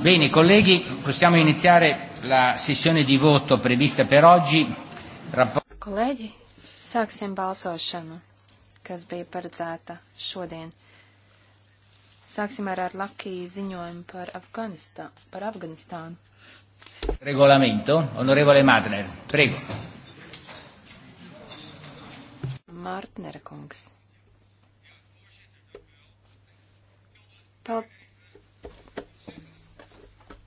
Bene, colleghi, possiamo iniziare la sessione di voto prevista per oggi. Kolēģi, sāksim balsošanu, kas bija paredzēta šodien. Sāksim ar, ar Lakiju ziņojumu par, Afganistā, par Afganistānu. Regolamento, onorevole Madner, prego. Mārtnera kungs. Paldies.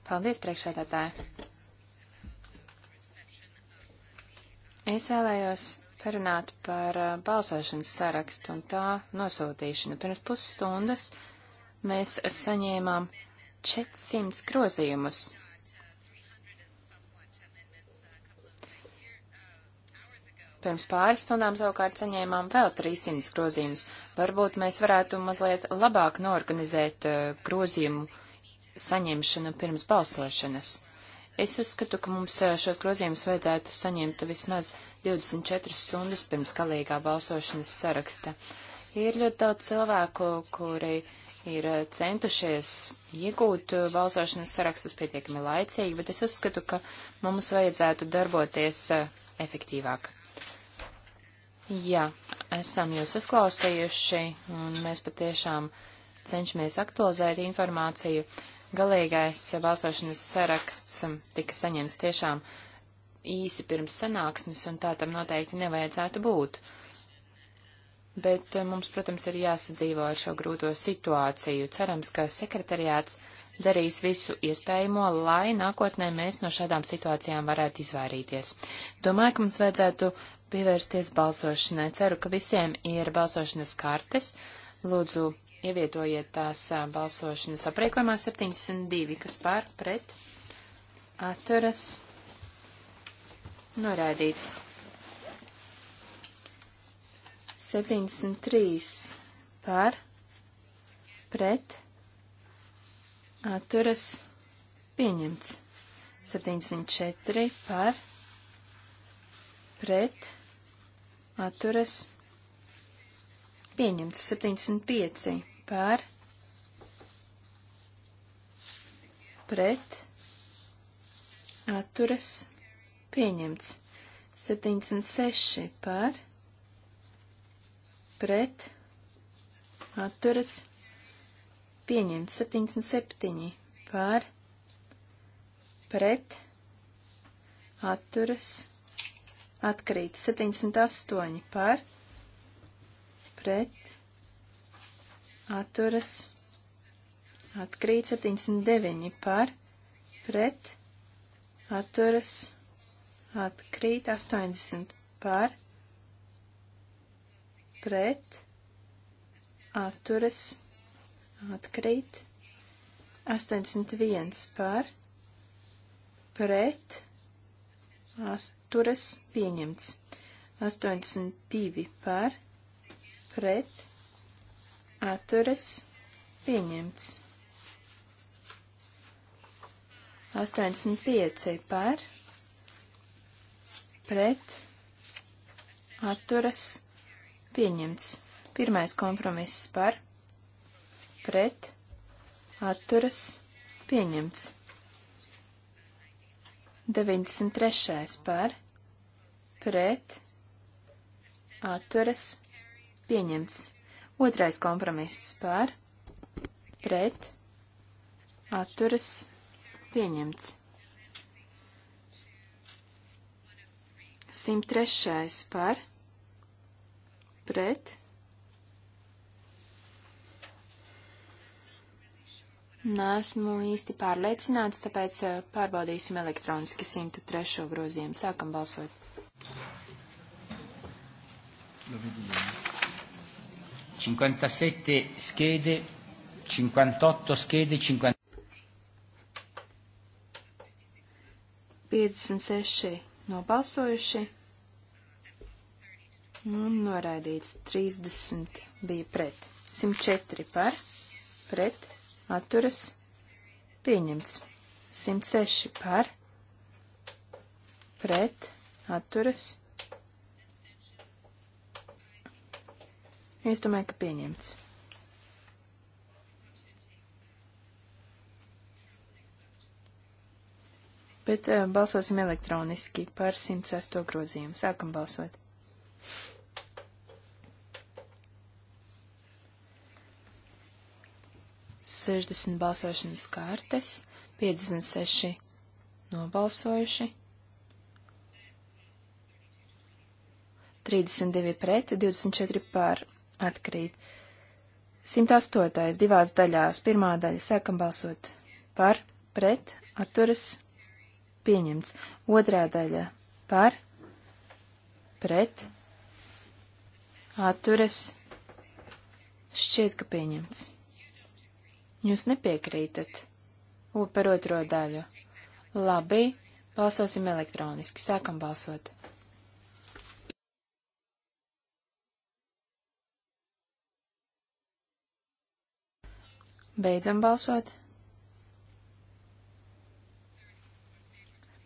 Paldies, priekšsēdētāji. Es vēlējos parunāt par uh, balsošanas sarakstu un tā nosūtīšanu. Pirms pusstundas mēs saņēmām 400 grozījumus. Pirms pāris stundām savukārt saņēmām vēl 300 grozījumus. Varbūt mēs varētu mazliet labāk norganizēt uh, grozījumu saņemšanu pirms balsošanas. Es uzskatu, ka mums eh, šos grozījumus vajadzētu saņemt vismaz 24 stundas pirms galīgā balsošanas saraksta. Ir ļoti daudz cilvēku, kuri ir eh, centušies iegūt eh, balsošanas sarakstus pietiekami laicīgi, bet es uzskatu, ka mums vajadzētu darboties efektīvāk. Jā, esam jūs uzklausījuši, un mēs patiešām cenšamies aktualizēt informāciju. Galīgais balsošanas saraksts tika saņemts tiešām īsi pirms sanāksmes, un tā tam noteikti nevajadzētu būt. Bet eh, mums, protams, ir jāsadzīvo ar šo grūto situāciju. Cerams, ka sekretariāts darīs visu iespējamo, lai nākotnē mēs no šādām situācijām varētu izvairīties. Domāju, ka mums vajadzētu pievērsties balsošanai. Ceru, ka visiem ir balsošanas kartes. Lūdzu, Ievietojiet tās balsošanas aprēkojumā 72, kas pār pret atturas noraidīts. 73 pār pret atturas pieņemts. 74 pār pret atturas pieņemts Pieņemts 75 pār pret atturas pieņemts 76 pār pret atturas pieņemts 77 pār pret atturas atkrīt 78 pār pret pret, atturas, atkrīt 79 par, pret, atturas, atkrīt 80 par, pret, atturas, atkrīt 81 par, pret, atturas, pieņemts 82 par, pret, pret, atturas, pieņemts. 85 par, pret, atturas, pieņemts. Pirmais kompromiss par, pret, atturas, pieņemts. 93. par, pret, atturas, pieņemts Pieņemts. Otrais kompromiss par, pret, atturas, pieņemts. 103. par, pret, Nesmu īsti pārliecināts, tāpēc eh, pārbaudīsim elektroniski 103. grozījumu. Sākam balsot. Labi, 57 schede, 58 schede, 50... 56 nobalsojuši un noraidīts 30 bija pret. 104 par, pret, atturas, pieņemts. 106 par, pret, atturas, pieņemts Es domāju, ka pieņemts. Bet uh, balsosim elektroniski par 106. grozījumu. Sākam balsot. Sešdesmit balsošanas kārtas, piecdesmit seši nobalsojuši, trīsdesmit divi pret, divdesmit četri pār Atkrīt. 108. divās daļās. Pirmā daļa. Sākam balsot. Par, pret, atturas, pieņemts. Otrā daļa. Par, pret, atturas, šķiet, ka pieņemts. Jūs nepiekrītat. U par otro daļu. Labi, balsosim elektroniski. Sākam balsot. Beidzam balsot.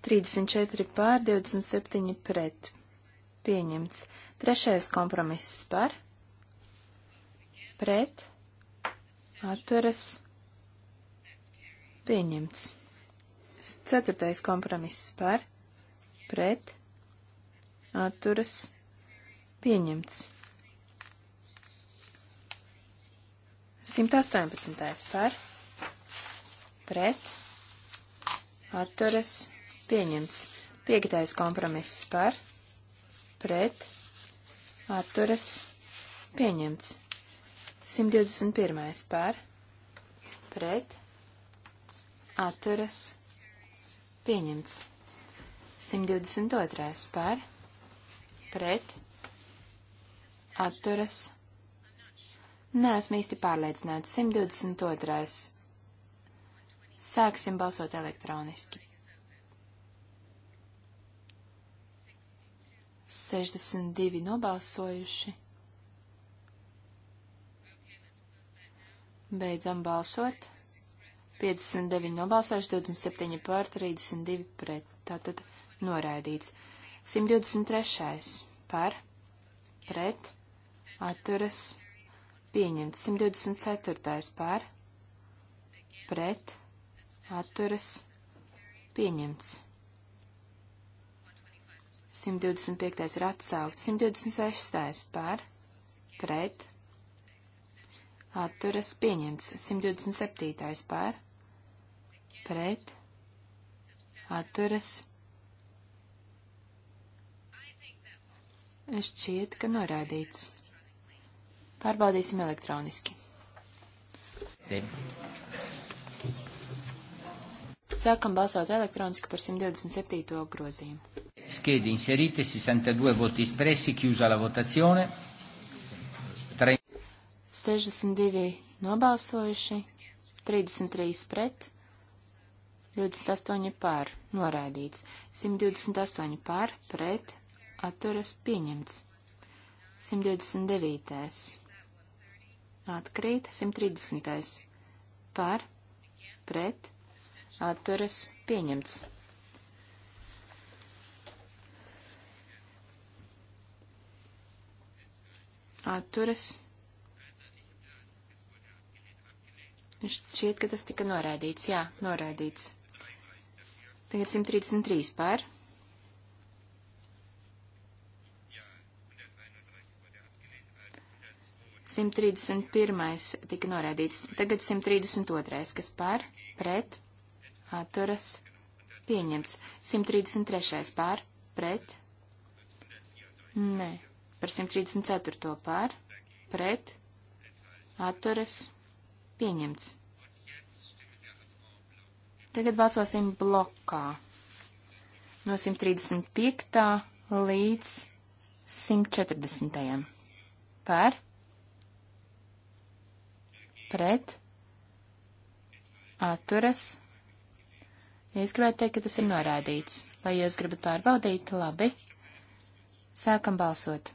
34 pār 27 pret. Pieņemts. Trešais kompromiss par. Pret. Atturas. Pieņemts. Ceturtais kompromiss par. Pret. Atturas. Pieņemts. 118. par pret atturas pieņemts. 5. kompromiss par pret atturas pieņemts. 121. par pret atturas pieņemts. 122. par pret atturas pieņemts Nē, esmu īsti pārliecināts. 122. Sāksim balsot elektroniski. 62 nobalsojuši. Beidzam balsot. 59 nobalsojuši, 27 pār, 32 pret. Tātad noraidīts. 123. par, pret, atturas, pieņemts. 124. pār, pret, atturas, pieņemts. 125. ir atsaukts. 126. pār, pret, atturas, pieņemts. 127. pār, pret, atturas, pieņemts. Šķiet, ka norādīts. Pārbaudīsim elektroniski. Sākam balsot elektroniski par 127. grozījumu. Schede inserite 62 voti espressi, chiusa la votazione. 62 nobalsojuši, 33 pret, 28 pār, noraidīts, 128 pār, pret, atturas pieņemts. 129 atkrīt 130. par pret atturas pieņemts. Atturas. Šķiet, ka tas tika noraidīts. Jā, noraidīts. Tagad 133 par pret 131. tika noraidīts. Tagad 132. kas par, pret, atturas, pieņemts. 133. par, pret, nē, par 134. par, pret, atturas, pieņemts. Tagad balsosim blokā. No 135. līdz 140. par, pret pret, atturas. Ja jūs gribētu teikt, ka tas ir norādīts, vai jūs gribat pārbaudīt, labi. Sākam balsot.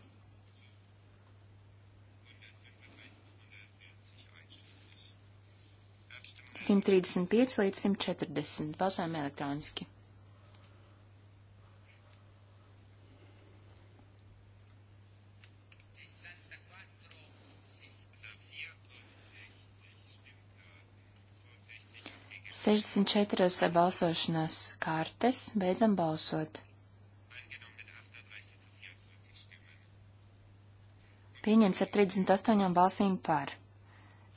Simt trīsdesmit pieci līdz simt četrdesmit. Balsojam elektroniski. 64 balsošanas kartes, beidzam balsot. Pieņems ar 38 balsīm par.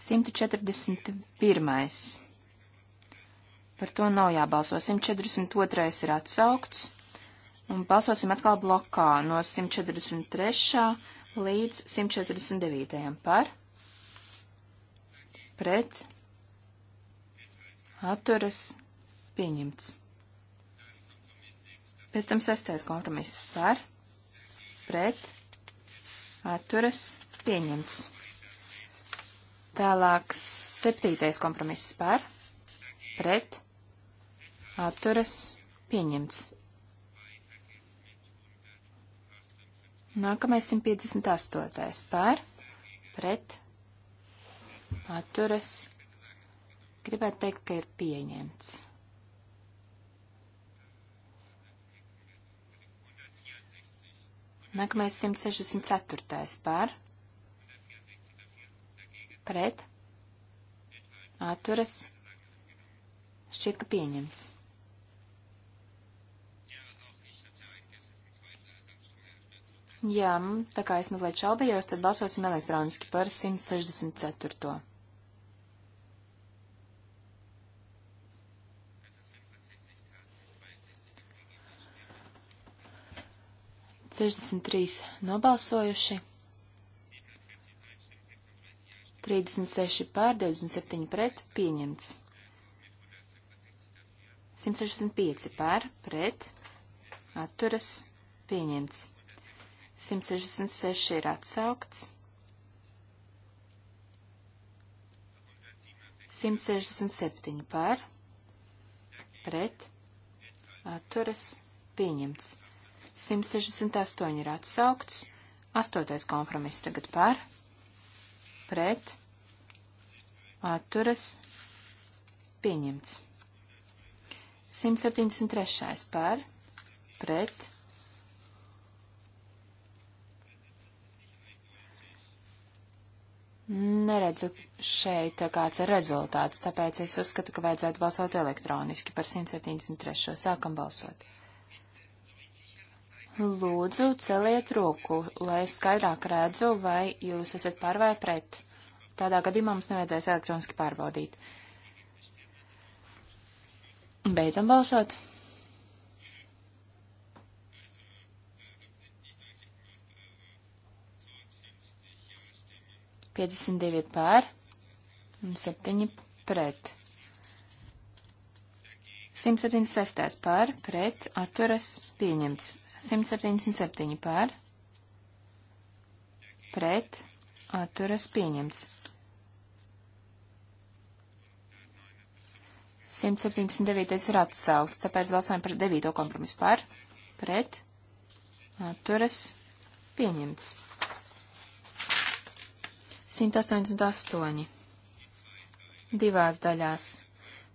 141. Par to nav jābalso. 142. ir atsaukts. Un balsosim atkal blokā no 143. līdz 149. par, pret, atturas pieņemts. Pēc tam sestais kompromiss par, pret, atturas, pieņemts. Tālāk septītais kompromiss par, pret, atturas, pieņemts. Nākamais 158. par, pret, atturas, Gribētu teikt, ka ir pieņemts. Nākamais 164. pār. Pret. Atturas. Šķiet, ka pieņemts. Jā, tā kā es mazliet šaubījos, tad balsosim elektroniski par 164. 63 nobalsojuši, 36 pār, 27 pret, pieņemts. 165 pār, pret, atturas, pieņemts. 166 ir atsaukts. 167 pār, pret, atturas, pieņemts. 168 ir atsaukts. Astotais kompromiss tagad par, pret, atturas, pieņemts. 173. par, pret, Neredzu šeit kāds rezultāts, tāpēc es uzskatu, ka vajadzētu balsot elektroniski par 173. Sākam balsot. Lūdzu, celiet roku, lai skaidrāk redzu, vai jūs esat par vai pret. Tādā gadījumā mums nevajadzēs elektroniski pārbaudīt. Beidzam balsot. Piecdesmit divi pār un septiņi pret. 176. pār pret atturas pieņemts. 177 pār, pret, atturas pieņemts. 179 ir atsaukts, tāpēc balsojam par 9. kompromisu pār, pret, atturas pieņemts. 188. Divās daļās.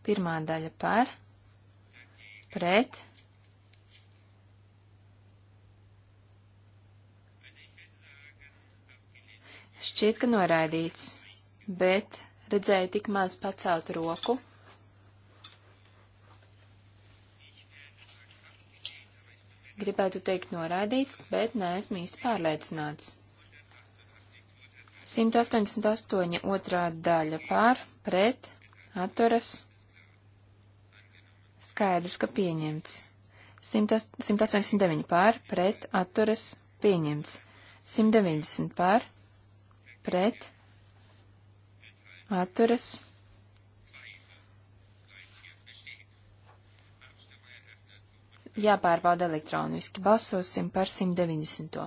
Pirmā daļa par, pret, Šķiet, ka noraidīts, bet redzēju tik maz pacelt roku. Gribētu teikt noraidīts, bet neesmu īsti pārliecināts. 188 otrā daļa pār, pret, atturas, skaidrs, ka pieņemts. 189 pār, pret, atturas, pieņemts. 190 pār, pret, atturas. Jāpārbauda elektroniski. Balsosim par 190.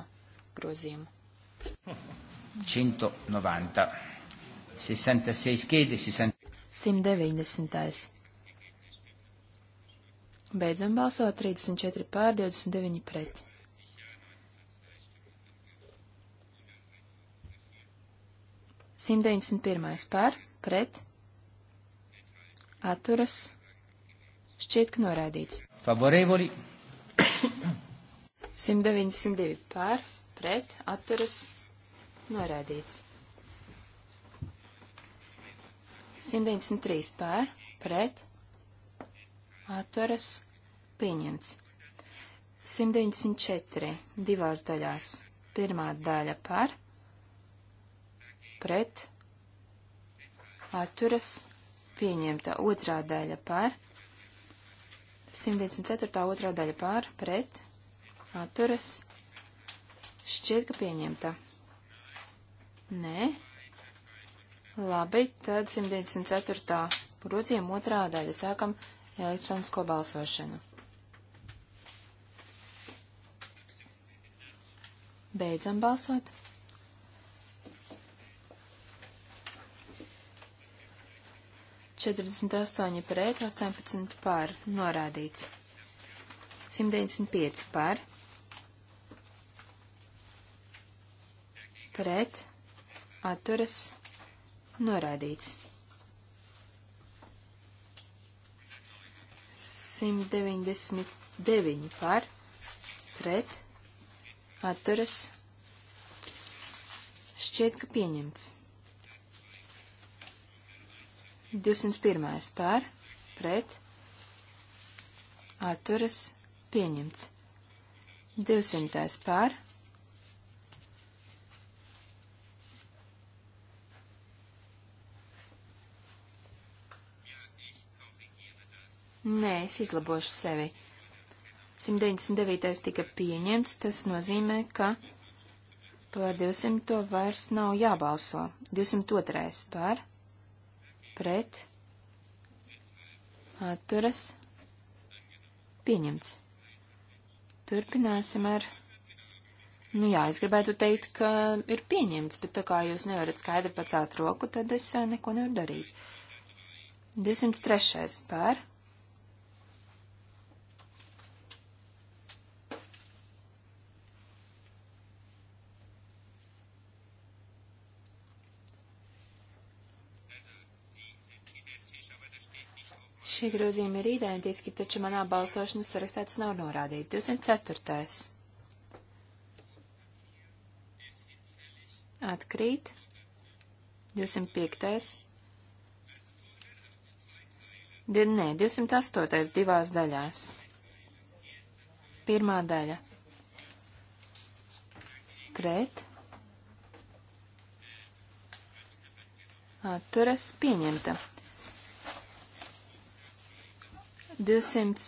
grozījumu. 190. 66 skēdi, 60. 190. Beidzam balsot 34 pār 29 pret. 191. par, pret, atturas, šķiet, ka noraidīts. Favorevoli. 192 par, pret, atturas, noraidīts. 193 pār, pret, atturas, pieņemts. 194 divās daļās. Pirmā daļa par, pret, atturas, pieņemta otrā daļa par, 194. otrā daļa par, pret, atturas, šķiet, ka pieņemta. Nē. Labi, tad 194. grozījuma otrā daļa sākam elektronisko balsošanu. Beidzam balsot. 48 pret, 18 pār, norādīts. 195 pār, pret, atturas, norādīts. 199 pār, pret, atturas, norādīts. Šķiet, ka pieņemts. 201. par, pret, atturas, pieņemts. 200. par, Nē, es izlabošu sevi. 199. tika pieņemts, tas nozīmē, ka par 200 vairs nav jābalso. 202. par pret, atturas, pieņemts. Turpināsim ar. Nu jā, es gribētu teikt, ka ir pieņemts, bet tā kā jūs nevarat skaidri pacelt roku, tad es eh, neko nevaru darīt. 203. pār Šie grozījumi ir identiski, taču manā balsošanas sarakstā tas nav norādīts. 204. Atkrīt. 205. Nē, 208. divās daļās. Pirmā daļa. Pret. Atturas pieņemta. 200,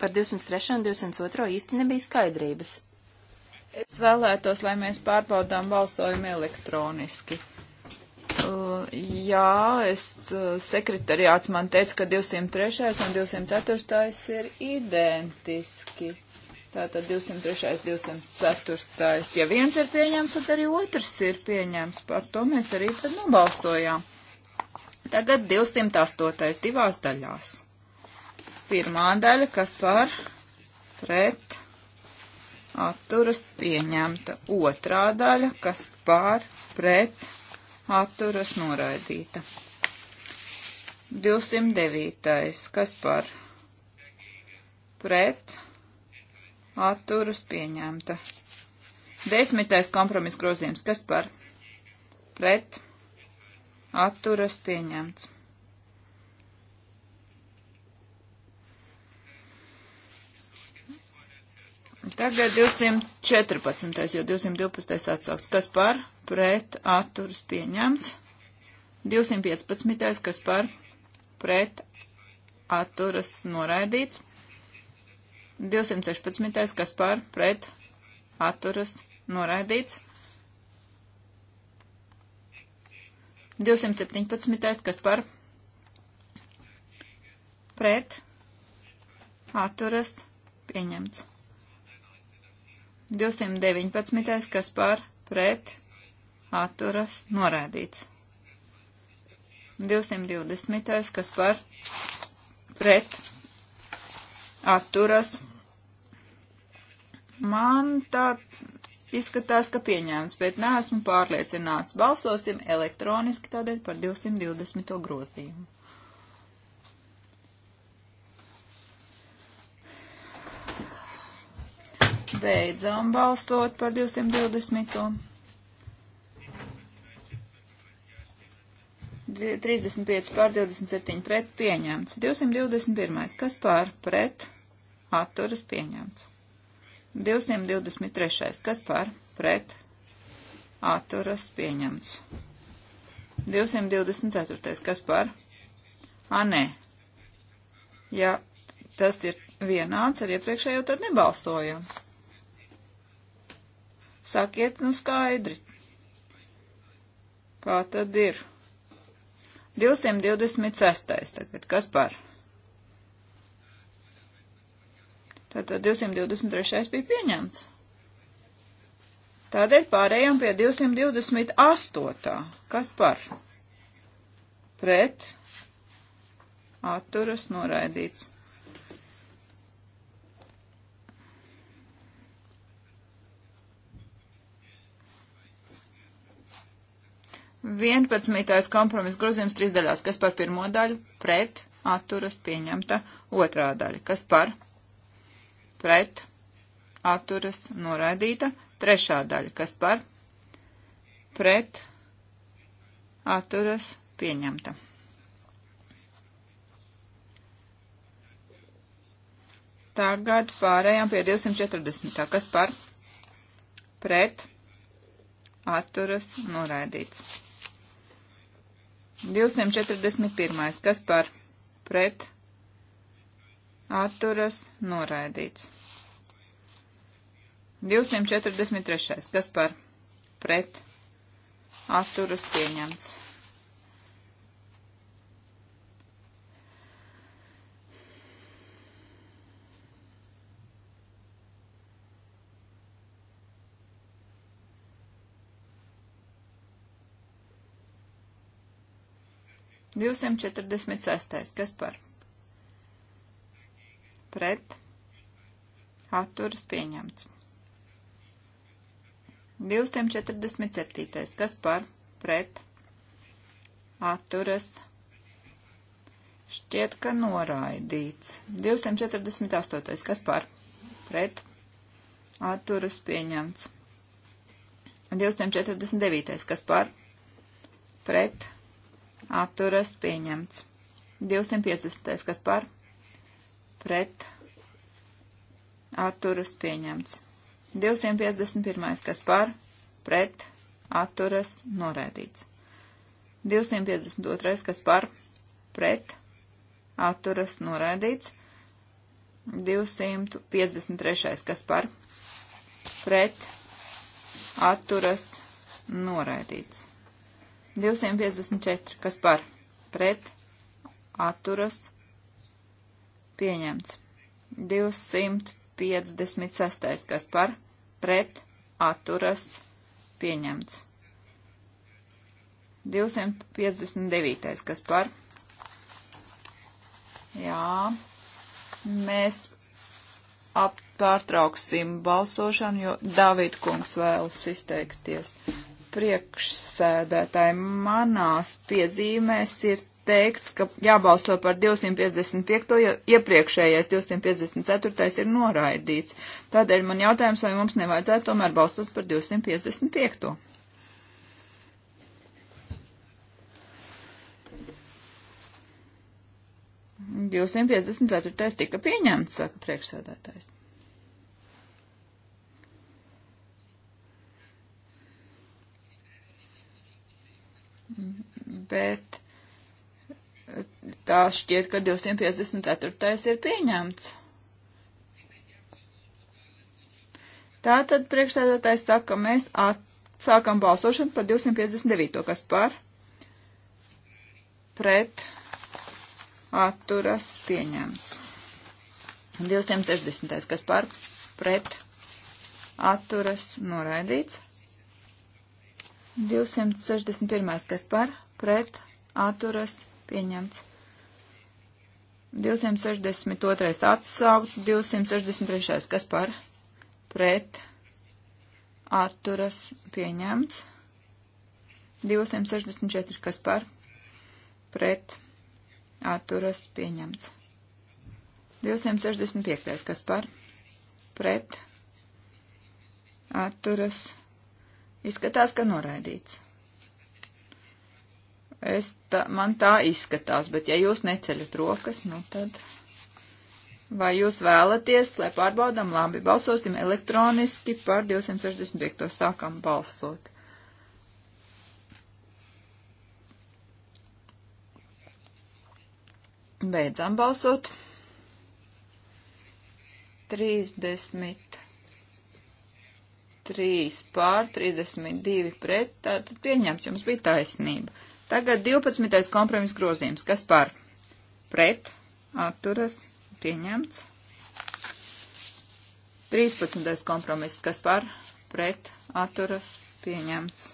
par 203 un 202 īsti nebija skaidrības. Es vēlētos, lai mēs pārbaudām balsojumu elektroniski. Uh, jā, es e, sekretariāts man teica, ka 203 un 204 ir identiski. Tātad 203, 204. Ja viens ir pieņems, tad arī otrs ir pieņems. Par to mēs arī tad nobalsojām. Nu Tagad 208. divās daļās. Pirmā daļa, kas par pret atturas pieņemta. Otrā daļa, kas par pret atturas noraidīta. 209. kas par pret atturas pieņemta. Desmitais kompromiss grozījums, kas par pret atturas pieņemts. Tagad 214, jo 212 atsauks. Kas par? Pret atturas pieņemts. 215, kas par? Pret atturas noraidīts. 216, kas par? Pret atturas noraidīts. 217. kas par pret atturas pieņemts. 219. kas par pret atturas norādīts. 220. kas par pret atturas. Man tāds Izskatās, ka pieņēmts, bet neesmu pārliecināts. Balsosim elektroniski tādēļ par 220. grozījumu. Beidzām balsot par 220. 35 pār 27 pret pieņemts. 221. Kas pār pret atturas pieņemts? 223. Kas par? Pret. Atturas pieņemts. 224. Kas par? A, nē. Ja tas ir vienāds ar iepriekšējo, tad nebalsojam. Sakiet, nu skaidri. Kā tad ir? 226. Tagad kas par? Tātad 223. bija pieņemts. Tādēļ pārējām pie 228. Kas par? Pret. Atturas noraidīts. Vienpadsmitais kompromiss grozījums trīs daļās. Kas par pirmo daļu? Pret. Atturas pieņemta. Otrā daļa. Kas par? pret, atturas, noraidīta. Trešā daļa, kas par, pret, atturas, pieņemta. Tagad pārējām pie 240. Kas par, pret, atturas, noraidīts. 241. Kas par, pret, atturas noraidīts. 243. Kas par pret atturas pieņemts. Divsimt četrdesmit sestais. Kas par? pret atturas pieņemts. 247. kas par pret atturas šķiet, ka noraidīts. 248. kas par pret atturas pieņemts. 249. kas par pret atturas pieņemts. 250. kas par pret atturas pieņemts. 251. kas par pret atturas norēdīts. 252. kas par pret atturas norēdīts. 253. kas par pret atturas noraidīts. 254. kas par pret atturas noraidīts pieņemts. 256. kas par pret atturas pieņemts. 259. kas par. Jā, mēs ap, pārtrauksim balsošanu, jo Davida kungs vēlas izteikties. Priekšsēdētāji manās piezīmēs ir teikts, ka jābalso par 255, jo iepriekšējais 254 ir noraidīts. Tādēļ man jautājums, vai mums nevajadzētu tomēr balsot par 255. Divsimt piecdesmit ceturtais tika pieņemts, saka priekšsēdētājs. Bet tā šķiet, ka 254. ir pieņemts. Tātad priekšsēdētājs saka, mēs sākam balsošanu par 259. kas par pret atturas pieņemts. 260. kas par pret atturas noraidīts. 261. kas par pret atturas pieņemts pieņemts. 262. atsaukts, 263. kas par pret atturas pieņemts. 264. kas par pret atturas pieņemts. 265. kas par pret atturas izskatās, ka noraidīts. Es tā, man tā izskatās, bet ja jūs neceļat rokas, nu tad. Vai jūs vēlaties, lai pārbaudām labi? Balsosim elektroniski par 265. sākam balsot. Beidzam balsot. 33 pār 32 pret, tātad pieņemts, jums bija taisnība. Tagad 12. kompromis grozījums. Kas par? Pret. Atturas. Pieņemts. 13. kompromiss. Kas par? Pret. Atturas. Pieņemts.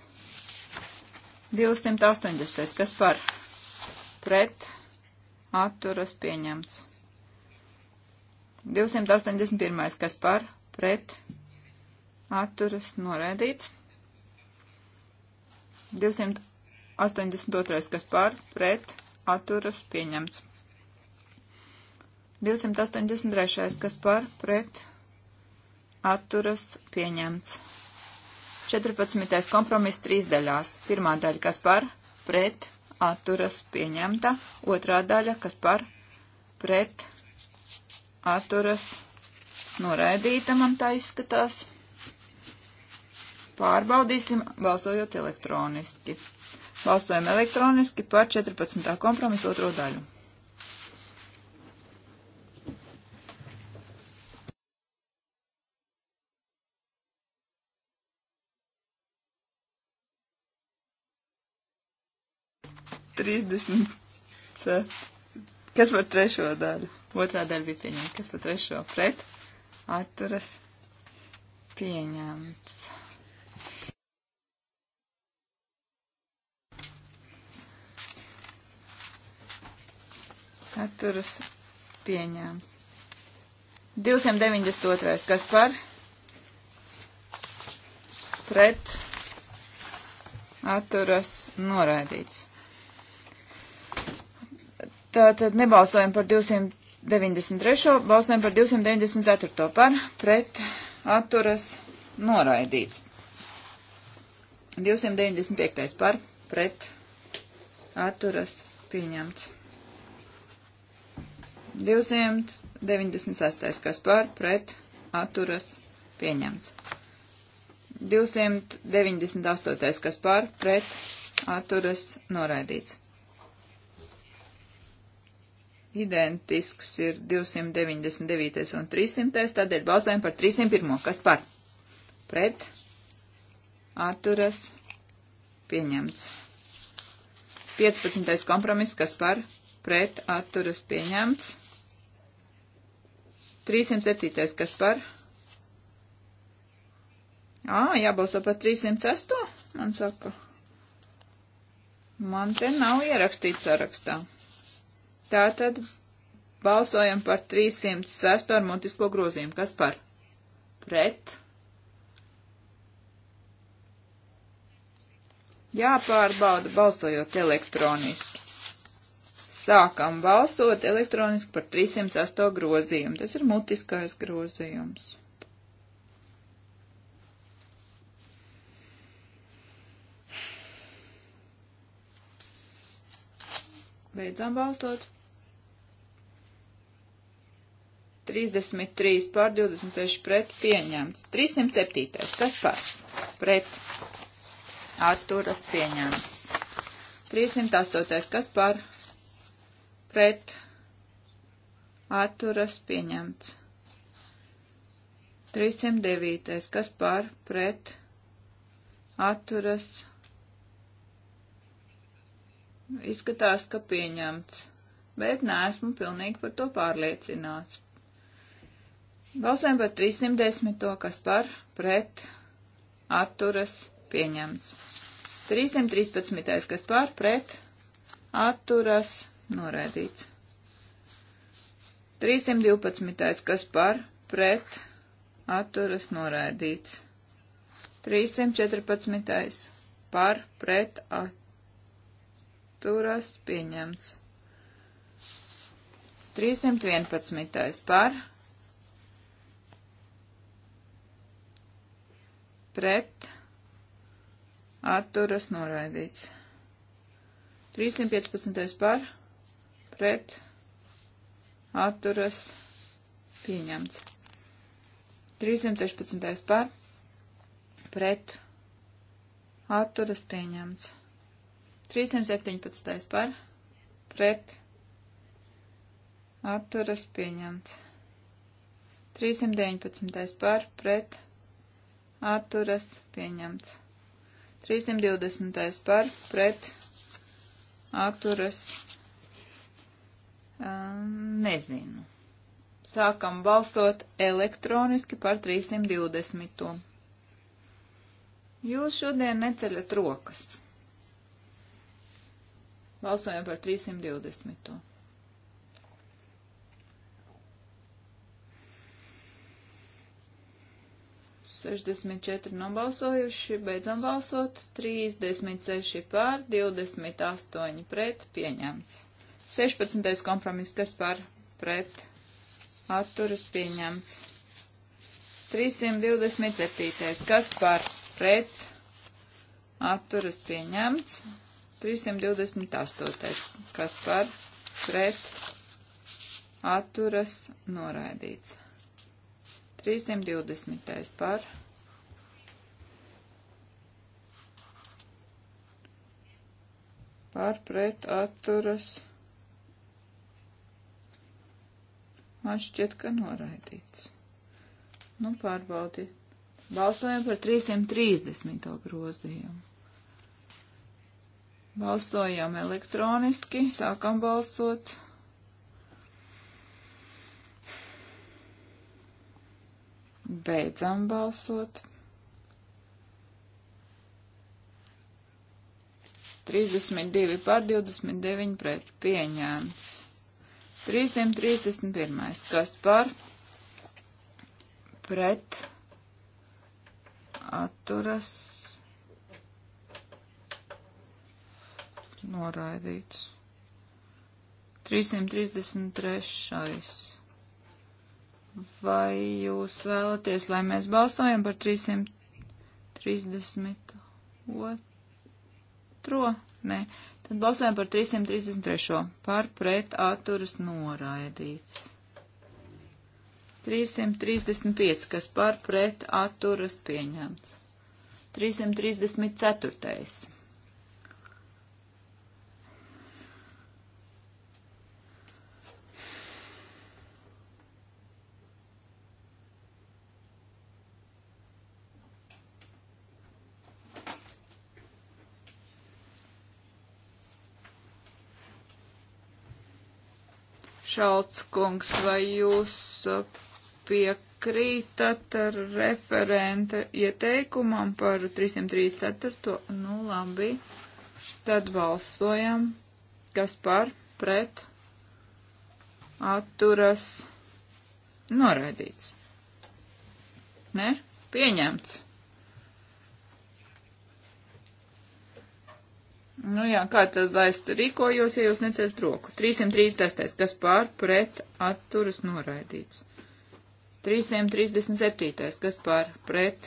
280. Kas par? Pret. Atturas. Pieņemts. 281. Kas par? Pret. Atturas. Noraidīts. 200. 82. kas par pret atturas pieņemts. 283. kas par pret atturas pieņemts. 14. kompromiss trīs daļās. Pirmā daļa, kas par pret atturas pieņemta. Otrā daļa, kas par pret atturas noraidīta, man tā izskatās. Pārbaudīsim, balsojot elektroniski. Balsojam elektroniski par 14. kompromisu otro daļu. Trīsdesmit. Kas par trešo daļu? Otrā daļa bija pieņemta. Kas par trešo? Pret? Atturas? Pieņemts. atturas pieņēmts. 292. kas par pret atturas noraidīts. Tātad nebalsojam par 293. balsojam par 294. par pret atturas noraidīts. 295. par pret atturas pieņemts. 296. kas par pret atturas pieņemts. 298. kas par pret atturas noraidīts. Identisks ir 299. un 300. tādēļ balsojam par 301. kas par pret atturas pieņemts. 15. kompromiss, kas par pret atturas pieņemts. 307. kas par? Ā, jābalso par 308, man saka. Man te nav ierakstīts sarakstā. Tātad balsojam par 306 ar mutisko grozījumu. Kas par? Pret. Jāpārbauda balsojot elektroniski. Sākam balsot elektroniski par 308 grozījumu. Tas ir mutiskais grozījums. Beidzām balsot. 33 pār 26 pret pieņemts. 307. Kas par? Pret. Atturas pieņemts. 308. Kas par? pret atturas pieņemts. 309. kas par pret atturas izskatās, ka pieņemts, bet neesmu pilnīgi par to pārliecināts. Balsojam par 310. kas par pret atturas pieņemts. 313. kas par pret atturas pieņemts noraidīts. 312. kas par pret atturas noraidīts. 314. par pret atturas pieņemts. 311. par pret atturas noraidīts. 315. par pret pret atturas pieņemts. 316. par pret atturas pieņemts. 317. par pret atturas pieņemts. 319. par pret atturas pieņemts. 320. par pret atturas pieņemts. Nezinu. Sākam balsot elektroniski par 320. Jūs šodien neceļat rokas. Balsojam par 320. Sešdesmit četri nobalsojuši, beidzam balsot, trīsdesmit seši pār, divdesmit astoņi pret, pieņemts. 16. kompromiss, kas par pret atturas pieņemts. 327. kas par pret atturas pieņemts. 328. kas par pret atturas noraidīts. 320. par par pret atturas noraidīts Man šķiet, ka noraidīts. Nu, pārbaudīt. Balsojam par 330. grozījumu. Balsojam elektroniski, sākam balsot. Beidzam balsot. 32 pār 29 pret pieņēmts. 331. Kas par pret atturas noraidīts. 333. Vai jūs vēlaties, lai mēs balsojam par 332? Nē, Tad balsojam par 333. Par pret atturas noraidīts. 335, kas par pret atturas pieņemts. 334. Šalts kungs, vai jūs uh, piekrītat ar referenta ieteikumam par 334? Nu, labi. Tad balsojam. Kas par? Pret? Atturas? Noraidīts. Ne? Pieņemts. Nu jā, kā tad lai es rīkojos, ja jūs necelt roku? 336. Kas pār pret atturas noraidīts? 337. Kas pār pret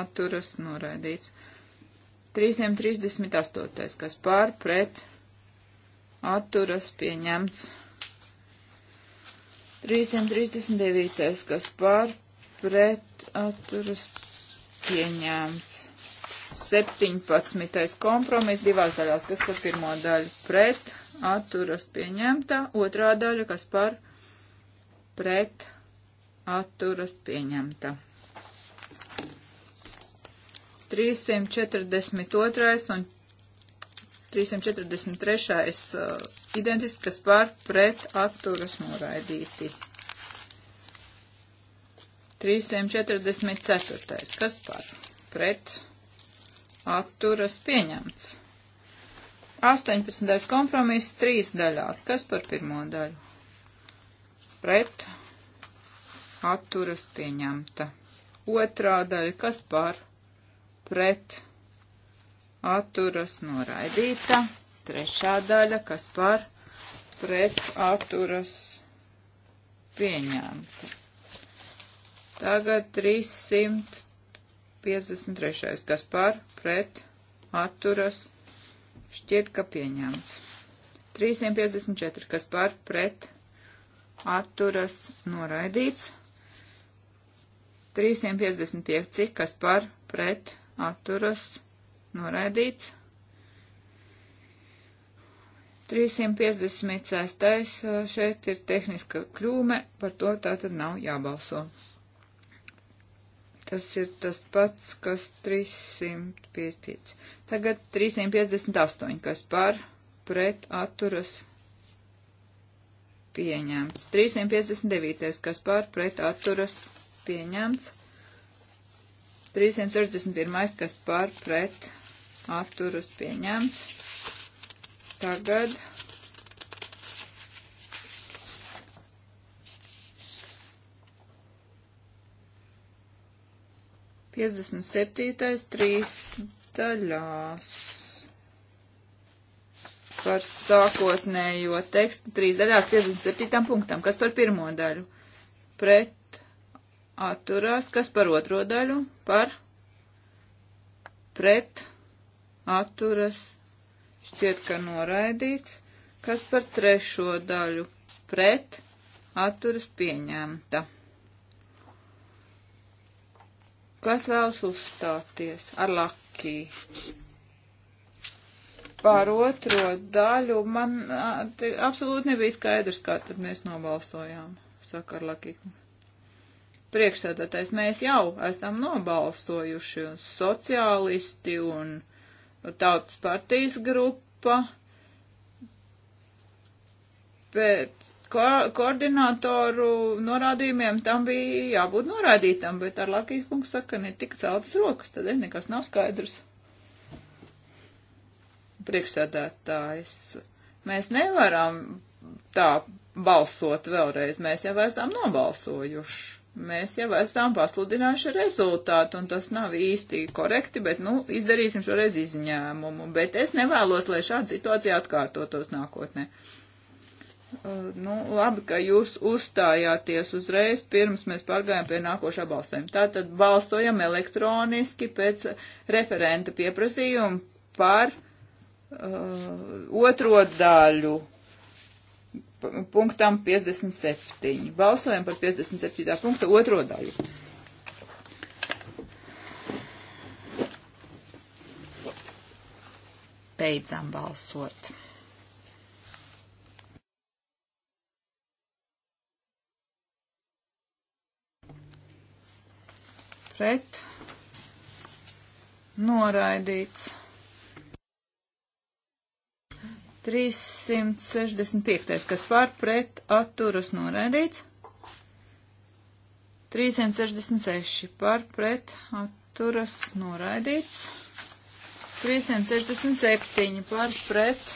atturas noraidīts? 338. Kas pār pret atturas pieņemts? 339. Kas pār pret atturas pieņemts? 17. kompromiss divās daļās, kas par pirmo daļu pret, atturas pieņemta, otrā daļa, kas par pret, atturas pieņemta. 342. un 343. Uh, identiski, kas par pret atturas noraidīti. 344. kas par pret atturas pieņemts. 18. kompromiss trīs daļās. Kas par pirmo daļu? Pret atturas pieņemta. Otrā daļa, kas par pret atturas noraidīta. Trešā daļa, kas par pret atturas pieņemta. Tagad 300 53. kas par pret atturas šķiet, ka pieņemts. 354. kas par pret atturas noraidīts. 355. kas par pret atturas noraidīts. 356. šeit ir tehniska kļūme, par to tātad nav jābalso. Tas ir tas pats, kas 355. Tagad 358, kas par pret atturas pieņemts. 359, kas par pret atturas pieņemts. 361, kas par pret atturas pieņemts. Tagad 57. trīs daļās par sākotnējo tekstu trīs daļās 57. punktam. Kas par pirmo daļu? Pret atturās. Kas par otro daļu? Par pret atturas. Šķiet, ka noraidīts. Kas par trešo daļu? Pret atturas pieņemta. Kas vēlas uzstāties ar lakī? Par otro daļu man absolūti nebija skaidrs, kā tad mēs nobalsojām, saka ar lakī. Priekšsēdētais mēs jau esam nobalsojuši un sociālisti un tautas partijas grupa. Bet ko koordinātoru norādījumiem tam bija jābūt norādītam, bet ar Lakijas kungs saka, ka netika celtas rokas, tad nekas nav skaidrs. Priekšsēdētājs, mēs nevaram tā balsot vēlreiz, mēs jau esam nobalsojuši. Mēs jau esam pasludinājuši rezultātu, un tas nav īsti korekti, bet, nu, izdarīsim šoreiz izņēmumu. Bet es nevēlos, lai šāda situācija atkārtotos nākotnē. Uh, Eh, nu, labi, ka jūs uzstājāties uzreiz, pirms mēs pārgājām pie nākošā balsojuma. Tātad balsojam elektroniski pēc referenta pieprasījuma par uh, otro daļu punktam 57. Balsojam par 57. punkta otro daļu. Beidzam balsot. pret noraidīts. 365. kas pār pret atturas noraidīts. 366 pār pret atturas noraidīts. 367 pār pret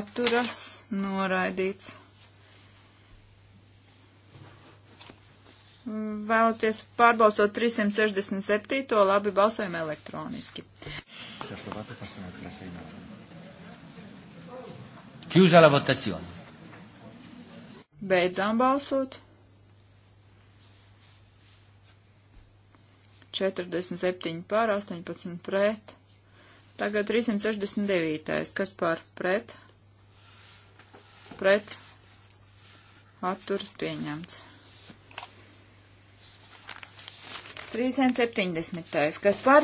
atturas noraidīts. Vēlaties pārbalsot 367. labi balsēm elektroniski. Chiusa la votazione. Beidzām balsot. 47 pār 18 pret. Tagad 369. Kas par pret? Pret. Atturs pieņemts. 370. Kas par?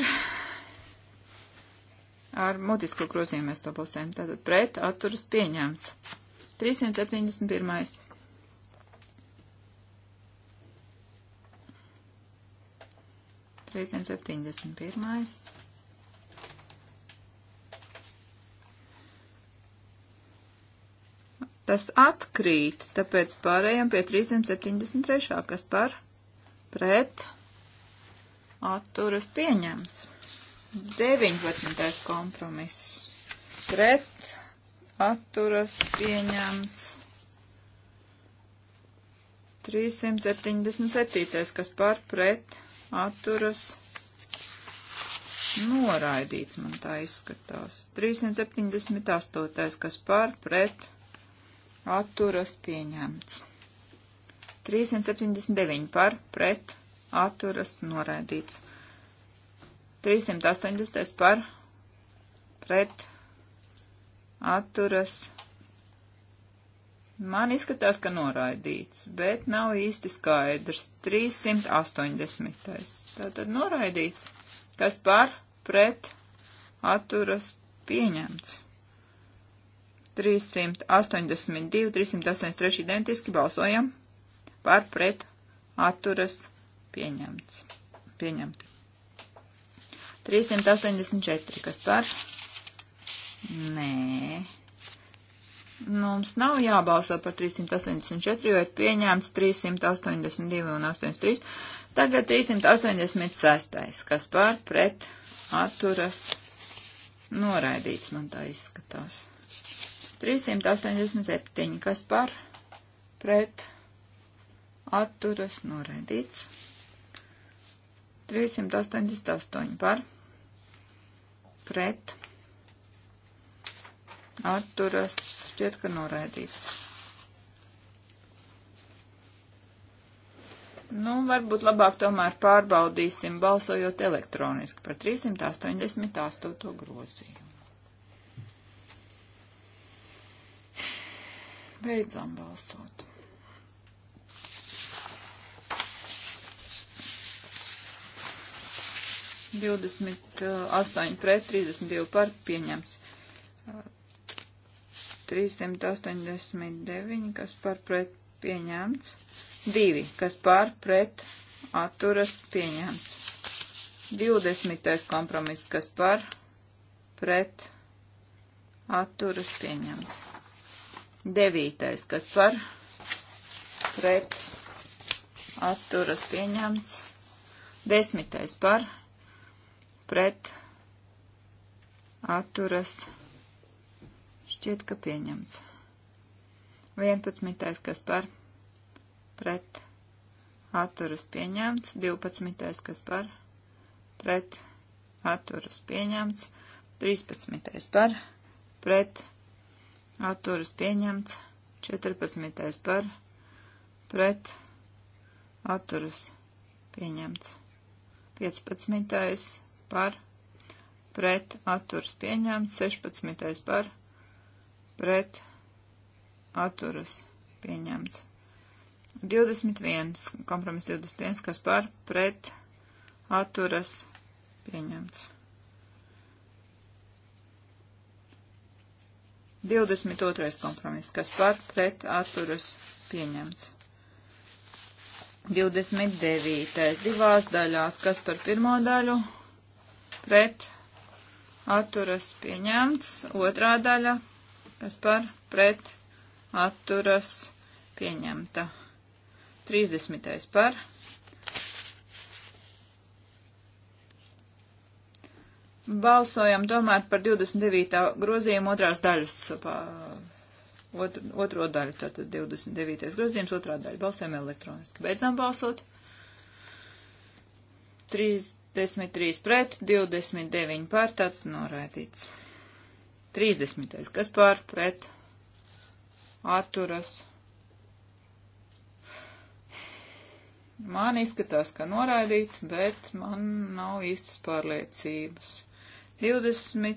Ar mutisko grozījumu mēs to balsējam. Tātad pret atturas pieņemts. 371. Trīsdesmit septiņdesmit pirmais. Tas atkrīt, tāpēc pārējām pie 373. kas par pret atturas pieņemts. 19. kompromiss pret atturas pieņemts. 377. kas par pret atturas noraidīts, man tā izskatās. 378. kas par pret atturas pieņemts. 379 par pret atturas noraidīts. 380 par pret atturas. Man izskatās, ka noraidīts, bet nav īsti skaidrs. 380. Tātad noraidīts, kas par pret atturas pieņemts. 382, 383 identiski balsojam par pret atturas pieņemts pieņemts. Pieņemti. 384, kas par? Nē. Mums nav jābalso par 384, jo ir pieņēmts 382 un 83. Tagad 386, kas par pret atturas noraidīts, man tā izskatās. 387, kas par pret atturas noraidīts. 388 par pret atturas šķiet, ka noraidīts. Nu, varbūt labāk tomēr pārbaudīsim balsojot elektroniski par 388. grozījumu. Beidzam balsot. 28 eh, pret 32 par pieņemts. 389, eh, kas par pret pieņemts. 2, kas par pret atturas pieņemts. 20. kompromiss, kas par pret atturas pieņemts. 9. kas par pret atturas pieņemts. 10. par pret pret atturas šķiet, ka pieņemts. 11. kas par pret atturas pieņemts, 12. kas par pret atturas pieņemts, 13. par pret atturas pieņemts, 14. par pret atturas pieņemts, 15 par pret atturas pieņemts, 16. par pret atturas pieņemts. 21, kompromiss 21, kas par pret atturas pieņemts. 22. kompromiss, kas par pret atturas pieņemts. 29. divās daļās, kas par pirmo daļu pret atturas pieņemts, otrā daļa, kas par pret atturas pieņemta. 30. par. Balsojam tomēr par 29. grozījumu otrās daļas, otru, otro daļu, tātad 29. grozījums, otrā daļa. Balsojam elektroniski. Beidzam balsot. 30. 13 pret, 29 pār, tāds noraidīts. 30. Kas pār pret? Atturas. Man izskatās, ka noraidīts, bet man nav īstas pārliecības. 23.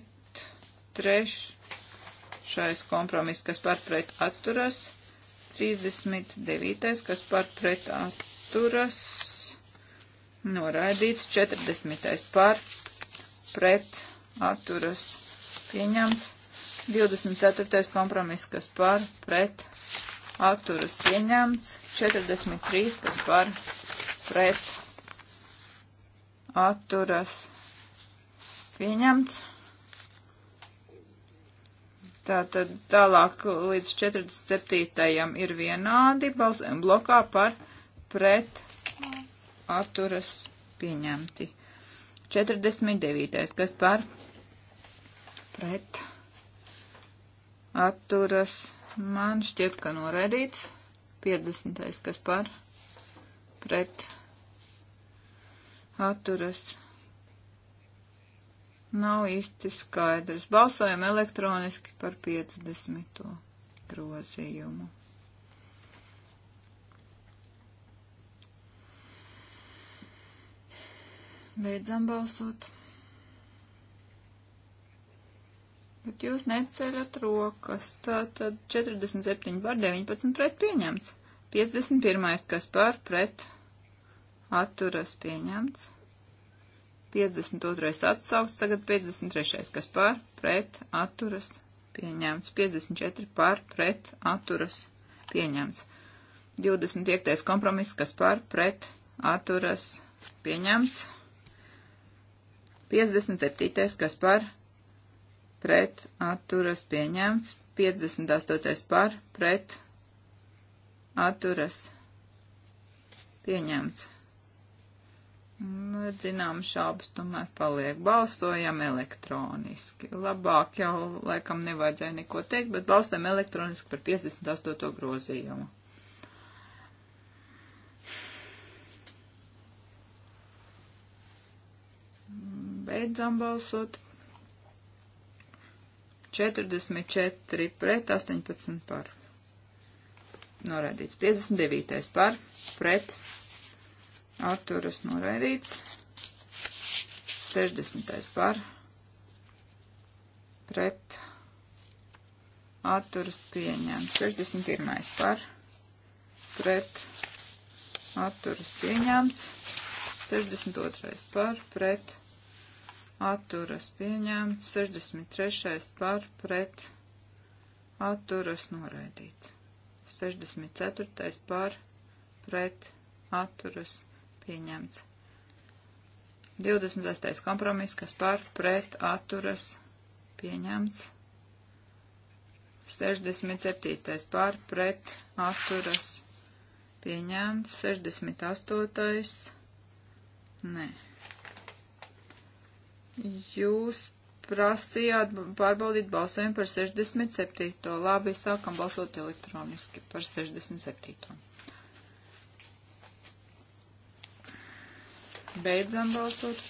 šais kompromiss, kas par pret atturas. 39. kas par pret atturas noraidīts, 40. par pret atturas pieņemts, 24. kompromiss, kas par pret atturas pieņemts, 43. kas par pret atturas pieņemts. Tātad tālāk līdz 47. ir vienādi balsojumi blokā par pret atturas pieņemti. 49. kas par pret atturas man šķiet, ka noraidīts. 50. kas par pret atturas nav īsti skaidrs. Balsojam elektroniski par 50. grozījumu. Beidzam balsot. Bet jūs neceļat rokas. Tātad 47 par 19 pret pieņemts. 51. kas par pret atturas pieņemts. 52. atsaukts, tagad 53. kas par pret atturas pieņemts. 54 par pret atturas pieņemts. 25. kompromiss, kas par pret atturas pieņemts. 57. kas par pret atturas pieņemts, 58. par pret atturas pieņemts. Nu, zinām, šaubas tomēr paliek. Balstojam elektroniski. Labāk jau laikam nevajadzēja neko teikt, bet balstojam elektroniski par 58. grozījumu. Beidzam balsot. 44 pret 18 par. Noraidīts. 59 par pret. Atturas noraidīts. 60 par pret. Atturas pieņēmts. 61 par pret. Atturas pieņēmts. 62 par pret atturas pieņemts, 63. par pret atturas noraidīts, 64. par pret atturas pieņemts, 26. kompromiss, kas par pret atturas pieņemts, 67. par pret atturas pieņemts, 68. nē. Jūs prasījāt pārbaudīt balsojumu par 67. Labi, sākam balsot elektroniski par 67. Beidzam balsot.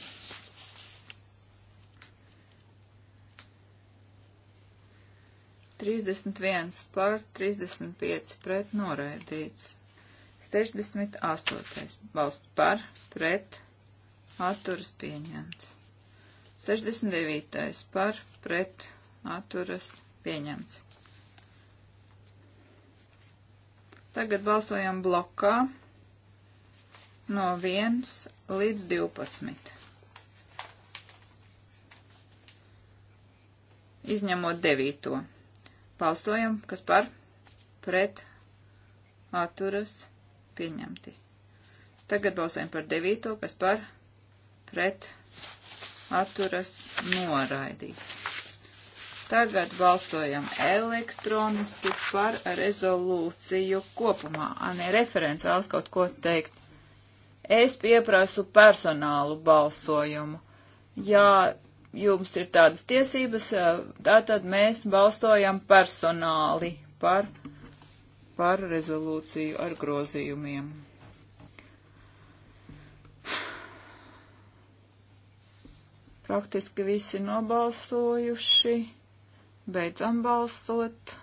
Trīsdesmit viens par, trīsdesmit pieci pret noraidīts. 68. balsts par, pret, atturas pieņemts. 69. par pret atturas pieņemts. Tagad balsojam blokā no 1 līdz 12. Izņemot 9. Balsojam, kas par pret atturas pieņemti. Tagad balsojam par 9, kas par pret atturas pieņemti atturas noraidīts. Tagad balstojam elektroniski par rezolūciju kopumā. Anē, referents vēlas kaut ko teikt. Es pieprasu personālu balsojumu. Ja jums ir tādas tiesības, tātad mēs balstojam personāli par, par rezolūciju ar grozījumiem. Praktiski visi nobalsojuši. Beidzam balsot.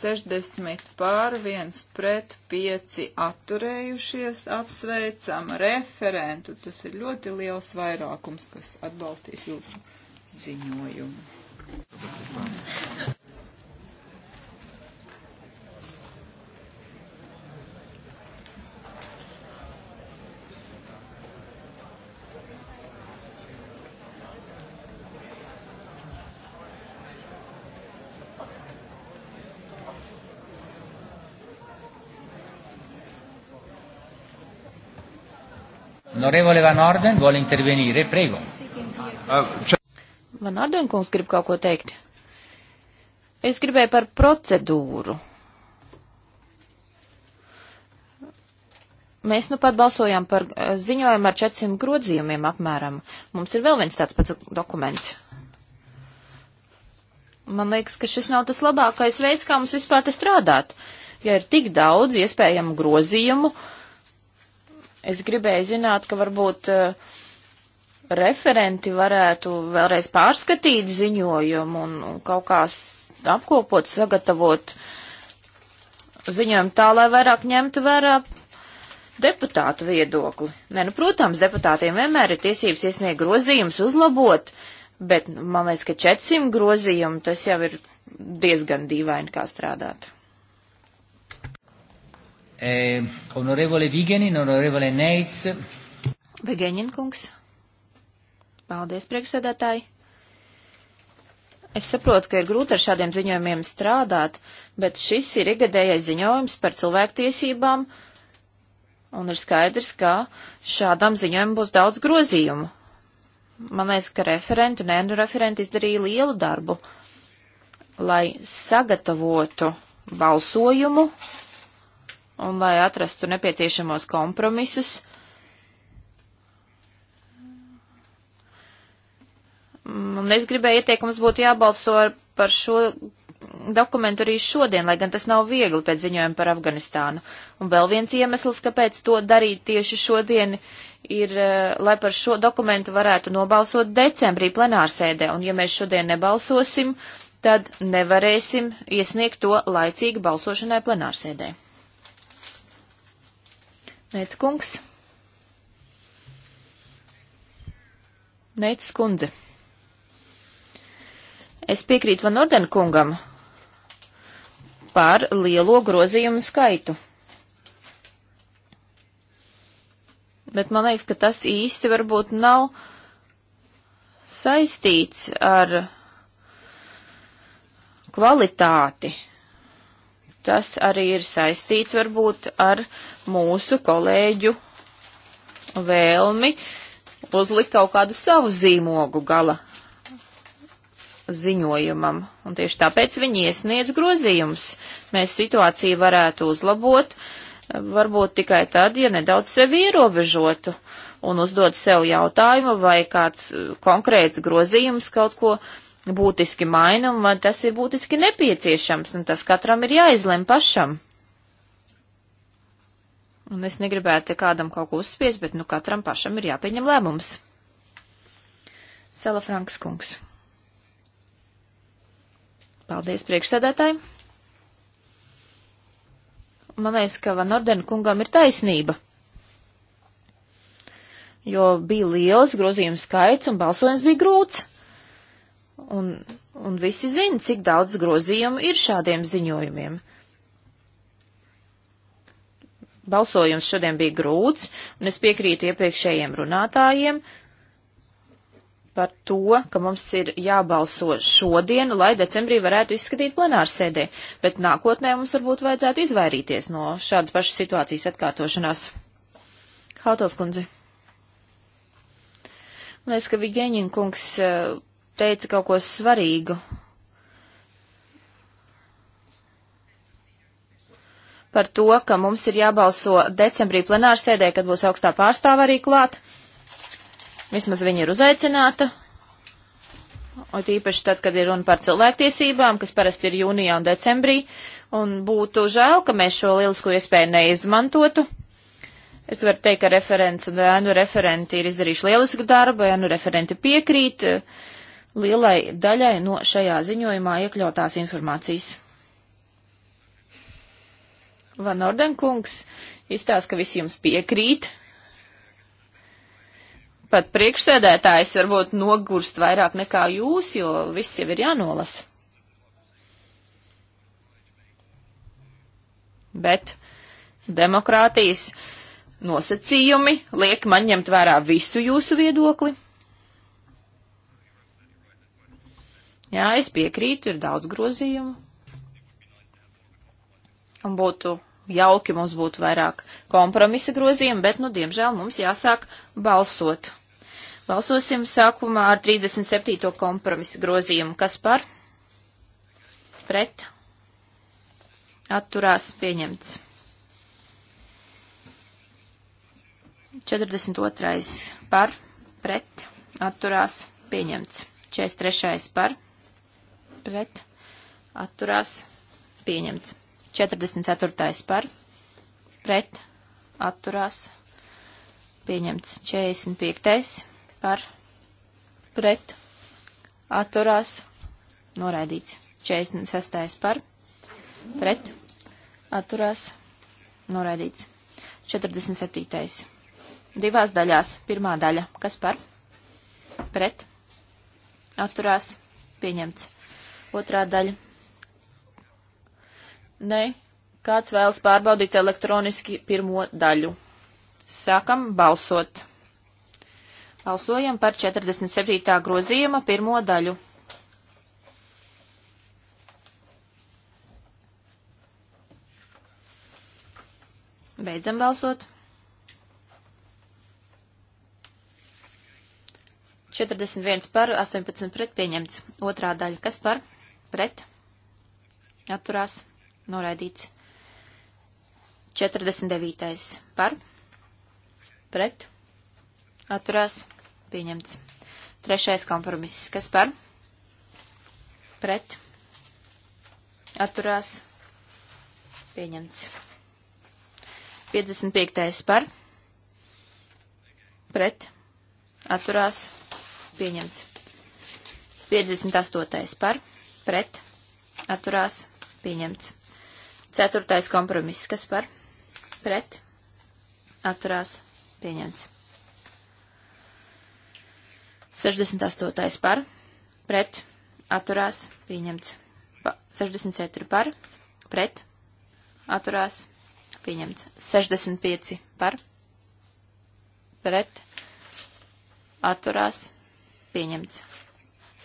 60 pār, 1 pret, 5 atturējušies. Apsveicam referentu. Tas ir ļoti liels vairākums, kas atbalstīs jūsu ziņojumu. Onorevole Van Orden vuole intervenire, prego. Van Orden kungs grib kaut ko teikt. Es gribēju par procedūru. Mēs nu pat balsojām par eh, ziņojumu ar 400 grozījumiem apmēram. Mums ir vēl viens tāds pats dokuments. Man liekas, ka šis nav tas labākais veids, kā mums vispār te strādāt. Ja ir tik daudz iespējamu grozījumu, uh, Es gribēju zināt, ka varbūt eh, referenti varētu vēlreiz pārskatīt ziņojumu un, un kaut kā apkopot, sagatavot ziņojumu tā, lai vairāk ņemtu vērā deputātu viedokli. Nē, nu, protams, deputātiem vienmēr ir tiesības iesniegt grozījumus, uzlabot, bet nu, man liekas, ka 400 grozījumu tas jau ir diezgan dīvaini, kā strādāt. Eh, onorevole Vigenin, onorevole Neits. Vigenin kungs. Paldies, priekšsēdētāji. Es saprotu, ka ir grūti ar šādiem ziņojumiem strādāt, bet šis ir igadējais ziņojums par cilvēktiesībām, un ir skaidrs, ka šādam ziņojumam būs daudz grozījumu. Man liekas, ka referenti un ēnu referenti izdarīja lielu darbu, lai sagatavotu balsojumu un lai atrastu nepieciešamos kompromisus. Un es gribēju ieteikt, mums būtu jābalso par šo dokumentu arī šodien, lai gan tas nav viegli pēc ziņojuma par Afganistānu. Un vēl viens iemesls, kāpēc to darīt tieši šodien, ir, eh, lai par šo dokumentu varētu nobalsot decembrī plenārsēdē. Un ja mēs šodien nebalsosim, tad nevarēsim iesniegt to laicīgi balsošanai plenārsēdē. Nēc kungs. Nēc kundze. Es piekrītu Van Orden kungam par lielo grozījumu skaitu. Bet man liekas, ka tas īsti varbūt nav saistīts ar kvalitāti. Tas arī ir saistīts varbūt ar mūsu kolēģu vēlmi uzlikt kaut kādu savu zīmogu gala ziņojumam, un tieši tāpēc viņi iesniedz grozījumus. Mēs situāciju varētu uzlabot, varbūt tikai tad, ja nedaudz sevi ierobežotu un uzdot sev jautājumu, vai kāds konkrēts grozījums kaut ko uh, būtiski maina, un man tas ir būtiski nepieciešams, un tas katram ir jāizlem pašam. Un es negribētu kādam kaut ko uzspies, bet nu katram pašam ir jāpieņem lēmums. Sela Franks kungs. Paldies priekšsēdētāji. Man liekas, ka Van Orden kungam ir taisnība jo bija liels grozījums skaits un balsojums bija grūts. Un, un visi zina, cik daudz grozījumu ir šādiem ziņojumiem. Balsojums šodien bija grūts, un es piekrītu iepriekšējiem runātājiem, par to, ka mums ir jābalso šodien, lai decembrī varētu izskatīt plenārsēdē, bet nākotnē mums varbūt vajadzētu izvairīties no šādas pašas situācijas atkārtošanās. Hautals kundze. Man liekas, ka Vigeņin kungs eh, teica kaut ko svarīgu. Par to, ka mums ir jābalso decembrī plenāru sēdē, kad būs augstā pārstāva arī klāt. Vismaz viņa ir uzaicināta. Un tīpaši tad, kad ir runa par cilvēktiesībām, kas parasti ir jūnijā un decembrī. Un būtu žēl, ka mēs šo lielisko iespēju neizmantotu. Es varu teikt, ka referents un ēnu referenti ir izdarījuši lielisku darbu, ēnu referenti piekrīt. Uh, lielai daļai no šajā ziņojumā iekļautās informācijas. Van Ordenkungs izstāsta, ka visi jums piekrīt. Pat priekšsēdētājs varbūt nogurst vairāk nekā jūs, jo viss jau ir jānolasa. Bet demokrātijas nosacījumi liek man ņemt vērā visu jūsu viedokli Jā, es piekrītu, ir daudz grozījumu. Un būtu jauki, mums būtu vairāk kompromisa grozījumu, bet, nu, diemžēl mums jāsāk balsot. Balsosim sākumā ar 37. kompromisa grozījumu. Kas par? Pret? Atturās pieņemts. 42. par, pret, atturās, pieņemts. 43. par, pret atturās pieņemts. 44. par pret atturās pieņemts. 45. par pret atturās noraidīts. 46. par pret atturās noraidīts. 47. Divās daļās. Pirmā daļa. Kas par? Pret. Atturās. Pieņemts. Otrā daļa. Nē, kāds vēlas pārbaudīt elektroniski pirmo daļu. Sākam balsot. Balsojam par 47. grozījuma pirmo daļu. Beidzam balsot. 41 par, 18 pret pieņemts. Otrā daļa. Kas par? pret, atturās, noraidīts. 49. par, pret, atturās, pieņemts. Trešais kompromiss, kas par, pret, atturās, pieņemts. 55. par, pret, atturās, pieņemts. 58. par, pret, pret, atturās, pieņemts. Ceturtais kompromiss, kas par, pret, atturās, pieņemts. 68. par, pret, atturās, pieņemts. Pa, 64 par, pret, atturās, pieņemts. 65 par, pret, atturās, pieņemts.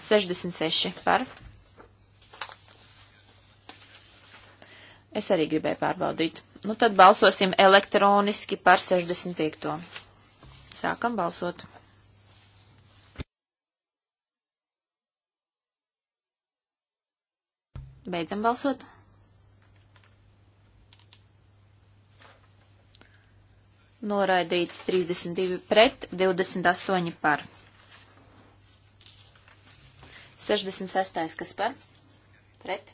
66 par, pret Es arī gribēju pārbaudīt. Nu tad balsosim elektroniski par 65. Sākam balsot. Beidzam balsot. Noraidīts 32 pret, 28 par. 66. kas par? Pret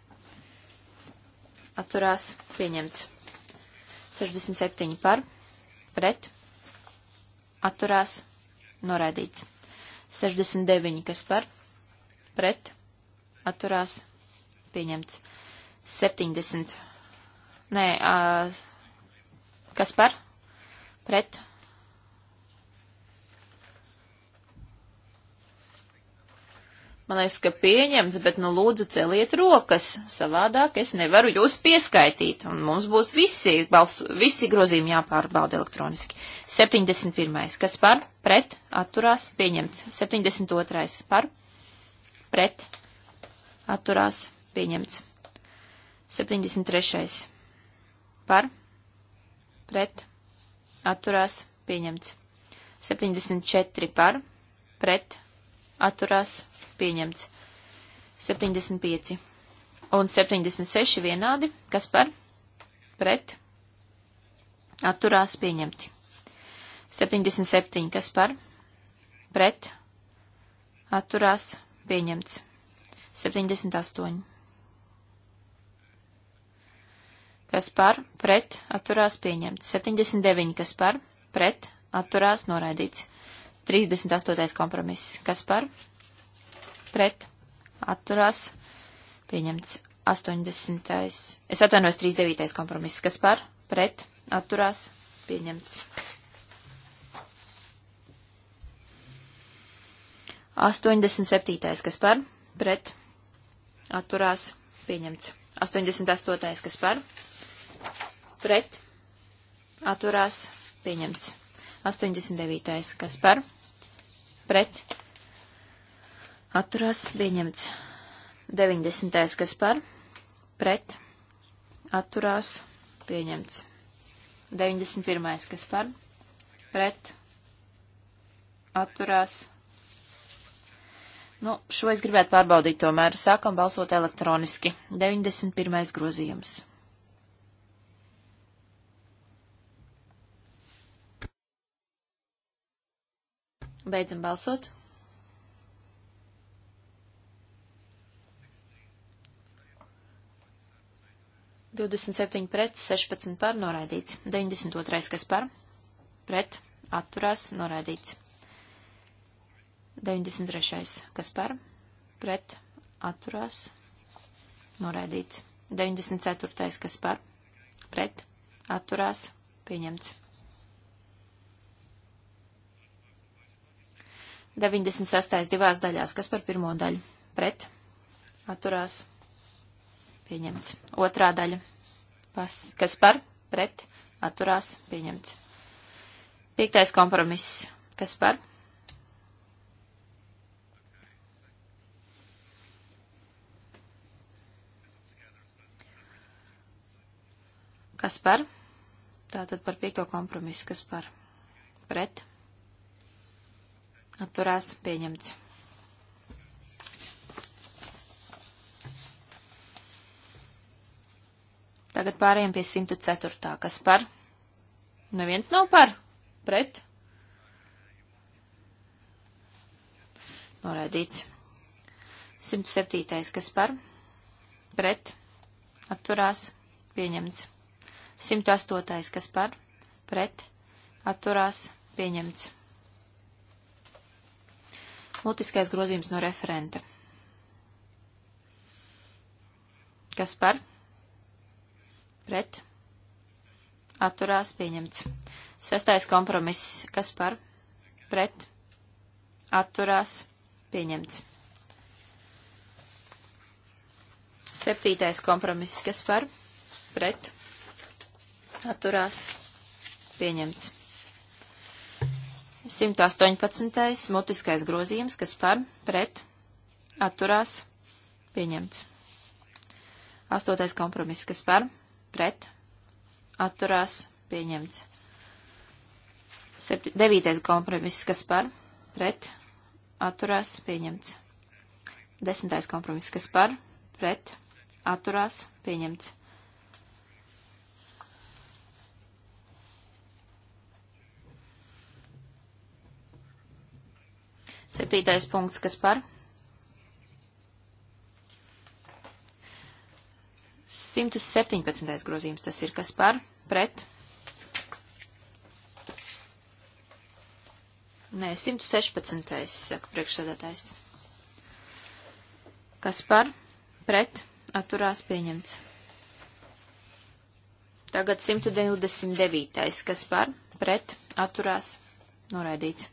atturās pieņemts. 67 par, pret, atturās noraidīts. 69 kas par, pret, atturās pieņemts. 70. Nē, uh, kas par, pret, Man liekas, ka pieņemts, bet nu lūdzu celiet rokas. Savādāk es nevaru jūs pieskaitīt, un mums būs visi, balsu, visi grozījumi jāpārbauda elektroniski. 71. Kas par? Pret. Atturās. Pieņemts. 72. Par? Pret. Atturās. Pieņemts. 73. Par? Pret. Atturās. Pieņemts. 74 par, pret, atturās, pieņemts. 75 un 76 vienādi, kas par pret atturās pieņemti. 77, kas par pret atturās pieņemts. 78. Kas par pret atturās pieņemts. 79, kas par pret atturās noraidīts. 38. kompromiss. Kas par pret, atturās, pieņemts 80. Es atvainojos 39. kompromiss, kas par, pret, atturās, pieņemts. 87. kas par, pret, atturās, pieņemts. 88. kas par, pret, atturās, pieņemts. 89. kas par, pret, atturās pieņemts 90. kas par, pret, atturās pieņemts 91. kas par, pret, atturās. Nu, šo es gribētu pārbaudīt tomēr. Sākam balsot elektroniski. 91. grozījums. Beidzam balsot. 27 pret, 16 par noraidīts. 92. kas par? Pret, atturās, noraidīts. 93. kas par? Pret, atturās, noraidīts. 94. kas par? Pret, atturās, pieņemts. 96. divās daļās, kas par pirmo daļu? Pret, atturās, pieņemts. Otrā daļa, pas, kas par, pret, atturās, pieņemts. Piektais kompromiss, kas par? Kas par? Tātad par piekto kompromisu, kas par? Pret? Atturās, pieņemts. Tagad pārējiem pie 104. Kas par? Neviens nav par. Pret. Noraidīts. 107. Kas par? Pret. Atturās. Pieņemts. 108. Kas par? Pret. Atturās. Pieņemts. Mutiskais grozījums no referenta. Kas par? pret, atturās pieņemts. Sestais kompromiss, kas par, pret, atturās pieņemts. Septītais kompromiss, kas par, pret, atturās pieņemts. 118. mutiskais grozījums, kas par, pret, atturās pieņemts. Astotais kompromiss, kas par, pret, atturās, pieņemts. 9. kompromiss, kas par, pret, atturās, pieņemts. 10. kompromiss, kas par, pret, atturās, pieņemts. Septītais punkts, kas par, 117. grozījums tas ir, kas par, pret. Nē, 116. saka priekšsēdētājs. Kas par, pret, atturās pieņemts. Tagad 129. kas par, pret, atturās, noraidīts.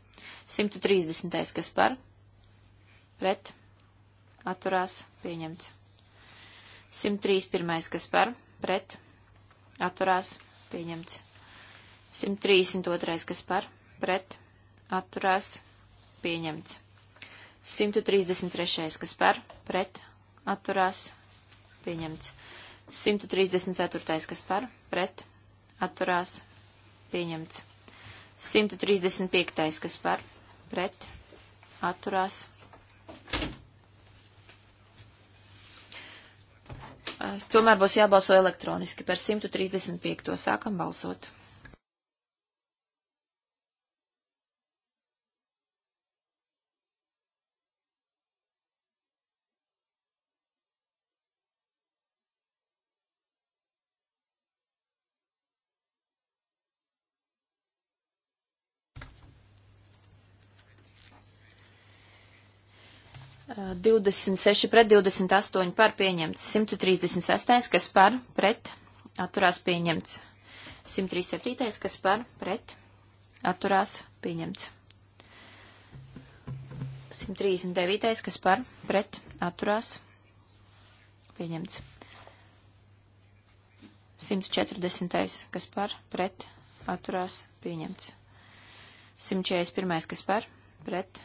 130. kas par, pret, atturās, pieņemts. 131. kas par, pret, atturās, pieņemts. 132. kas par, pret, atturās, pieņemts. 133. kas par, pret, atturās, pieņemts. 134. kas par, pret, atturās, pieņemts. 135. kas par, pret, atturās, pieņemts. Tomēr būs jābalso elektroniski par 135. Sākam balsot. 26 pret 28 par pieņemts. 136. kas par pret atturās pieņemts. 137. kas par pret atturās pieņemts. 139. kas par pret atturās pieņemts. 140. kas par pret atturās pieņemts. 141. kas par pret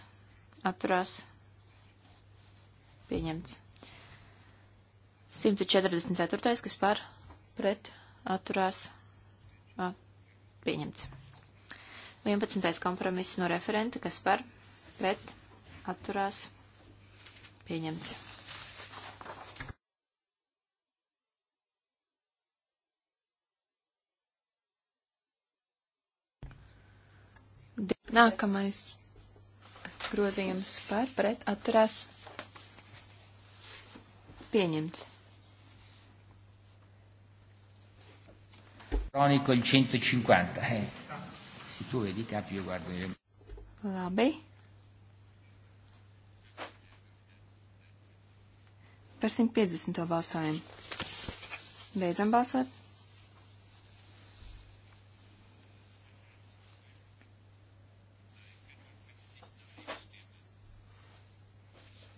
atturās pieņemts pieņemts. 144. kas par pret atturās a, pieņemts. 11. kompromiss no referenta, kas par pret atturās pieņemts. Nākamais grozījums par pret atturās pieņemts Pieņemts. Cronico il 150. Eh. Se tu vedi capi io guardo. Eh. Labi. Par 150. balsojumu. Beidzam balsot.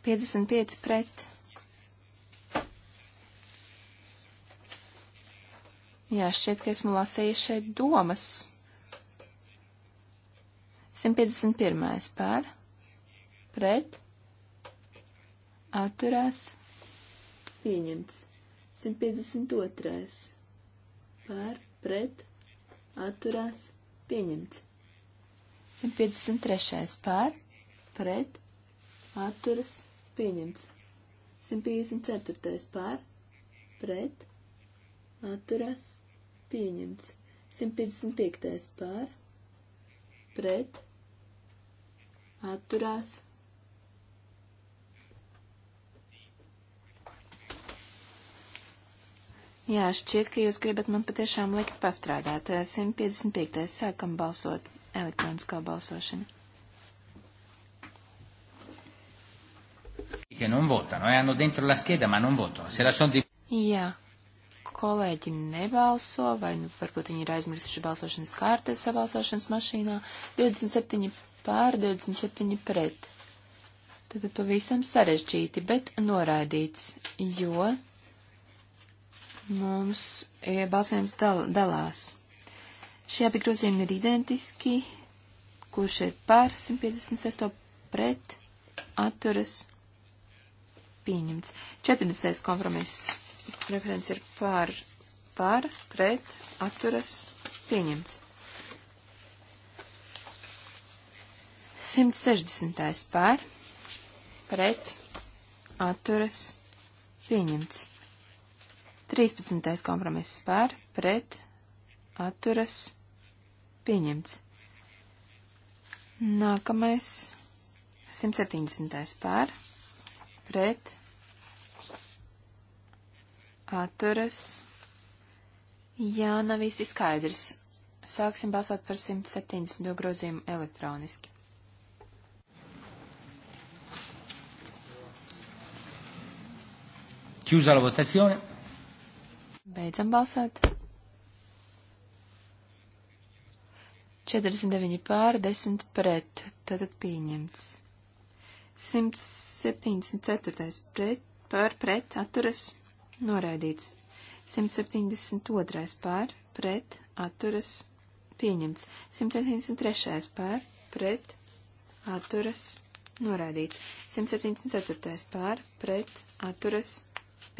Piecdesmit pieci pret. Jā, šķiet, ka esmu lasījis šeit domas. 151. pār, pret, atturās, pieņemts. 152. pār, pret, atturās, pieņemts. 153. pār, pret, atturas, pieņemts. 154. pār, pret, atturās, pieņemts pieņemts. 155. pār, pret, atturās. Jā, šķiet, ka jūs gribat man patiešām likt pastrādāt. 155. Eh, sākam balsot elektroniskā balsošana. Che non votano, eh? hanno dentro la scheda ma non votano. Se la sono di... Yeah kolēģi nebalso, vai nu, varbūt viņi ir aizmirsuši balsošanas kārtas sabalsošanas mašīnā. 27 pār, 27 pret. Tad pavisam sarežģīti, bet noraidīts, jo mums e, balsojums dal dalās. Šie abi grozījumi ir identiski, kurš ir pār 156 pret, atturas, pieņemts. 40. kompromiss Referents ir pār, pār, pret, atturas, pieņemts. 160. pār, pret, atturas, pieņemts. 13. kompromiss pār, pret, atturas, pieņemts. Nākamais 170. pār, pret, atturas. Jā, nav īsti skaidrs. Sāksim balsot par 172 grozījumu elektroniski. Chiusa la votazione. Beidzam balsot. 49 pār, 10 pret, tātad pieņemts. 174 pret, pār pret atturas Noraidīts. 172. pār, pret, atturas, pieņemts. 173. pār, pret, atturas, noraidīts. 174. pār, pret, atturas,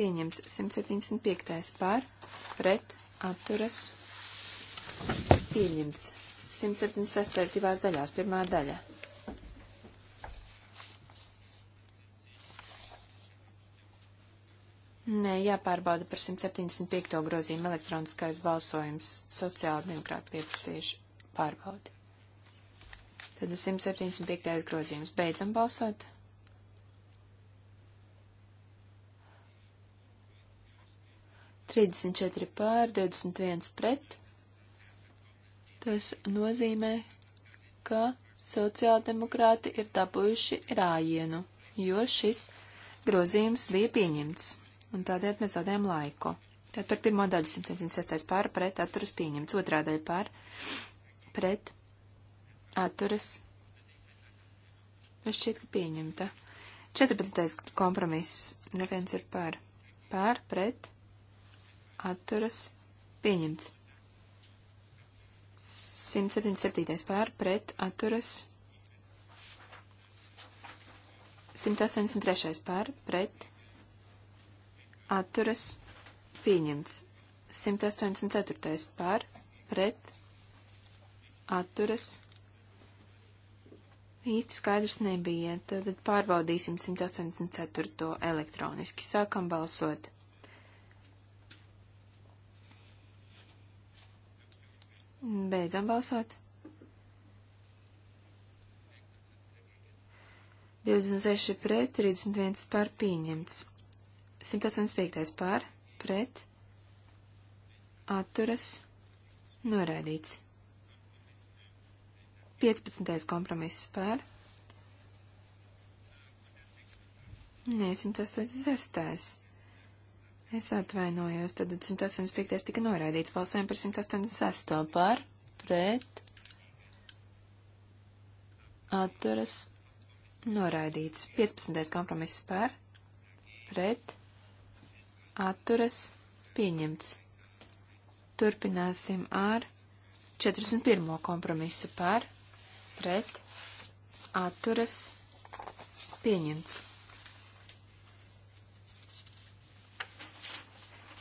pieņemts. 175. pār, pret, atturas, pieņemts. 176. divās daļās, pirmā daļa Nē, jāpārbauda par 175. grozījumu elektroniskais balsojums. Sociāla demokrāta pieprasījuši pārbaudi. Tad 175. grozījums. Beidzam balsot. Trīsdesmit četri pār, divdesmit viens pret. Tas nozīmē, ka sociāldemokrāti ir dabūjuši rājienu, jo šis grozījums bija pieņemts un tādēļ mēs zaudējam laiku. Tad par pirmo daļu 176. pār pret atturas pieņemts, otrā daļa pār pret atturas. Es šķiet, ka pieņemta. 14. kompromiss. Referents ir pār. Pār, pret, atturas, pieņemts. 177. pār, pret, atturas. 183. pār, pret, atturas pieņemts. 184. par pret atturas īsti skaidrs nebija, tad pārbaudīsim 184. elektroniski. Sākam balsot. Beidzam balsot. 26 pret, 31 par pieņemts. 185. pār, pret, atturas, noraidīts. 15. kompromiss pār. Nē, 186. Es atvainojos, tad 185. tika noraidīts. Balsojam par 186. par, pret, atturas, noraidīts. 15. kompromiss par, pret, atturas, pieņemts. Turpināsim ar 41. kompromisu par, pret, atturas, pieņemts.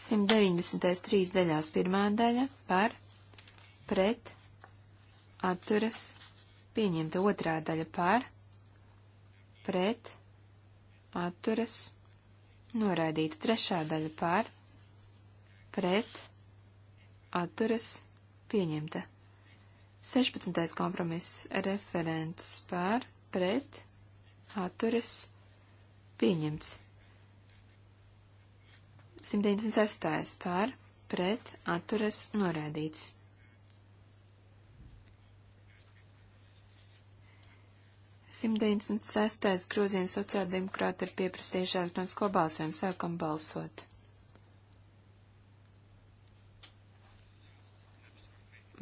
193. daļās pirmā daļa par, pret, atturas, pieņemta otrā daļa par, pret, atturas, pieņemts Noraidīta trešā daļa pār, pret, atturas, pieņemta. 16. kompromiss referents pār, pret, atturas, pieņemts. 196. pār, pret, atturas, noraidīts. 196. grozījums sociāldemokrāti ir pieprasījuši elektronisko balsojumu. Sākam balsot.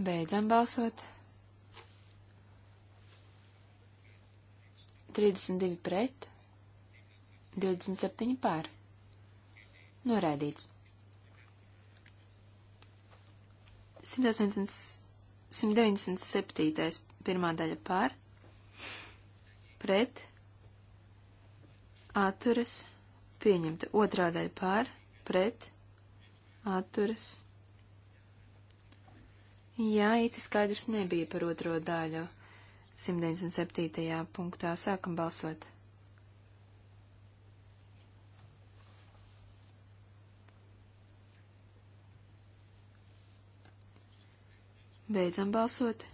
Beidzam balsot. 32 pret, 27 pār. Norādīts. 197. pirmā daļa pār, pret, atturas, pieņemta. Otrā daļa par, pret, atturas. Jā, īsti skaidrs nebija par otro daļu. 197. punktā sākam balsot. Beidzam balsot.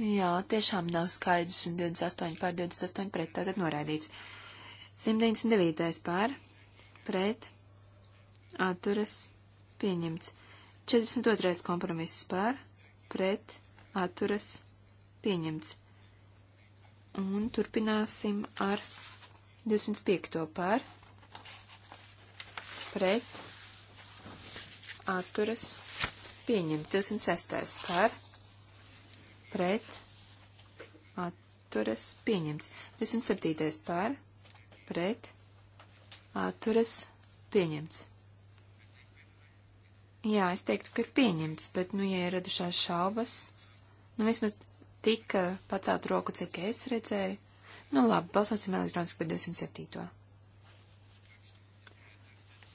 Jā, tiešām nav skaidrs, 28 pār 28 pret, tātad noraidīts. 199 pār, pret, atturas, pieņemts. 42. kompromiss pār, pret, atturas, pieņemts. Un turpināsim ar 25. pār, pret, atturas, pieņemts. 26. pār, pret pret, atturas, pieņemts. 27. par, pret, atturas, pieņemts. Jā, es teiktu, ka ir pieņemts, bet, nu, ja ir radušās šaubas, nu, vismaz tika pacelt roku, cik es redzēju. Nu, labi, balsosim elektroniski par 207.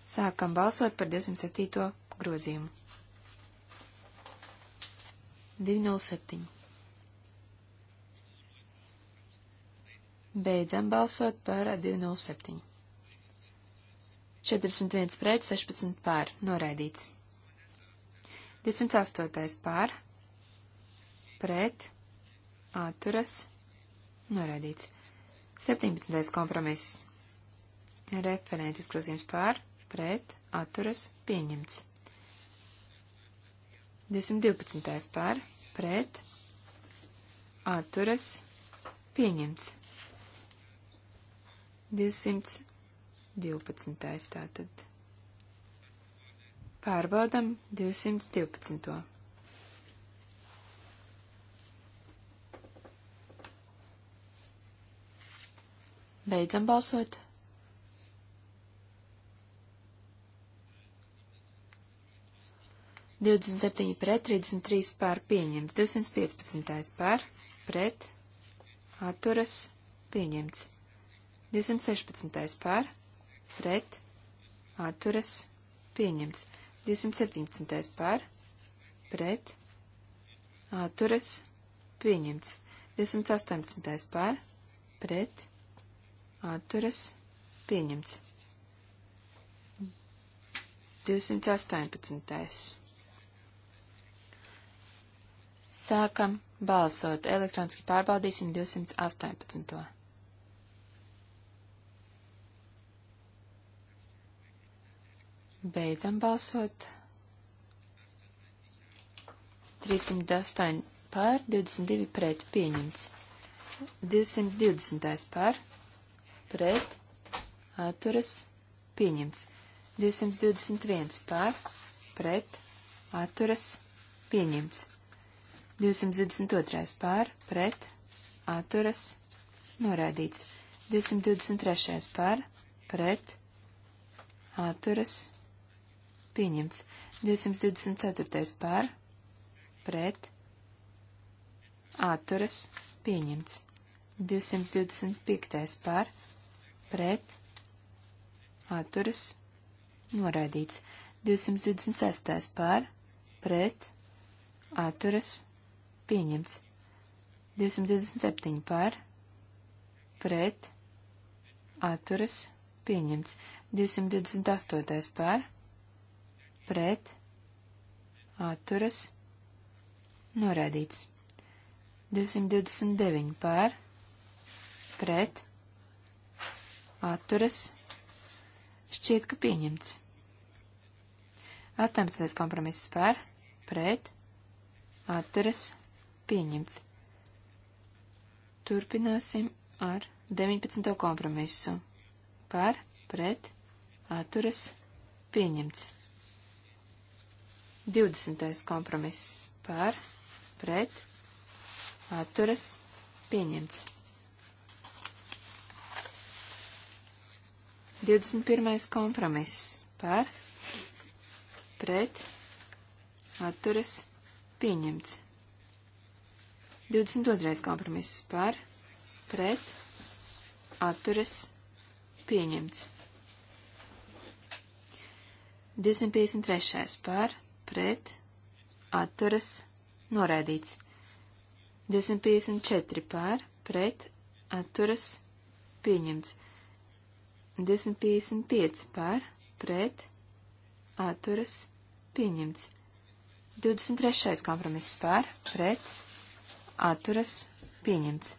Sākam balsot par 207. grozījumu. 207. Beidzam balsot par 207. 41 pret 16 pār. Noraidīts. 208. pār. Pret. Atturas. Noraidīts. 17. kompromiss. Referentis grozījums pār. Pret. Atturas. Pieņemts. 212. pār. Pret. Atturas. Pieņemts. 212. Tātad. Pārbaudam 212. Beidzam balsot. Divdesmit septiņi pret, trīsdesmit trīs pār pieņemts, divsimt piecpadsmitais pār, pret, atturas, pieņemts. 216. par, pret, atturas, pieņemts. 217. par, pret, atturas, pieņemts. 218. par, pret, atturas, pieņemts. 218. Sākam balsot. Elektroniski pārbaudīsim 218. Beidzam balsot. 308 pār, 22 pret pieņemts. 220 pār, pret, atturas, pieņemts. 221 pār, pret, atturas, pieņemts. 222 pār, pret, atturas, norādīts. 223 pār, pret, atturas, pieņemts. Pieņemts. 224. par, pret, atturas, pieņemts. 225. par, pret, atturas, noraidīts. 226. par, pret, atturas, pieņemts. 227. par, pret, atturas, pieņemts. 228. par, pret, atturas, norādīts. 229 pār, pret, atturas, šķiet, ka pieņemts. 18. kompromiss pār, pret, atturas, pieņemts. Turpināsim ar 19. kompromisu. Par, pret, atturas, pieņemts. 20. kompromiss par, pret, atturas, pieņemts. 21. kompromiss par, pret, atturas, pieņemts. 22. kompromiss par, pret, atturas, pieņemts. 253. par, pret, atturas, noraidīts. 254 pār, pret, atturas, pieņemts. 255 pār, pret, atturas, pieņemts. 23. kompromiss pār, pret, atturas, pieņemts.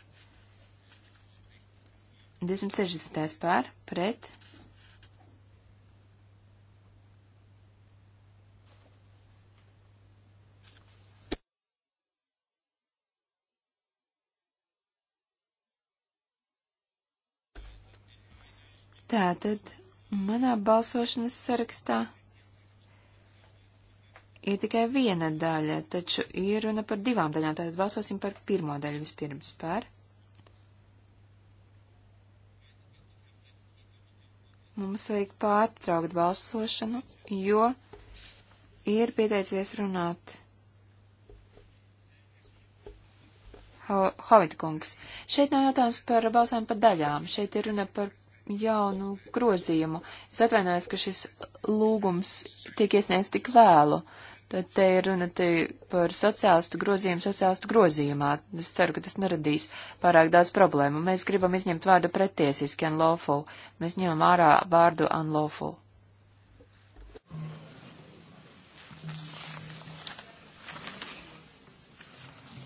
260. pār, pret, Tātad manā balsošanas sarakstā ir tikai viena daļa, taču ir runa par divām daļām, tātad balsosim par pirmo daļu vispirms par. Mums vajag pārtraukt balsošanu, jo ir pieteicies runāt. Ho Hovitkungs, šeit nav jautājums par balsām pa daļām, šeit ir runa par jaunu grozījumu. Es atvainojos, ka šis lūgums tiek iesniegts tik vēlu. Tad te ir runa te par sociālistu grozījumu sociālistu grozījumā. Es ceru, ka tas neradīs pārāk daudz problēmu. Mēs gribam izņemt vārdu pretiesiski unlawful. Mēs ņemam ārā vārdu unlawful.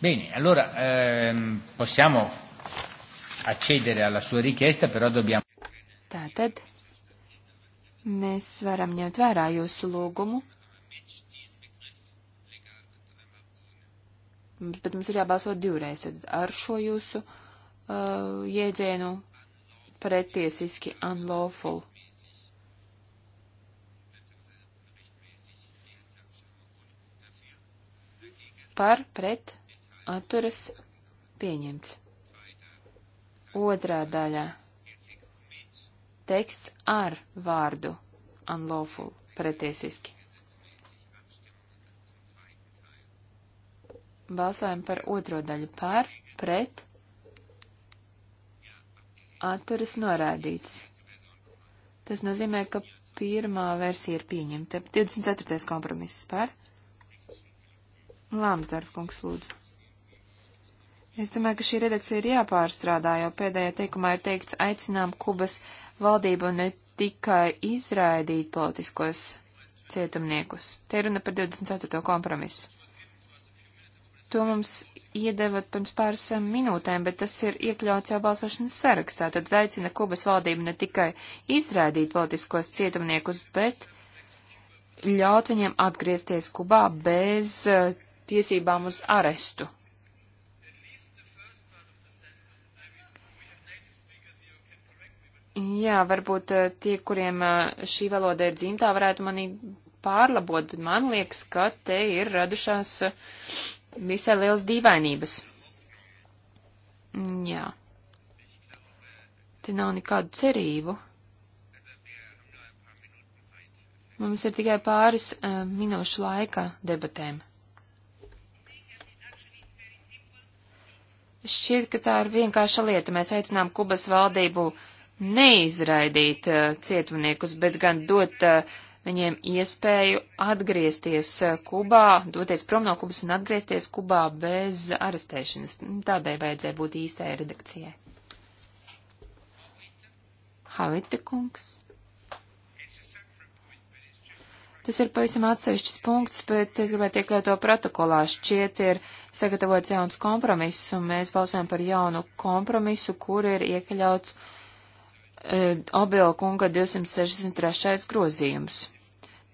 Bene, allora ehm, possiamo accedere alla sua richiesta, però dobbiamo. Tātad mēs varam ņemt vērā jūsu lūgumu, bet mums ir jābalso divreiz ar šo jūsu uh, jēdzienu pretiesiski unlawful. Par, pret, atturas, pieņemts. Otrā daļā teksts ar vārdu unlawful pretiesiski. Balsojam par otro daļu par, pret, atturas norādīts. Tas nozīmē, ka pirmā versija ir pieņemta. 24. kompromiss par. Lāmdzarv, kungs, lūdzu. Es domāju, ka šī redakcija ir jāpārstrādā, jo pēdējā teikumā ir teikts aicinām Kubas valdību ne tikai izraidīt politiskos cietumniekus. Te ir runa par 24. kompromisu. To mums iedevat pirms pāris um, minūtēm, bet tas ir iekļauts jau balsošanas sarakstā. Tad aicina Kubas valdību ne tikai izrādīt politiskos cietumniekus, bet ļaut viņiem atgriezties Kubā bez uh, tiesībām uz arestu. Jā, varbūt eh, tie, kuriem eh, šī valoda ir dzimtā, varētu mani pārlabot, bet man liekas, ka te ir radušās eh, visai liels dīvainības. Mm, jā. Te nav nekādu cerību. Mums ir tikai pāris uh, minūšu laika debatēm. Šķiet, ka tā ir vienkārša lieta. Mēs aicinām Kubas valdību uh, neizraidīt uh, cietumniekus, bet gan dot uh, viņiem iespēju atgriezties uh, Kubā, doties prom no Kubas un atgriezties Kubā bez arestēšanas. Tādai vajadzēja būt īstai redakcijai. Havita kungs. Tas ir pavisam atsevišķs punkts, bet es gribētu iekļaut to protokolā. Šķiet ir sagatavots jauns kompromiss, un mēs balsojam par jaunu kompromisu, kur ir iekļauts uh, Obila e, kunga 263. grozījums.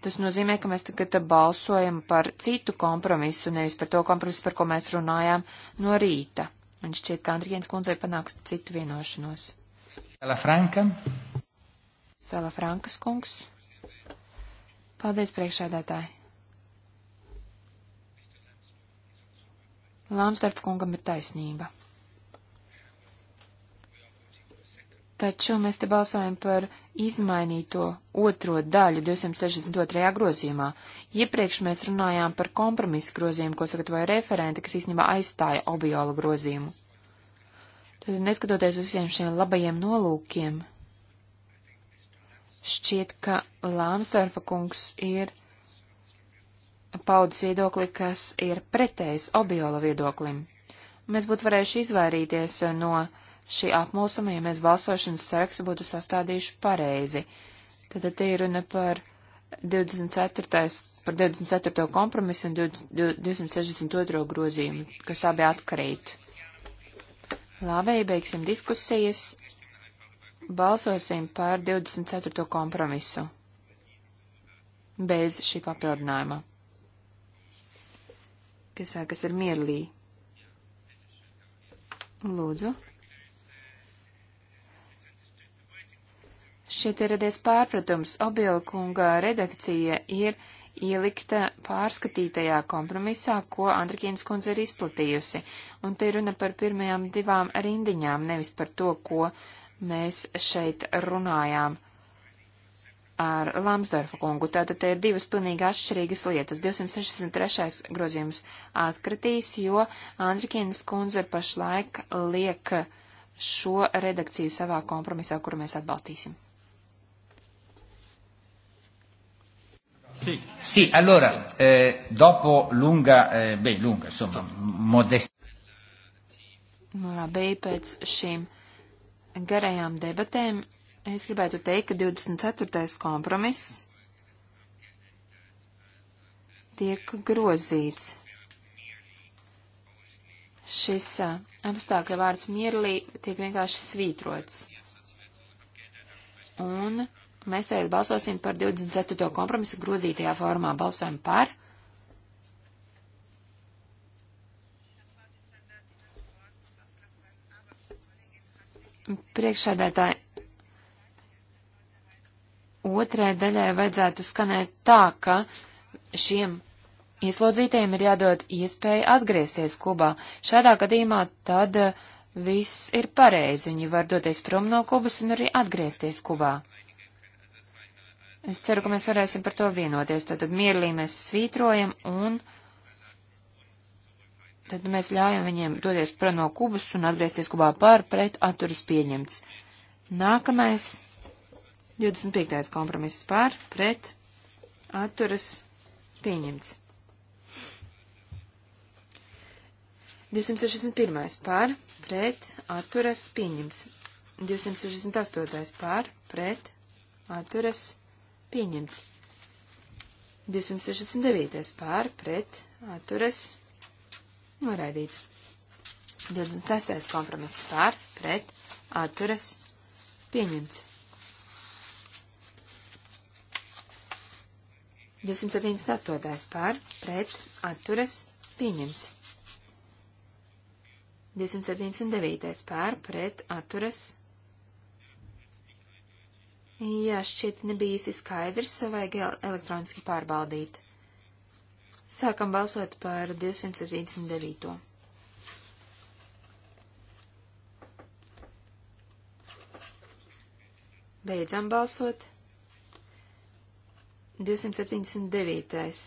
Tas nozīmē, ka mēs tagad balsojam par citu kompromisu, nevis par to kompromisu, par ko mēs runājām no rīta. Un šķiet, ka Andrienas kundzei panāks citu vienošanos. Sala Franka. Sala Frankas kungs. Paldies, priekšādātāji. Lāmstarp kungam ir taisnība. Taču mēs te balsojam par izmainīto otro daļu 262. grozījumā. Iepriekš mēs runājām par kompromisu grozījumu, ko sagatavoja referenti, kas īstenībā aizstāja obiola grozījumu. Tad, neskatoties uz visiem šiem labajiem nolūkiem, šķiet, ka Lāmsdorfa kungs ir paudas viedokli, kas ir pretējs obiola viedoklim. Mēs būtu varējuši izvairīties no uh, šī apmulsuma, ja mēs balsošanas sarakstu būtu sastādījuši pareizi. Tad te ir runa par 24. par 24. kompromisu un 262. grozījumu, kas abi atkarīt. Labi, beigsim diskusijas. Balsosim par 24. kompromisu. Bez šī papildinājuma. Kas sākas ar mierlī. Lūdzu. Šeit ir radies pārpratums. Obilkunga redakcija ir ielikta pārskatītajā kompromisā, ko Andrikīnas kundze ir izplatījusi. Un te runa par pirmajām divām rindiņām, nevis par to, ko mēs šeit runājām ar Lamsdorfa kungu. Tātad te ir divas pilnīgi atšķirīgas lietas. 263. grozījums atkritīs, jo Andrikīnas kundze pašlaik liek šo redakciju savā kompromisā, kuru mēs atbalstīsim. Sì, sì allora, eh, dopo lunga, eh, beh, lunga, insomma, modestia. Nu, labi, pēc šīm garajām debatēm es gribētu teikt, ka 24. kompromiss tiek grozīts. Šis eh, apstākļa vārds mierlī tiek vienkārši svītrots. Un Mēs tagad balsosim par 24. kompromisu grozītajā formā. Balsojam par. Priekšsēdētāji, otrai daļai vajadzētu skanēt tā, ka šiem ieslodzītajiem ir jādod iespēja atgriezties Kubā. Šādā gadījumā tad eh, viss ir pareizi, viņi var doties prom no Kubas un arī atgriezties Kubā. Es ceru, ka mēs varēsim par to vienoties. Tad, tad mierlī mēs svītrojam un tad mēs ļaujam viņiem doties prom no kubas un atgriezties kubā pār pret atturas pieņemts. Nākamais 25. kompromiss pār pret atturas pieņemts. 261. pār, pret, atturas, pieņems. 268. pār, pret, atturas, Pieņemts. 269. pār pret atturas noraidīts. 26. kompromiss pār pret atturas pieņemts. 278. pār pret atturas pieņemts. 279. pār pret atturas Jā, šķiet nebija īsti skaidrs, vajag elektroniski pārbaudīt. Sākam balsot par 279. Beidzam balsot. 279.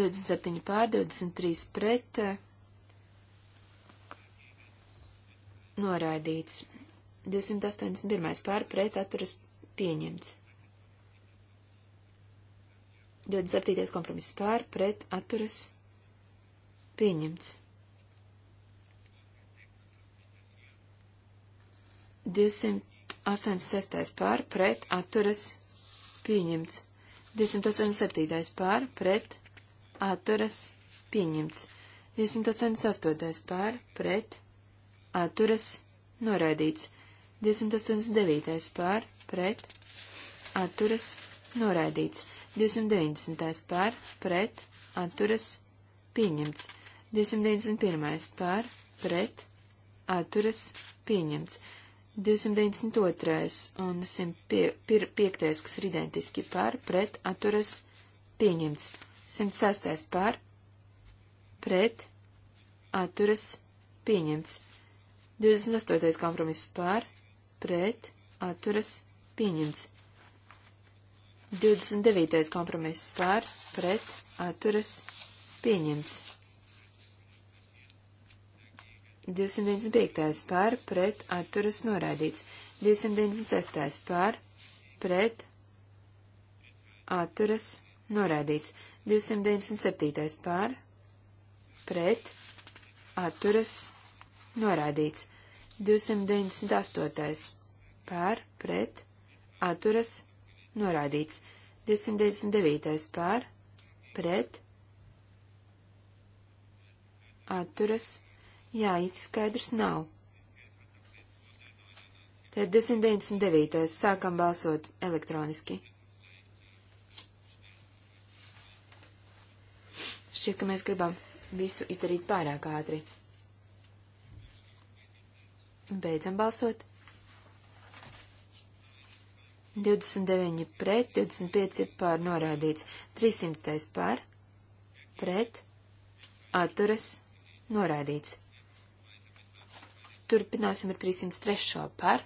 27 pār 23 pret noraidīts. 281. pār pret atturas pieņemts. 27. kompromiss pār pret atturas pieņemts. 286. pār pret atturas pieņemts. 287. pār pret atturas pieņemts. 288. pār pret atturas pieņemts. Atturas noraidīts. 289. pār pret atturas noraidīts. 290. pār pret atturas pieņemts. 291. pār pret atturas pieņemts. 292. un 105. kas ir identiski pār pret atturas pieņemts. 106. pār pret atturas pieņemts. 28. kompromiss pār pret, atturas, pieņemts. 29. kompromiss par, pret, atturas, pieņemts. 295. par, pret, atturas, noraidīts. 296. par, pret, atturas, noraidīts. 297. par, pret, atturas, noraidīts. 298. pār, pret, atturas, norādīts. 299. pār, pret, atturas, jā, īsti skaidrs nav. Tad 299. sākam balsot elektroniski. Šķiet, ka mēs gribam visu izdarīt pārāk ātri. Beidzam balsot. 29 pret, 25 pār norādīts, 300 pār, pret, atturas, norādīts. Turpināsim ar 303 pār.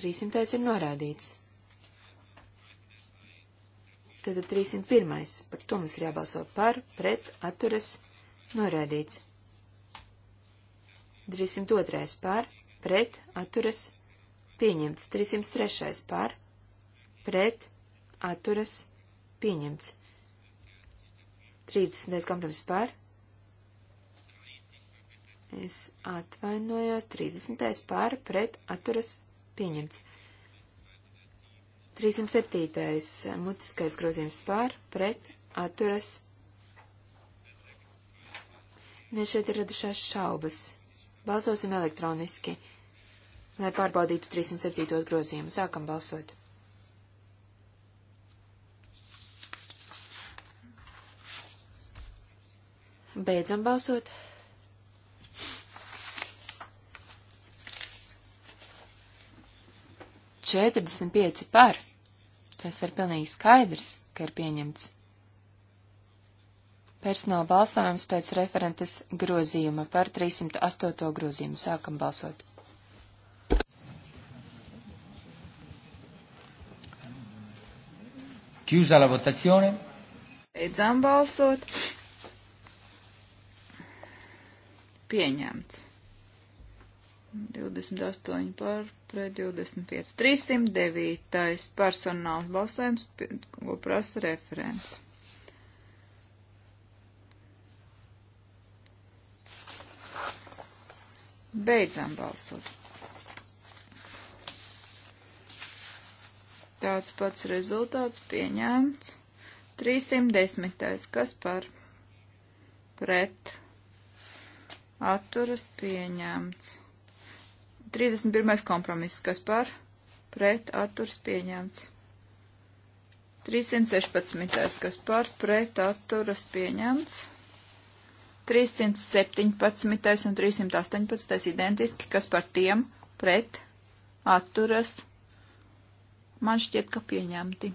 300 ir norādīts. Tad 301. Par to mums ir jābalso par, pret, atturas, norādīts. Noraidīts. 302. par, pret, atturas, pieņemts. 303. par, pret, atturas, pieņemts. 30. kompromiss par. Es atvainojos. 30. par, pret, atturas, pieņemts. 307. mutiskais grozījums par, pret, atturas, pieņemts. Man šeit ir radušās šaubas. Balsosim elektroniski, lai pārbaudītu 307. grozījumu. Sākam balsot. Beidzam balsot. Četrdesmit pieci par. Tas ir pilnīgi skaidrs, ka ir pieņemts. Personāla balsojums pēc referentes grozījuma par 308. grozījumu. Sākam balsot. Chiusa la votazione. Beidzām balsot. Pieņemts. 28 par pret 25. 309. personāls balsojums, ko prasa referents. Beidzam balsot. Tāds pats rezultāts pieņemts. 310. Kas par? Pret. Atturas pieņemts. 31. kompromiss. Kas par? Pret. Atturas pieņemts. 316. Kas par? Pret. Atturas pieņemts. 317 un 318 identiski, kas par tiem pret atturas man šķiet, ka pieņemti.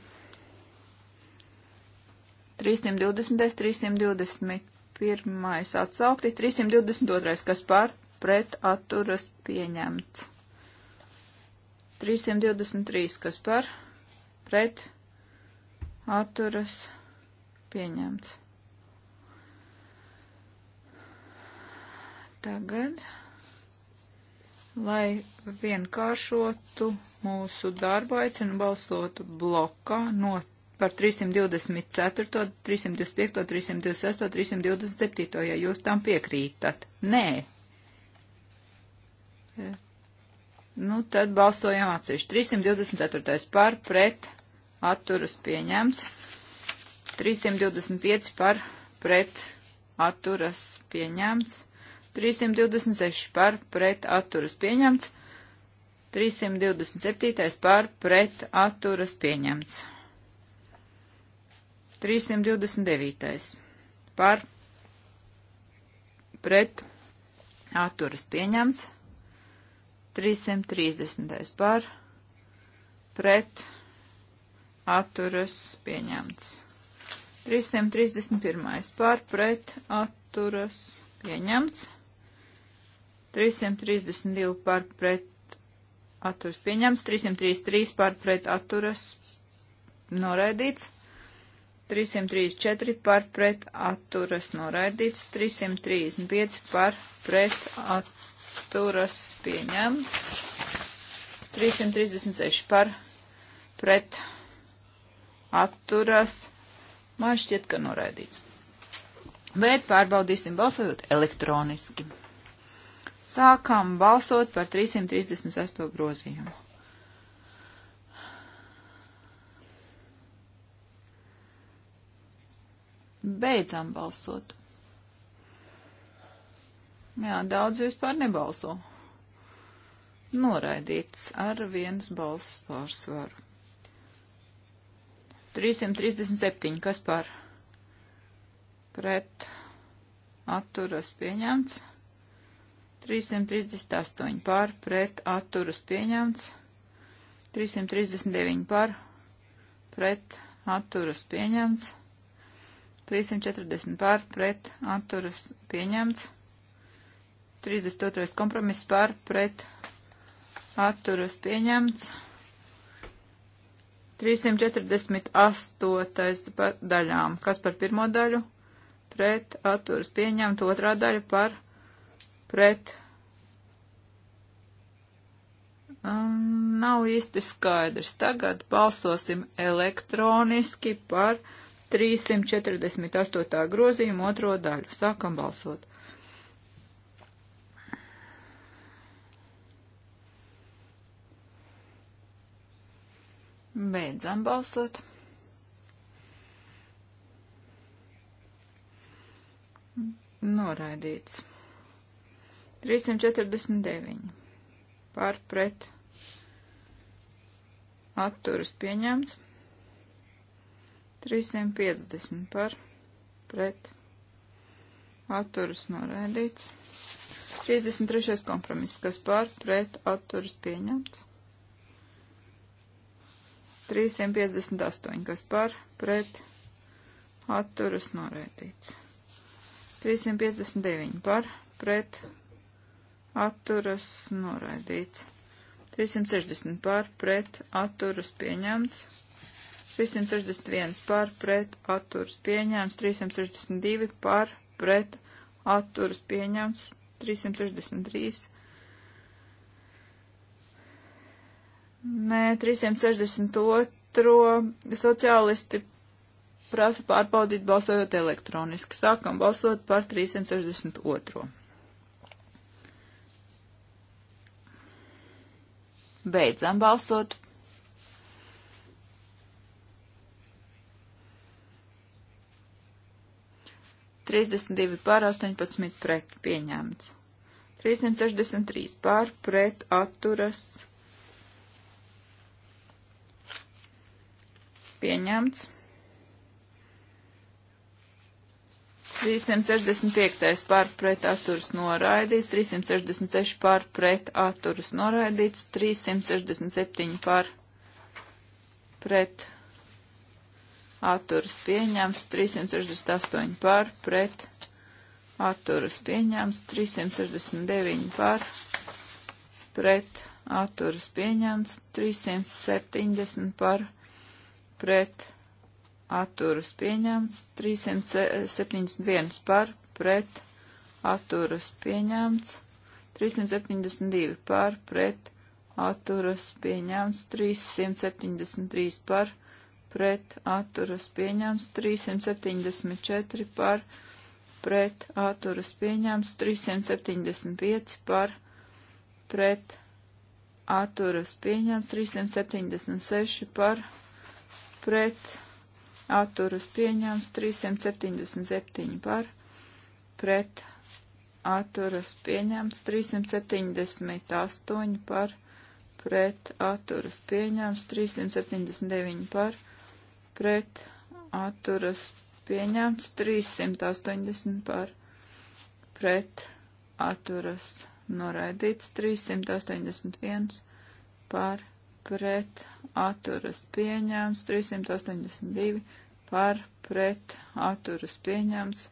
320, 321 atsaukti, 322, kas par pret atturas pieņemts. 323, kas par pret atturas pieņemts. Tagad, lai vienkāršotu mūsu darbu, aicinu balsot blokā no par 324, 325, 326, 327, ja jūs tam piekrītat. Nē. Nu, tad balsojam atsevišķi. 324. par pret atturas pieņemts. 325 par pret atturas pieņemts. 326 par pret atturas pieņemts. 327 par pret atturas pieņemts. 329 par pret atturas pieņemts. 330 par pret atturas pieņemts. 331 par pret atturas pieņemts. 332 par pret atturas pieņemts, 333 par pret atturas noraidīts, 334 par pret atturas noraidīts, 335 par pret atturas pieņemts, 336 par pret atturas, man šķiet, ka noraidīts. Bet pārbaudīsim balsojot elektroniski. Sākam balsot par 336. grozījumu. Beidzam balsot. Jā, daudz vispār nebalso. Noraidīts ar vienas balss pārsvaru. 337, kas par pret atturas pieņemts. 338 par pret atturas pieņemts. 339 par pret atturas pieņemts. 340 par pret atturas pieņemts. 32. kompromiss par pret atturas pieņemts. 348. daļām. Kas par pirmo daļu? Pret atturas pieņemt. Otrā daļa par pret pret. Nav īsti skaidrs. Tagad balsosim elektroniski par 348. grozījumu otro daļu. Sākam balsot. Beidzam balsot. Noraidīts. 349 par pret atturas pieņemts. 350 par pret atturas noraidīts. 33. kompromiss, kas par pret atturas pieņemts. 358, kas par pret atturas noraidīts. 359 par pret atturas pieņemts atturas noraidīts. 360 pār pret atturas pieņemts. 361 pār pret atturas pieņemts. 362 pār pret atturas pieņemts. 363. Nē, 362. Sociālisti prasa pārbaudīt balsojot elektroniski. Sākam balsot par 362. Beidzam balsot. Trīsdesmit divi pār, astoņpadsmit pret pieņemts. 363 pār, pret atturas pieņemts. 365 pār pret atturas noraidīts, 366 pār pret atturas noraidīts, 367 pār pret atturas pieņems, 368 pār pret atturas pieņems, 369 pār pret atturas pieņems, 370 pār pret atturas pieņems atturas pieņemts, 371 par pret atturas pieņemts, 372 par pret atturas pieņemts, 373 par pret atturas pieņemts, 374 par pret atturas pieņemts, 375 par pret atturas pieņemts, 376 par pret atturas pieņemts, atturas pieņemts 377 par, pret atturas pieņemts 378 par, pret atturas pieņemts 379 par, pret atturas pieņemts 380 par, pret atturas noraidīts 381 par, pret atturas pieņemts 382 par, par pret atturas pieņemts,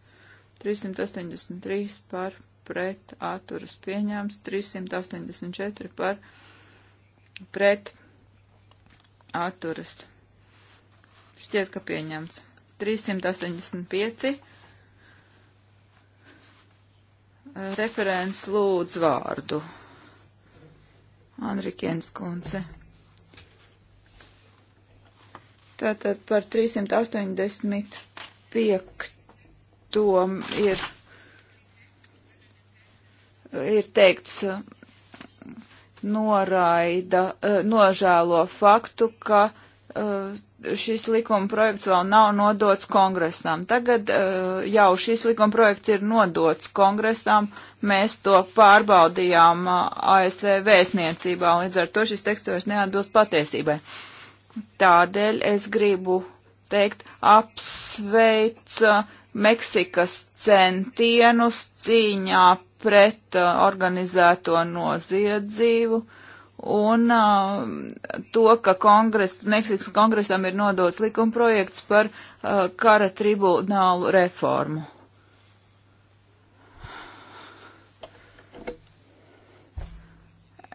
383 par pret atturas pieņemts, 384 par pret atturas. Šķiet, ka pieņemts. 385 referents lūdz vārdu. Andrikienas kundze. Tātad par 385. ir, ir teikts uh, noraida, uh, nožēlo faktu, ka uh, šis likuma projekts vēl nav nodots kongresam. Tagad uh, jau šis likuma projekts ir nodots kongresam, mēs to pārbaudījām uh, ASV vēstniecībā, un līdz ar to šis teksts vairs neatbilst patiesībai. Tādēļ es gribu teikt apsveica uh, Meksikas centienus cīņā pret uh, organizēto noziedzību un uh, to, ka kongres, Meksikas kongresam ir nodots likumprojekts par uh, kara tribunālu reformu.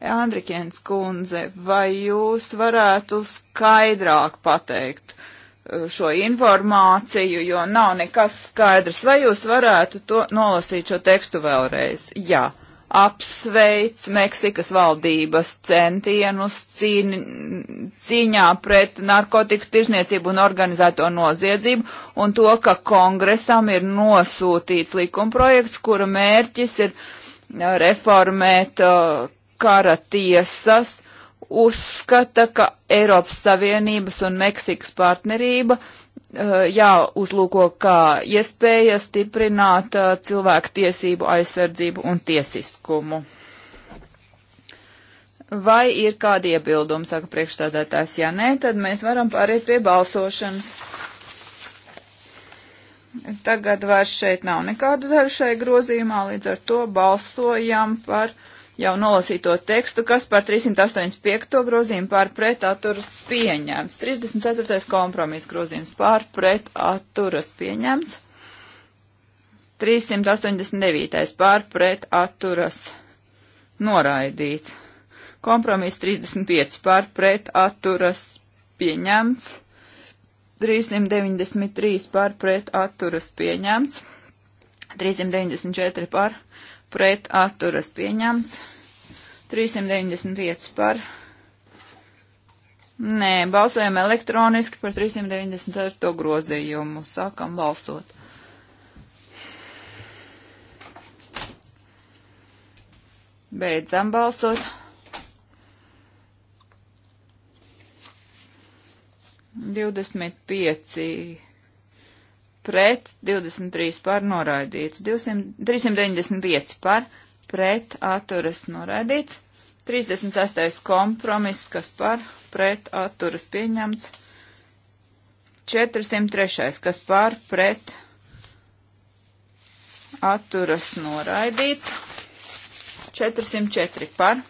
Andrikēns kundze, vai jūs varētu skaidrāk pateikt uh, šo informāciju, jo nav nekas skaidrs, vai jūs varētu to nolasīt šo tekstu vēlreiz? Jā. Apsveic Meksikas valdības centienus cīn, cīņā pret narkotiku tirzniecību un organizēto noziedzību un to, ka kongresam ir nosūtīts likumprojekts, kura mērķis ir uh, reformēt uh, kara tiesas uzskata, ka Eiropas Savienības un Meksikas partnerība eh, jāuzlūko kā iespēja stiprināt eh, cilvēku tiesību aizsardzību un tiesiskumu. Vai ir kādi iebildumi, saka priekšstādātājs, ja nē, tad mēs varam pāriet pie balsošanas. Tagad vairs šeit nav nekādu daļu šai grozījumā, līdz ar to balsojam par uh, jau nolasīto tekstu, kas par 385. grozījumu pār pret atturas pieņemts. 34. kompromiss grozījums pār pret atturas pieņemts. 389. pār pret atturas noraidīts. Kompromiss 35 pār pret atturas pieņemts. 393 pār pret atturas pieņemts. 394 pār pret atturas pieņemts. 395 par. Nē, balsojam elektroniski par 394. grozījumu. Sākam balsot. Beidzam balsot. Divdesmit pieci pret 23 par noraidīts, 200, 395 par pret atturas noraidīts, 36. kompromiss, kas par pret atturas pieņemts, 403. kas par pret atturas noraidīts, 404 par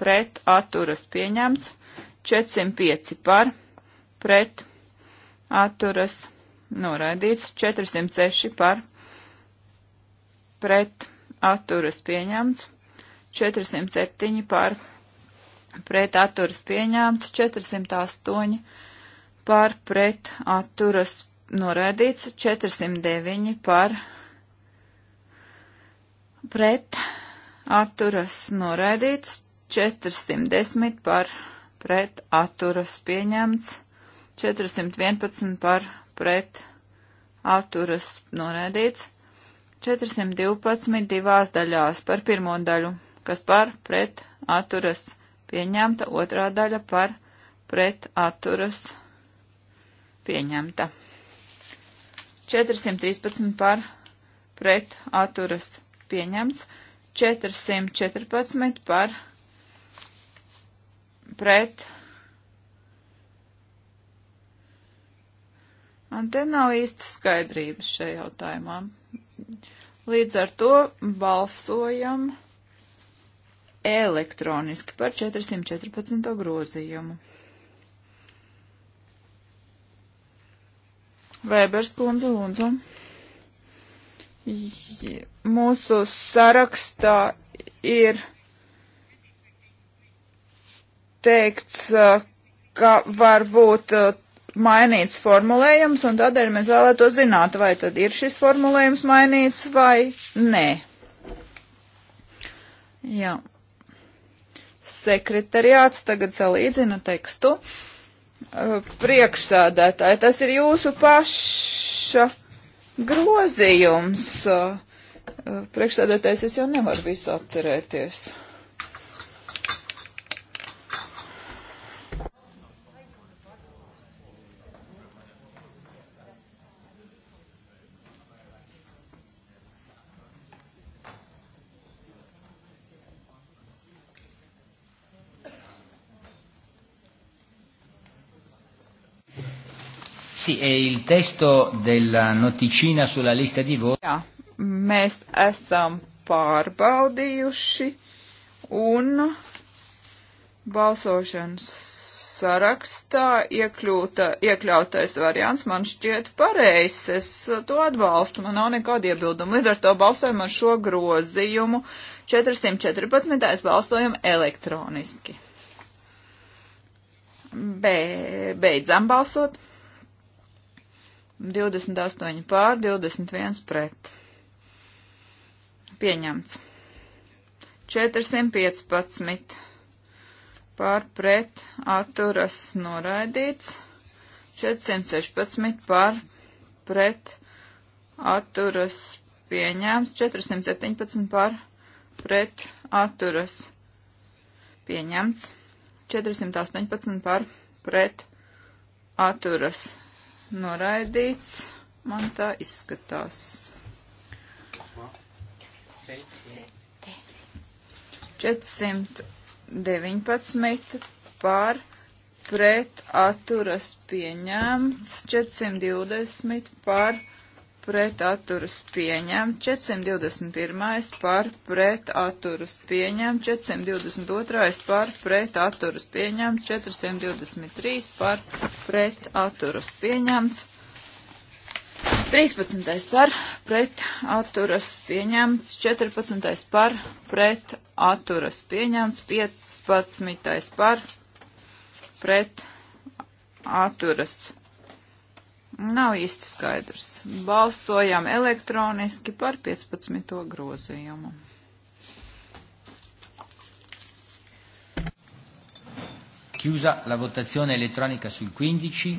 pret atturas pieņemts, 405 par pret atturas noraidīts noraidīts, 406 par pret atturas pieņemts, 407 par pret atturas pieņemts, 408 par pret atturas noraidīts, 409 par pret atturas noraidīts, 410 par pret atturas pieņemts, 411 par pret pret atturas noraidīts. 412 divās daļās par pirmo daļu, kas par pret atturas pieņemta, otrā daļa par pret atturas pieņemta. 413 par pret atturas pieņemts, 414 par pret atturas pieņemta Un te nav īsti skaidrības šajā jautājumā. Līdz ar to balsojam elektroniski par 414. grozījumu. Vēbers kundze, lūdzu. Mūsu sarakstā ir teikts, ka varbūt mainīts formulējums, un tādēļ mēs vēlētos zināt, vai tad ir šis formulējums mainīts vai nē. Jā. Sekretariāts tagad salīdzina tekstu. Uh, Priekšsādētāji, tas ir jūsu paša grozījums. Uh, Priekšsādētājs es jau nevaru visu atcerēties. Sì, e il testo della noticina sulla lista di voti. Jā, mēs esam pārbaudījuši un balsošanas sarakstā iekļūta, iekļautais variants man šķiet pareizs. Es to atbalstu, man nav nekāda iebilduma. Līdz ar to balsojam ar šo grozījumu. 414. balsojam elektroniski. Be, beidzam balsot. 28 pār, 21 pret. Pieņemts. 415 pār pret atturas noraidīts. 416 pār pret atturas pieņēmts. 417 pār pret atturas pieņemts. 418 pār pret atturas noraidīts, man tā izskatās. 419 par pret atturas pieņemts, 420 par pret atturas pieņem, 421 par pret atturas pieņem, 422 par pret atturas pieņem, 423 par pret atturas pieņemts. 13. par pret atturas pieņemts, 14. par pret atturas pieņemts, 15. par pret atturas pieņemts Nav īsti skaidrs. Balsojam elektroniski par 15. grozījumu. Chiusa la votazione elettronica sul 15,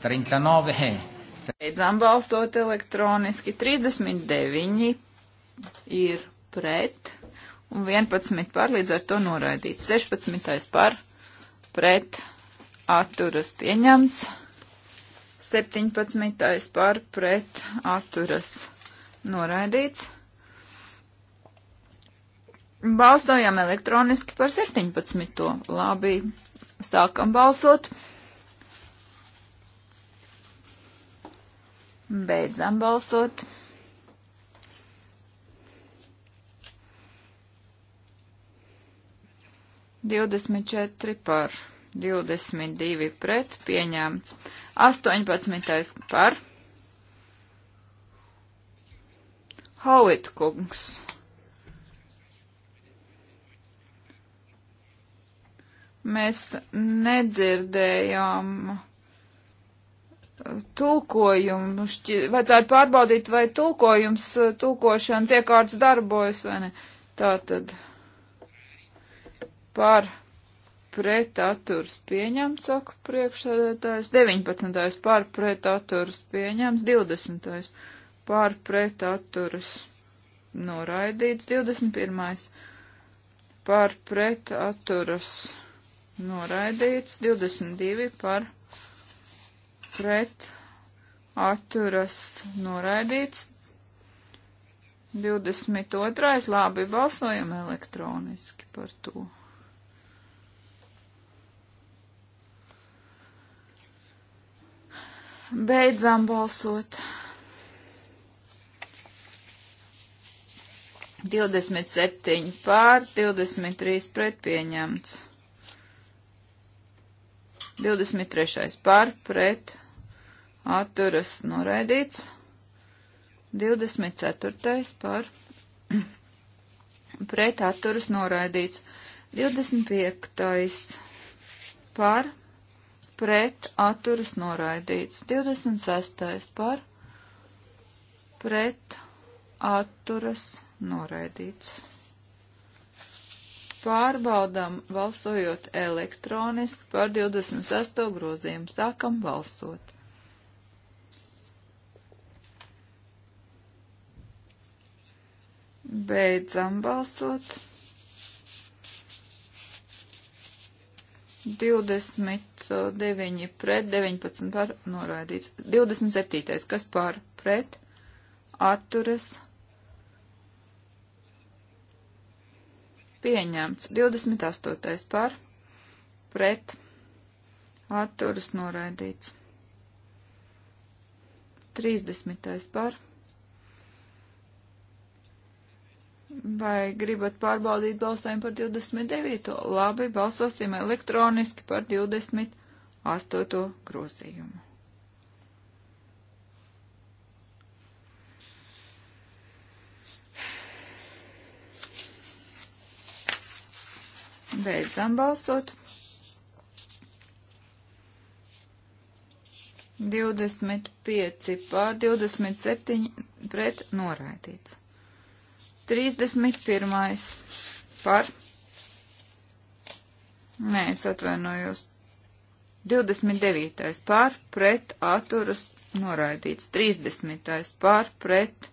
39 è. Beidzām balsot elektroniski, 39 ir pret un 11 par, līdz ar to noraidīts. 16 par, pret, atturas pieņemts. 17. par pret atturas noraidīts. Balsojam elektroniski par 17. Labi, sākam balsot. Beidzam balsot. Divdesmit četri par. 22 pret pieņemts. 18. par. Hovit kungs. Mēs nedzirdējām tulkojumu. Šķi... Vajadzētu pārbaudīt, vai tulkojums, tulkošanas iekārts darbojas vai ne. Tātad par pret atturs pieņemts, saka priekšsēdētājs, 19. pār pret atturs pieņemts, 20. pār pret atturs noraidīts, 21. pār pret atturs noraidīts, 22. pār pret atturas noraidīts, 22. labi balsojam elektroniski par to. Beidzām balsot. 27 pār, 23 pret pieņemts. 23 pār, pret, atturas noraidīts. 24 pār, pret, atturas noraidīts. 25 pār, pret atturas noraidīts. 26. par pret atturas noraidīts. Pārbaudām balsojot elektroniski par 26. grozījumu. Sākam balsot. Beidzam balsot. 29 uh, pret, 19 par noraidīts. 27. kas par pret, atturas, pieņemts. 28. par pret, atturas, noraidīts. 30. par Vai gribat pārbaudīt balsojumu par 29. Labi, balsosim elektroniski par 28. grozījumu. Beidzam balsot. 25 pār 27 pret noraidīts. 31. par. Nē, es atvainojos. 29. par pret atturas noraidīts. 30. par pret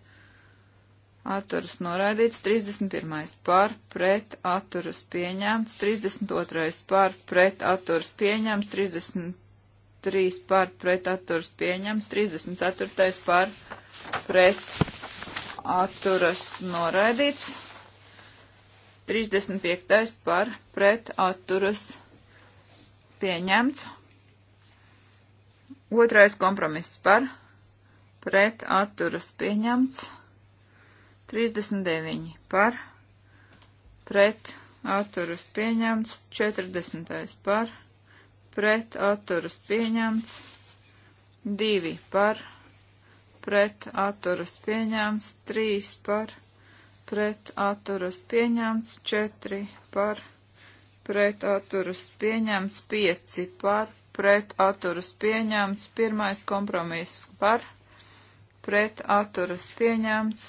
atturas noraidīts. 31. par pret atturas pieņemts. 32. par pret atturas pieņemts. 33. par pret atturas pieņemts. 34. par pret atturas noraidīts. 35. par pret atturas pieņemts. Otrais kompromiss par pret atturas pieņemts. 39. par pret atturas pieņemts. 40. par pret atturas pieņemts. 2 par pret pret atturas pieņēmts, 3 par pret atturas pieņēmts, 4 par pret atturas pieņēmts, 5 par pret atturas pieņēmts, 1 kompromiss par pret atturas pieņēmts,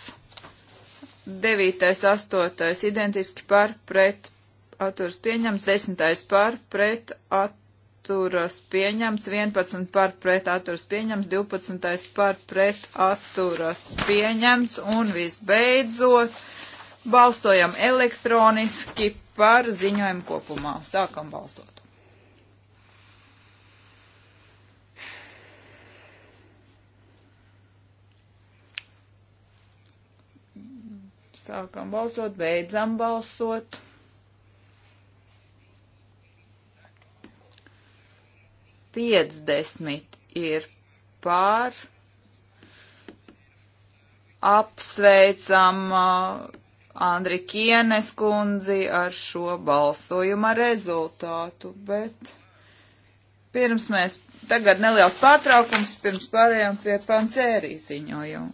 9, 8 identiski par pret atturas pieņēmts, 10 par pret atturas atturas pieņemts, 11 par pret atturas pieņemts, 12 par pret atturas pieņemts un visbeidzot balsojam elektroniski par ziņojumu kopumā. Sākam balsot. Sākam balsot, beidzam balsot. 50 ir pār. Apsveicam uh, Andri Kienes kundzi ar šo balsojuma rezultātu, bet pirms mēs tagad neliels pārtraukums, pirms pārējām pie pancērī ziņojumu.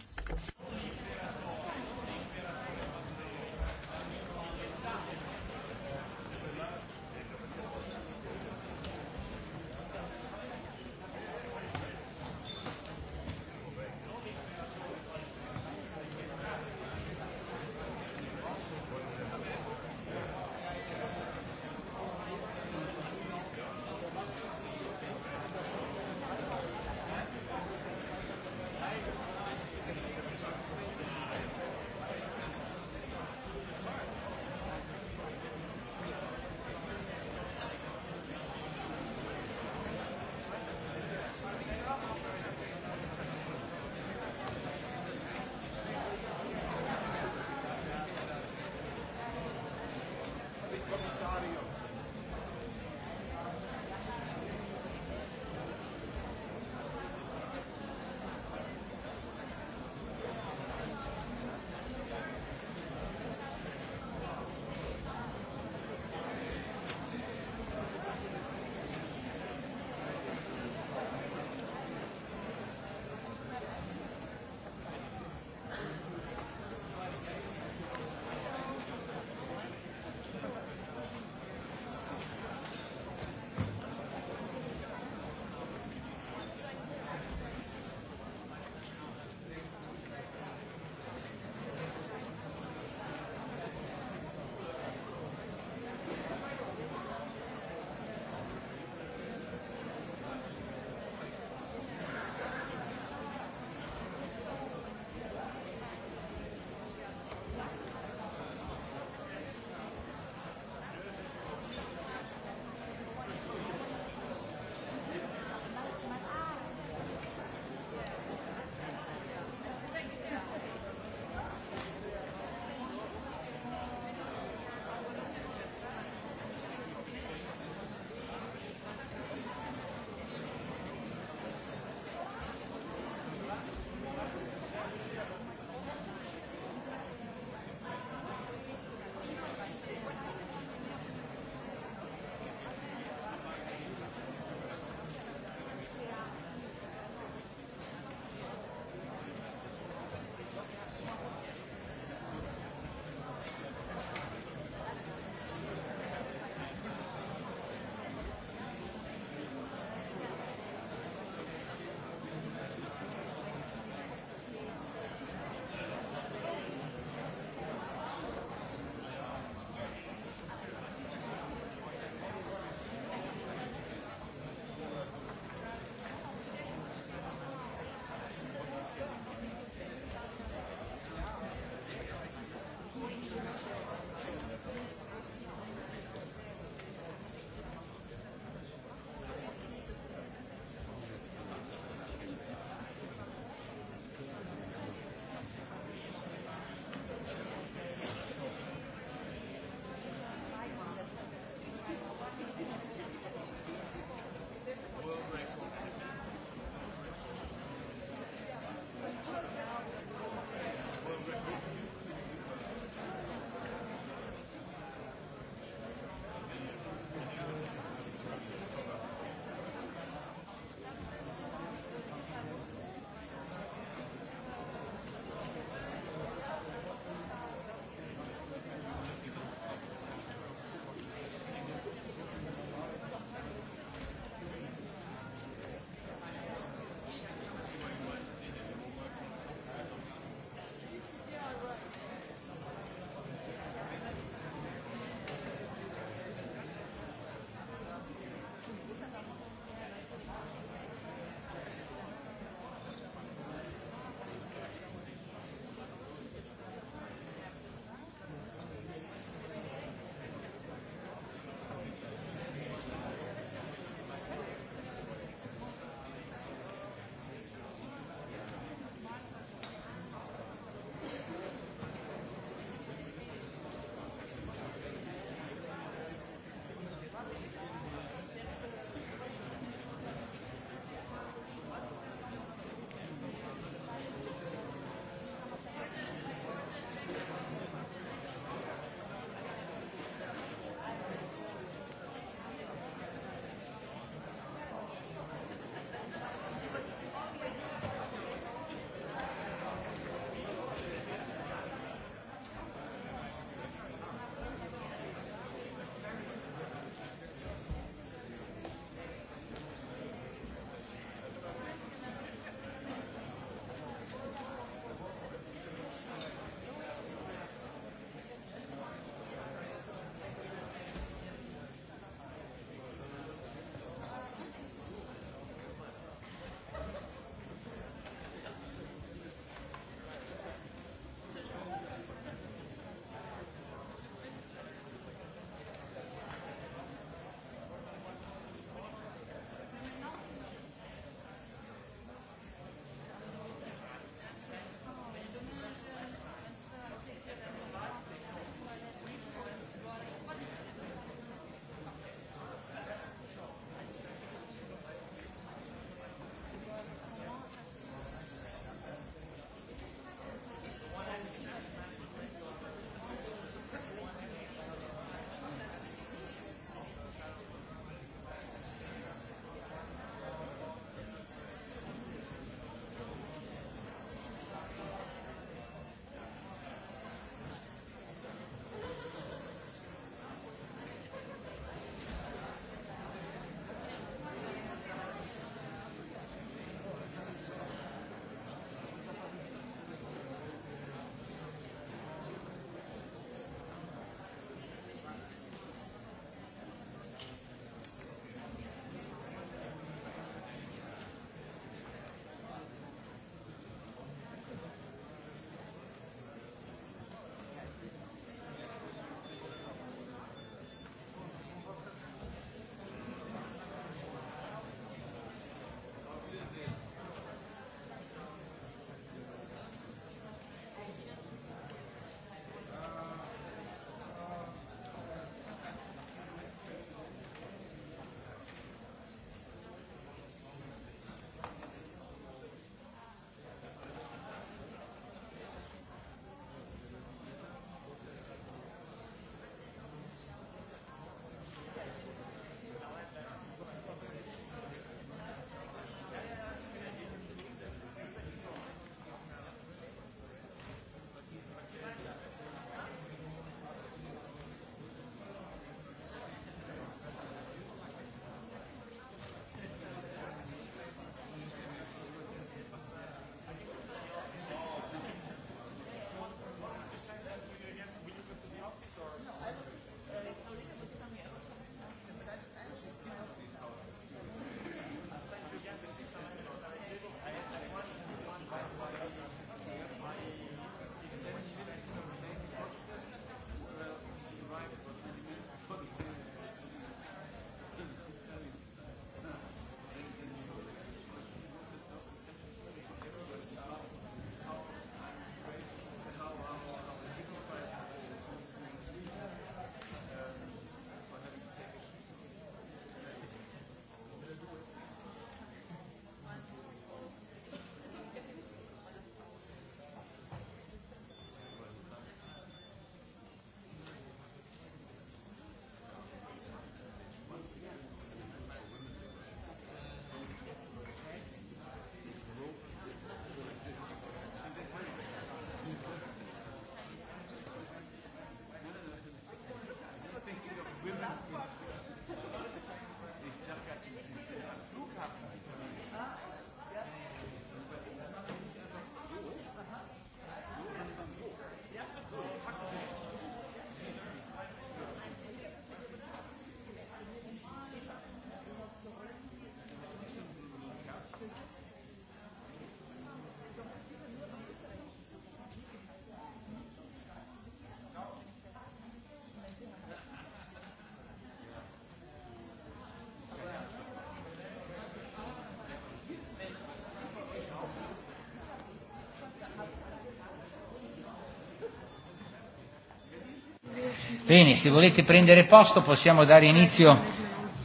Bene, se volete prendere posto possiamo dare inizio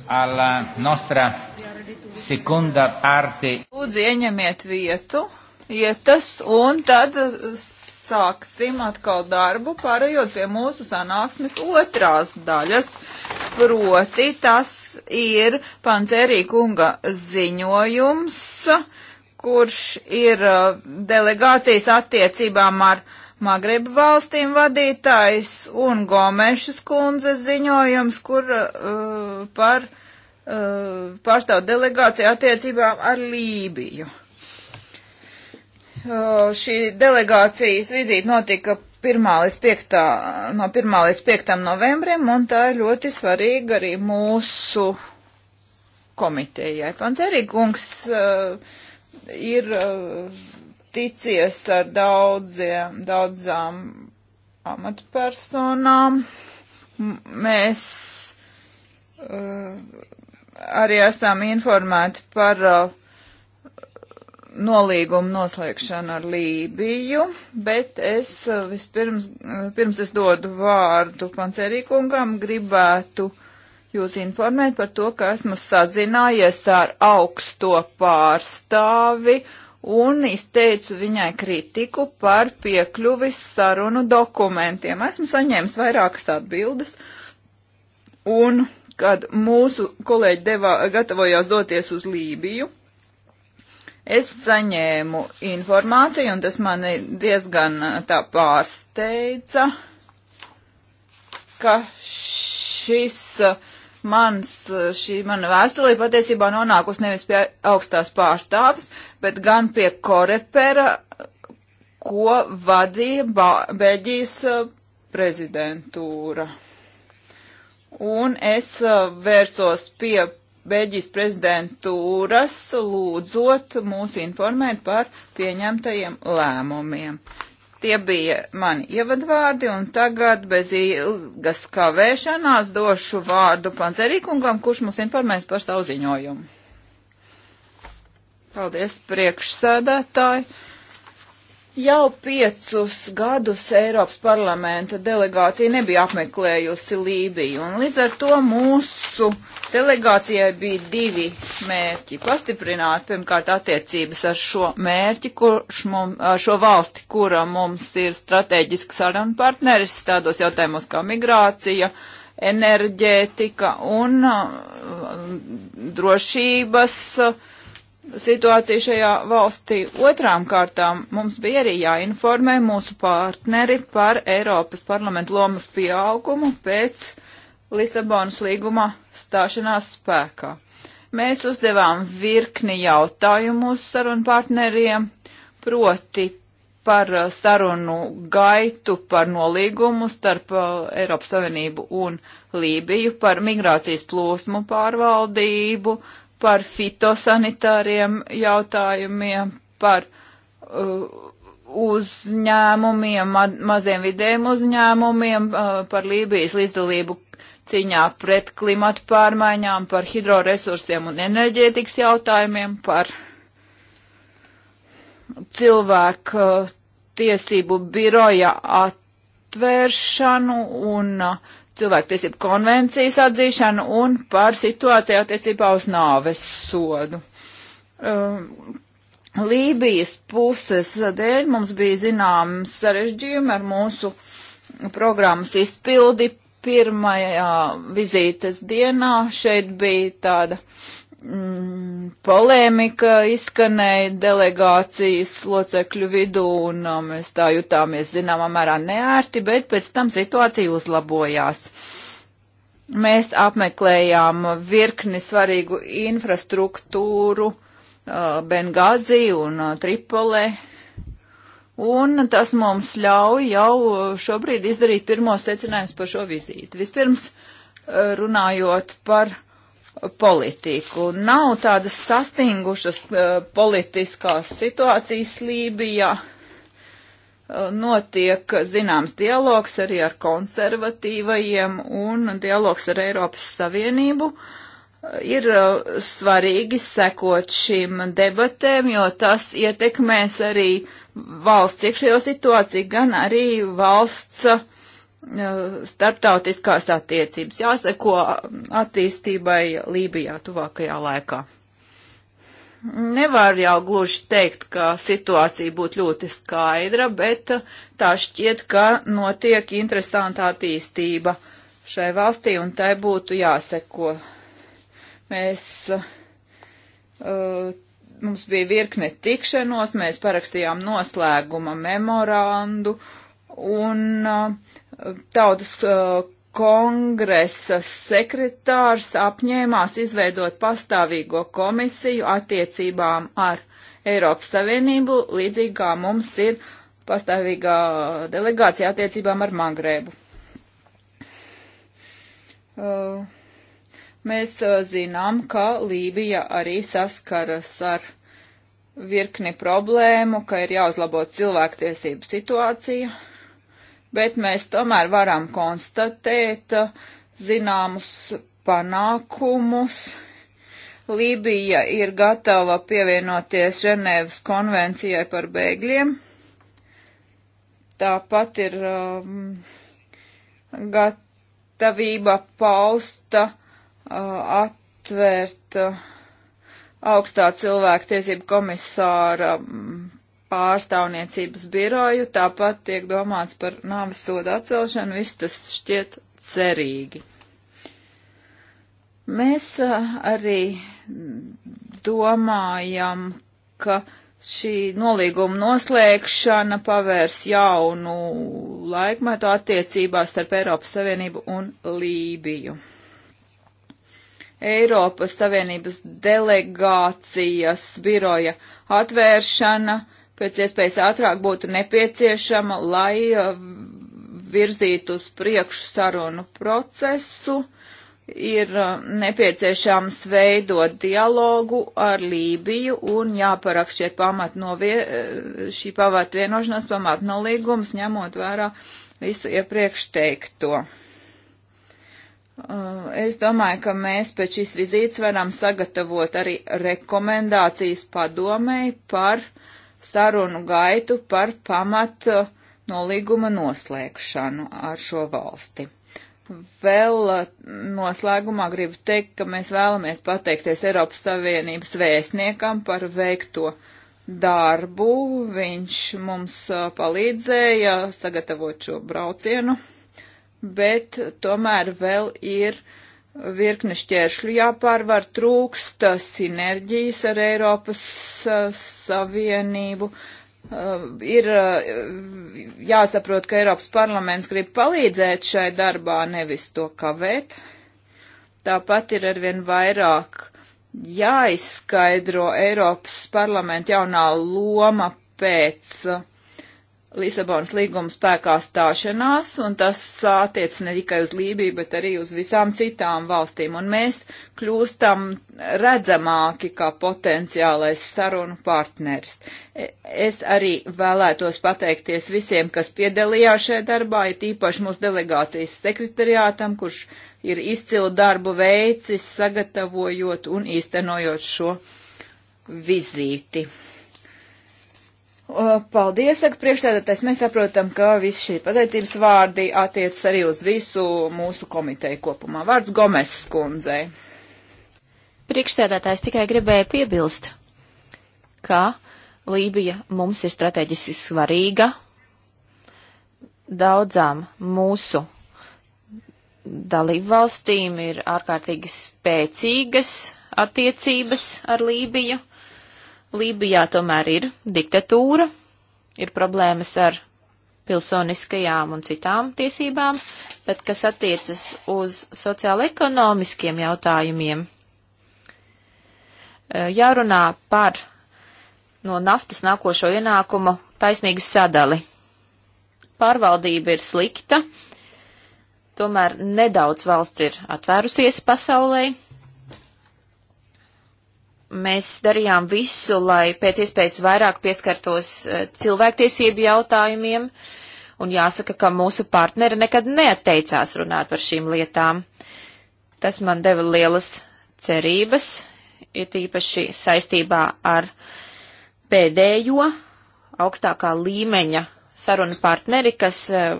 alla nostra seconda parte. Lūdzu, ieņemiet vietu, vietas, un tad sāksim atkal darbu, pārējot pie mūsu sanāksmes otrās daļas. Proti, tas ir Pancerī kunga ziņojums, kurš ir uh, delegācijas attiecībām ar. Uh, Magreba valstīm vadītājs un Gomešas kundze ziņojums, kur uh, par uh, pārstāv delegāciju attiecībām ar Lībiju. Uh, šī delegācijas vizīte notika 1. līdz 5. no 1. līdz 5. novembrim, un tā ir ļoti svarīga arī mūsu komitejai. Pancerīkungs uh, ir. Uh, ticies ar daudziem, daudzām amatpersonām. Mēs uh, arī esam informēti par uh, nolīgumu noslēgšanu ar Lībiju, bet es uh, vispirms, pirms es dodu vārdu pancerīkungam, gribētu jūs informēt par to, ka esmu sazinājies ar augsto pārstāvi uh, un izteicu viņai kritiku par piekļuvis sarunu dokumentiem. Esmu saņēmis vairākas atbildes, un kad mūsu kolēģi devā, gatavojās doties uz Lībiju, es saņēmu informāciju, un tas mani diezgan uh, tā pārsteidza, ka šis uh, mans, eh, šī mana vēstulī patiesībā nonākus nevis pie augstās pārstāvis, bet gan pie korepera, ko vadīja Beļģijas eh, prezidentūra. Un es eh, vērsos pie Beļģijas prezidentūras, lūdzot mūs informēt par pieņemtajiem lēmumiem. Tie bija mani ievadvārdi, un tagad bez ilgas kavēšanās došu vārdu pancerīkungam, kurš mums informēs par savu ziņojumu. Paldies, priekšsēdētāji! Jau piecus gadus Eiropas parlamenta delegācija nebija apmeklējusi Lībiju, un līdz ar to mūsu delegācijai bija divi mērķi. Pastiprināt, pirmkārt, attiecības ar šo mērķi, kurš mums, šo valsti, kura mums ir strateģisks saruna partneris, tādos jautājumos kā migrācija, enerģētika un uh, drošības. Uh, situāciju šajā valstī. Otrām kārtām mums bija arī jāinformē mūsu partneri par Eiropas parlamentu lomas pieaugumu pēc Lisabonas līguma stāšanās spēkā. Mēs uzdevām virkni jautājumu mūsu sarunu partneriem, proti par sarunu gaitu, par nolīgumu starp uh, Eiropas Savienību un Lībiju, par migrācijas plūsmu pārvaldību, par fitosanitāriem jautājumiem, par uh, uzņēmumiem, ma maziem vidējiem uzņēmumiem, uh, par Lībijas līdzdalību cīņā pret klimatu pārmaiņām, par hidroresursiem un enerģētikas jautājumiem, par cilvēku uh, tiesību biroja atvēršanu un uh, cilvēktiesību konvencijas atzīšanu un par situāciju attiecībā uz nāves sodu. Um, Lībijas puses dēļ mums bija zināms sarežģījumi ar mūsu programmas izpildi. Pirmajā vizītes dienā šeit bija tāda mm, polēmika izskanēja delegācijas locekļu vidū, un um, mēs tā jutāmies zināmā mērā neērti, bet pēc tam situācija uzlabojās. Mēs apmeklējām virkni svarīgu infrastruktūru uh, Bengāzi un uh, Tripolē, un tas mums ļauj jau šobrīd izdarīt pirmos secinājumus par šo vizīti. Vispirms uh, runājot par politiku. Nav tādas sastingušas uh, politiskās situācijas Lībijā. Uh, notiek zināms dialogs arī ar konservatīvajiem un dialogs ar Eiropas Savienību. Uh, ir uh, svarīgi sekot šīm debatēm, jo tas ietekmēs arī valsts iekšējo situāciju, gan arī valsts uh, starptautiskās attiecības, jāseko attīstībai Lībijā tuvākajā laikā. Nevar jau gluži teikt, ka situācija būtu ļoti skaidra, bet tā šķiet, ka notiek interesanta attīstība šai valstī un tai būtu jāseko. Mēs, uh, mums bija virkne tikšanos, mēs parakstījām noslēguma memorandu un uh, tautas uh, kongresa sekretārs apņēmās izveidot pastāvīgo komisiju attiecībām ar Eiropas Savienību, līdzīgi kā mums ir pastāvīgā delegācija attiecībām ar Magrēbu. Uh, mēs uh, zinām, ka Lībija arī saskaras ar virkni problēmu, ka ir jāuzlabo cilvēktiesību situācija. Uh, bet mēs tomēr varam konstatēt uh, zināmus panākumus. Lībija ir gatava pievienoties Ženēvas konvencijai par bēgļiem. Tāpat ir um, gatavība pausta uh, atvērt uh, augstā cilvēktiesība komisāra um, pārstāvniecības biroju, tāpat tiek domāts par nāves sodu atcelšanu, viss tas šķiet cerīgi. Mēs arī domājam, ka šī nolīguma noslēgšana pavērs jaunu laikmetu attiecībās starp Eiropas Savienību un Lībiju. Eiropas Savienības delegācijas biroja atvēršana uh, pēc iespējas ātrāk būtu nepieciešama, lai uh, virzītu uz priekšu sarunu procesu. Ir uh, nepieciešams veidot dialogu ar Lībiju un jāparak šie pamat novie, uh, šī pavat vienošanās pamat nolīgums, ņemot vērā visu iepriekš teikto. Es domāju, ka mēs pēc šīs vizītes varam sagatavot arī rekomendācijas padomēji par uh, sarunu gaitu par pamat uh, nolīguma noslēgšanu ar šo valsti. Vēl uh, noslēgumā gribu teikt, ka mēs vēlamies pateikties Eiropas Savienības vēstniekam par veikto darbu. Viņš mums uh, palīdzēja sagatavot šo braucienu, bet tomēr vēl ir uh, virkne šķēršļu jāpārvar, trūksta uh, sinerģijas ar Eiropas uh, Savienību. Uh, ir jāsaprot, ka Eiropas parlaments grib palīdzēt šai darbā, nevis to kavēt. Tāpat ir arvien vairāk jāizskaidro Eiropas parlamenta jaunā loma pēc uh, Lisabonas līguma spēkā stāšanās, un tas attiec ne tikai uz Lībiju, bet arī uz visām citām valstīm, un mēs kļūstam redzamāki kā potenciālais sarunu partneris. E, es arī vēlētos pateikties visiem, kas piedalījās šajā darbā, ir tīpaši mūsu delegācijas sekretariātam, kurš ir izcilu darbu veicis, sagatavojot un īstenojot šo vizīti. Paldies, saka priekšsēdētājs. Mēs saprotam, ka visi šī pateicības vārdi attiec arī uz visu mūsu komiteju kopumā. Vārds Gomes skundzei. Priekšsēdētājs tikai gribēja piebilst, ka Lībija mums ir strateģiski svarīga daudzām mūsu dalību valstīm ir ārkārtīgi spēcīgas attiecības ar Lībiju. Lībijā tomēr ir diktatūra, ir problēmas ar pilsoniskajām un citām tiesībām, bet kas attiecas uz sociāla-ekonomiskiem jautājumiem, e, jārunā par no naftas nākošo ienākumu taisnīgu sadali. Pārvaldība ir slikta, tomēr nedaudz valsts ir atvērusies pasaulē, mēs darījām visu, lai pēc iespējas vairāk pieskartos eh, cilvēktiesību jautājumiem, un jāsaka, ka mūsu partneri nekad neatteicās runāt par šīm lietām. Tas man deva lielas cerības, ir tīpaši saistībā ar pēdējo augstākā līmeņa sarunu partneri, kas eh,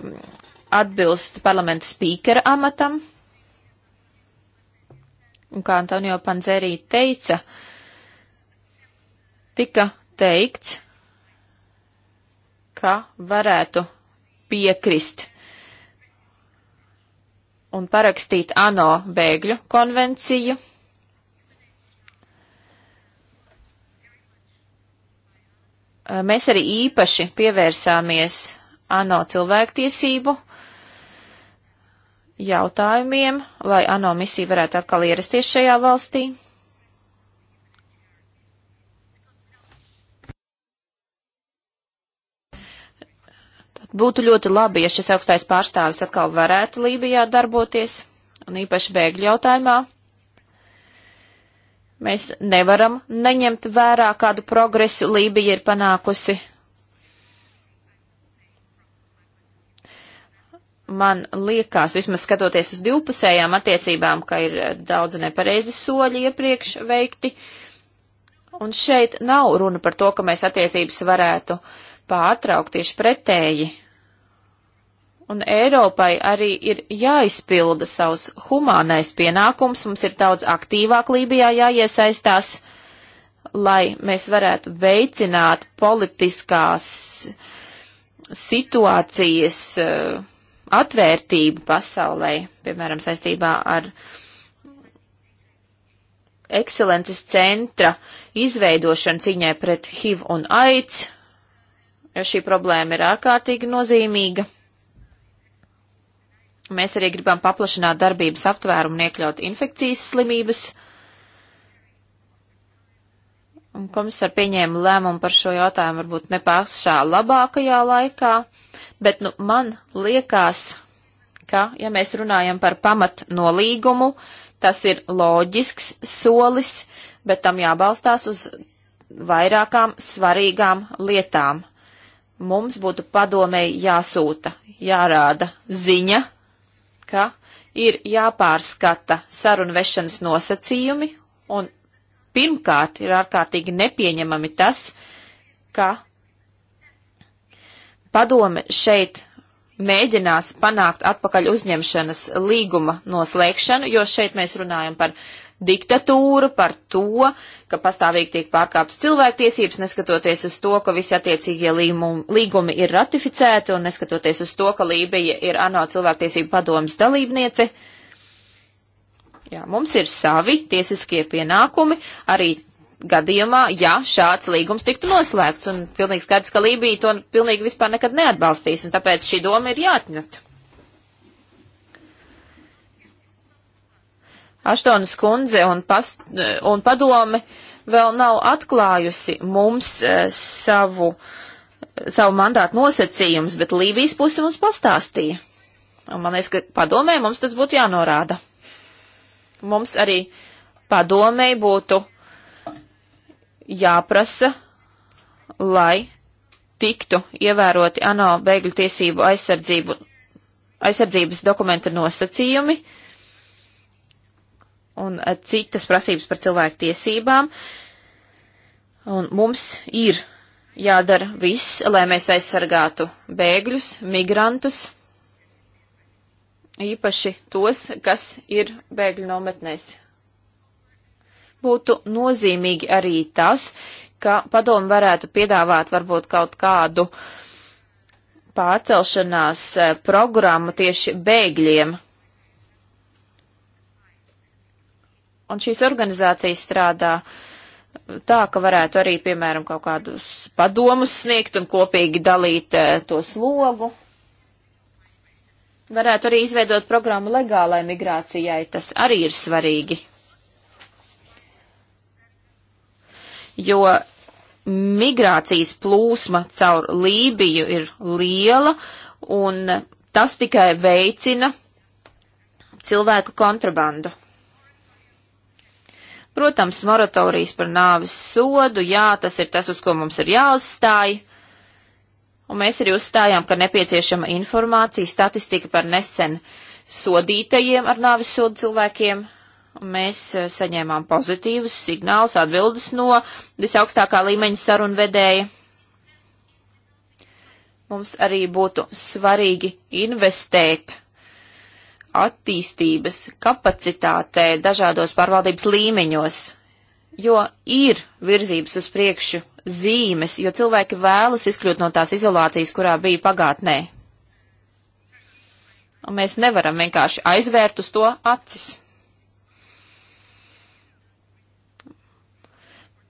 atbilst parlamenta spīkera amatam. Un kā Antonio Panzerī teica, uh, Tika teikts, ka varētu piekrist un parakstīt ANO bēgļu konvenciju. Mēs arī īpaši pievērsāmies ANO cilvēktiesību jautājumiem, lai ANO misija varētu atkal ierasties šajā valstī. Būtu ļoti labi, ja šis augstais pārstāvis atkal varētu Lībijā darboties, un īpaši bēgļu jautājumā. Mēs nevaram neņemt vērā, kādu progresu Lībija ir panākusi. Man liekas, vismaz skatoties uz divpusējām attiecībām, ka ir daudz nepareizi soļi iepriekš veikti, un šeit nav runa par to, ka mēs attiecības varētu uh, pārtraukt tieši pretēji. Un Eiropai arī ir jāizpilda savs humānais pienākums, mums ir daudz aktīvāk Lībijā jāiesaistās, lai mēs varētu veicināt politiskās situācijas eh, atvērtību pasaulē, piemēram, saistībā ar ekscelences centra izveidošanu ciņai pret HIV un AIDS jo šī problēma ir ārkārtīgi nozīmīga. Mēs arī gribam paplašināt darbības aptvērumu un iekļaut infekcijas slimības. Un komisāri pieņēma lēmumu par šo jautājumu varbūt ne pašā labākajā laikā, bet nu, man liekas, ka, ja mēs runājam par pamat nolīgumu, tas ir loģisks solis, bet tam jābalstās uz vairākām svarīgām lietām mums būtu padomēji jāsūta, jārāda ziņa, ka ir jāpārskata sarunu vešanas nosacījumi, un pirmkārt ir ārkārtīgi nepieņemami tas, ka padome šeit mēģinās panākt atpakaļ uzņemšanas līguma noslēgšanu, jo šeit mēs runājam par diktatūru, par to, ka pastāvīgi tiek pārkāptas cilvēktiesības, neskatoties uz to, ka visi attiecīgie līmumi, līgumi ir ratificēti un neskatoties uz to, ka Lībija ir ANO cilvēktiesību padomas dalībniece. Jā, mums ir savi tiesiskie pienākumi arī gadījumā, ja šāds līgums tiktu noslēgts, un pilnīgi skaidrs, ka Lībija to pilnīgi vispār nekad neatbalstīs, un tāpēc šī doma ir jāatņat. Aštonas kundze un, pas, un padome vēl nav atklājusi mums e, savu, savu mandātu nosacījumus, bet Lībijas puse mums pastāstīja. Un man liekas, ka padomē mums tas būtu jānorāda. Mums arī padomē būtu jāprasa, lai tiktu ievēroti ANO bēgļu tiesību aizsardzību, aizsardzības dokumenta nosacījumi, uh, un eh, citas prasības par cilvēku tiesībām. Un mums ir jādara viss, lai mēs aizsargātu bēgļus, migrantus, īpaši tos, kas ir bēgļu nometnēs. Būtu nozīmīgi arī tas, ka padomu varētu piedāvāt varbūt kaut kādu pārcelšanās eh, programmu tieši bēgļiem, Un šīs organizācijas strādā tā, ka varētu arī, piemēram, kaut kādus padomus sniegt un kopīgi dalīt eh, to slogu. Varētu arī izveidot programmu legālai migrācijai, tas arī ir svarīgi. Jo migrācijas plūsma caur Lībiju ir liela, un tas tikai veicina cilvēku kontrabandu. Protams, moratorijas par nāvis sodu, jā, tas ir tas, uz ko mums ir jāuzstāj. Un mēs arī uzstājām, ka nepieciešama informācija, statistika par nesen sodītajiem ar nāvis sodu cilvēkiem. Un mēs eh, saņēmām pozitīvus signālus, atbildes no visaugstākā līmeņa sarunvedēja. Mums arī būtu svarīgi investēt attīstības kapacitātē dažādos pārvaldības līmeņos, jo ir virzības uz priekšu zīmes, jo cilvēki vēlas izkļūt no tās izolācijas, kurā bija pagātnē. Un mēs nevaram vienkārši aizvērt uz to acis.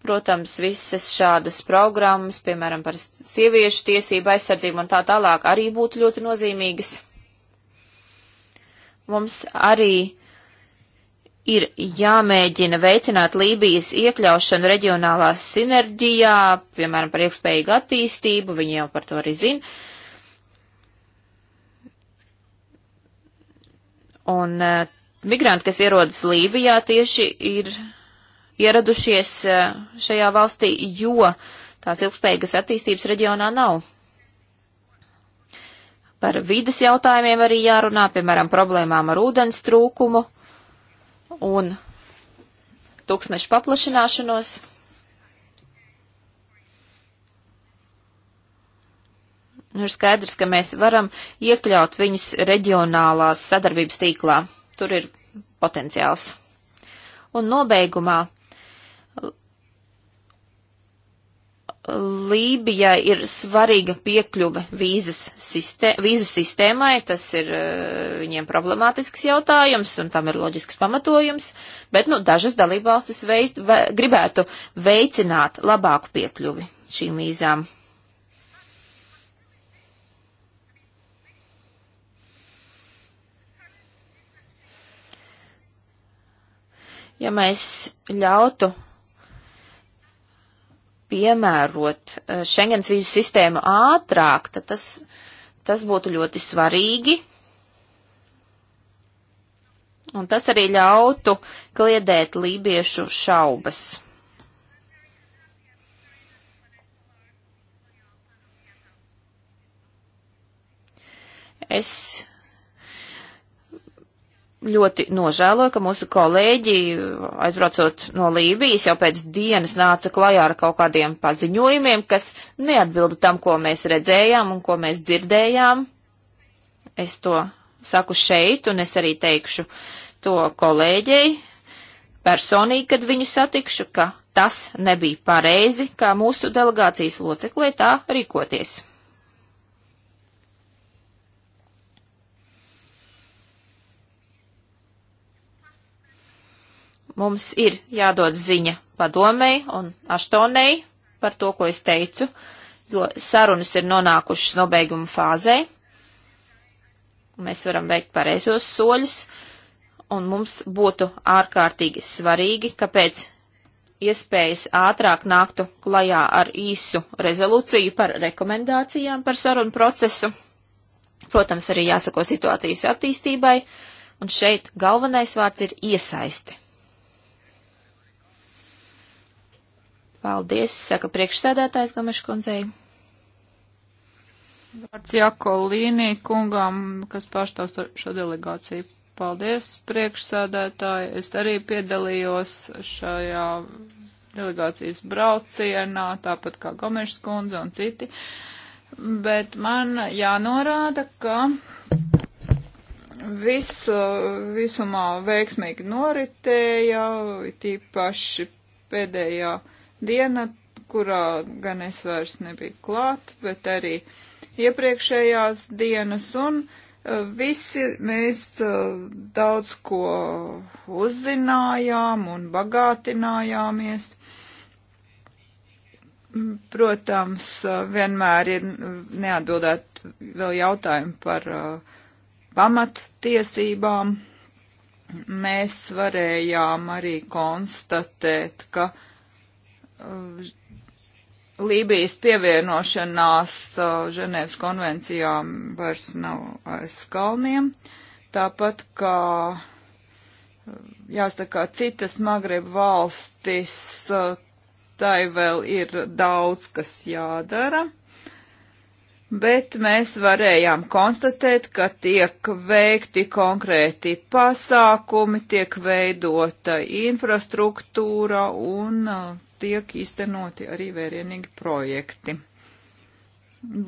Protams, visas šādas programmas, piemēram, par sieviešu tiesību aizsardzību un tā tālāk, arī būtu ļoti nozīmīgas. Mums arī ir jāmēģina veicināt Lībijas iekļaušanu reģionālā sinerģijā, piemēram, par iekspējīgu attīstību, viņi jau par to arī zina. Un uh, migranti, kas ierodas Lībijā, tieši ir ieradušies uh, šajā valstī, jo tās ilgspējīgas attīstības reģionā nav. Par vides jautājumiem arī jārunā, piemēram, problēmām ar ūdens trūkumu un tūkstnešu paplašināšanos. Nu, ir skaidrs, ka mēs varam iekļaut viņus reģionālās sadarbības tīklā. Tur ir potenciāls. Un nobeigumā Lībijai ir svarīga piekļuve vīzas sistē, vīzu sistēmai, tas ir e, viņiem problemātisks jautājums un tam ir loģisks pamatojums, bet nu, dažas dalībvalstis veid, ve, gribētu veicināt labāku piekļuvi šīm vīzām. Ja mēs ļautu piemērot eh, Schengens vīzu sistēmu ātrāk, tad tas, tas būtu ļoti svarīgi. Un tas arī ļautu kliedēt lībiešu šaubas. Es ļoti nožēloju, ka mūsu kolēģi, aizbraucot no Lībijas, jau pēc dienas nāca klajā ar kaut kādiem paziņojumiem, kas neatbilda tam, ko mēs redzējām un ko mēs dzirdējām. Es to saku šeit, un es arī teikšu to kolēģei personīgi, kad viņu satikšu, ka tas nebija pareizi, kā mūsu delegācijas loceklē tā rīkoties. Mums ir jādod ziņa padomei un aštonei par to, ko es teicu, jo sarunas ir nonākušas nobeiguma fāzē. Mēs varam veikt pareizos soļus, un mums būtu ārkārtīgi svarīgi, kāpēc iespējas ātrāk nāktu klajā ar īsu rezolūciju par rekomendācijām par sarunu procesu. Protams, arī jāsako situācijas attīstībai, un šeit galvenais vārds ir iesaisti. Paldies, saka priekšsēdētājs Gameškundzei. Vārds Jako Līnī kungam, kas pārstāv šo delegāciju. Paldies, priekšsēdētāji. Es arī piedalījos šajā delegācijas braucienā, tāpat kā Gomešs kundze un citi. Bet man jānorāda, ka visu, visumā veiksmīgi noritēja, tīpaši pēdējā diena, kurā gan es vairs nebiju klāt, bet arī iepriekšējās dienas, un e, visi mēs e, daudz ko uzzinājām un bagātinājāmies. Protams, e, vienmēr ir neatbildēt vēl jautājumu par pamattiesībām. Mēs varējām arī konstatēt, ka uh, Uh, Lībijas pievienošanās uh, Ženēvas konvencijām vairs nav aiz kalniem, tāpat kā uh, jāsaka, citas Magreba valstis, tai vēl ir daudz, kas jādara, bet mēs varējām konstatēt, ka tiek veikti konkrēti pasākumi, tiek veidota infrastruktūra un tiek īstenoti arī vērienīgi projekti.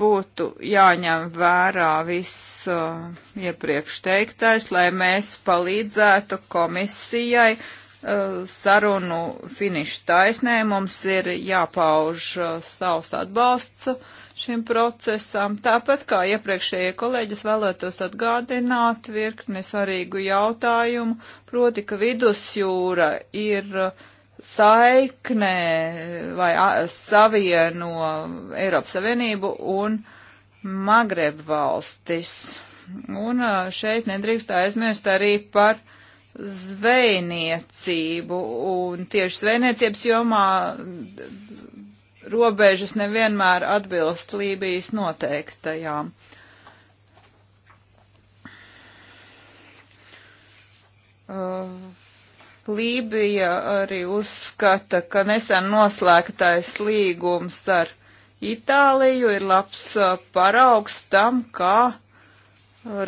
Būtu jāņem vērā viss uh, iepriekš teiktais, lai mēs palīdzētu komisijai uh, sarunu finišu taisnē. Mums ir jāpauž uh, savs atbalsts šim procesam. Tāpat kā iepriekšējie kolēģis vēlētos atgādināt virkni svarīgu jautājumu, proti, ka vidusjūra ir uh, saiknē vai savieno Eiropas Savienību un Magreb valstis. Un šeit nedrīkst aizmirst arī par zvejniecību, un tieši zvejniecības jomā robežas nevienmēr atbilst Lībijas noteiktajām. Uh, Lībija arī uzskata, ka nesen noslēgtais līgums ar Itāliju ir labs paraugs tam, kā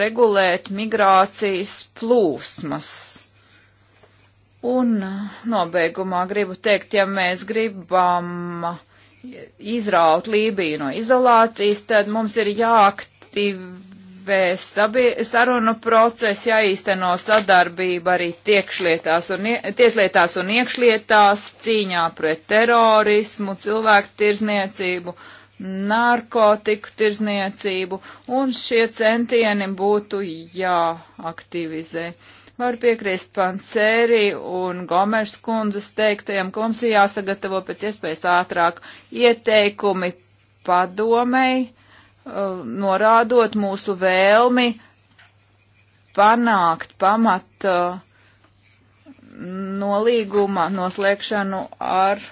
regulēt migrācijas plūsmas. Un nobeigumā gribu teikt, ja mēs gribam izraut Lībiju no izolācijas, tad mums ir jāaktivizē jāizvērtē sarunu process, jāīsteno sadarbība arī tiekšlietās un, tieslietās un iekšlietās, cīņā pret terorismu, cilvēku tirzniecību, narkotiku tirzniecību, un šie centieni būtu jāaktivizē. Var piekrist Pancēri un Gomešs kundzes teiktajam, ka mums ir jāsagatavo pēc iespējas ātrāk ieteikumi padomēji, Uh, norādot mūsu vēlmi panākt pamata uh, nolīguma noslēgšanu ar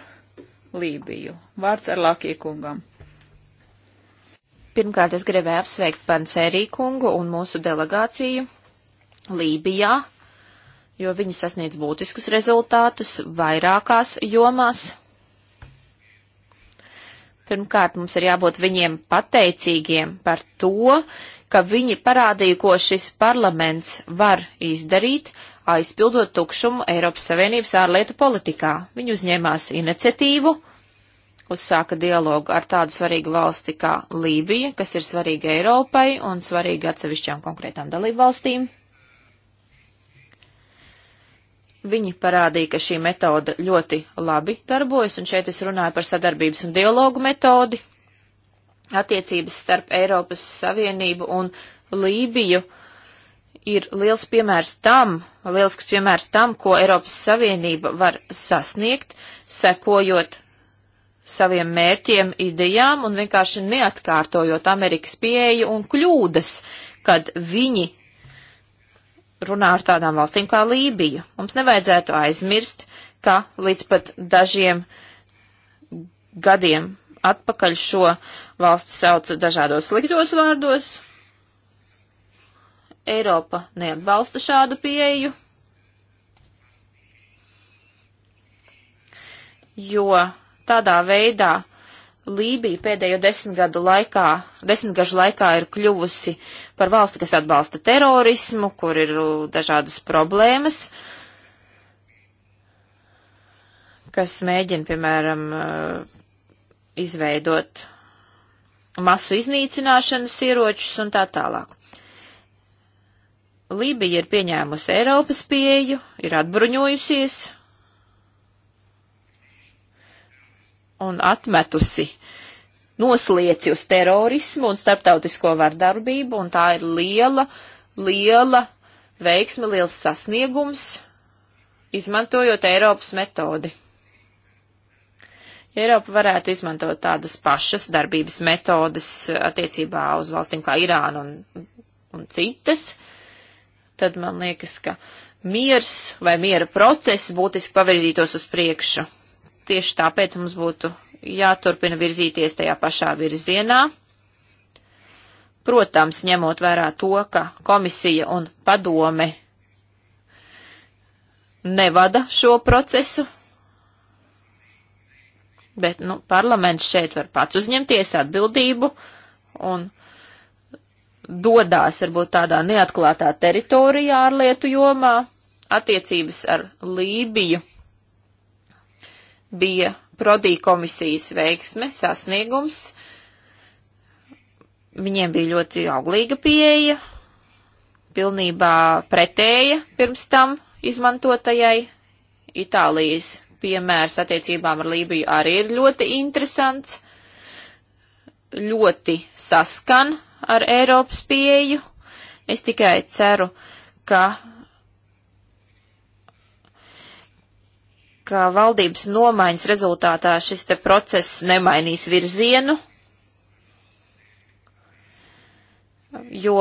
Lībiju. Vārds ar Lakī kungam. Pirmkārt, es gribēju apsveikt Pancerī kungu un mūsu delegāciju Lībijā, jo viņi sasniedz būtiskus rezultātus vairākās jomās. Pirmkārt, mums ir jābūt viņiem pateicīgiem par to, ka viņi parādīja, ko šis parlaments var izdarīt, aizpildot tukšumu Eiropas Savienības ārlietu politikā. Viņi uzņēmās iniciatīvu, uzsāka dialogu ar tādu svarīgu valsti kā Lībija, kas ir svarīga Eiropai un svarīga atsevišķām konkrētām dalību valstīm. Viņi parādīja, ka šī metode ļoti labi darbojas, un šeit es runāju par sadarbības un dialogu metodi. Attiecības starp Eiropas Savienību un Lībiju ir liels piemērs tam, liels piemērs tam, ko Eiropas Savienība var sasniegt, sekojot saviem mērķiem, idejām un vienkārši neatkārtojot Amerikas pieeju un kļūdas, kad viņi runā ar tādām valstīm kā Lībija. Mums nevajadzētu aizmirst, ka līdz pat dažiem gadiem atpakaļ šo valsti sauca dažādos sliktos vārdos. Eiropa neatbalsta šādu pieeju, jo tādā veidā Lībija pēdējo desmitgadu laikā, desmitgažu laikā ir kļuvusi par valsti, kas atbalsta terorismu, kur ir uh, dažādas problēmas, kas mēģina, piemēram, uh, izveidot masu iznīcināšanas ieročus un tā tālāk. Lībija ir pieņēmusi Eiropas pieju, ir atbruņojusies, un atmetusi, noslieci uz terorismu un starptautisko vardarbību, un tā ir liela, liela veiksme, liels sasniegums, izmantojot Eiropas metodi. Eiropa varētu izmantot tādas pašas darbības metodas attiecībā uz valstīm kā Irāna un, un citas, tad man liekas, ka miers vai miera process būtiski pavirzītos uz priekšu. Tieši tāpēc mums būtu jāturpina virzīties tajā pašā virzienā. Protams, ņemot vērā to, ka komisija un padome nevada šo procesu, bet, nu, parlaments šeit var pats uzņemties atbildību un dodās varbūt tādā neatklātā teritorijā ārlietu jomā attiecības ar Lībiju bija Prodī komisijas veiksmes, sasniegums. Viņiem bija ļoti auglīga pieeja, pilnībā pretēja pirms tam izmantotajai. Itālijas piemērs attiecībām ar Lībiju arī ir ļoti interesants, ļoti saskan ar Eiropas pieeju. Es tikai ceru, ka ka valdības nomaiņas rezultātā šis te process nemainīs virzienu, jo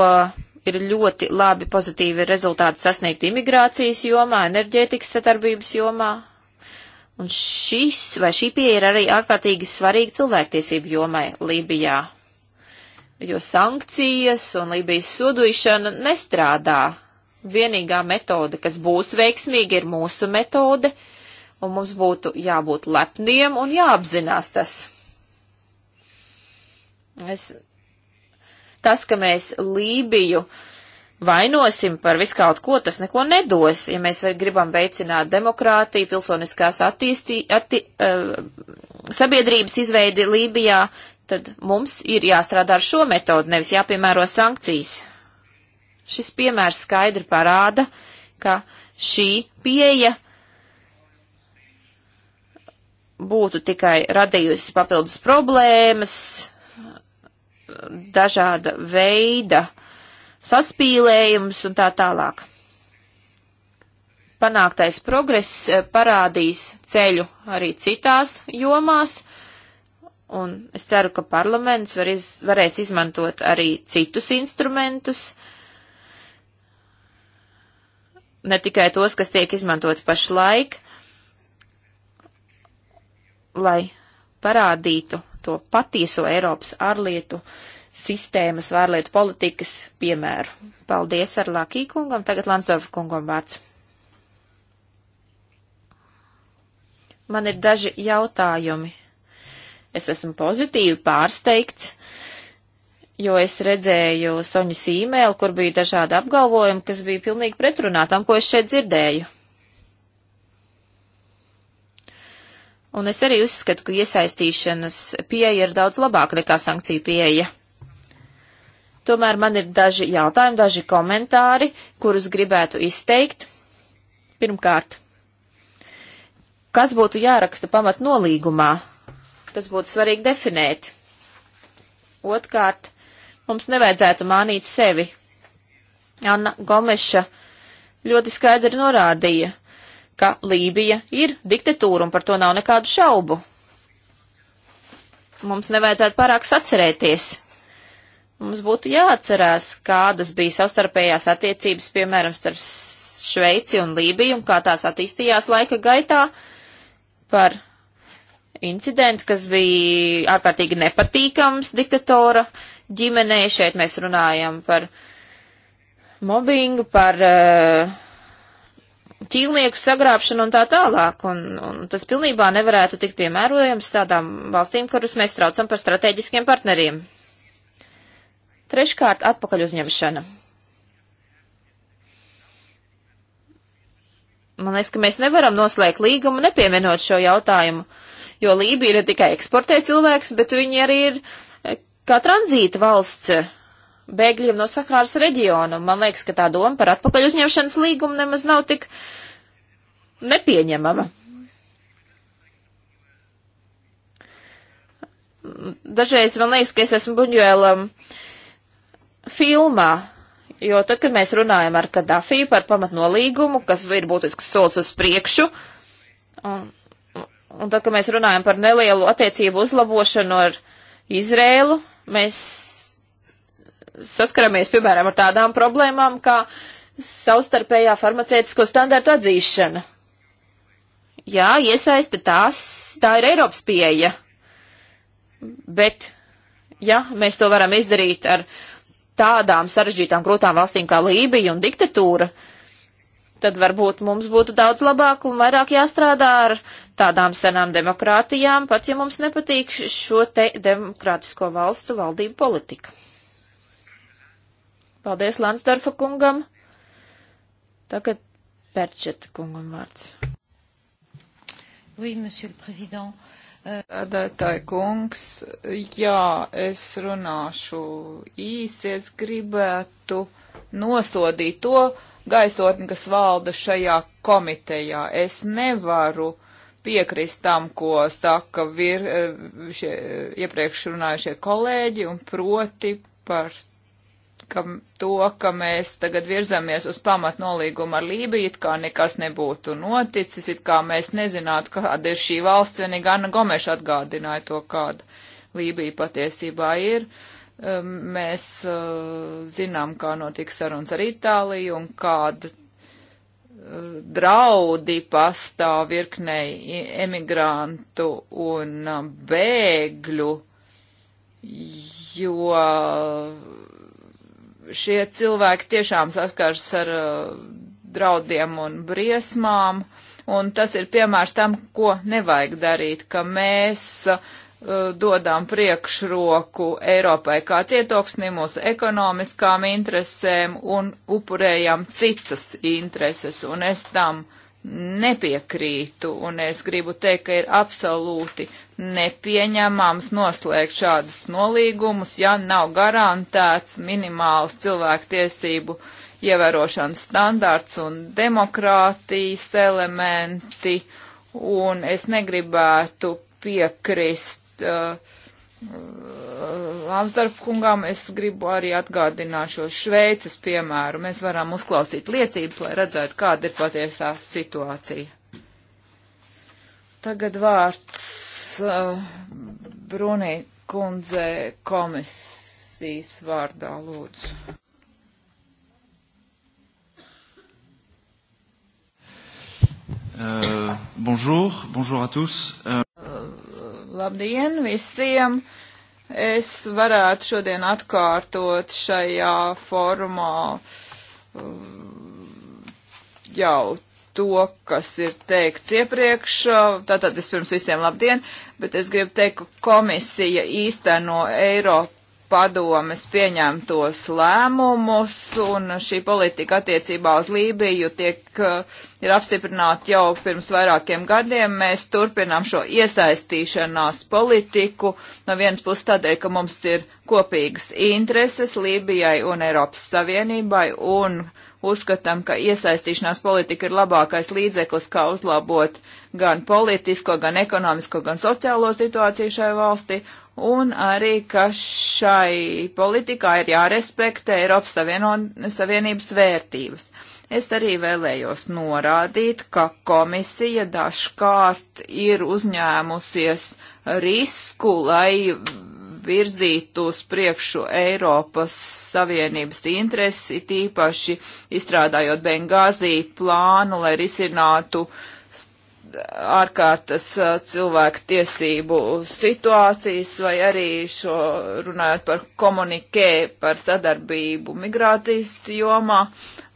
ir ļoti labi pozitīvi rezultāti sasniegti imigrācijas jomā, enerģētikas satarbības jomā. Un šis vai šī pieeja ir arī ārkārtīgi svarīga cilvēktiesību jomai Lībijā, jo sankcijas un Lībijas sodušana nestrādā. Vienīgā metode, kas būs veiksmīga, ir mūsu metode, uh, un mums būtu jābūt lepniem un jāapzinās tas. Es, tas, ka mēs Lībiju vainosim par viskaut ko, tas neko nedos, ja mēs gribam veicināt demokrātiju, pilsoniskās attīstī, atti, uh, sabiedrības izveidi Lībijā, tad mums ir jāstrādā ar šo metodu, nevis jāpiemēro sankcijas. Šis piemērs skaidri parāda, ka šī pieeja būtu tikai radījusi papildus problēmas, dažāda veida saspīlējums un tā tālāk. Panāktais progress eh, parādīs ceļu arī citās jomās, un es ceru, ka parlaments var iz, varēs izmantot arī citus instrumentus, ne tikai tos, kas tiek izmantoti pašlaik, lai parādītu to patieso Eiropas ārlietu sistēmas, ārlietu politikas piemēru. Paldies ar Lakī kungam, tagad Lansdorfa kungam vārds. Man ir daži jautājumi. Es esmu pozitīvi pārsteigts, jo es redzēju Soņu sīmēlu, kur bija dažādi apgalvojumi, kas bija pilnīgi pretrunā tam, ko es šeit dzirdēju. Un es arī uzskatu, ka iesaistīšanas pieeja ir daudz labāka nekā sankciju pieeja. Tomēr man ir daži jautājumi, daži komentāri, kurus gribētu izteikt. Pirmkārt, kas būtu jāraksta pamatnolīgumā? Tas būtu svarīgi definēt. Otkārt, mums nevajadzētu mānīt sevi. Anna Gomeša ļoti skaidri norādīja, ka Lībija ir diktatūra un par to nav nekādu šaubu. Mums nevajadzētu pārāk sacerēties. Mums būtu jāatcerās, kādas bija savstarpējās attiecības, piemēram, starp Šveici un Lībiju un kā tās attīstījās laika gaitā par incidentu, kas bija ārkārtīgi nepatīkams diktatora ģimenei. Šeit mēs runājam par mobbingu, par uh, ķīlnieku sagrābšanu un tā tālāk, un, un tas pilnībā nevarētu tikt piemērojams tādām valstīm, kuras mēs traucam par strateģiskiem partneriem. Treškārt, atpakaļ uzņemšana. Man liekas, ka mēs nevaram noslēgt līgumu nepieminot šo jautājumu, jo Lībija ne tikai eksportē cilvēks, bet viņi arī ir eh, kā tranzīta valsts bēgļiem no Sahāras reģiona. Man liekas, ka tā doma par atpakaļ uzņemšanas līgumu nemaz nav tik nepieņemama. Dažreiz man liekas, ka es esmu Buņuēlam filmā, jo tad, kad mēs runājam ar Kadafiju par pamatnolīgumu, kas ir būtisks solis uz priekšu, un, un tad, kad mēs runājam par nelielu attiecību uzlabošanu ar Izrēlu, mēs saskaramies, piemēram, ar tādām problēmām, kā savstarpējā farmaceitisko standartu atzīšana. Jā, iesaista tās, tā ir Eiropas pieeja. Bet, ja mēs to varam izdarīt ar tādām sarežģītām grūtām valstīm kā Lībija un diktatūra, tad varbūt mums būtu daudz labāk un vairāk jāstrādā ar tādām senām demokrātijām, pat ja mums nepatīk šo te demokrātisko valstu valdību politika. Paldies Lansdorfa kungam. Tagad Perčeta kungam vārds. Oui, monsieur le président. Tādētāji kungs, jā, es runāšu īsi, es gribētu nosodīt to gaisotni, kas valda šajā komitejā. Es nevaru piekrist tam, ko saka vir, šie, iepriekš runājušie kolēģi, un proti par ka to, ka mēs tagad virzamies uz pamatnolīgumu ar Lībiju, it kā nekas nebūtu noticis, it kā mēs nezinātu, kāda ir šī valsts, vienīgi Anna Gomeša atgādināja to, kāda Lībija patiesībā ir. Um, mēs uh, zinām, kā notika sarunas ar Itāliju un kāda uh, draudi pastāv virknei emigrantu un uh, bēgļu, jo šie cilvēki tiešām saskars ar uh, draudiem un briesmām, un tas ir piemērs tam, ko nevajag darīt, ka mēs uh, dodām priekšroku Eiropai kā cietoksnim, mūsu ekonomiskām interesēm un upurējam citas intereses, un es tam uh, nepiekrītu, un es gribu teikt, ka ir absolūti nepieņemams noslēgt šādus nolīgumus, ja nav garantēts minimāls cilvēktiesību ievērošanas standarts un demokrātijas elementi, un es negribētu piekrist uh, Lamstarpkungam uh, es gribu arī atgādināt šo Šveices piemēru. Mēs varam uzklausīt liecības, lai redzētu, kāda ir patiesā situācija. Tagad vārds uh, Brunī kundze komisijas vārdā lūdzu. Uh, bonjour, bonjour à tous. Uh... uh labdien visiem! Uh, Es varētu šodien atkārtot šajā formā uh, jau to, kas ir teikts iepriekš. Tātad vispirms visiem labdien, bet es gribu teikt, ka komisija īsteno Eiropu padomes pieņemtos lēmumus, un šī politika attiecībā uz Lībiju tiek, uh, ir apstiprināta jau pirms vairākiem gadiem. Mēs turpinām šo iesaistīšanās politiku, no vienas puses tādēļ, ka mums ir kopīgas intereses Lībijai un Eiropas Savienībai, un uh, uzskatām, ka iesaistīšanās politika ir labākais līdzeklis, kā uzlabot gan politisko, gan ekonomisko, gan sociālo situāciju šai valstī, un arī, ka šai politikā ir jārespektē Eiropas Savieno, Savienības vērtības. Es arī vēlējos norādīt, ka komisija dažkārt ir uzņēmusies risku, lai virzītu uz priekšu Eiropas Savienības interesi, tīpaši izstrādājot Bengāzī plānu, lai risinātu ārkārtas uh, cilvēku tiesību situācijas vai arī šo runājot par komunikē, par sadarbību migrācijas jomā.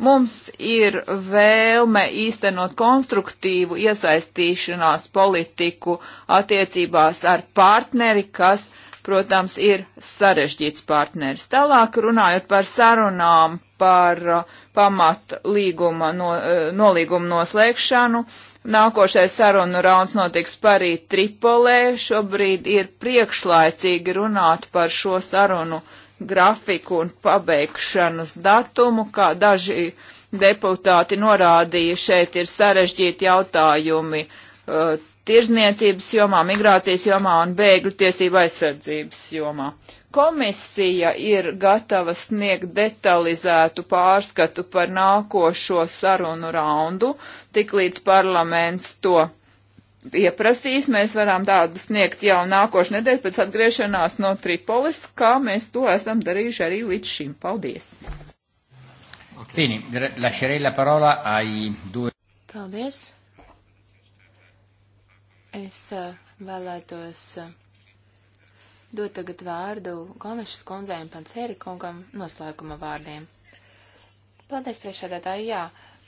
Mums ir vēlme īstenot konstruktīvu iesaistīšanās politiku attiecībās ar partneri, kas uh, protams, ir sarežģīts partneris. Tālāk runājot par sarunām par uh, pamat līguma, no, uh, nolīguma noslēgšanu, Nākošais sarunu rauns notiks parī Tripolē. Šobrīd ir priekšlaicīgi runāt par šo sarunu grafiku un pabeigšanas datumu, kā daži deputāti norādīja, šeit ir sarežģīti jautājumi uh, tirzniecības jomā, migrācijas jomā un bēgļu tiesību aizsardzības jomā. Komisija ir gatava sniegt detalizētu pārskatu par nākošo sarunu raundu, tik līdz parlaments to pieprasīs. Mēs varam tādu sniegt jau nākošu nedēļu pēc atgriešanās no Tripolis, kā mēs to esam darījuši arī līdz šim. Paldies! Okay. Bene, lascerei la parola ai due. Paldies. Es eh, vēlētos eh, dot tagad vārdu Gomešas kundzei un Pancēri kungam noslēguma vārdiem. Paldies, priekšādātāji, jā,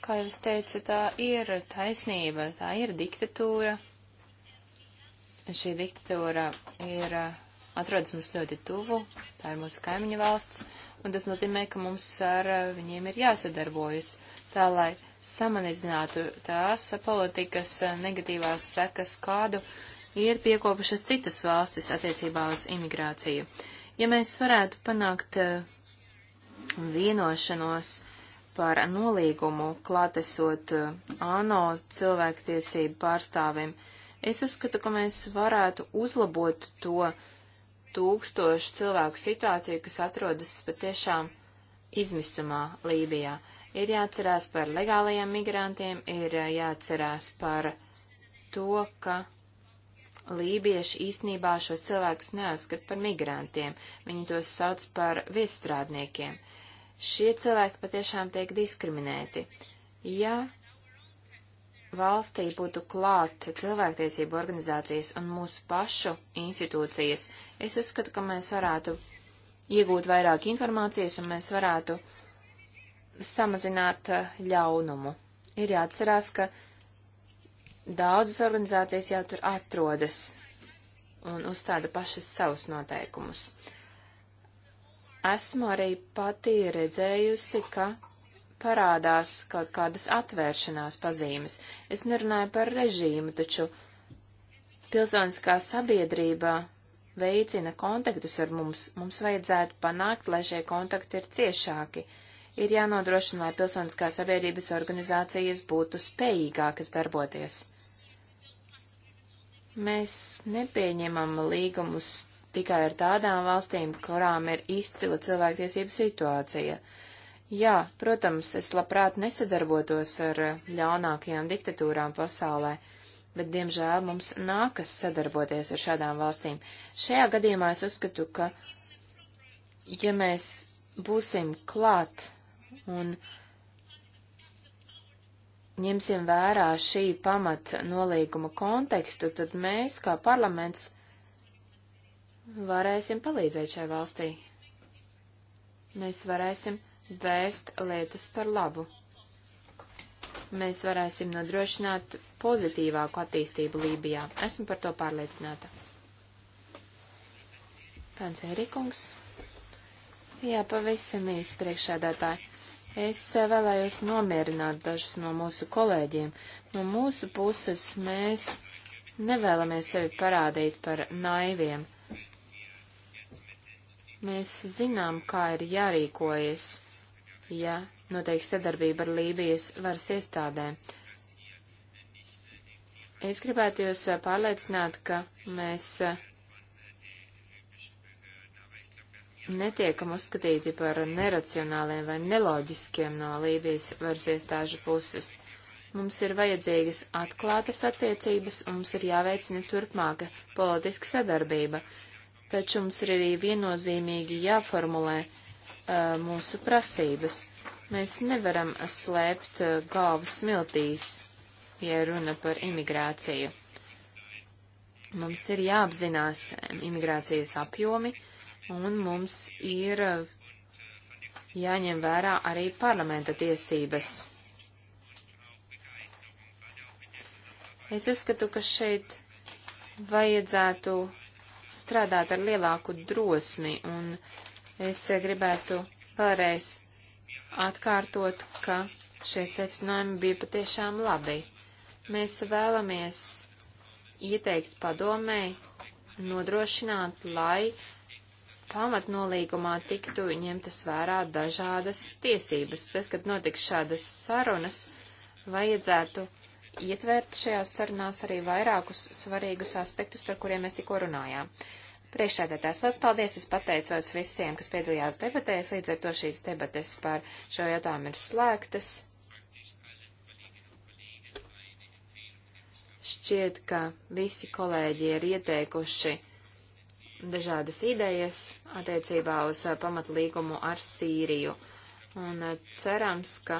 kā jūs teicu, tā ir taisnība, tā ir diktatūra. Šī diktatūra ir eh, atrodas mums ļoti tuvu, tā ir mūsu kaimiņu valsts, un tas nozīmē, ka mums ar viņiem ir jāsadarbojas tā, lai samanizinātu tās politikas negatīvās sekas, kādu ir piekopušas citas valstis attiecībā uz imigrāciju. Ja mēs varētu panākt eh, vienošanos par nolīgumu klātesot eh, ANO cilvēktiesību pārstāvim, es uzskatu, ka mēs varētu uzlabot to tūkstošu cilvēku situāciju, kas atrodas patiešām izmisumā Lībijā. Ir jāatcerās par legālajiem migrantiem, ir eh, jāatcerās par to, ka lībieši īsnībā šos cilvēkus neuzskata par migrantiem, viņi tos sauc par viestrādniekiem. Šie cilvēki patiešām tiek diskriminēti. Ja valstī būtu klāt cilvēktiesību organizācijas un mūsu pašu institūcijas, es uzskatu, ka mēs varētu iegūt vairāk informācijas un mēs varētu uh, samazināt eh, ļaunumu. Ir jāatcerās, ka daudzas organizācijas jau tur atrodas un uzstāda pašas savus noteikumus. Esmu arī pati redzējusi, ka parādās kaut kādas atvēršanās pazīmes. Es nerunāju par režīmu, taču pilsoniskā sabiedrība veicina kontaktus ar mums. Mums vajadzētu panākt, lai šie kontakti ir ciešāki. Uh, ir jānodrošina, lai pilsoniskā sabiedrības organizācijas būtu spējīgākas darboties. Mēs nepieņemam līgumus tikai ar tādām valstīm, kurām ir izcila cilvēktiesību situācija. Jā, protams, es labprāt nesadarbotos ar ļaunākajām diktatūrām pasaulē, bet, diemžēl, mums nākas sadarboties ar šādām valstīm. Šajā gadījumā es uzskatu, ka, ja mēs būsim klāt un ņemsim vērā šī pamat nolīguma kontekstu, tad mēs, kā parlaments, varēsim palīdzēt šai valstī. Mēs varēsim vērst lietas par labu. Mēs varēsim nodrošināt pozitīvāku attīstību Lībijā. Esmu par to pārliecināta. Pēc Erikungs. Jā, pavisam īsi priekšādātāji. Es eh, vēlējos nomierināt dažus no mūsu kolēģiem. No mūsu puses mēs nevēlamies sevi parādīt par naiviem. Mēs zinām, kā ir jārīkojas, ja notiek sadarbība ar Lībijas varas iestādēm. Es gribētu jūs eh, pārliecināt, ka mēs uh, netiekam uzskatīti par neracionāliem vai neloģiskiem no Lībijas varas iestāžu puses. Mums ir vajadzīgas atklātas attiecības, un mums ir jāveicina turpmāka politiska sadarbība, taču mums ir arī viennozīmīgi jāformulē uh, mūsu prasības. Mēs nevaram slēpt uh, galvu smiltīs, ja runa par imigrāciju. Mums ir jāapzinās um, imigrācijas apjomi, uh, un mums ir eh, jāņem vērā arī parlamenta tiesības. Es uzskatu, ka šeit vajadzētu strādāt ar lielāku drosmi, un es gribētu vēlreiz atkārtot, ka šie secinājumi bija patiešām labi. Mēs vēlamies ieteikt padomēji nodrošināt, lai pamatnolīgumā tiktu ņemtas vērā dažādas tiesības. Tad, kad notiks šādas sarunas, vajadzētu ietvērt šajās sarunās arī vairākus svarīgus aspektus, par kuriem mēs tikko runājām. Priekšēdētājs, liels paldies! Es pateicos visiem, kas piedalījās debatēs, līdz ar to šīs debates par šo jautājumu ir slēgtas. Šķiet, ka visi kolēģi ir ieteikuši dažādas idejas attiecībā uz uh, pamatlīgumu ar Sīriju. Un uh, cerams, ka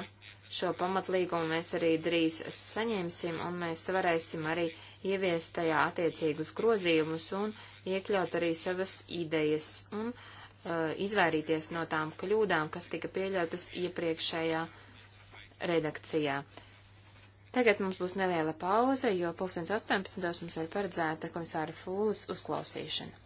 šo pamatlīgumu mēs arī drīz saņemsim, un mēs varēsim arī ieviest tajā attiecīgus grozījumus un iekļaut arī savas idejas un uh, izvairīties no tām kļūdām, kas tika pieļautas iepriekšējā redakcijā. Tagad mums būs neliela pauze, jo 2018. mums ir paredzēta komisāra Fūles uzklausīšana.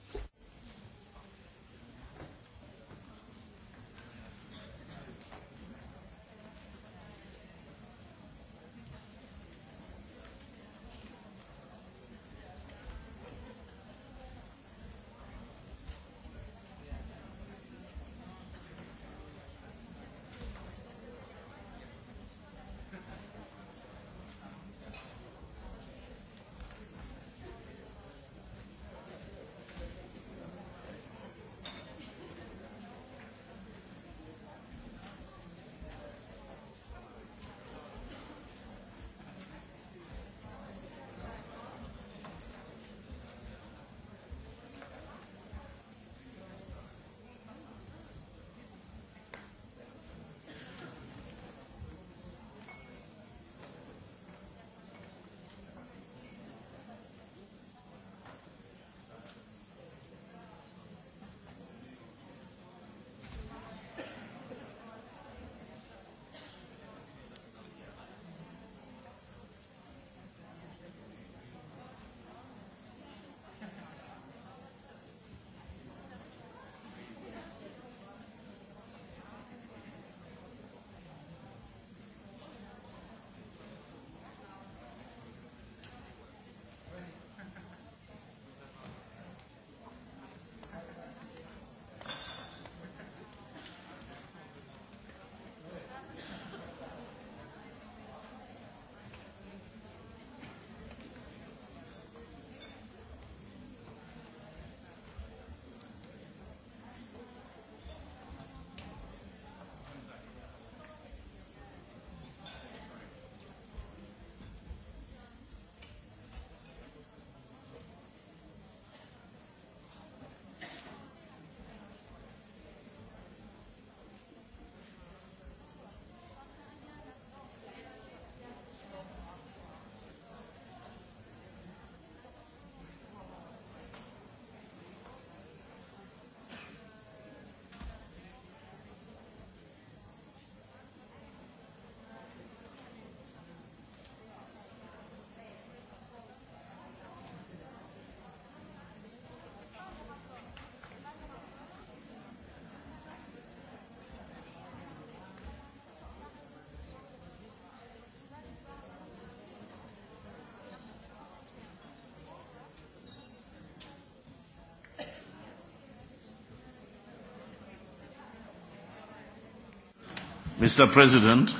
Mr. President,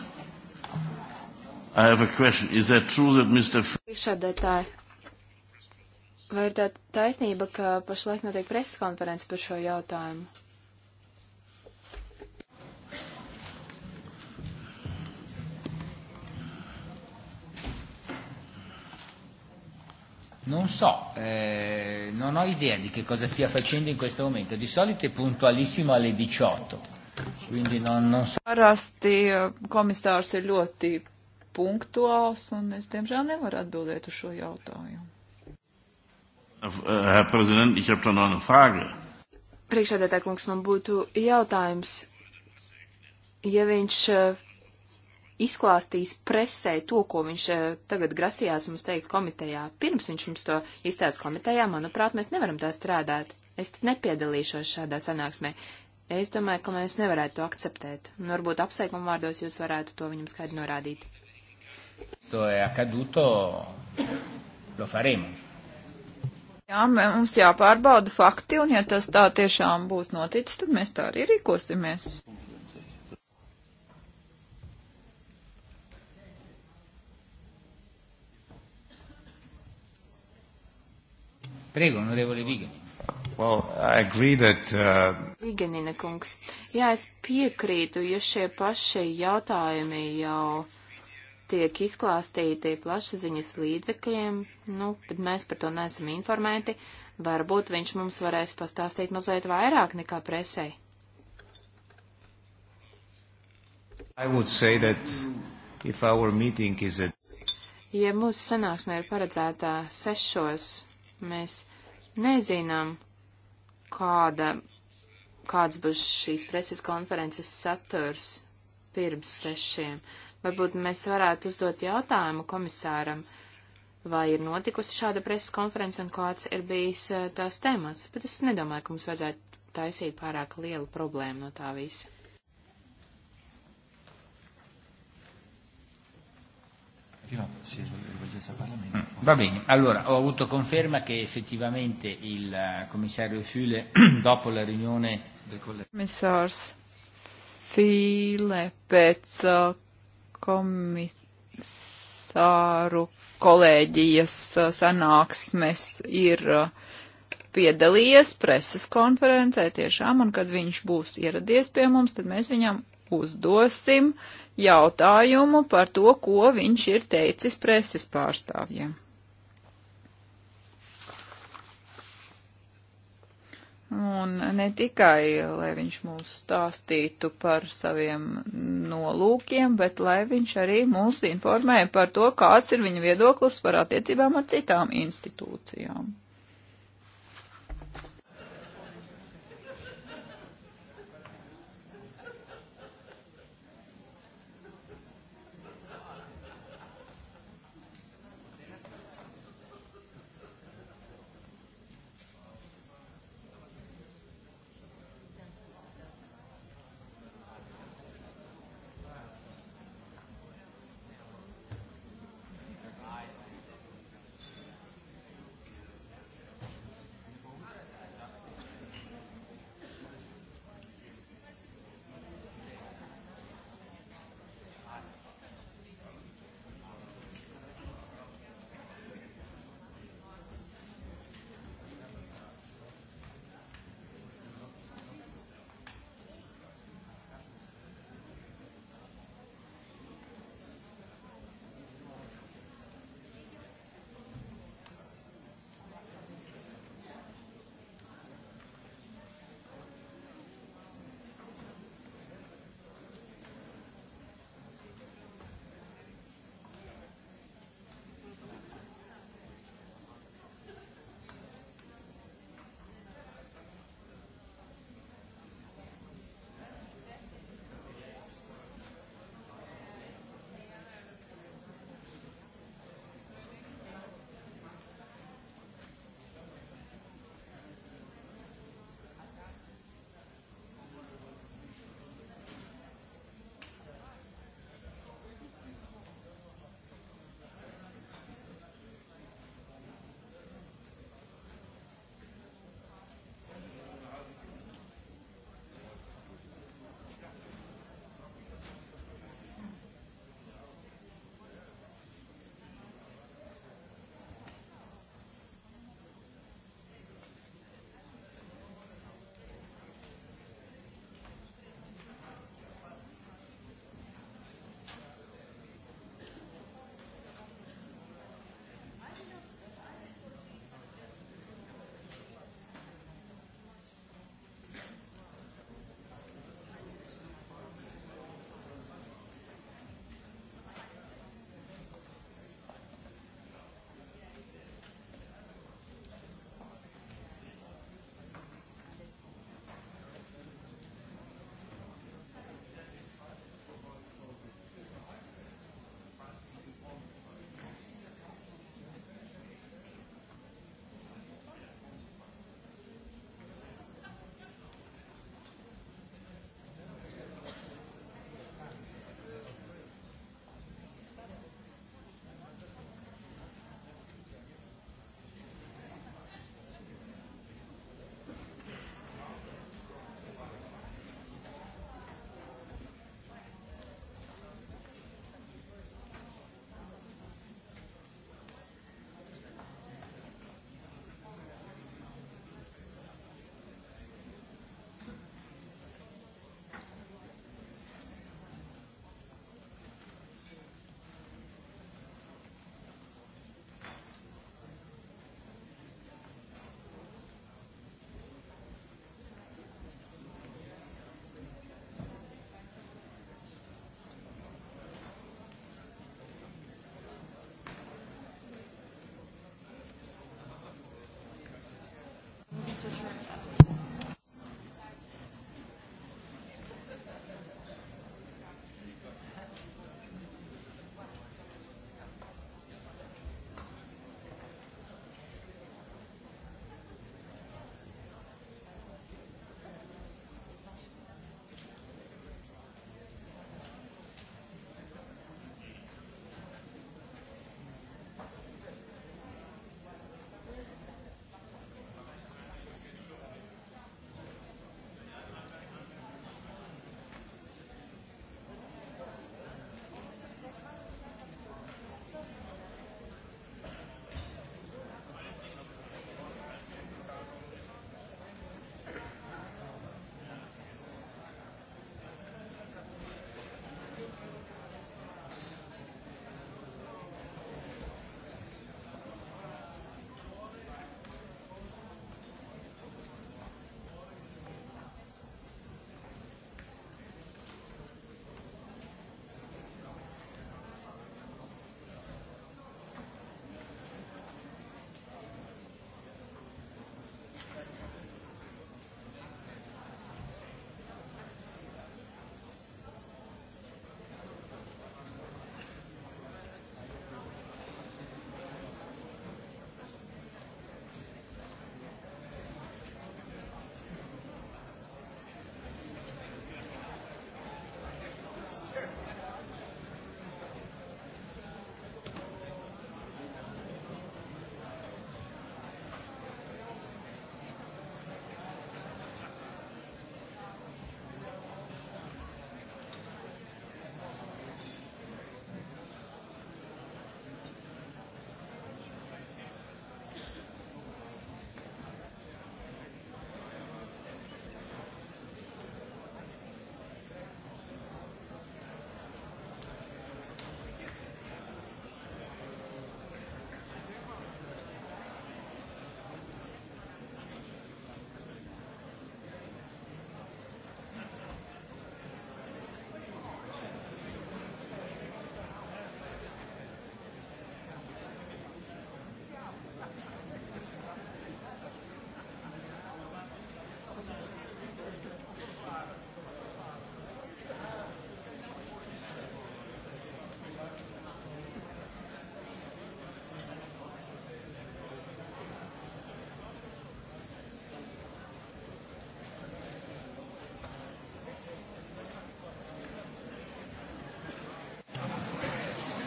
I have a question. Is that true that Mr. Priekšsēdētāji, vai ir tā taisnība, ka pašlaik notiek preses konferences par šo jautājumu? Non so, eh, non ho idea di che cosa stia facendo in questo momento. Di solito è puntualissimo alle 18. Parasti eh, komisārs ir ļoti punktuāls, un es diemžēl nevaru atbildēt uz šo jautājumu. Eh, Herr Präsident, ich habe da noch eine Frage. Priekšsēdētāj kungs, man būtu jautājums, ja viņš eh, izklāstīs presē to, ko viņš tagad grasījās mums teikt komitejā. Pirms viņš mums to izstāsta komitejā, manuprāt, mēs nevaram tā strādāt. Es nepiedalīšos šādā sanāksmē. Es domāju, ka mēs nevarētu to akceptēt. Un varbūt apsveikuma vārdos jūs varētu to viņam skaidri norādīt. To ir akaduto, lo faremo. Jā, mums jāpārbauda fakti, un ja tas tā tiešām būs noticis, tad mēs tā arī rīkosimies. Prego, onorevole Vigani. Well, that, uh... Viganina kungs, jā, es piekrītu, ja šie paši jautājumi jau tiek izklāstīti plašsaziņas līdzekļiem, nu, bet mēs par to neesam informēti. Varbūt viņš mums varēs pastāstīt mazliet vairāk nekā presē. At... Ja mūsu sanāksme ir paredzētā sešos, mēs nezinām, kāda, kāds būs šīs preses konferences saturs pirms sešiem. Varbūt mēs varētu uzdot jautājumu komisāram, vai ir notikusi šāda preses konference un kāds ir bijis eh, tās temats, bet es nedomāju, ka mums vajadzētu taisīt pārāk lielu problēmu no tā visa. Io siedo il Vegesa Parlamento. Va bene, allora ho avuto conferma che effettivamente il eh, commissario Fiule, dopo la riunione del collegio. Commissars Fiule, pēc uh, komisāru kolēģijas uh, sanāksmes ir uh, piedalījies preses konferencē tiešām, un kad viņš būs ieradies pie mums, tad mēs viņam uzdosim jautājumu par to, ko viņš ir teicis preses pārstāvjiem. Un ne tikai, lai viņš mums stāstītu par saviem nolūkiem, bet lai viņš arī mūs informē par to, kāds ir viņa viedoklis par attiecībām ar citām institūcijām.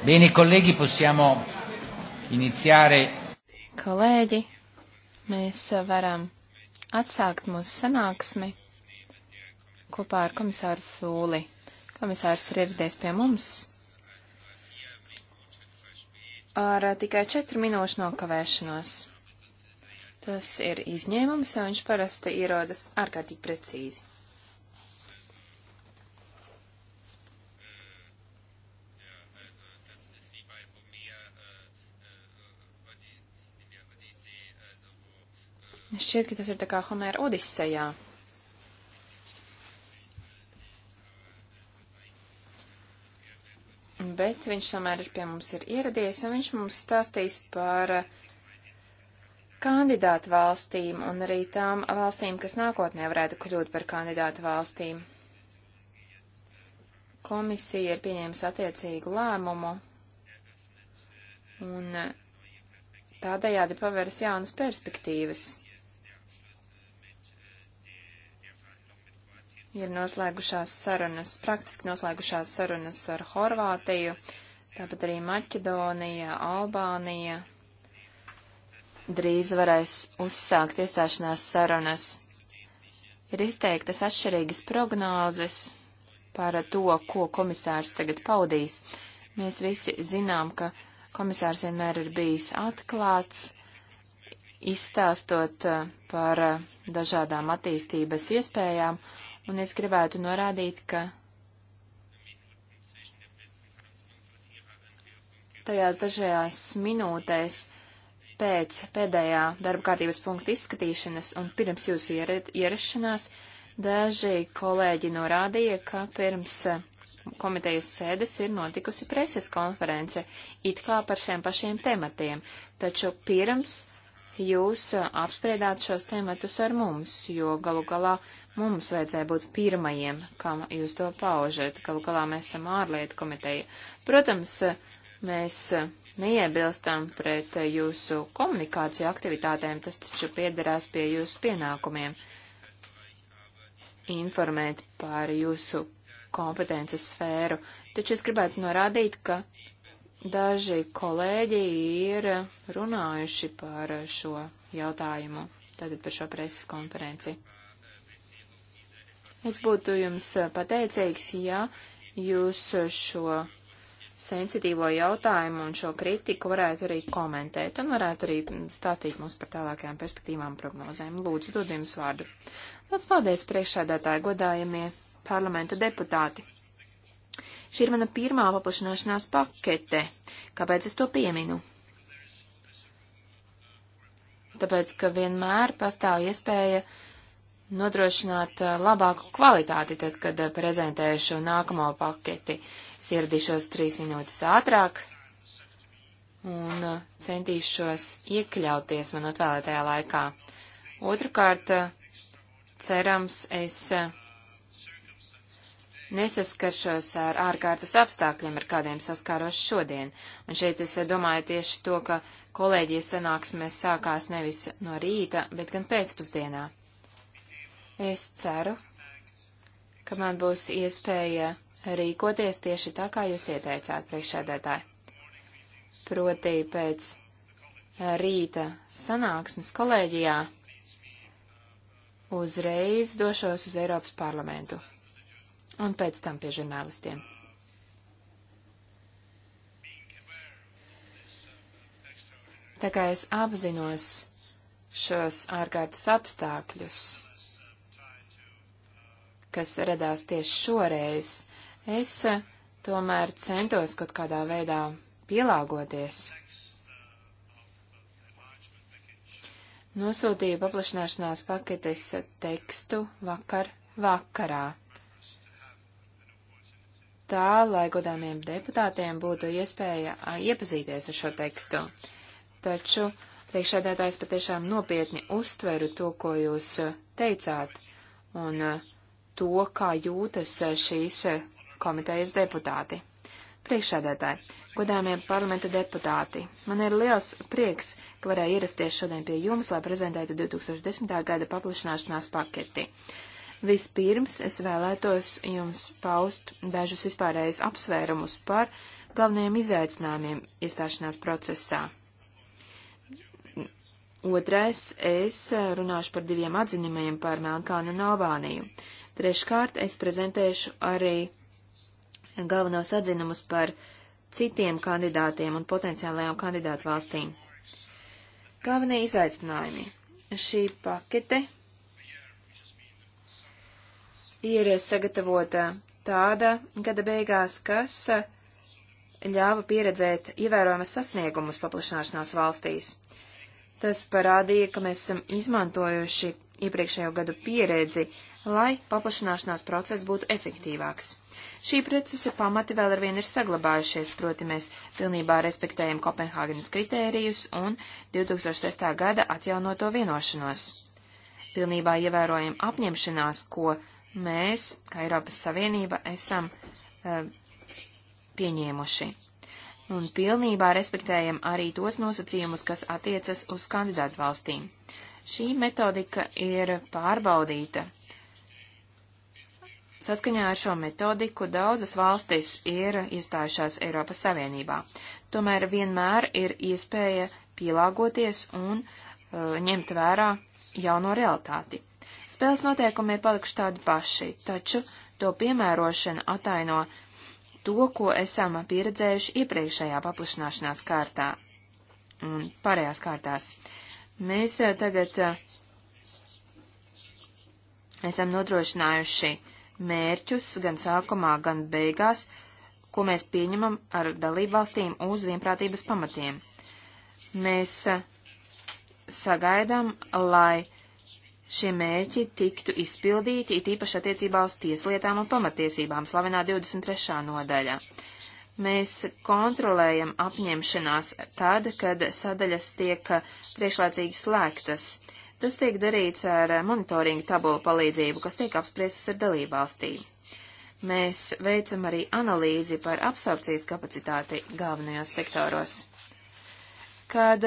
Bene, colleghi, possiamo iniziare. Kolēģi, mēs varam atsākt mūsu sanāksmi kopā ar komisāru Fūli. Komisārs ir ieradies pie mums ar tikai četru minūšu nokavēšanos. Tas ir izņēmums, jo viņš parasti ierodas ārkārtīgi precīzi. šķiet, ka tas ir tā kā Homēra Odisejā. Bet viņš tomēr ir pie mums ir ieradies, un viņš mums stāstīs par kandidātu valstīm un arī tām valstīm, kas nākotnē varētu kļūt par kandidātu valstīm. Komisija ir pieņēmusi attiecīgu lēmumu, un tādējādi paveras jaunas perspektīvas. ir noslēgušās sarunas, praktiski noslēgušās sarunas ar Horvātiju, tāpat arī Maķedonija, Albānija. Drīz varēs uzsākt iestāšanās sarunas. Ir izteiktas atšķirīgas prognozes par to, ko komisārs tagad paudīs. Mēs visi zinām, ka komisārs vienmēr ir bijis atklāts, izstāstot eh, par eh, dažādām attīstības iespējām un es gribētu norādīt, ka tajās dažajās minūtēs pēc pēdējā darba kārtības punkta izskatīšanas un pirms jūsu ierašanās daži kolēģi norādīja, ka pirms eh, komitejas sēdes ir notikusi preses konference, it kā par šiem pašiem tematiem, taču pirms jūs uh, apspriedāt šos tematus ar mums, jo galu galā mums vajadzēja būt pirmajiem, kam jūs to paužat. Galu galā mēs esam ārlietu komiteja. Protams, uh, mēs uh, neiebilstam pret jūsu komunikāciju aktivitātēm, tas taču piederās pie jūsu pienākumiem informēt par jūsu kompetences sfēru, taču es gribētu norādīt, ka Daži kolēģi ir runājuši par šo jautājumu, tātad par šo preses konferenci. Es būtu jums pateicīgs, ja jūs šo sensitīvo jautājumu un šo kritiku varētu arī komentēt un varētu arī stāstīt mums par tālākajām perspektīvām prognozēm. Lūdzu, dod jums vārdu. Lats paldies priekšsēdētāji godājamie parlamenta deputāti. Šī ir mana pirmā paplašanāšanās pakete. Kāpēc es to pieminu? Tāpēc, ka vienmēr pastāv iespēja nodrošināt uh, labāku kvalitāti, tad, kad uh, prezentēšu nākamo paketi. Es ieradīšos trīs minūtes ātrāk un uh, centīšos iekļauties man atvēlētajā laikā. Otrakārt, cerams, es nesaskaršos ar ārkārtas apstākļiem, ar kādiem saskāros šodien. Un šeit es domāju tieši to, ka kolēģijas sanāksmes sākās nevis no rīta, bet gan pēcpusdienā. Es ceru, ka man būs iespēja rīkoties tieši tā, kā jūs ieteicāt priekšsēdētāji. Proti pēc rīta sanāksmes kolēģijā uzreiz došos uz Eiropas parlamentu un pēc tam pie žurnālistiem. Tā kā es apzinos šos ārkārtas apstākļus, kas radās tieši šoreiz, es eh, tomēr centos kaut kādā veidā pielāgoties. Nosūtīju paplašināšanās paketes tekstu vakar vakarā tā, lai godāmiem deputātiem būtu iespēja iepazīties ar šo tekstu. Taču priekšādātājs patiešām nopietni uztveru to, ko jūs teicāt, un to, kā jūtas šīs komitejas deputāti. Priekšādātāji, godāmie parlamenta deputāti, man ir liels prieks, ka varēju ierasties šodien pie jums, lai prezentētu 2010. gada paplašināšanās paketi. Vispirms es vēlētos jums paust dažus vispārējus apsvērumus par galvenajiem izaicinājumiem iestāšanās procesā. Otrais, es runāšu par diviem atzinumiem par Melnkalnu un Albāniju. Treškārt, es prezentēšu arī galvenos atzinumus par citiem kandidātiem un potenciālajām kandidātu valstīm. Galvenie izaicinājumi. Šī pakete ir sagatavota tāda gada beigās, kas ļāva pieredzēt ievērojamas sasniegumus paplašināšanās valstīs. Tas parādīja, ka mēs esam izmantojuši iepriekšējo gadu pieredzi, lai paplašināšanās process būtu efektīvāks. Šī procesa pamati vēl ar vienu ir saglabājušies, proti mēs pilnībā respektējam Kopenhāgenes kritērijus un 2006. gada atjaunoto vienošanos. Pilnībā ievērojam apņemšanās, ko mēs, kā Eiropas Savienība, esam uh, pieņēmuši. Un pilnībā respektējam arī tos nosacījumus, kas attiecas uz kandidātu valstīm. Šī metodika ir pārbaudīta. Saskaņā ar šo metodiku daudzas valstis ir iestājušās Eiropas Savienībā. Tomēr vienmēr ir iespēja pielāgoties un uh, ņemt vērā jauno realitāti. Spēles noteikumi ir palikuši tādi paši, taču to piemērošana ataino to, ko esam pieredzējuši iepriekšējā paplašināšanās kārtā un pārējās kārtās. Mēs eh, tagad eh, esam nodrošinājuši mērķus gan sākumā, gan beigās, ko mēs pieņemam ar dalību valstīm uz vienprātības pamatiem. Mēs eh, sagaidām, lai šie mērķi tiktu izpildīti, it īpaši attiecībā uz tieslietām un pamatiesībām, slavenā 23. nodaļā. Mēs kontrolējam apņemšanās tad, kad sadaļas tiek priekšlaicīgi slēgtas. Tas tiek darīts ar monitoringa tabulu palīdzību, kas tiek apspriestas ar dalībvalstīm. Mēs veicam arī analīzi par absorpcijas kapacitāti galvenajos sektoros. Kad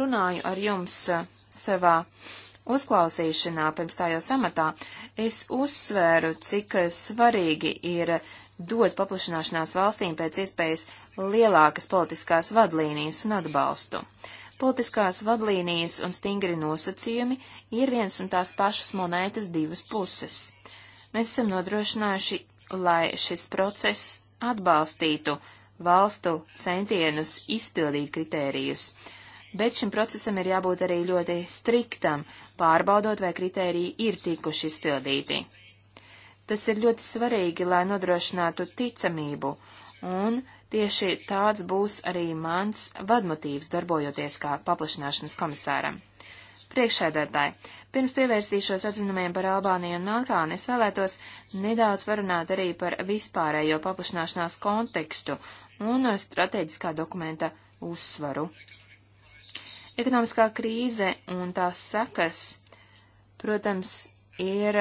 runāju ar jums savā uh, uzklausīšanā pirms tā jau samatā es uzsvēru, cik svarīgi ir dot paplašanāšanās valstīm pēc iespējas lielākas politiskās vadlīnijas un atbalstu. Politiskās vadlīnijas un stingri nosacījumi ir viens un tās pašas monētas divas puses. Mēs esam nodrošinājuši, lai šis process atbalstītu valstu centienus izpildīt kritērijus, bet šim procesam ir jābūt arī ļoti striktam, pārbaudot, vai kritēriji ir tikuši izpildīti. Tas ir ļoti svarīgi, lai nodrošinātu ticamību, un tieši tāds būs arī mans vadmotīvs darbojoties kā paplašināšanas komisāram. Priekšēdētāji, pirms pievērsīšos atzinumiem par Albāniju un Melkānu, es vēlētos nedaudz parunāt arī par vispārējo paplašināšanās kontekstu un strateģiskā dokumenta uzsvaru. Ekonomiskā krīze un tās sekas, protams, ir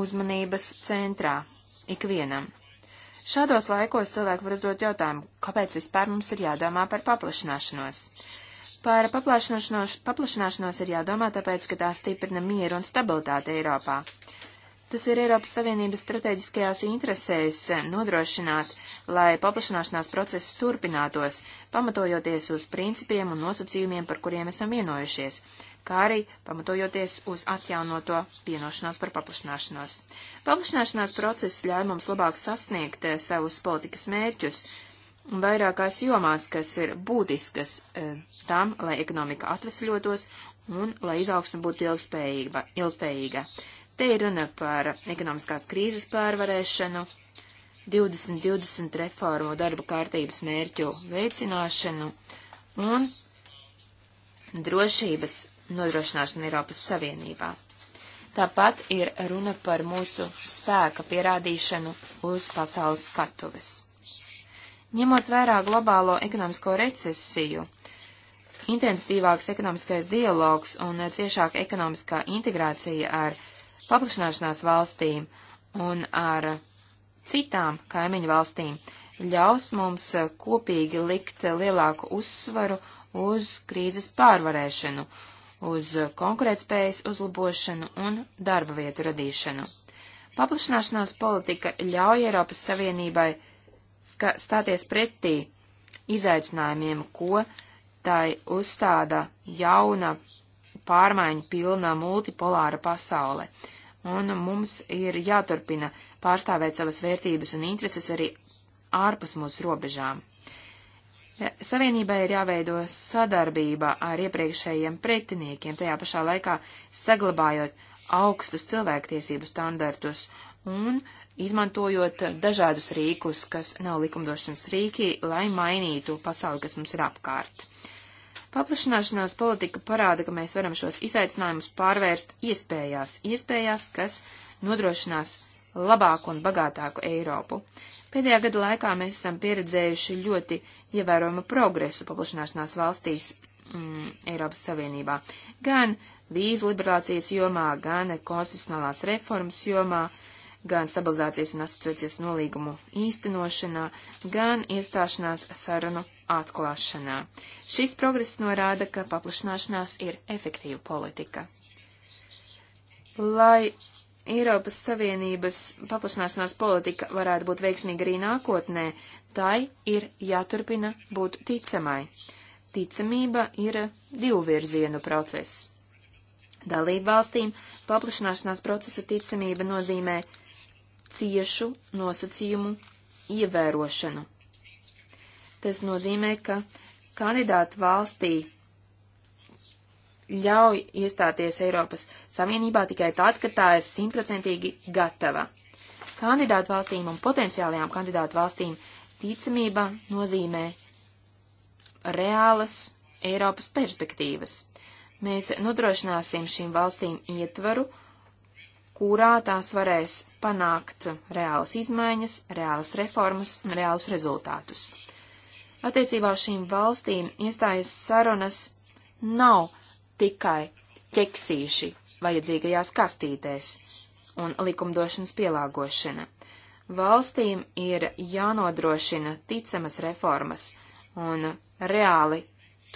uzmanības centrā ikvienam. Šādos laikos cilvēki var uzdot jautājumu, kāpēc vispār mums ir jādomā par paplašināšanos. Par paplašināšanos, paplašināšanos ir jādomā tāpēc, ka tā stiprina mieru un stabilitāti Eiropā. Tas ir Eiropas Savienības strateģiskajās interesēs nodrošināt, lai paplašanāšanās process turpinātos, pamatojoties uz principiem un nosacījumiem, par kuriem esam vienojušies, kā arī pamatojoties uz atjaunoto vienošanos par paplašanāšanos. Paplašanāšanās process ļauj mums labāk sasniegt eh, savus politikas mērķus, vairākās jomās, kas ir būtiskas e, tam, lai ekonomika atvesļotos un lai izaugsme būtu ilgspējīga. ilgspējīga. Te ir runa par ekonomiskās krīzes pārvarēšanu, 2020 reformu darba kārtības mērķu veicināšanu un drošības nodrošināšanu Eiropas Savienībā. Tāpat ir runa par mūsu spēka pierādīšanu uz pasaules skatuves. Ņemot vērā globālo ekonomisko recesiju, intensīvāks ekonomiskais dialogs un ciešāka ekonomiskā integrācija ar paplašanāšanās valstīm un ar citām kaimiņu valstīm ļaus mums eh, kopīgi likt lielāku uzsvaru uz krīzes pārvarēšanu, uz konkurētspējas uzlabošanu un darba vietu radīšanu. Paplašanāšanās politika ļauj Eiropas Savienībai stāties pretī izaicinājumiem, ko tai uzstāda jauna pārmaiņu pilna multipolāra pasaule. Uh, un mums ir jāturpina pārstāvēt savas vērtības un intereses arī ārpus mūsu robežām. Savienībai ir jāveido sadarbība ar iepriekšējiem pretiniekiem, tajā pašā laikā saglabājot augstus cilvēktiesību standartus un izmantojot dažādus rīkus, kas nav likumdošanas rīki, lai mainītu pasauli, kas mums ir apkārt. Paplašināšanās politika parāda, ka mēs varam šos izaicinājumus pārvērst iespējās, iespējās, kas nodrošinās labāku un bagātāku Eiropu. Pēdējā gada laikā mēs esam pieredzējuši ļoti ievērojumu progresu paplašināšanās valstīs mm, Eiropas Savienībā. Gan vīzu liberalizācijas jomā, gan konstitucionālās reformas jomā, gan stabilizācijas un asociācijas nolīgumu īstenošanā, gan iestāšanās sarunu atklāšanā. Šis progress norāda, ka paplašanāšanās ir efektīva politika. Lai Eiropas Savienības paplašanāšanās politika varētu būt veiksmīga arī nākotnē, tai ir jāturpina būt ticamai. Ticamība ir divvirzienu process. Dalību valstīm paplašanāšanās procesa ticamība nozīmē ciešu nosacījumu ievērošanu Tas nozīmē, ka kandidātu valstī ļauj iestāties Eiropas Savienībā tikai tad, kad tā ir simtprocentīgi gatava. Kandidātu valstīm un potenciālajām kandidātu valstīm ticamība nozīmē reālas Eiropas perspektīvas. Mēs nodrošināsim šīm valstīm ietvaru, kurā tās varēs panākt reālas izmaiņas, reālas reformas un reālus rezultātus. Attiecībā uz šīm valstīm iestājas sarunas nav tikai ķeksīši vajadzīgajās kastītēs un likumdošanas pielāgošana. Valstīm ir jānodrošina ticamas reformas un reāli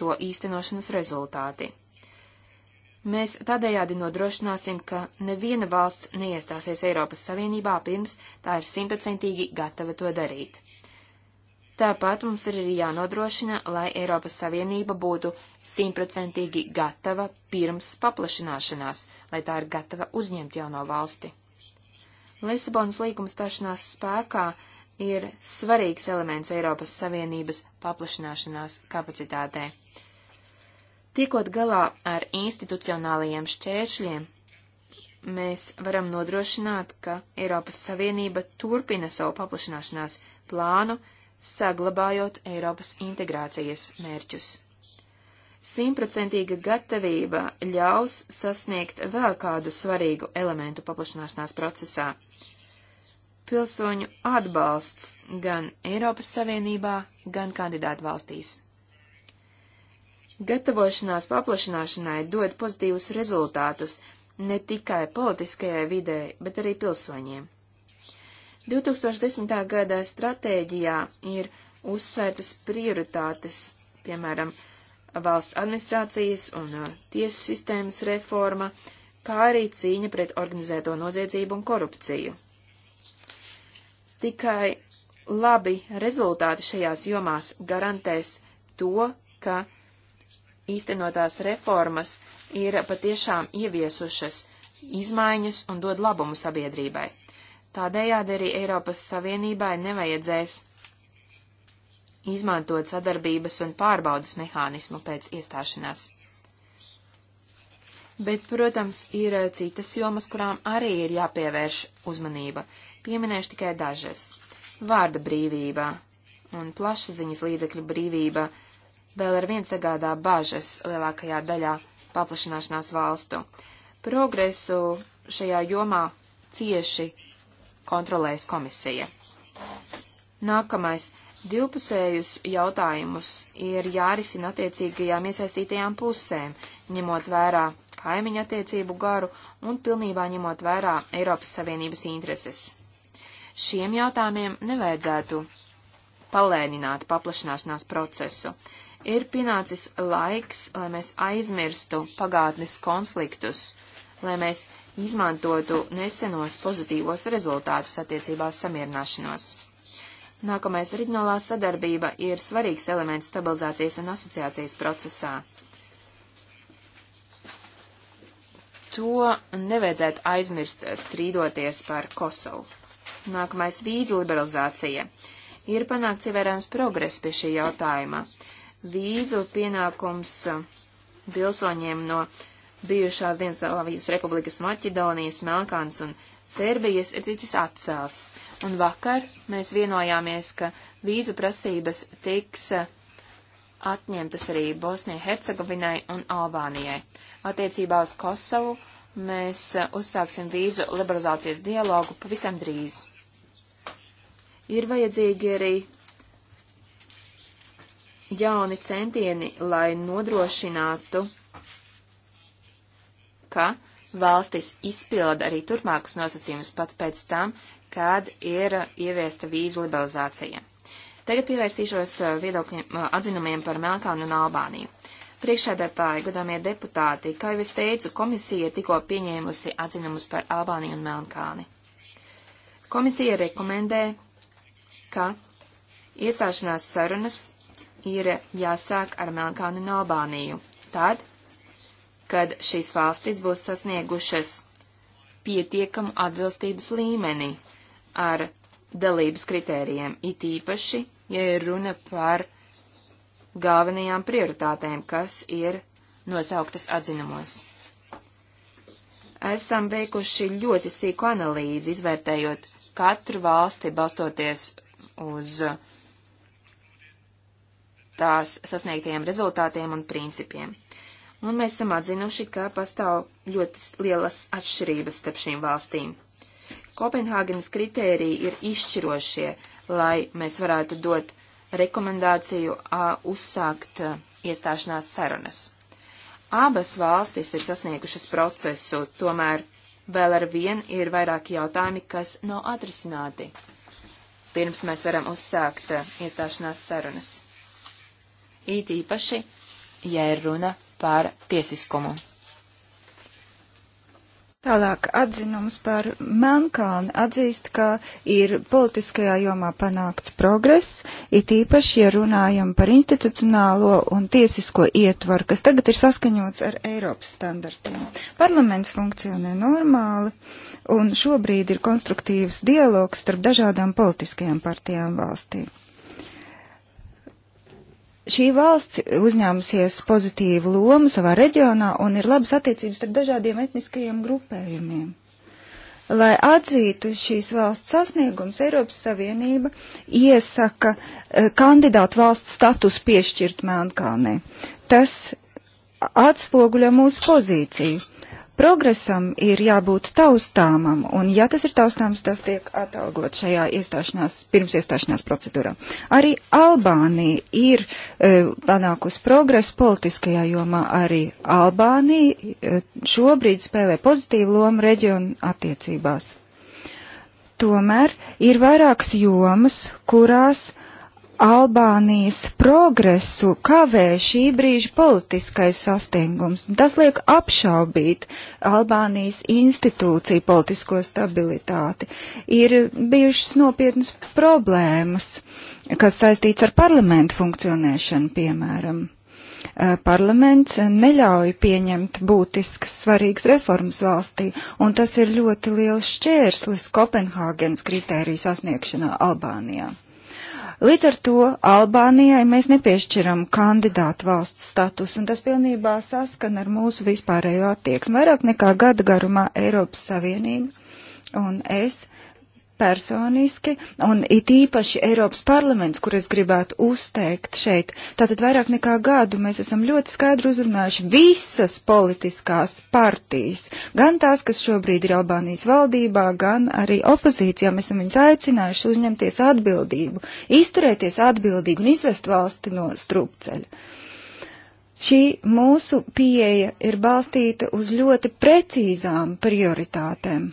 to īstenošanas rezultāti. Mēs tādējādi nodrošināsim, ka neviena valsts neiestāsies Eiropas Savienībā pirms tā ir simtprocentīgi gatava to darīt. Tāpat mums ir arī jānodrošina, lai Eiropas Savienība būtu simtprocentīgi gatava pirms paplašināšanās, lai tā ir gatava uzņemt jauno valsti. Lisabonas līguma stāšanās spēkā ir svarīgs elements Eiropas Savienības paplašināšanās kapacitātē. Tikot galā ar institucionālajiem šķēršļiem, mēs varam nodrošināt, ka Eiropas Savienība turpina savu paplašināšanās plānu, saglabājot Eiropas integrācijas mērķus. Simtprocentīga gatavība ļaus sasniegt vēl kādu svarīgu elementu paplašanāšanās procesā. Pilsoņu atbalsts gan Eiropas Savienībā, gan kandidātu valstīs. Gatavošanās paplašanāšanai dod pozitīvus rezultātus ne tikai politiskajai vidē, bet arī pilsoņiem. 2010. gada stratēģijā ir uzsvērtas prioritātes, piemēram, valsts administrācijas un uh, tiesu sistēmas reforma, kā arī cīņa pret organizēto noziedzību un korupciju. Tikai labi rezultāti šajās jomās garantēs to, ka īstenotās reformas ir patiešām ieviesušas izmaiņas un dod labumu sabiedrībai. Tādējādi arī Eiropas Savienībai nevajadzēs izmantot sadarbības un pārbaudas mehānismu pēc iestāšanās. Bet, protams, ir eh, citas jomas, kurām arī ir jāpievērš uzmanība. Pieminēšu tikai dažas. Vārda brīvība un plašsaziņas līdzekļu brīvība vēl ar vien sagādā bažas lielākajā daļā paplašināšanās valstu. Progresu šajā jomā cieši kontrolēs komisija. Nākamais. Divpusējus jautājumus ir jārisina attiecīgajām iesaistītajām pusēm, ņemot vērā kaimiņu attiecību garu un pilnībā ņemot vērā Eiropas Savienības intereses. Šiem jautājumiem nevajadzētu palēnināt paplašināšanās procesu. Ir pienācis laiks, lai mēs aizmirstu pagātnes konfliktus, lai mēs izmantotu nesenos pozitīvos rezultātus attiecībās samierināšanos. Nākamais reģionālā sadarbība ir svarīgs elements stabilizācijas un asociācijas procesā. To nevajadzētu aizmirst strīdoties par Kosovu. Nākamais vīzu liberalizācija. Ir panākts ievērojams progress pie šī jautājuma. Vīzu pienākums pilsoņiem no uh, bijušās Dienaslavijas republikas Maķedonijas, Melkāns un Serbijas ir ticis atcelts, un vakar mēs vienojāmies, ka vīzu prasības tiks eh, atņemtas arī Bosnijai, Hercegovinai un Albānijai. Attiecībā uz Kosovu mēs eh, uzsāksim vīzu liberalizācijas dialogu pavisam drīz. Ir vajadzīgi arī jauni centieni, lai nodrošinātu ka valstis izpilda arī turpmākus nosacījumus pat pēc tam, kad ir ieviesta vīzu liberalizācija. Tagad pievērsīšos uh, viedokļiem uh, atzinumiem par Melkānu un Albāniju. Priekšēdētāji, godāmie deputāti, kā jau es teicu, komisija tikko pieņēmusi atzinumus par Albāniju un Melkāni. Komisija rekomendē, ka iestāšanās sarunas ir jāsāk ar Melkānu un Albāniju. Tad, kad šīs valstis būs sasniegušas pietiekamu atbilstības līmeni ar dalības kritērijiem, it īpaši, ja ir runa par galvenajām prioritātēm, kas ir nosauktas atzinumos. Esam veikuši ļoti sīku analīzi, izvērtējot katru valsti balstoties uz tās sasniegtajiem rezultātiem un principiem un mēs esam atzinuši, ka pastāv ļoti lielas atšķirības starp šīm valstīm. Kopenhāgenes kritēriji ir izšķirošie, lai mēs varētu dot rekomendāciju a, uzsākt a, iestāšanās sarunas. Abas valstis ir sasniegušas procesu, tomēr vēl ar vienu ir vairāki jautājumi, kas nav atrisināti. Pirms mēs varam uzsākt a, iestāšanās sarunas. It īpaši, ja ir runa par tiesiskumu. Tālāk atzinums par Melnkalni atzīst, ka ir politiskajā jomā panākts progress, it īpaši, ja runājam par institucionālo un tiesisko ietvaru, kas tagad ir saskaņots ar Eiropas standartiem. Parlaments funkcionē normāli, un šobrīd ir konstruktīvs dialogs starp dažādām politiskajām partijām valstīm. Šī valsts uzņēmusies pozitīvu lomu savā reģionā un ir labas attiecības ar dažādiem etniskajiem grupējumiem. Lai atzītu šīs valsts sasniegums, Eiropas Savienība iesaka eh, kandidātu valsts status piešķirt Melnkalnē. Tas atspoguļo mūsu pozīciju. Progresam ir jābūt taustāmam, un ja tas ir taustāms, tas tiek atalgot šajā iestāšanās, pirms iestāšanās procedūrā. Arī Albānija ir e, panākusi progresu politiskajā jomā. Arī Albānija e, šobrīd spēlē pozitīvu lomu reģionu attiecībās. Tomēr ir vairākas jomas, kurās Albānijas progresu kavē šī brīža politiskais sastingums. Tas liek apšaubīt Albānijas institūciju politisko stabilitāti. Ir bijušas nopietnas problēmas, kas saistīts ar parlamentu funkcionēšanu, piemēram. Eh, parlaments neļauj pieņemt būtiskas, svarīgas reformas valstī, un tas ir ļoti liels šķērslis Kopenhāgenes kritēriju sasniegšanā Albānijā. Līdz ar to Albānijai mēs nepiešķiram kandidātu valsts status, un tas pilnībā saskan ar mūsu vispārējo attieksmi. Vairāk nekā gada garumā Eiropas Savienība un es personiski, un it īpaši Eiropas parlaments, kur es gribētu uzteikt šeit. Tātad vairāk nekā gadu mēs esam ļoti skaidri uzrunājuši visas politiskās partijas, gan tās, kas šobrīd ir Albānijas valdībā, gan arī opozīcijā. Mēs esam viņus aicinājuši uzņemties atbildību, izturēties atbildīgi un izvest valsti no strupceļa. Šī mūsu pieeja ir balstīta uz ļoti precīzām prioritātēm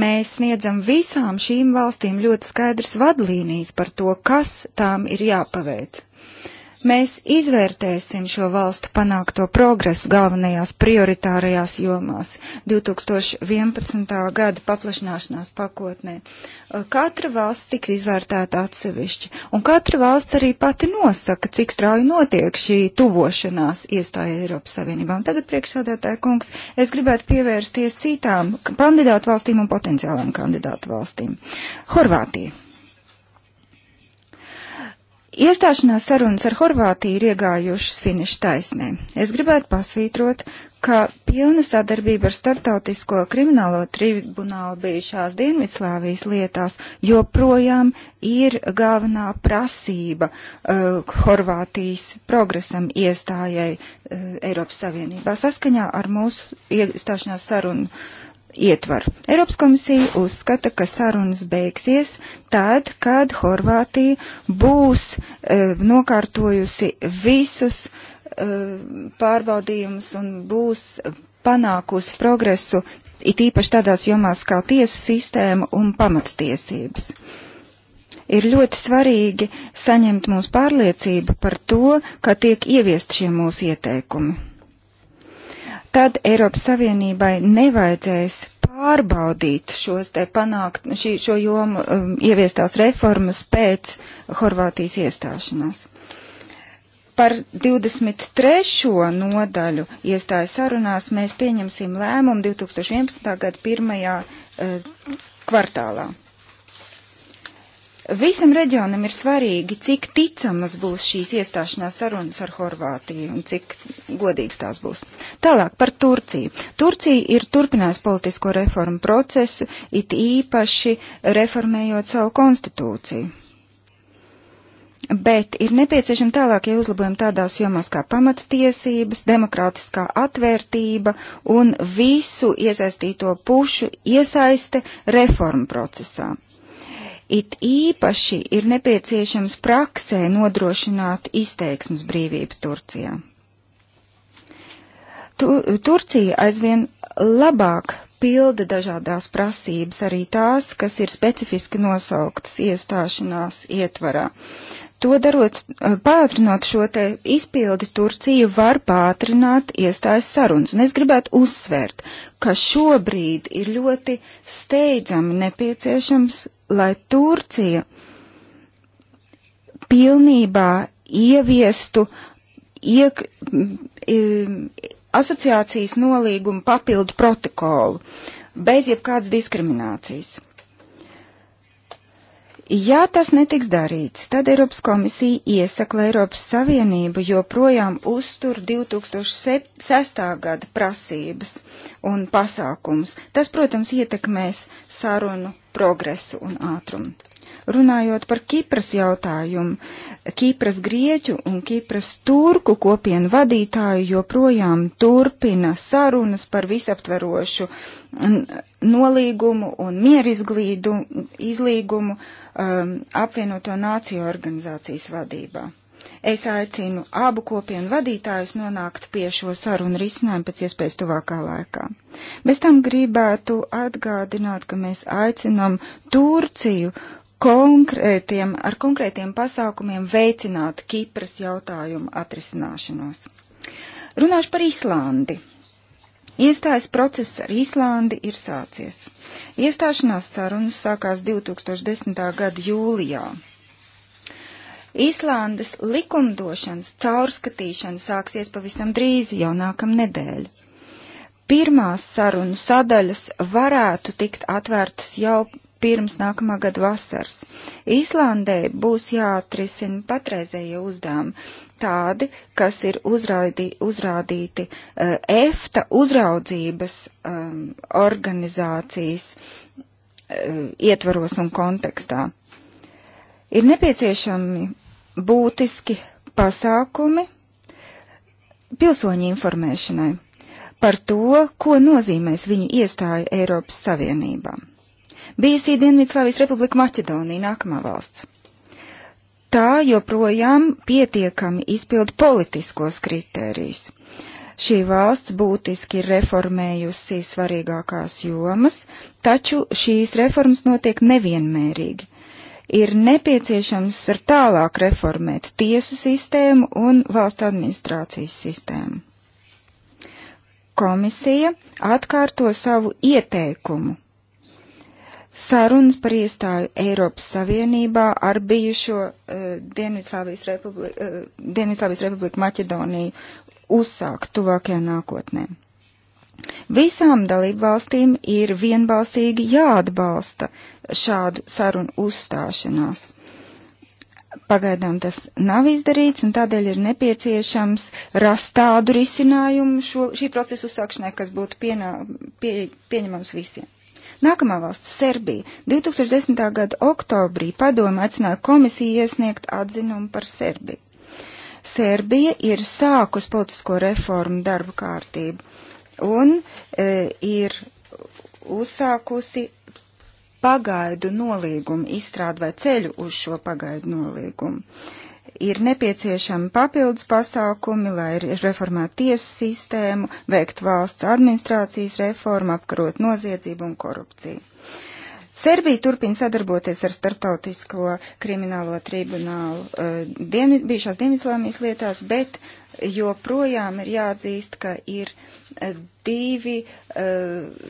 Mēs sniedzam visām šīm valstīm ļoti skaidrs vadlīnijas par to, kas tām ir jāpaveic. Mēs izvērtēsim šo valstu panākto progresu galvenajās prioritārajās jomās 2011. gada paplašināšanās pakotnē. Katra valsts tiks izvērtēta atsevišķi, un katra valsts arī pati nosaka, cik strauji notiek šī tuvošanās iestāja Eiropas Savienībā. Un tagad, priekšsādātāja kungs, es gribētu pievērsties citām kandidātu valstīm un potenciālām kandidātu valstīm. Horvātija. Iestāšanās sarunas ar Horvātiju ir iegājušas finiša taisnē. Es gribētu pasvītrot, ka pilna sadarbība ar starptautisko kriminālo tribunālu bijušās Dienvidslāvijas lietās joprojām ir galvenā prasība uh, Horvātijas progresam iestājai uh, Eiropas Savienībā saskaņā ar mūsu iestāšanās sarunu uh, ietvaru. Eiropas komisija uzskata, ka sarunas beigsies tad, kad Horvātija būs e, nokārtojusi visus e, pārbaudījumus un būs panākusi progresu, it īpaši tādās jomās kā tiesu sistēma un pamattiesības. Ir ļoti svarīgi saņemt mūsu pārliecību par to, ka tiek ieviest šie mūsu ieteikumi tad Eiropas Savienībai nevajadzēs pārbaudīt šos te panākt, šī, šo jomu um, ieviestās reformas pēc Horvātijas iestāšanās. Par 23. nodaļu iestāju sarunās mēs pieņemsim lēmumu 2011. gada pirmajā uh, kvartālā. Visam reģionam ir svarīgi, cik ticamas būs šīs iestāšanās sarunas ar Horvātiju un cik godīgs tās būs. Tālāk par Turciju. Turcija ir turpinājis politisko reformu procesu, it īpaši reformējot savu konstitūciju. Bet ir nepieciešami tālākie ja uzlabojumi tādās jomās kā pamatiesības, demokrātiskā atvērtība un visu iesaistīto pušu iesaiste reformu procesā It īpaši ir nepieciešams praksē nodrošināt izteiksmes brīvību Turcijā. Tu, Turcija aizvien labāk pilda dažādās prasības, arī tās, kas ir specifiski nosauktas iestāšanās ietvarā. To darot, eh, pātrinot šo te izpildi, Turcija var pātrināt iestājas sarunas. Un es gribētu uzsvērt, ka šobrīd ir ļoti steidzami nepieciešams lai Turcija pilnībā ieviestu iek, i, mm, asociācijas nolīgumu papildu protokolu bez jebkādas diskriminācijas. Ja tas netiks darīts, tad Eiropas komisija iesaka, lai Eiropas Savienība joprojām uztur 2006. gada prasības un pasākums. Tas, protams, ietekmēs sarunu progresu un ātrumu. Runājot par Kipras jautājumu, Kipras grieķu un Kipras turku kopienu vadītāju joprojām turpina sarunas par visaptverošu nolīgumu un mierizglīdu izlīgumu um, apvienoto nāciju organizācijas vadībā. Es aicinu abu kopienu vadītājus nonākt pie šo sarunu risinājumu pēc iespējas tuvākā laikā. Bez tam gribētu atgādināt, ka mēs aicinam Turciju konkrētiem, ar konkrētiem pasākumiem veicināt Kipras jautājumu atrisināšanos. Runāšu par Islandi. Iestājas process ar Islandi ir sācies. Iestāšanās sarunas sākās 2010. gada jūlijā. Īslandes likumdošanas caurskatīšana sāksies pavisam drīz, jau nākam nedēļa pirmās sarunu sadaļas varētu tikt atvērtas jau pirms nākamā gada vasaras. Īslandē būs jāatrisina patreizējie uzdevumi tādi, kas ir uzraidi, uzrādīti uh, EFTA uzraudzības um, organizācijas uh, ietvaros un kontekstā. Ir nepieciešami būtiski pasākumi pilsoņu informēšanai par to, ko nozīmēs viņu iestāja Eiropas Savienībām. Bijusī Dienvidslāvijas Republika Maķedonija nākamā valsts. Tā joprojām pietiekami izpild politiskos kritērijus. Šī valsts būtiski ir reformējusi svarīgākās jomas, taču šīs reformas notiek nevienmērīgi. Ir nepieciešams ar tālāk reformēt tiesu sistēmu un valsts administrācijas sistēmu. Komisija atkārto savu ieteikumu sarunas par iestāju Eiropas Savienībā ar bijušo uh, Dienvidslāvijas Republiku, uh, eh, Dienvidslāvijas Republiku Maķedoniju uzsākt tuvākajā nākotnē. Visām dalībvalstīm ir vienbalsīgi jāatbalsta šādu sarunu uzstāšanās. Pagaidām tas nav izdarīts, un tādēļ ir nepieciešams rast tādu risinājumu šo, šī procesa uzsākšanai, kas būtu pienā, pie, pieņemams visiem. Nākamā valsts - Serbija. 2010. gada oktobrī padoma aicināja komisiju iesniegt atzinumu par Serbiju. Serbija ir sākus politisko reformu darba kārtību un e, ir uzsākusi pagaidu nolīgumu, izstrādāja ceļu uz šo pagaidu nolīgumu. E, ir nepieciešami papildus pasākumi, lai reformētu tiesu sistēmu, veiktu valsts administrācijas reformu, apkarot noziedzību un korupciju. Serbija turpina sadarboties ar starptautisko kriminālo tribunālu uh, eh, dien, bijušās Dienvidslāmijas lietās, bet joprojām ir jāatzīst, ka ir uh, divi eh,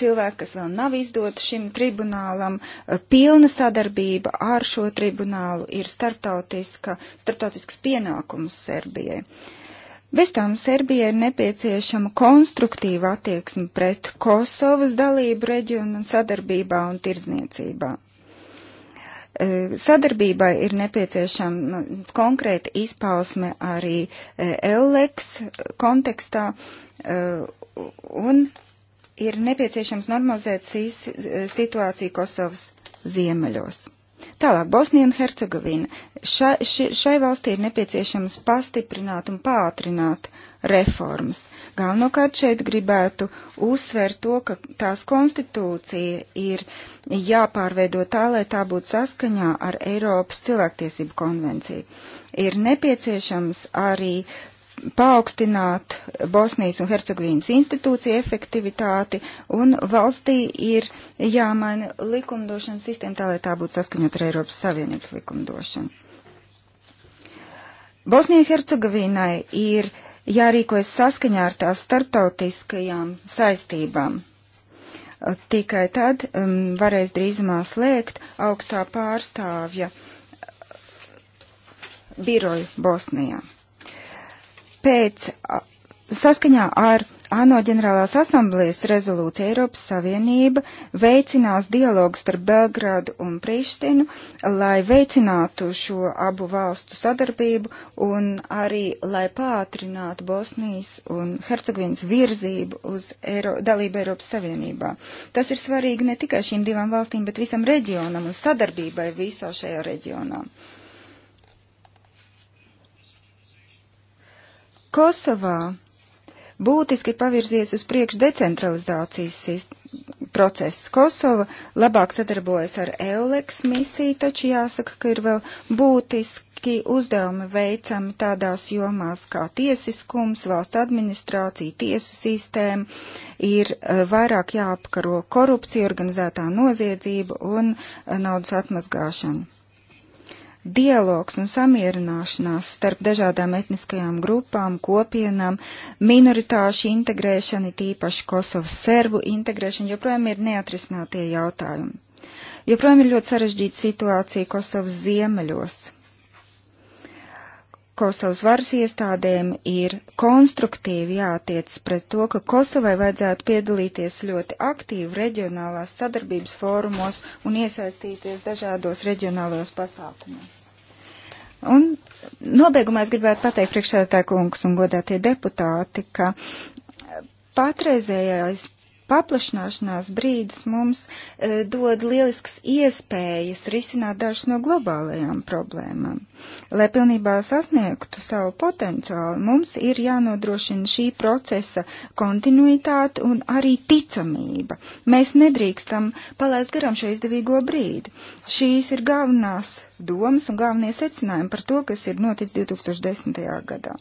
cilvēki, kas vēl nav izdoti šim tribunālam. Eh, pilna sadarbība ar šo tribunālu ir starptautisks pienākums Serbijai. Bez tām Serbijai ir nepieciešama konstruktīva attieksme pret Kosovas dalību reģionu un sadarbībā un tirdzniecībā. E, sadarbībai ir nepieciešama konkrēta izpausme arī ELEX kontekstā e, un ir nepieciešams normalizēt sīs, e, situāciju Kosovas ziemeļos. Tālāk, Bosnija un Hercegovina. Šai, šai valstī ir nepieciešams pastiprināt un pātrināt uh, reformas. Galvenokārt šeit gribētu uzsvērt to, ka tās konstitūcija ir jāpārveido tā, lai tā būtu saskaņā ar Eiropas cilvēktiesību konvenciju. Ir nepieciešams arī paaugstināt Bosnijas un Hercegovīnas institūciju efektivitāti, un valstī ir jāmaina likumdošanas sistēma tā, lai tā būtu saskaņot ar Eiropas Savienības likumdošanu. Bosnijai Hercegovinai ir uh, jārīkojas saskaņā ar tās starptautiskajām saistībām. Tikai tad um, varēs drīzumā slēgt augstā pārstāvja biroju Bosnijā. Pēc saskaņā ar ANO ģenerālās asamblējas rezolūcija Eiropas Savienība veicinās dialogu starp Belgrādu un Prištinu, lai veicinātu šo abu valstu sadarbību un arī lai pātrinātu Bosnijas un Hercegovinas virzību uz Eiro, dalību Eiropas Savienībā. Tas ir svarīgi ne tikai šīm divām valstīm, bet visam reģionam un sadarbībai visā šajā reģionā. Kosovā būtiski pavirzies uz priekšu decentralizācijas procesu. Kosova labāk sadarbojas ar EULEX misiju, taču jāsaka, ka ir vēl būtiski uzdevumi veicami tādās jomās kā tiesiskums, valsts administrācija, tiesu sistēma, ir eh, vairāk jāapkaro korupcija, organizētā noziedzība un eh, naudas atmazgāšana dialogs un samierināšanās starp dažādām etniskajām grupām, kopienām, minoritāšu integrēšana, tīpaši Kosovas servu integrēšana, joprojām ir neatrisinātie jautājumi. Joprojām ir ļoti sarežģīta situācija Kosovas ziemeļos. Kosovas varas iestādēm ir konstruktīvi jātiec pret to, ka Kosovai vajadzētu piedalīties ļoti aktīvi reģionālās sadarbības fórumos un iesaistīties dažādos reģionālajos pasākumos. Un nobeigumā es gribētu pateikt priekšsēdētāju kungs un godātie deputāti, ka patreizējais paplašināšanās brīdis mums e, dod lielisks iespējas risināt dažas no globālajām problēmām. Lai pilnībā sasniegtu savu potenciālu, mums ir jānodrošina šī procesa kontinuitāte un arī ticamība. Mēs nedrīkstam palaist garām šo izdevīgo brīdi. Šīs ir galvenās domas un galvenie secinājumi par to, kas ir noticis 2010. gadā.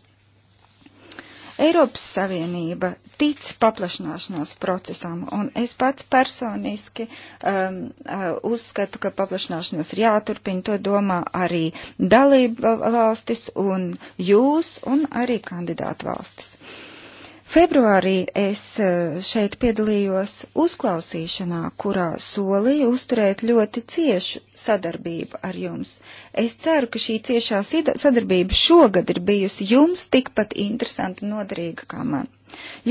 Eiropas Savienība tic paplašināšanās procesam, un es pats personiski um, uh, uzskatu, ka paplašināšanās ir jāturpina, to domā arī dalība valstis un jūs un arī kandidātu valstis. Uh, Februārī es eh, šeit piedalījos uzklausīšanā, kurā solīju uzturēt ļoti ciešu sadarbību ar jums. Es ceru, ka šī ciešā sadarbība šogad ir bijusi jums tikpat interesanta un noderīga kā man.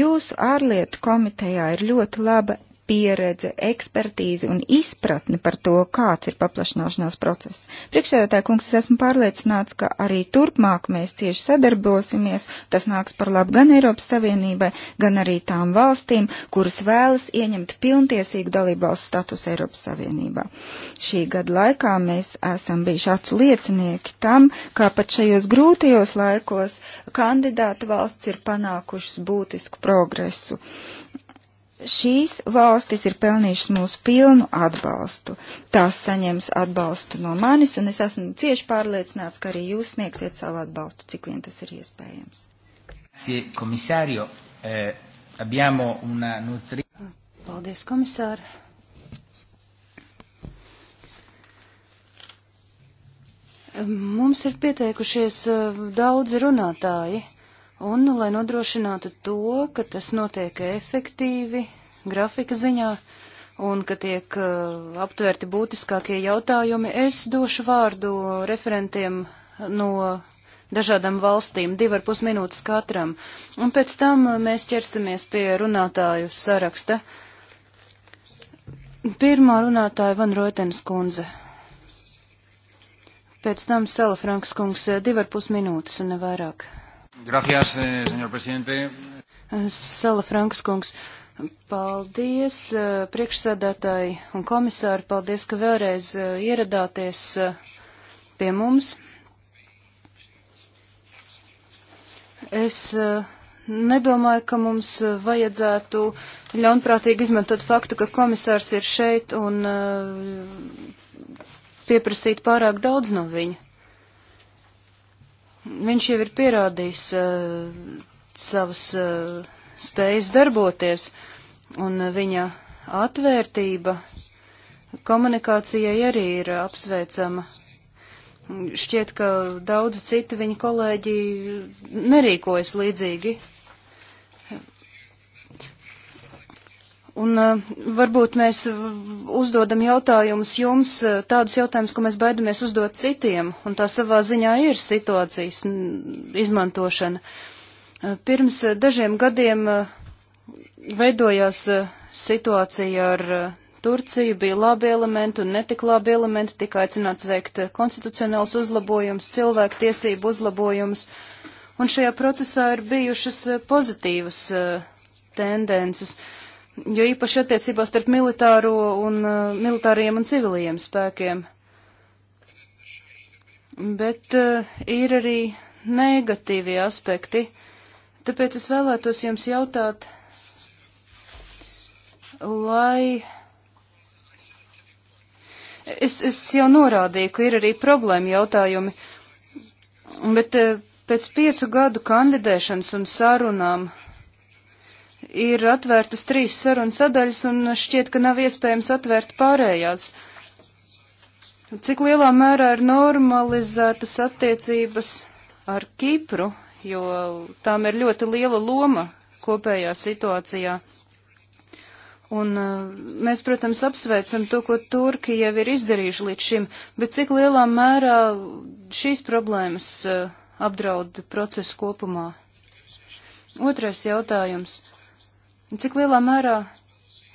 Jūsu ārlietu komitejā ir ļoti laba pieredze, ekspertīze un izpratne par to, kāds ir paplašināšanās process. Priekšsēdētāji kungs, es esmu pārliecināts, ka arī turpmāk mēs cieši sadarbosimies, tas nāks par labu gan Eiropas Savienībai, gan arī tām valstīm, kuras vēlas ieņemt pilntiesīgu dalībvalstu statusu Eiropas Savienībā. Šī gada laikā mēs esam bijuši acu liecinieki tam, kā pat šajos grūtajos laikos kandidāta valsts ir panākušas būtisku progresu šīs valstis ir pelnījušas mūsu pilnu atbalstu. Tās saņems atbalstu no manis, un es esmu cieši pārliecināts, ka arī jūs sniegsiet savu atbalstu, cik vien tas ir iespējams. Eh, Paldies, komisāri! Mums ir pieteikušies eh, daudzi runātāji. Un, lai nodrošinātu to, ka tas notiek efektīvi, grafika ziņā, un ka tiek uh, aptverti būtiskākie jautājumi, es došu vārdu referentiem no dažādām valstīm, divi ar pus minūtes katram, un pēc tam uh, mēs ķersimies pie runātāju saraksta. Pirmā runātāja Van Roitens kundze. Pēc tam Sela Franks kungs uh, divi ar pus minūtes un nevairāk. vairāk. Gracias, eh, senor presidente. Sala Frankskungs. Paldies eh, priekšsēdētāji un komisāri, paldies, ka vēlreiz eh, ieradāties pie mums. Es nedomāju, ka mums vajadzētu ļaunprātīgi izmantot faktu, ka komisārs ir šeit un pieprasīt pārāk daudz no viņa. Viņš jau ir pierādījis uh, savas uh, spējas darboties, un eh, viņa atvērtība komunikācijai arī ir apsveicama. Šķiet, ka daudzi citi viņa kolēģi nerīkojas līdzīgi. Un uh, varbūt mēs uzdodam jautājumus jums, eh, tādus jautājumus, ko mēs baidamies uzdot citiem, un tā savā ziņā ir situācijas izmantošana. Uh, pirms dažiem gadiem uh, veidojās situācija ar Turciju, bija labi elementi un netik labi elementi, tika aicināts veikt konstitucionāls uzlabojums, cilvēku tiesību uzlabojums, un šajā procesā ir bijušas pozitīvas tendences. Uh, jo īpaši attiecībā starp militāro un uh, militāriem un civiliem spēkiem. Bet uh, ir arī negatīvie aspekti, tāpēc es vēlētos jums jautāt, lai. Es, es jau norādīju, ka ir arī problēma jautājumi, bet eh, pēc piecu gadu kandidēšanas un sarunām ir atvērtas trīs sarunas sadaļas un šķiet, ka nav iespējams atvērt pārējās. Cik lielā mērā ir normalizētas attiecības ar Kipru, jo tām ir ļoti liela loma kopējā situācijā. Un uh, mēs, protams, apsveicam to, ko Turki jau ir izdarījuši līdz šim, bet cik lielā mērā šīs problēmas uh, apdraud procesu kopumā? Otrais jautājums. Cik lielā mērā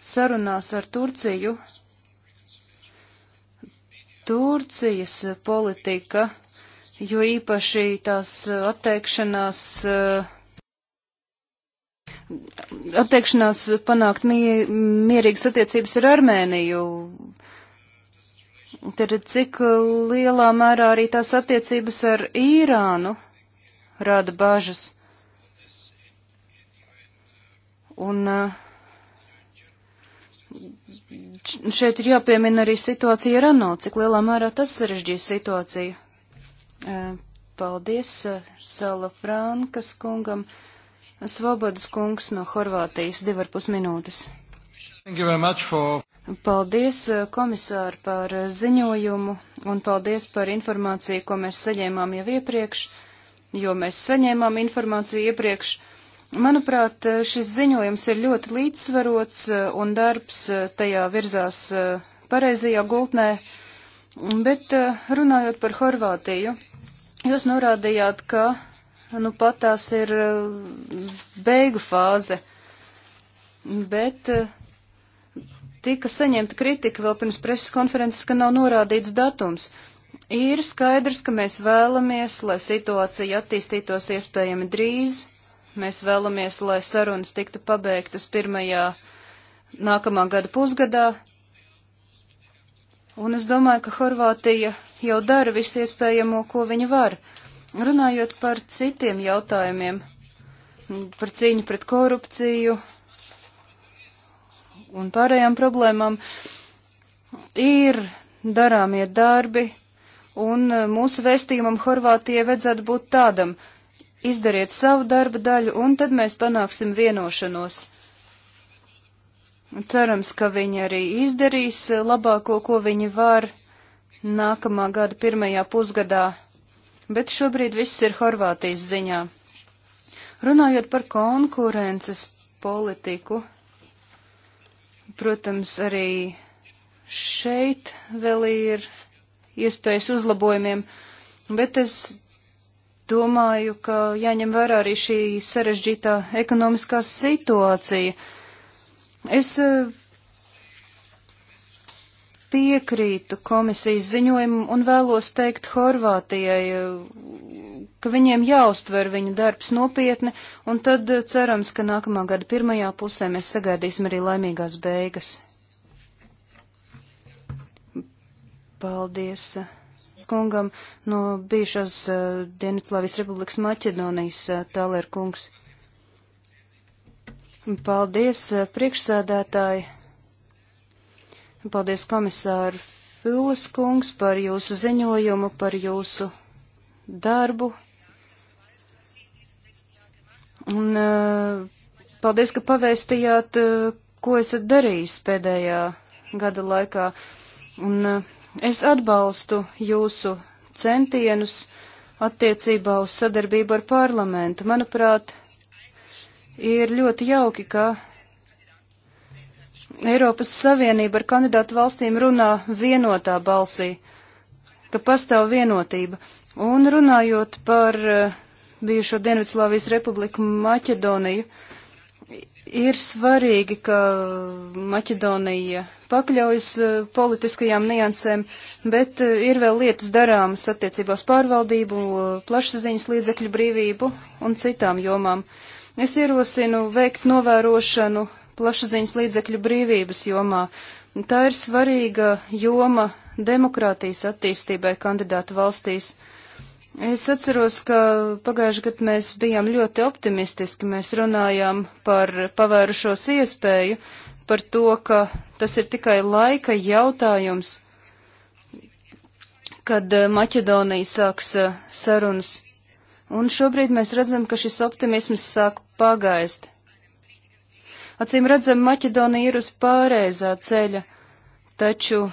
sarunās ar Turciju Turcijas politika, jo īpaši tās uh, atteikšanās, uh, atteikšanās panākt mie, mierīgas attiecības ar Armēniju. Tad cik lielā mērā arī tās attiecības ar Īrānu rada bažas? Un eh, šeit ir jāpiemina arī situācija Renault, ar cik lielā mērā tas sarežģīja situāciju. Eh, paldies eh, Sala Frankas kungam. Svobodas kungs no Horvātijas divar pus minūtes. For... Paldies komisāri par ziņojumu un paldies par informāciju, ko mēs saņēmām jau iepriekš, jo mēs saņēmām informāciju iepriekš Manuprāt, eh, šis ziņojums ir ļoti līdzsvarots eh, un darbs eh, tajā virzās pareizajā gultnē, bet runājot par Horvātiju, jūs norādījāt, ka nu pat tās ir beigu fāze, bet tika saņemta kritika vēl pirms preses konferences, ka nav norādīts datums. Ir skaidrs, ka mēs vēlamies, lai situācija attīstītos iespējami drīz, Mēs vēlamies, lai sarunas tiktu pabeigtas pirmajā nākamā gada pusgadā. Un es domāju, ka Horvātija jau dara visu iespējamo, ko viņa var. Runājot par citiem jautājumiem, par cīņu pret korupciju un pārējām problēmām, ir darāmie darbi, un eh, mūsu vēstījumam Horvātijai vajadzētu būt tādam Izdariet savu darba daļu, un tad mēs panāksim vienošanos. Cerams, ka viņi arī izdarīs labāko, ko viņi var nākamā gada pirmajā pusgadā, bet šobrīd viss ir Horvātijas ziņā. Runājot par konkurences politiku, protams, arī šeit vēl ir iespējas uzlabojumiem, bet es Domāju, ka jāņem vērā arī šī sarežģītā ekonomiskā situācija. Es eh, piekrītu komisijas ziņojumu un vēlos teikt Horvātijai, eh, ka viņiem jāuztver viņu darbs nopietni, un tad eh, cerams, ka nākamā gada pirmajā pusē mēs sagaidīsim arī laimīgās beigas. Paldies! kungam no bijušās uh, Dienvidslāvijas Republikas Maķedonijas uh, eh, Tāler kungs. Paldies, uh, priekšsēdētāji. Paldies, komisāri Fūles kungs, par jūsu ziņojumu, par jūsu darbu. Un uh, paldies, ka pavēstījāt, uh, ko esat darījis pēdējā gada laikā. Un uh, Es atbalstu jūsu centienus attiecībā uz sadarbību ar parlamentu. Manuprāt, ir ļoti jauki, ka Eiropas Savienība ar kandidātu valstīm runā vienotā balsī, ka pastāv vienotība. Un runājot par eh, bijušo Dienvidslāvijas republiku Maķedoniju, uh, Ir svarīgi, ka Maķedonija pakļaujas e, politiskajām niansēm, bet e, ir vēl lietas darāmas attiecībās pārvaldību, e, plašsaziņas līdzekļu brīvību un citām jomām. Es ierosinu veikt novērošanu plašsaziņas līdzekļu brīvības jomā. Tā ir svarīga joma demokrātijas attīstībai kandidātu valstīs. Es atceros, ka pagājušajā gadā mēs bijām ļoti optimistiski. Mēs runājām par pavērušos iespēju, par to, ka tas ir tikai laika jautājums, kad eh, Maķedonija sāks eh, sarunas. Un šobrīd mēs redzam, ka šis optimisms sāk pagaist. Acīm redzam, Maķedonija ir uz pārējā ceļa, taču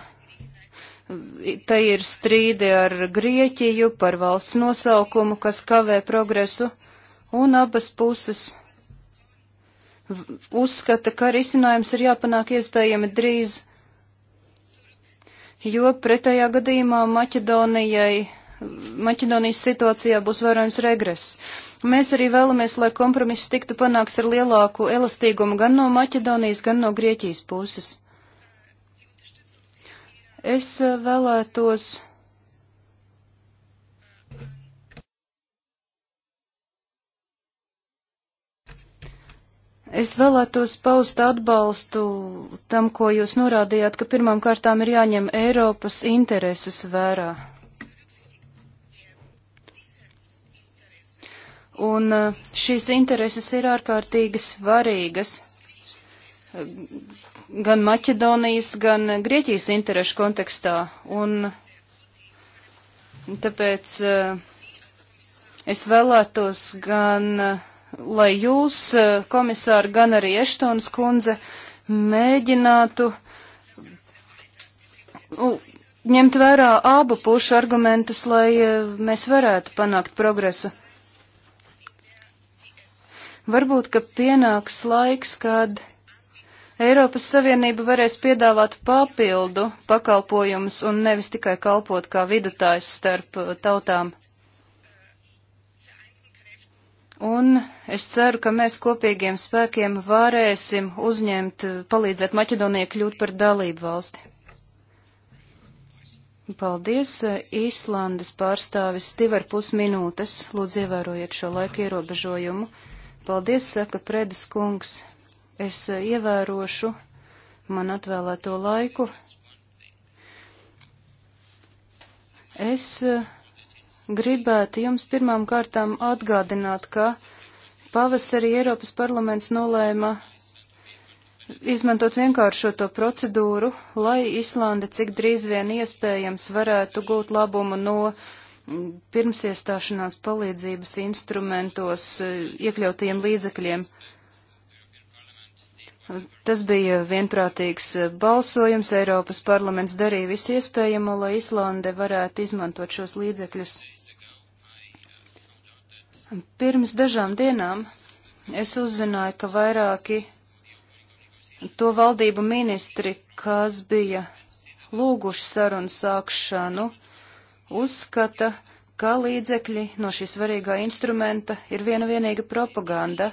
Te ir strīdi ar Grieķiju par valsts nosaukumu, kas kavē progresu, un abas puses uzskata, ka risinājums ir jāpanāk iespējami drīz, jo pretējā gadījumā Maķedonijai, Maķedonijas situācijā būs vērojams regress. Mēs arī vēlamies, lai kompromiss tiktu panāks ar lielāku elastīgumu gan no Maķedonijas, gan no Grieķijas puses. Es eh, vēlētos. Es vēlētos paust atbalstu tam, ko jūs norādījāt, ka pirmām kārtām ir jāņem Eiropas intereses vērā. Un eh, šīs intereses ir ārkārtīgi svarīgas gan Maķedonijas, gan Grieķijas interešu kontekstā. Un tāpēc eh, es vēlētos gan, eh, lai jūs, eh, komisāri, gan arī Eštons kundze, mēģinātu ņemt vērā abu pušu argumentus, lai mēs varētu panākt progresu. Varbūt, ka pienāks laiks, kad. Kād Eiropas Savienība varēs piedāvāt papildu pakalpojumus un nevis tikai kalpot kā vidutājs starp uh, tautām. Un es ceru, ka mēs kopīgiem spēkiem varēsim uzņemt, uh, palīdzēt Maķedonijai kļūt par dalību valsti. Paldies, uh, Īslandes pārstāvis, divar pus minūtes, lūdzu ievērojiet šo laiku ierobežojumu. Paldies, saka Predes kungs es eh, ievērošu man atvēlēto laiku. Es eh, gribētu jums pirmām kārtām atgādināt, ka pavasarī Eiropas parlaments nolēma izmantot vienkāršoto procedūru, lai Islanda cik drīz vien iespējams varētu gūt labumu no mm, pirmsiestāšanās palīdzības instrumentos eh, iekļautajiem līdzekļiem. Tas bija vienprātīgs eh, balsojums. Eiropas parlaments darīja visu iespējamo, lai Islande varētu izmantot šos līdzekļus. Pirms dažām dienām es uzzināju, ka vairāki to valdību ministri, kas bija lūguši sarunu sākšanu, uzskata, ka līdzekļi no šī svarīgā instrumenta ir viena vienīga propaganda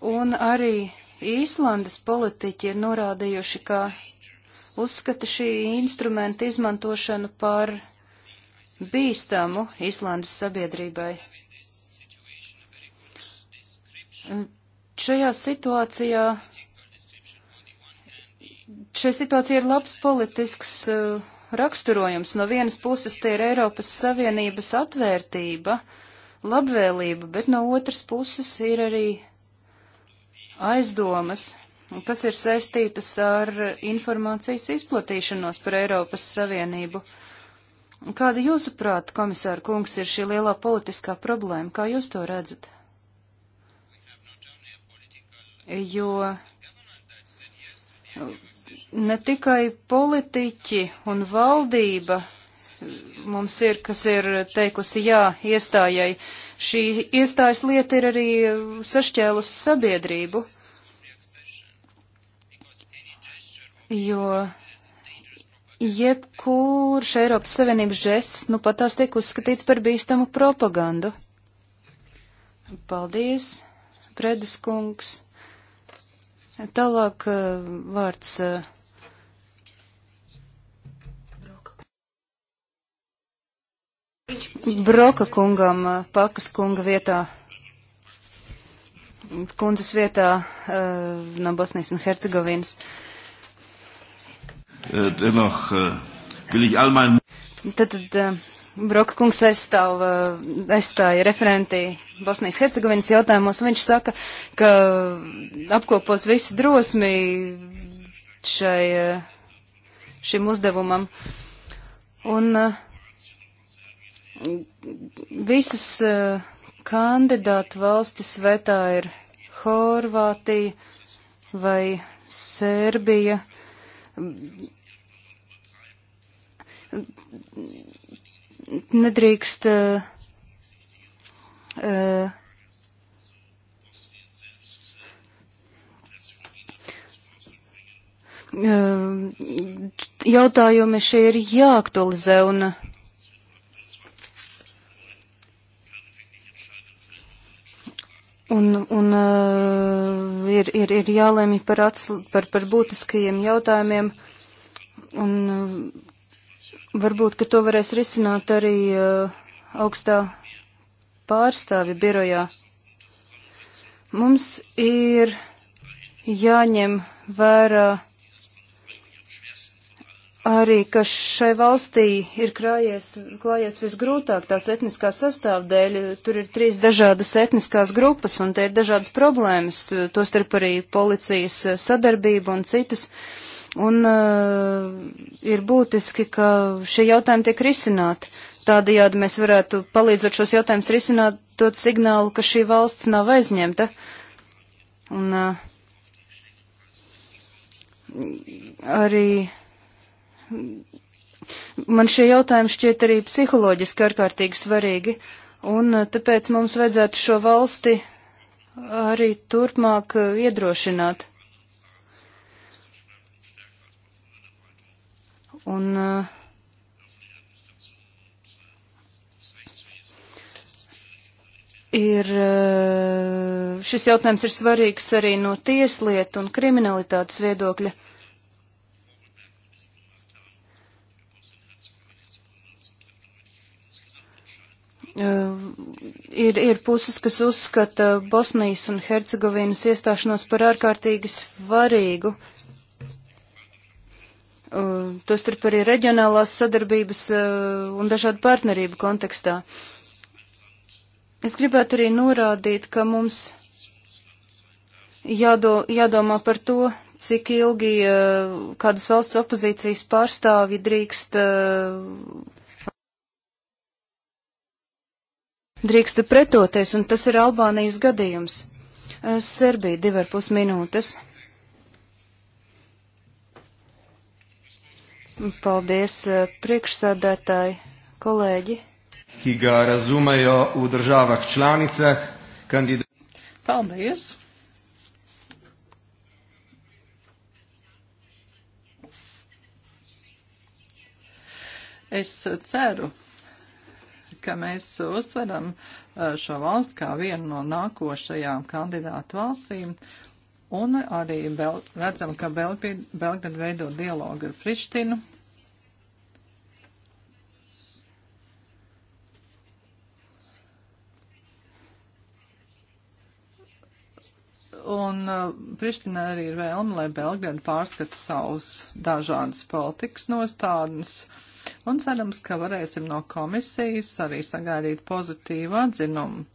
un arī Īslandes politiķi ir norādījuši, ka uzskata šī instrumenta izmantošanu par bīstamu Īslandes sabiedrībai. Šajā situācijā, šajā situācijā ir labs politisks uh, raksturojums. No vienas puses tie ir Eiropas Savienības atvērtība, labvēlība, bet no otras puses ir arī aizdomas, kas ir saistītas ar informācijas izplatīšanos par Eiropas Savienību. Kāda jūsuprāt, komisāra kungs, ir šī lielā politiskā problēma? Kā jūs to redzat? Jo ne tikai politiķi un valdība mums ir, kas ir teikusi jā iestājai, uh, Šī iestājas lieta ir arī sašķēlus sabiedrību, jo jebkurš Eiropas Savienības žests nu pat tās tiek uzskatīts par bīstamu propagandu. Paldies, Predes kungs. Tālāk eh, vārds. Uh, Broka kungam eh, pakas kunga vietā, kundzes vietā uh, no Bosnijas un Hercegovinas. Äh, dennoch äh, will ich all mein. Tad, tad eh, Broka kungs aizstāv, aizstāja referentī Bosnijas Hercegovinas jautājumos, un viņš saka, ka apkopos visu drosmi šai, šim uzdevumam. Un uh, Visas eh, kandidātu valstis vetā ir Horvātija vai Sērbija. Nedrīkst uh, uh, jautājumi šie ir jāaktualizē un uh, Un, un uh, ir, ir, ir jālēmj par, atsl, par, par būtiskajiem jautājumiem. Un uh, varbūt, ka to varēs risināt arī uh, augstā pārstāvi birojā. Mums ir jāņem vērā arī, ka šai valstī ir krājies, klājies visgrūtāk tās etniskā sastāvdēļ. Tur ir trīs dažādas etniskās grupas un te ir dažādas problēmas, tostarp arī policijas sadarbība un citas. Un uh, ir būtiski, ka šie jautājumi tiek risināti. Tādējādi mēs varētu palīdzot šos jautājumus risināt, dot signālu, ka šī valsts nav aizņemta. Un uh, arī Man šie jautājumi šķiet arī psiholoģiski ārkārtīgi svarīgi, un eh, tāpēc mums vajadzētu šo valsti arī turpmāk eh, iedrošināt. Un eh, ir, šis jautājums ir svarīgs arī no tieslietu un kriminalitātes viedokļa. Eh, ir, ir puses, kas uzskata Bosnijas un Hercegovinas iestāšanos par ārkārtīgi svarīgu. Eh, tostarp arī reģionālās sadarbības eh, un dažādu partnerību kontekstā. Es gribētu arī norādīt, ka mums jādo, jādomā par to, cik ilgi kādas valsts opozīcijas pārstāvji drīkst drīksta pretoties, un tas ir Albānijas gadījums. Eh, Serbija divi ar pus minūtes. Paldies, eh, priekšsādētāji, kolēģi. Ki ga razumejo v državah članicah kandidat. Paldies. Es ceru, ka mēs uztveram uh, šo valstu kā vienu no nākošajām kandidātu valstīm. Un arī Bel redzam, ka Belgrad veido dialogu ar Prištinu. Un uh, Prištinā arī ir vēlme, lai Belgrada pārskata savus dažādas politikas nostādnes. Uh, un cerams, ka varēsim no komisijas arī sagaidīt pozitīvu atzinumu.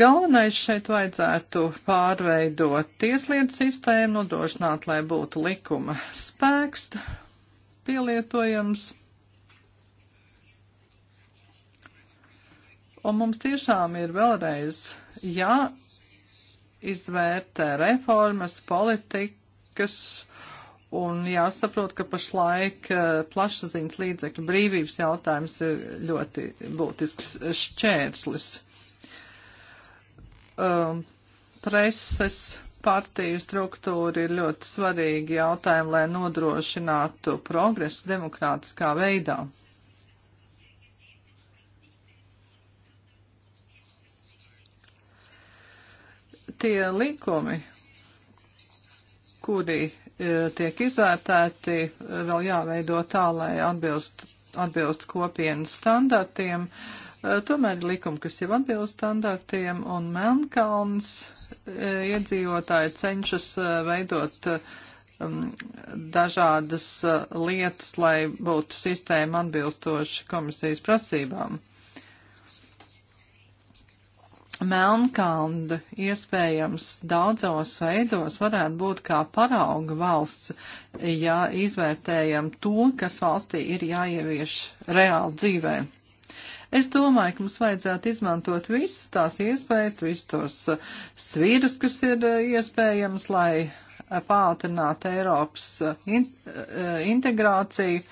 Galvenais šeit vajadzētu pārveidot tieslietu sistēmu, nodrošināt, lai būtu likuma spēks pielietojams. Un mums tiešām ir vēlreiz jāizvērtē ja reformas, politikas Un jāsaprot, ka pašlaik eh, plašsaziņas līdzekļu brīvības jautājums ir ļoti būtisks šķērslis. Um, preses partiju struktūra ir ļoti svarīgi jautājumi, lai nodrošinātu progresu demokrātiskā veidā. Tie likumi, kuri E, tiek izvērtēti, e, vēl jāveido tā, lai atbilst, atbilst kopienas standartiem. E, tomēr ir likumi, kas jau atbilst standartiem, un Melnkalns iedzīvotāji cenšas veidot dažādas lietas, lai būtu sistēma atbilstoši komisijas prasībām. Melnkalna iespējams daudzos veidos varētu būt kā parauga valsts, ja izvērtējam to, kas valstī ir jāievieš reāli dzīvē. Es domāju, ka mums vajadzētu izmantot visas tās iespējas, visus tos eh, svīrus, kas ir eh, iespējams, lai eh, pātrinātu Eiropas in integrāciju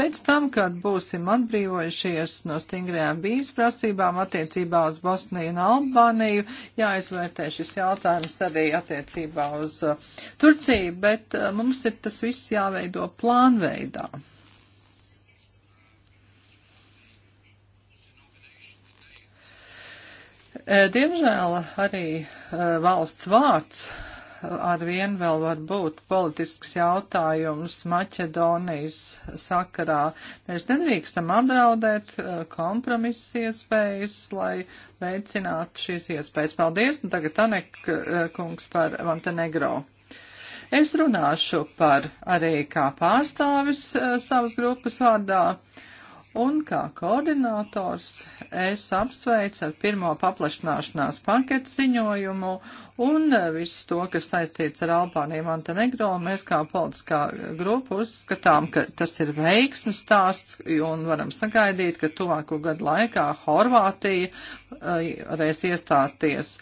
Pēc tam, kad būsim atbrīvojušies no stingrajām bīzes prasībām attiecībā uz Bosniju un Albāniju, jāizvērtē šis jautājums arī attiecībā uz uh, Turciju, bet uh, mums ir tas viss jāveido plānveidā. Uh, diemžēl arī valsts vārds arvien vēl var būt politisks jautājums Maķedonijas sakarā. Mēs nedrīkstam apdraudēt uh, kompromiss iespējas, lai veicinātu šīs iespējas. Paldies, un tagad Tanek uh, kungs par Montenegro. Es runāšu par arī kā pārstāvis uh, savas grupas vārdā. Uh, Un kā koordinators es apsveicu ar pirmo paplašināšanās paketu ziņojumu un visu to, kas saistīts ar Albāniju Montenegro. Mēs kā politiskā grupa uzskatām, ka tas ir veiksmes stāsts un varam sagaidīt, ka tuvāko gadu laikā Horvātija eh, varēs iestāties.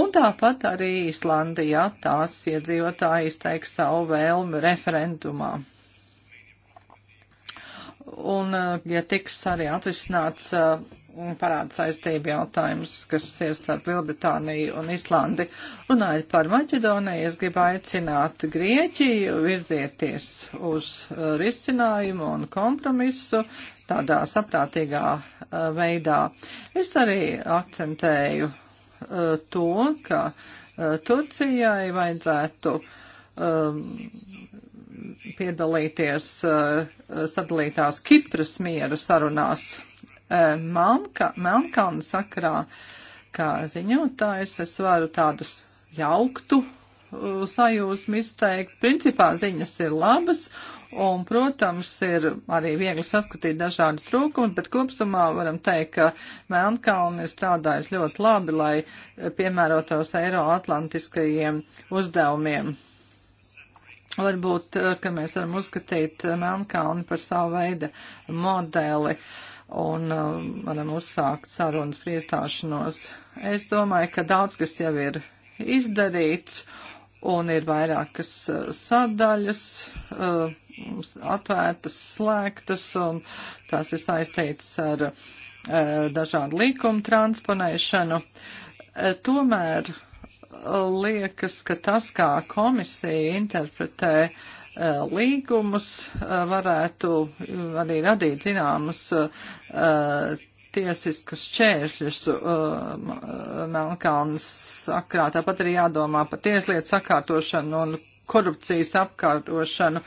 Un tāpat arī Īslandijā tās iedzīvotāji izteiks savu vēlmi referendumā. Un, eh, ja tiks arī atrisināts eh, parāda saistību jautājums, kas ir starp Lielbritāniju un Islandi. Runājot par Maķedoniju, es gribu aicināt Grieķiju virzieties uz eh, risinājumu un kompromisu tādā saprātīgā veidā. Es arī akcentēju to, ka Turcijai vajadzētu um, piedalīties eh, sadalītās Kipras miera sarunās eh, Melnka, Melnkalna sakarā, kā ziņotājs, es varu tādus jauktu eh, sajūsmu izteikt. Principā ziņas ir labas, un, protams, ir arī viegli saskatīt dažādas trūkumus, bet kopumā varam teikt, ka Melnkalni ir strādājis ļoti labi, lai piemērotos Eiroatlantiskajiem uzdevumiem. Varbūt, eh, ka mēs varam uzskatīt eh, Melnkalni par savu veidu modeli un eh, varam uzsākt sarunas priestāšanos. Es domāju, ka daudz kas jau ir izdarīts un ir vairākas sadaļas atvērtas, slēgtas un tās ir saistītas ar dažādu līkumu transponēšanu. Tomēr liekas, ka tas, kā komisija interpretē eh, līgumus, eh, varētu eh, arī radīt zināmas tiesiskus šķēršļus Melnkalnas sakrā. Tāpat arī jādomā par tieslietu sakārtošanu un korupcijas apkārtošanu.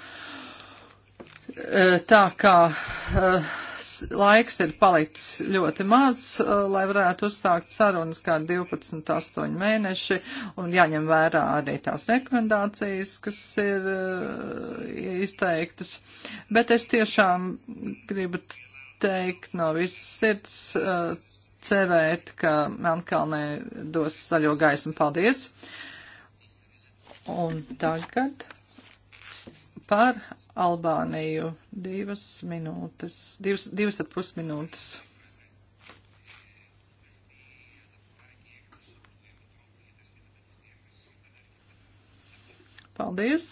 Tā kā laiks ir palicis ļoti maz, uh, lai varētu uzsākt sarunas kā 12-8 mēneši, un jāņem vērā arī tās rekomendācijas, kas ir uh, izteiktas. Bet es tiešām gribu teikt no visas sirds uh, cerēt, ka Melnkalnē dos zaļo gaismu. Paldies! Un tagad par Albāniju. Divas minūtes, divas, divas ar pus minūtes. Paldies!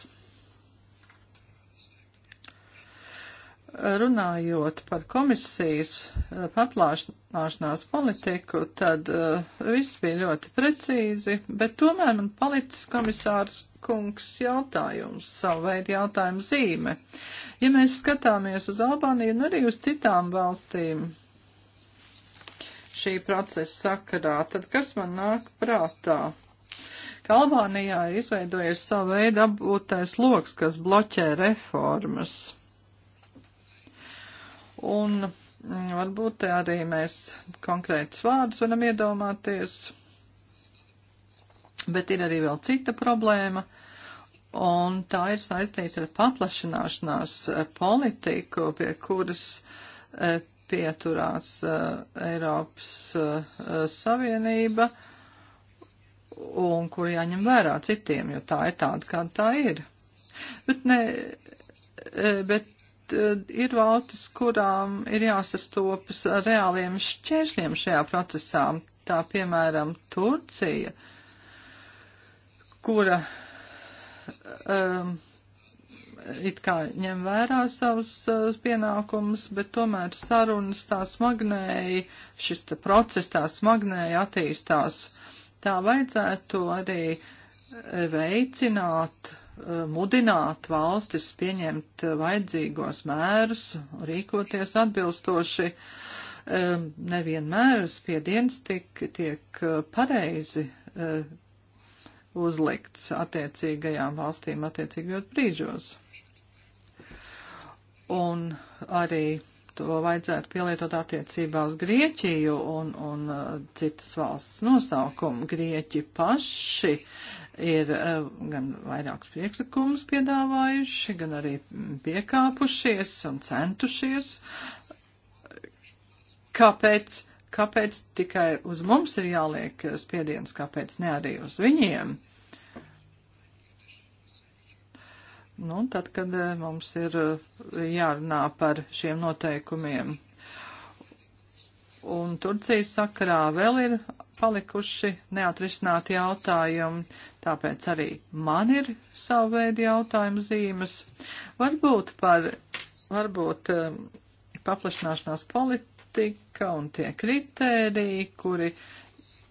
runājot par komisijas eh, paplāšanās politiku, tad uh, viss bija ļoti precīzi, bet tomēr man palicis komisārs kungs jautājums, savu veidu jautājumu zīme. Ja mēs skatāmies uz Albāniju un arī uz citām valstīm šī procesa sakarā, tad kas man nāk prātā? Ka Albānijā ir izveidojies savu veidu apgūtais loks, kas bloķē reformas. Un mm, varbūt arī mēs konkrētus vārdus varam iedomāties, bet ir arī vēl cita problēma, un tā ir saistīta ar paplašināšanās eh, politiku, pie kuras eh, pieturās eh, Eiropas Savienība un kur jāņem vērā citiem, jo tā ir tāda, kāda tā ir. Bet, ne, bet ir valstis, kurām ir jāsastopas ar reāliem šķēršļiem šajā procesā, tā piemēram Turcija, kura uh, um, it kā ņem vērā savus uh, pienākumus, bet tomēr sarunas tā smagnēji, šis te process tā smagnēji attīstās. Tā vajadzētu arī uh, veicināt, uh, mudināt valstis pieņemt vajadzīgos mērus, rīkoties atbilstoši. Uh, nevienmēr spiediens tiek, tiek uh, pareizi uh, uzlikts attiecīgajām valstīm attiecīgajos brīžos. Un arī to vajadzētu pielietot attiecībā uz Grieķiju un, un uh, citas valsts nosaukumu. Grieķi paši ir uh, gan vairākus priekšlikumus piedāvājuši, gan arī piekāpušies un centušies. Kāpēc, kāpēc tikai uz mums ir jāliek spiediens, kāpēc ne arī uz viņiem? Nu, tad, kad eh, mums ir eh, jārunā par šiem noteikumiem. Un Turcijas sakarā vēl ir palikuši neatrisināti jautājumi, tāpēc arī man ir savu veidu jautājumu zīmes. Varbūt par, varbūt eh, paplašināšanās politika un tie kritēriji, kuri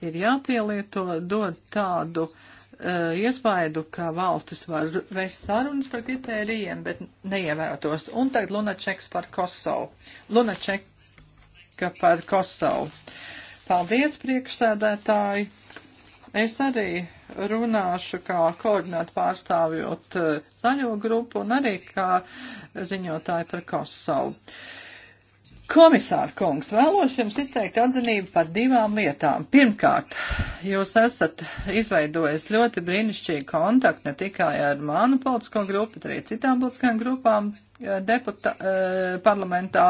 ir jāpielieto, dod tādu uh, Eh, iespaidu, ka valstis var vest sarunas par kritērijiem, bet neievērotos. Un tagad Lunačeks par Kosovu. Lunačeka par Kosovu. Paldies, priekšsēdētāji. Es arī runāšu kā koordināt pārstāvjot eh, zaļo grupu un arī kā ziņotāju par Kosovu. Uh, Komisār kungs, vēlos jums izteikt atzinību par divām lietām. Pirmkārt, jūs esat izveidojis ļoti brīnišķīgu kontaktu ne tikai ar manu politisko grupu, bet arī citām politiskajām grupām eh, deputā, eh, parlamentā.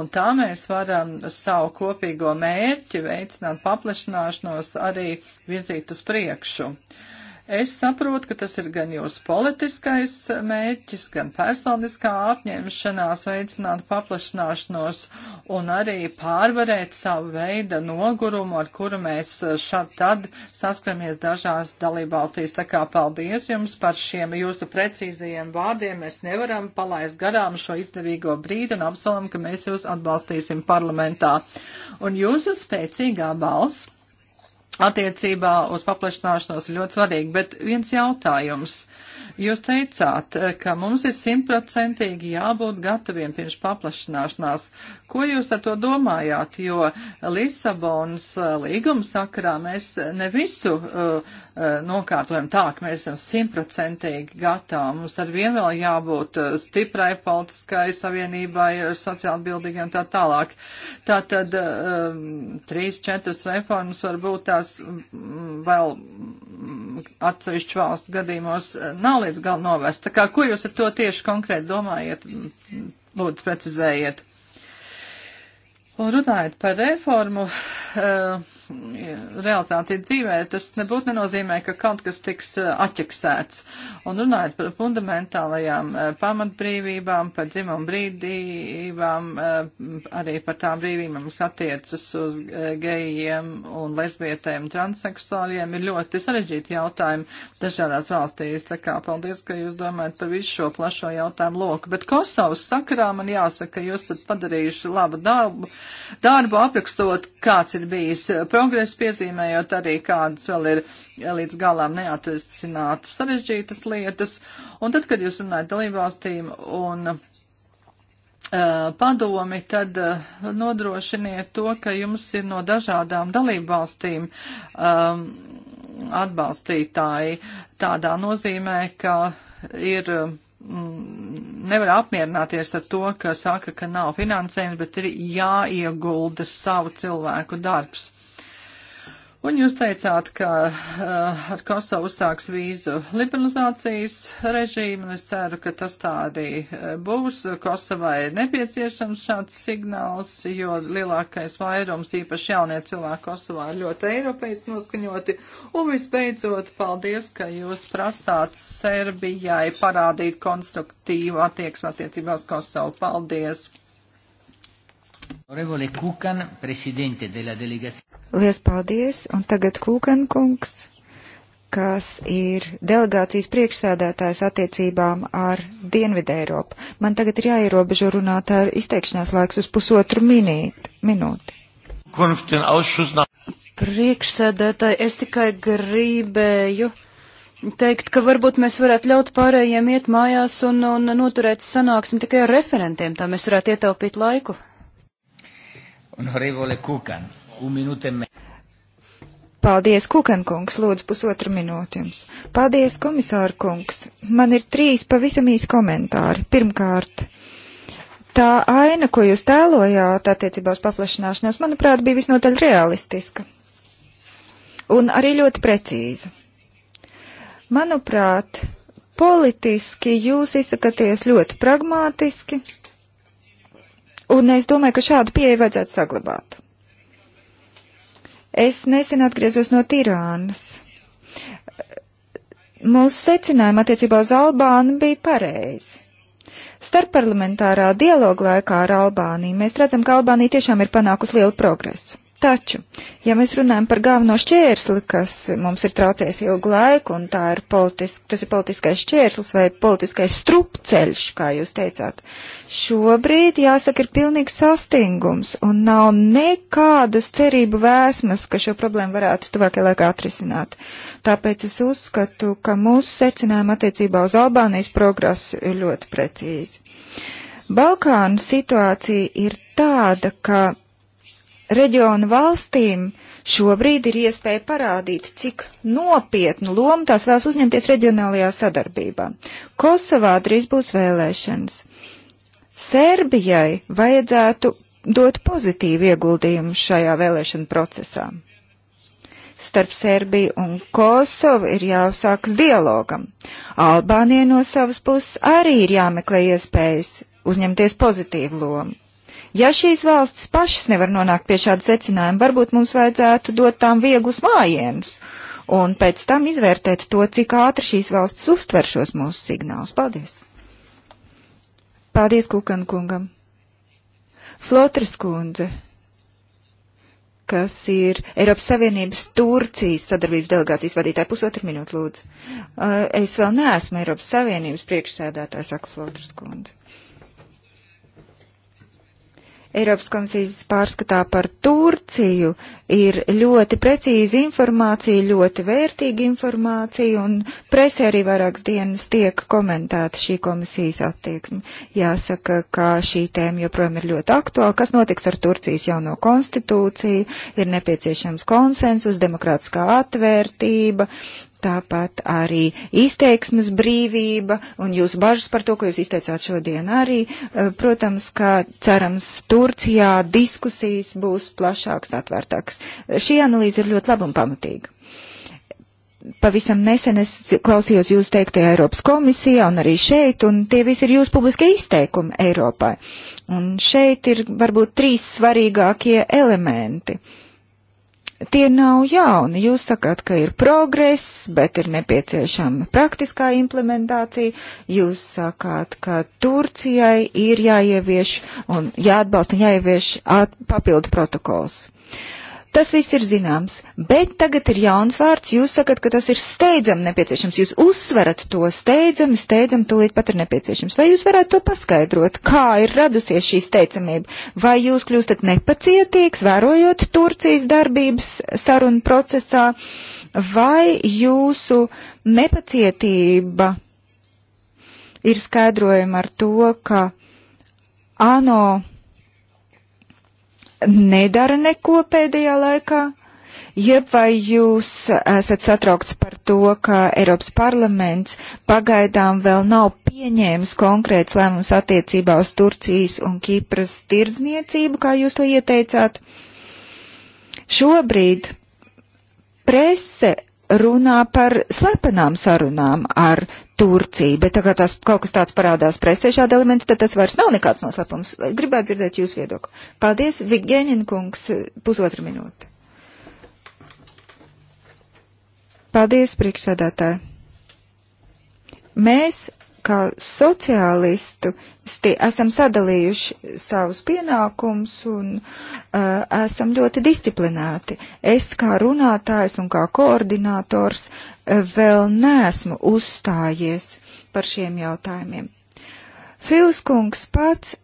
Un tā mēs varam savu kopīgo mērķi veicināt paplašināšanos arī virzīt uz priekšu. Uh, Es saprotu, ka tas ir gan jūsu politiskais mērķis, gan personiskā apņemšanās veicināt paplašināšanos un arī pārvarēt savu veidu nogurumu, ar kuru mēs šad tad saskaramies dažās dalībvalstīs. Tā kā paldies jums par šiem jūsu precīzajiem vārdiem. Mēs nevaram palaist garām šo izdevīgo brīdi un apsolam, ka mēs jūs atbalstīsim parlamentā. Un jūsu spēcīgā balss attiecībā uz paplašināšanos ir ļoti svarīgi, bet viens jautājums. Uh, Jūs teicāt, eh, ka mums ir simtprocentīgi jābūt gataviem pirms paplašināšanās. Ko jūs ar to domājāt? Jo Lisabonas eh, līguma sakarā mēs ne visu uh, nokārtojam tā, ka mēs esam simtprocentīgi gatavi. Mums ar vien vēl jābūt stiprai politiskai savienībai ar sociāli bildīgiem tā tālāk. Tā tad um, trīs, četras reformas varbūt tās mm, mm, vēl mm, atsevišķu valstu gadījumos nav līdz galam novest. Tā kā, ko jūs ar to tieši konkrēti domājat? Lūdzu, precizējiet. Un runājot par reformu, uh, realitāti dzīvē, tas nebūtu nenozīmē, ka kaut kas tiks eh, atķeksēts. Un runājot par fundamentālajām eh, pamatbrīvībām, par dzimumu brīvībām, eh, arī par tām brīvībām, kas attiecas uz gejiem un lesbietēm, transseksuāliem, ir ļoti sarežģīti jautājumi dažādās valstīs. Tā kā paldies, ka jūs domājat par visu šo plašo jautājumu loku. Bet Kosovas sakarā man jāsaka, ka jūs esat padarījuši labu darbu, darbu aprakstot, kāds ir bijis progresu, piezīmējot arī kādas vēl ir līdz galām neatrisinātas sarežģītas lietas. Un tad, kad jūs runājat dalībvalstīm un uh, padomi, tad uh, nodrošiniet to, ka jums ir no dažādām dalībvalstīm um, atbalstītāji tādā nozīmē, ka ir um, nevar apmierināties ar to, ka saka, ka nav finansējums, bet ir jāiegulda savu cilvēku darbs. Un jūs teicāt, ka uh, ar Kosovu sāks vīzu liberalizācijas režīmu, un es ceru, ka tas tā arī eh, būs. Kosovai ir nepieciešams šāds signāls, jo lielākais vairums, īpaši jaunie cilvēki Kosovā, ir ļoti eiropeiski noskaņoti. Un visbeidzot, paldies, ka jūs prasāt Serbijai parādīt konstruktīvu attieksmi attiecībā uz Kosovu. Paldies! Lielas paldies, un tagad Kūkan kungs, kas ir delegācijas priekšsēdētājs attiecībām ar Dienvidu Eiropu. Man tagad ir jāierobežo runāt ar izteikšanās laiks uz pusotru minīt, minūti. Priekšsēdētāji, es tikai gribēju teikt, ka varbūt mēs varētu ļaut pārējiem iet mājās un, un noturēt sanāksmi tikai ar referentiem, tā mēs varētu ietaupīt laiku. Honorevole Kukan, un minūte e mē. Paldies, Kukankungs, lūdzu pusotru minūti jums. Paldies, komisāra kungs. Man ir trīs pavisam īsi komentāri. Pirmkārt, tā aina, ko jūs tēlojāt attiecībā uz paplašināšanos, manuprāt, bija visnotaļ realistiska. Un arī ļoti precīza. Manuprāt, politiski jūs izsakaties ļoti pragmātiski Un es domāju, ka šādu pieeju vajadzētu saglabāt. Es nesen atgriezos no Tirānas. Mūsu secinājumi attiecībā uz Albānu bija pareizi. Starparlamentārā dialoga laikā ar Albāniju mēs redzam, ka Albānija tiešām ir panākusi lielu progresu. Taču, ja mēs runājam par galveno šķērsli, kas mums ir traucējis ilgu laiku, un ir politisk, tas ir politiskais šķērslis vai politiskais strupceļš, kā jūs teicāt, šobrīd, jāsaka, ir pilnīgs sastingums, un nav nekādas cerību vēsmas, ka šo problēmu varētu tuvākajā laikā atrisināt. Tāpēc es uzskatu, ka mūsu secinājumi attiecībā uz Albānijas progresu ir ļoti precīzi. Balkānu situācija ir tāda, ka reģionu valstīm šobrīd ir iespēja parādīt, cik nopietnu lomu tās vēlas uzņemties reģionālajā sadarbībā. Kosovā drīz būs vēlēšanas. Serbijai vajadzētu dot pozitīvu ieguldījumu šajā vēlēšanu procesā. Starp Serbiju un Kosovu ir jāuzsāks dialogam. Albānija no savas puses arī ir jāmeklē iespējas uzņemties pozitīvu lomu. Ja šīs valstis pašas nevar nonākt pie šāda secinājuma, varbūt mums vajadzētu dot tām vieglus mājienus un pēc tam izvērtēt to, cik ātri šīs valstis uztver šos mūsu signālus. Paldies! Paldies Kukan kungam! Flotras kundze, kas ir Eiropas Savienības Turcijas sadarbības delegācijas vadītāja, pusotru minūtu lūdzu. Uh, es vēl neesmu Eiropas Savienības priekšsēdētāja, saka Flotras kundze. Eiropas komisijas pārskatā par Turciju ir ļoti precīza informācija, ļoti vērtīga informācija, un presē arī vairākas dienas tiek komentēta šī komisijas attieksme. Jāsaka, ka šī tēma joprojām ir ļoti aktuāla. Kas notiks ar Turcijas jauno konstitūciju? Ir nepieciešams konsensus, demokrātiskā atvērtība, tāpat arī izteiksmes brīvība un jūsu bažas par to, ko jūs izteicāt šodien arī. Eh, protams, ka cerams Turcijā diskusijas būs plašāks, atvērtāks. Eh, šī analīze ir ļoti laba un pamatīga pavisam nesen es klausījos jūs teiktajā Eiropas komisijā un arī šeit, un tie visi ir jūsu publiskie izteikumi Eiropai. Un šeit ir varbūt trīs svarīgākie elementi. Uh, Tie nav jauni. Jūs sakāt, ka ir progress, bet ir nepieciešama praktiskā implementācija. Jūs sakāt, ka Turcijai ir jāievieš un jāatbalsta un jāievieš papildu protokols. Uh, Tas viss ir zināms, bet tagad ir jauns vārds, jūs sakat, ka tas ir steidzami nepieciešams, jūs uzsverat to steidzami, steidzami tūlīt pat ir nepieciešams. Vai jūs varētu to paskaidrot, kā ir radusies šī steidzamība? Vai jūs kļūstat nepacietīgs, vērojot Turcijas darbības sarunu procesā, vai jūsu nepacietība ir skaidrojama ar to, ka ANO nedara neko pēdējā laikā? Jeb vai jūs esat satraukts par to, ka Eiropas parlaments pagaidām vēl nav pieņēmis konkrēts lēmums attiecībā uz Turcijas un Kipras tirdzniecību, kā jūs to ieteicāt? Šobrīd prese runā par slepenām sarunām ar Turciju, bet tagad tās kaut kas tāds parādās presē šādi elementi, tad tas vairs nav nekāds noslēpums. Gribētu dzirdēt jūsu viedokli. Paldies, Vigēnin kungs, pusotru minūti. Paldies, priekšsēdētāji. Mēs kā sociālistu esam sadalījuši savus pienākumus un uh, esam ļoti disciplinēti. Es kā runātājs un kā koordinators uh, vēl neesmu uzstājies par šiem jautājumiem. Filskungs pats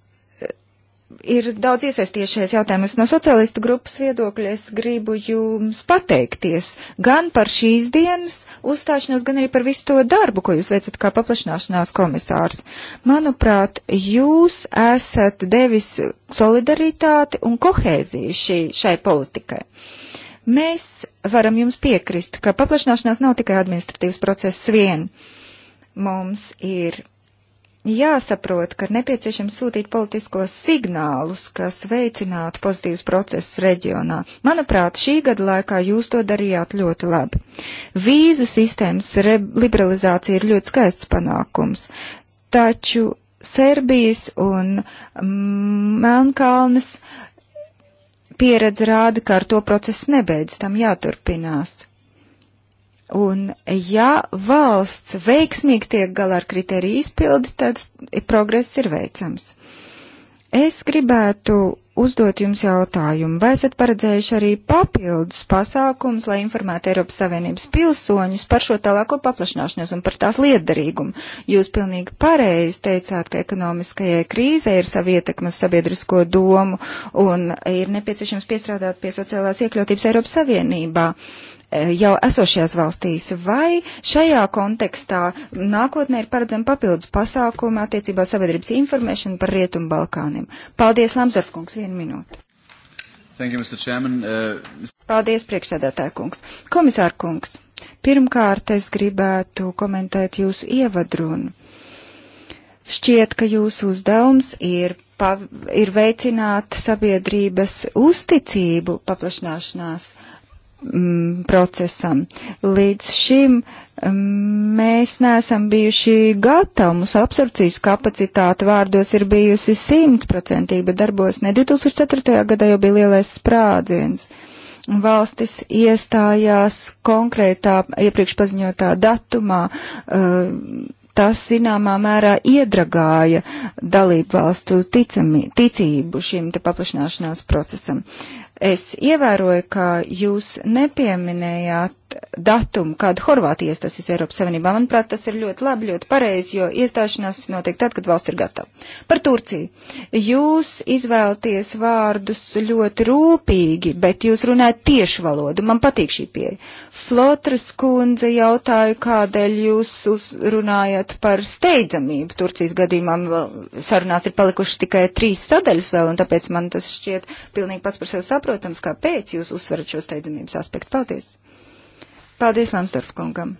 ir daudz iesaistījušies jautājumus no sociālistu grupas viedokļa. Es gribu jums pateikties gan par šīs dienas uzstāšanos, gan arī par visu to darbu, ko jūs veicat kā paplašināšanās komisārs. Manuprāt, jūs esat devis solidaritāti un kohēziju šī, šai politikai. Mēs varam jums piekrist, ka paplašināšanās nav tikai administratīvs process vien. Mums ir jāsaprot, ka nepieciešams sūtīt politiskos signālus, kas veicinātu pozitīvus procesus reģionā. Manuprāt, šī gada laikā jūs to darījāt ļoti labi. Vīzu sistēmas liberalizācija ir ļoti skaists panākums, taču Serbijas un mm, Melnkalnes pieredze rāda, ka ar to process nebeidz, tam jāturpinās Un ja valsts veiksmīgi tiek galā ar kriteriju izpildi, tad progress ir veicams. Es gribētu uzdot jums jautājumu, vai esat paredzējuši arī papildus pasākums, lai informētu Eiropas Savienības pilsoņus par šo tālāko paplašināšanos un par tās liederīgumu? Jūs pilnīgi pareizi teicāt, ka ekonomiskajai krīzē ir savi ietekmi uz sabiedrisko domu un ir nepieciešams piestrādāt pie sociālās iekļautības Eiropas Savienībā jau esošajās valstīs, vai šajā kontekstā nākotnē ir paredzama papildus pasākuma attiecībā sabiedrības informēšana par Rietumu Balkāniem. Paldies, Lamsdorfkungs, vienu minūti. Thank you, Mr. Chairman. Uh, Paldies, priekšsēdētāja kungs. Komisāra kungs, pirmkārt es gribētu komentēt jūsu ievadrunu. Šķiet, ka jūsu uzdevums ir pav, ir veicināt sabiedrības uzticību paplašināšanās uh, mm, procesam. Līdz šim mm, mēs neesam bijuši gatavi, mūsu absorpcijas kapacitāte vārdos ir bijusi simtprocentība darbos, ne 2004. gadā jau bija lielais sprādziens. Valstis iestājās konkrētā iepriekš paziņotā datumā. Uh, tas zināmā mērā iedragāja dalību valstu ticami, ticību šim te paplašināšanās procesam. Uh, Es ievēroju, ka jūs nepieminējāt datumu, kādu Horvātija iestāsies Eiropas Savienībā. Manuprāt, tas ir ļoti labi, ļoti pareizi, jo iestāšanās notiek tad, kad valsts ir gatava. Par Turciju. Jūs izvēlties vārdus ļoti rūpīgi, bet jūs runājat tiešu valodu. Man patīk šī pieeja. Flotras kundze jautāja, kādēļ jūs runājat par steidzamību Turcijas gadījumam. Sarunās ir palikušas tikai trīs sadaļas vēl, un tāpēc man tas šķiet pilnīgi pats par sevi saprotams, kāpēc jūs uzsverat šo steidzamības aspektu. Paldies! Paldies Lamsdorf kungam.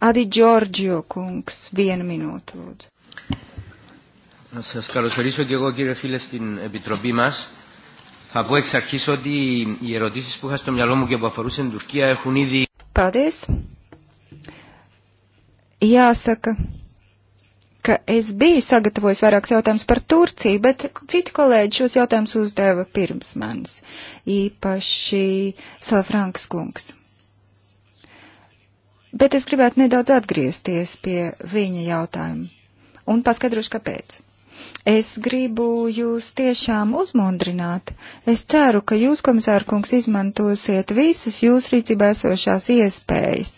Adi Giorgio kungs, viena minūte lūdzu. Να σας καλωσορίσω και εγώ κύριε φίλε στην Επιτροπή μας. Θα πω εξ αρχής ότι οι ερωτήσεις που είχα στο μυαλό μου και που αφορούσαν την Τουρκία έχουν ήδη... Paldies. Jāsaka, ka es biju sagatavojis vairākus jautājumus par Turciju, bet citi kolēģi šos jautājumus uzdeva pirms manis, īpaši Salafrankas kungs. Bet es gribētu nedaudz atgriezties pie viņa jautājuma un paskaidrošu, kāpēc. Es gribu jūs tiešām uzmundrināt. Es ceru, ka jūs, komisārkungs, izmantosiet visas jūs rīcībā esošās iespējas.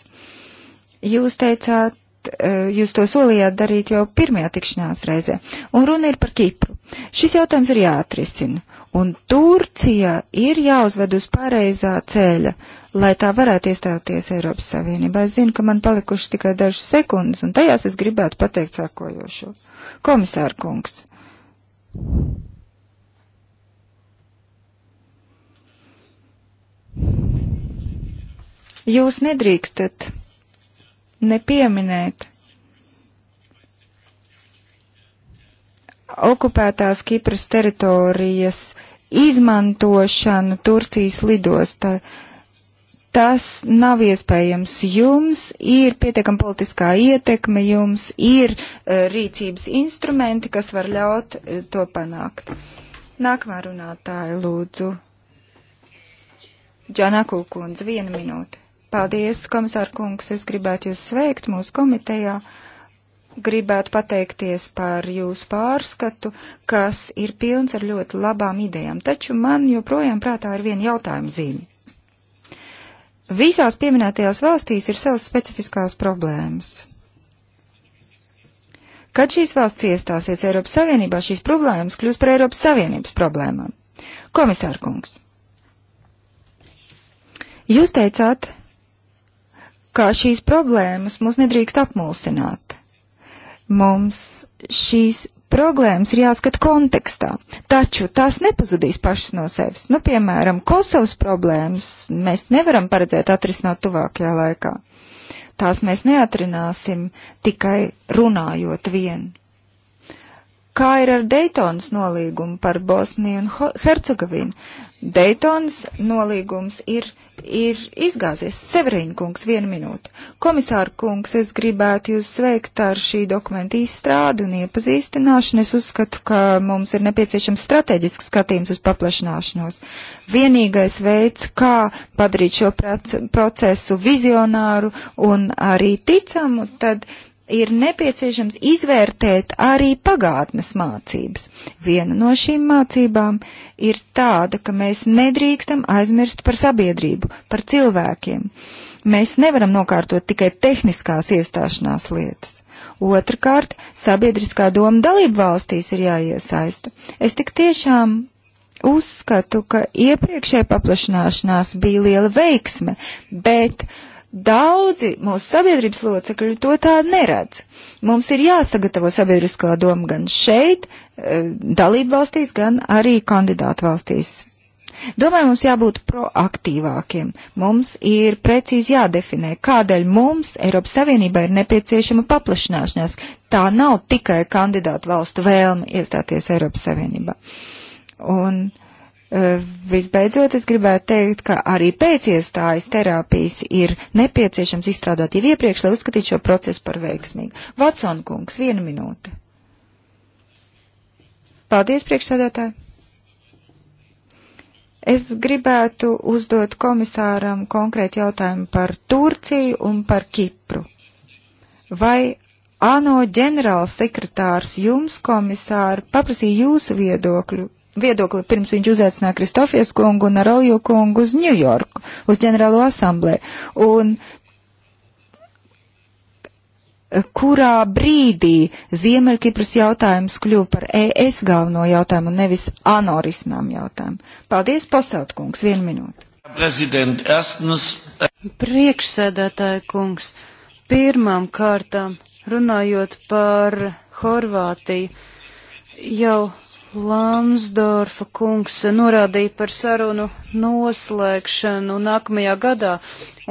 Jūs teicāt, E, jūs to solījāt darīt jau pirmajā tikšanās reizē. Un runa ir par Kipru. Šis jautājums ir jāatrisina. Un Turcija ir jāuzved uz pareizā ceļa, lai tā varētu iestāties Eiropas Savienībā. Es zinu, ka man palikušas tikai dažas sekundes, un tajās es gribētu pateikt sākojošo. Komisāra kungs. Jūs nedrīkstat nepieminēt okupētās Kipras teritorijas izmantošanu Turcijas lidostā. Tas nav iespējams. Jums ir pietiekama politiskā ietekme, jums ir uh, rīcības instrumenti, kas var ļaut uh, to panākt. Nākamā runātāja lūdzu. Džanaku kundze, viena minūte. Paldies, komisāra kungs, es gribētu jūs sveikt mūsu komitejā gribētu pateikties par jūsu pārskatu, kas ir pilns ar ļoti labām idejām, taču man joprojām prātā ir viena jautājuma zīme. Visās pieminētajās valstīs ir savas specifiskās problēmas. Kad šīs valsts iestāsies Eiropas Savienībā, šīs problēmas kļūs par Eiropas Savienības problēmām. Komisārkungs, jūs teicāt, ka šīs problēmas mūs nedrīkst apmulsināt. Mums šīs problēmas ir jāskat kontekstā, taču tās nepazudīs pašas no sevis. Nu, piemēram, Kosovas problēmas mēs nevaram paredzēt atrisināt tuvākajā laikā. Tās mēs neatrināsim tikai runājot vien. Kā ir ar Daytonas nolīgumu par Bosniju un Hercegovinu? Daytonas nolīgums ir ir izgāzies. Severīna kungs, viena minūte. Komisāra kungs, es gribētu jūs sveikt ar šī dokumenta izstrādi un iepazīstināšanu. Es uzskatu, ka mums ir nepieciešams strateģisks skatījums uz paplašināšanos. Vienīgais veids, kā padarīt šo procesu vizionāru un arī ticamu, tad ir nepieciešams izvērtēt arī pagātnes mācības. Viena no šīm mācībām ir tāda, ka mēs nedrīkstam aizmirst par sabiedrību, par cilvēkiem. Mēs nevaram nokārtot tikai tehniskās iestāšanās lietas. Otrakārt, sabiedriskā doma dalību valstīs ir jāiesaista. Es tik tiešām uzskatu, ka iepriekšējā paplašanāšanās bija liela veiksme, bet uh, Daudzi mūsu sabiedrības locekļi to tādu neredz. Mums ir jāsagatavo sabiedriskā doma gan šeit, eh, dalību valstīs, gan arī kandidātu valstīs. Domāju, mums jābūt proaktīvākiem. Mums ir precīzi jādefinē, kādēļ mums Eiropas Savienībā ir nepieciešama paplašināšanās. Tā nav tikai kandidātu valstu vēlme iestāties Eiropas Savienībā. Un uh, Visbeidzot, es gribētu teikt, ka arī pēc iestājas terapijas ir nepieciešams izstrādāt jau iepriekš, lai uzskatītu šo procesu par veiksmīgu. Vatsonkungs, viena minūte. Paldies, priekšsēdētāji! Es gribētu uzdot komisāram konkrētu jautājumu par Turciju un par Kipru. Vai ANO ģenerālsekretārs jums, komisāri, paprasīja jūsu viedokļu viedokli pirms viņš uzaicināja Kristofies kungu un Arolju kungu uz Ņujorku, uz ģenerālo asamblē. Un kurā brīdī Ziemeļkipras jautājums kļuva par ES galveno jautājumu un nevis ANO risinām jautājumu. Paldies, Posaut kungs, vienu minūti. Erstens... Priekšsēdētāja kungs, pirmām kārtām runājot par Horvātiju, jau Lamsdorfa kungs norādīja par sarunu noslēgšanu nākamajā gadā,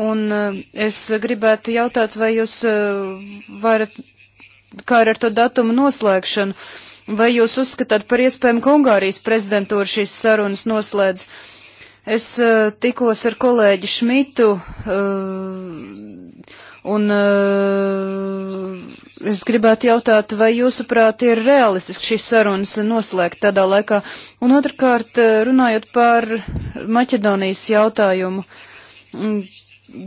un eh, es gribētu jautāt, vai jūs eh, varat, kā ir ar to datumu noslēgšanu, vai jūs uzskatāt par iespējumu, ka Ungārijas prezidentūra šīs sarunas noslēdz? Es eh, tikos ar kolēģi Šmitu. Uh, Un uh, es gribētu jautāt, vai jūsuprāt ir realistiski šīs sarunas noslēgt tādā laikā? Un otrkārt, eh, runājot par Maķedonijas jautājumu, mm,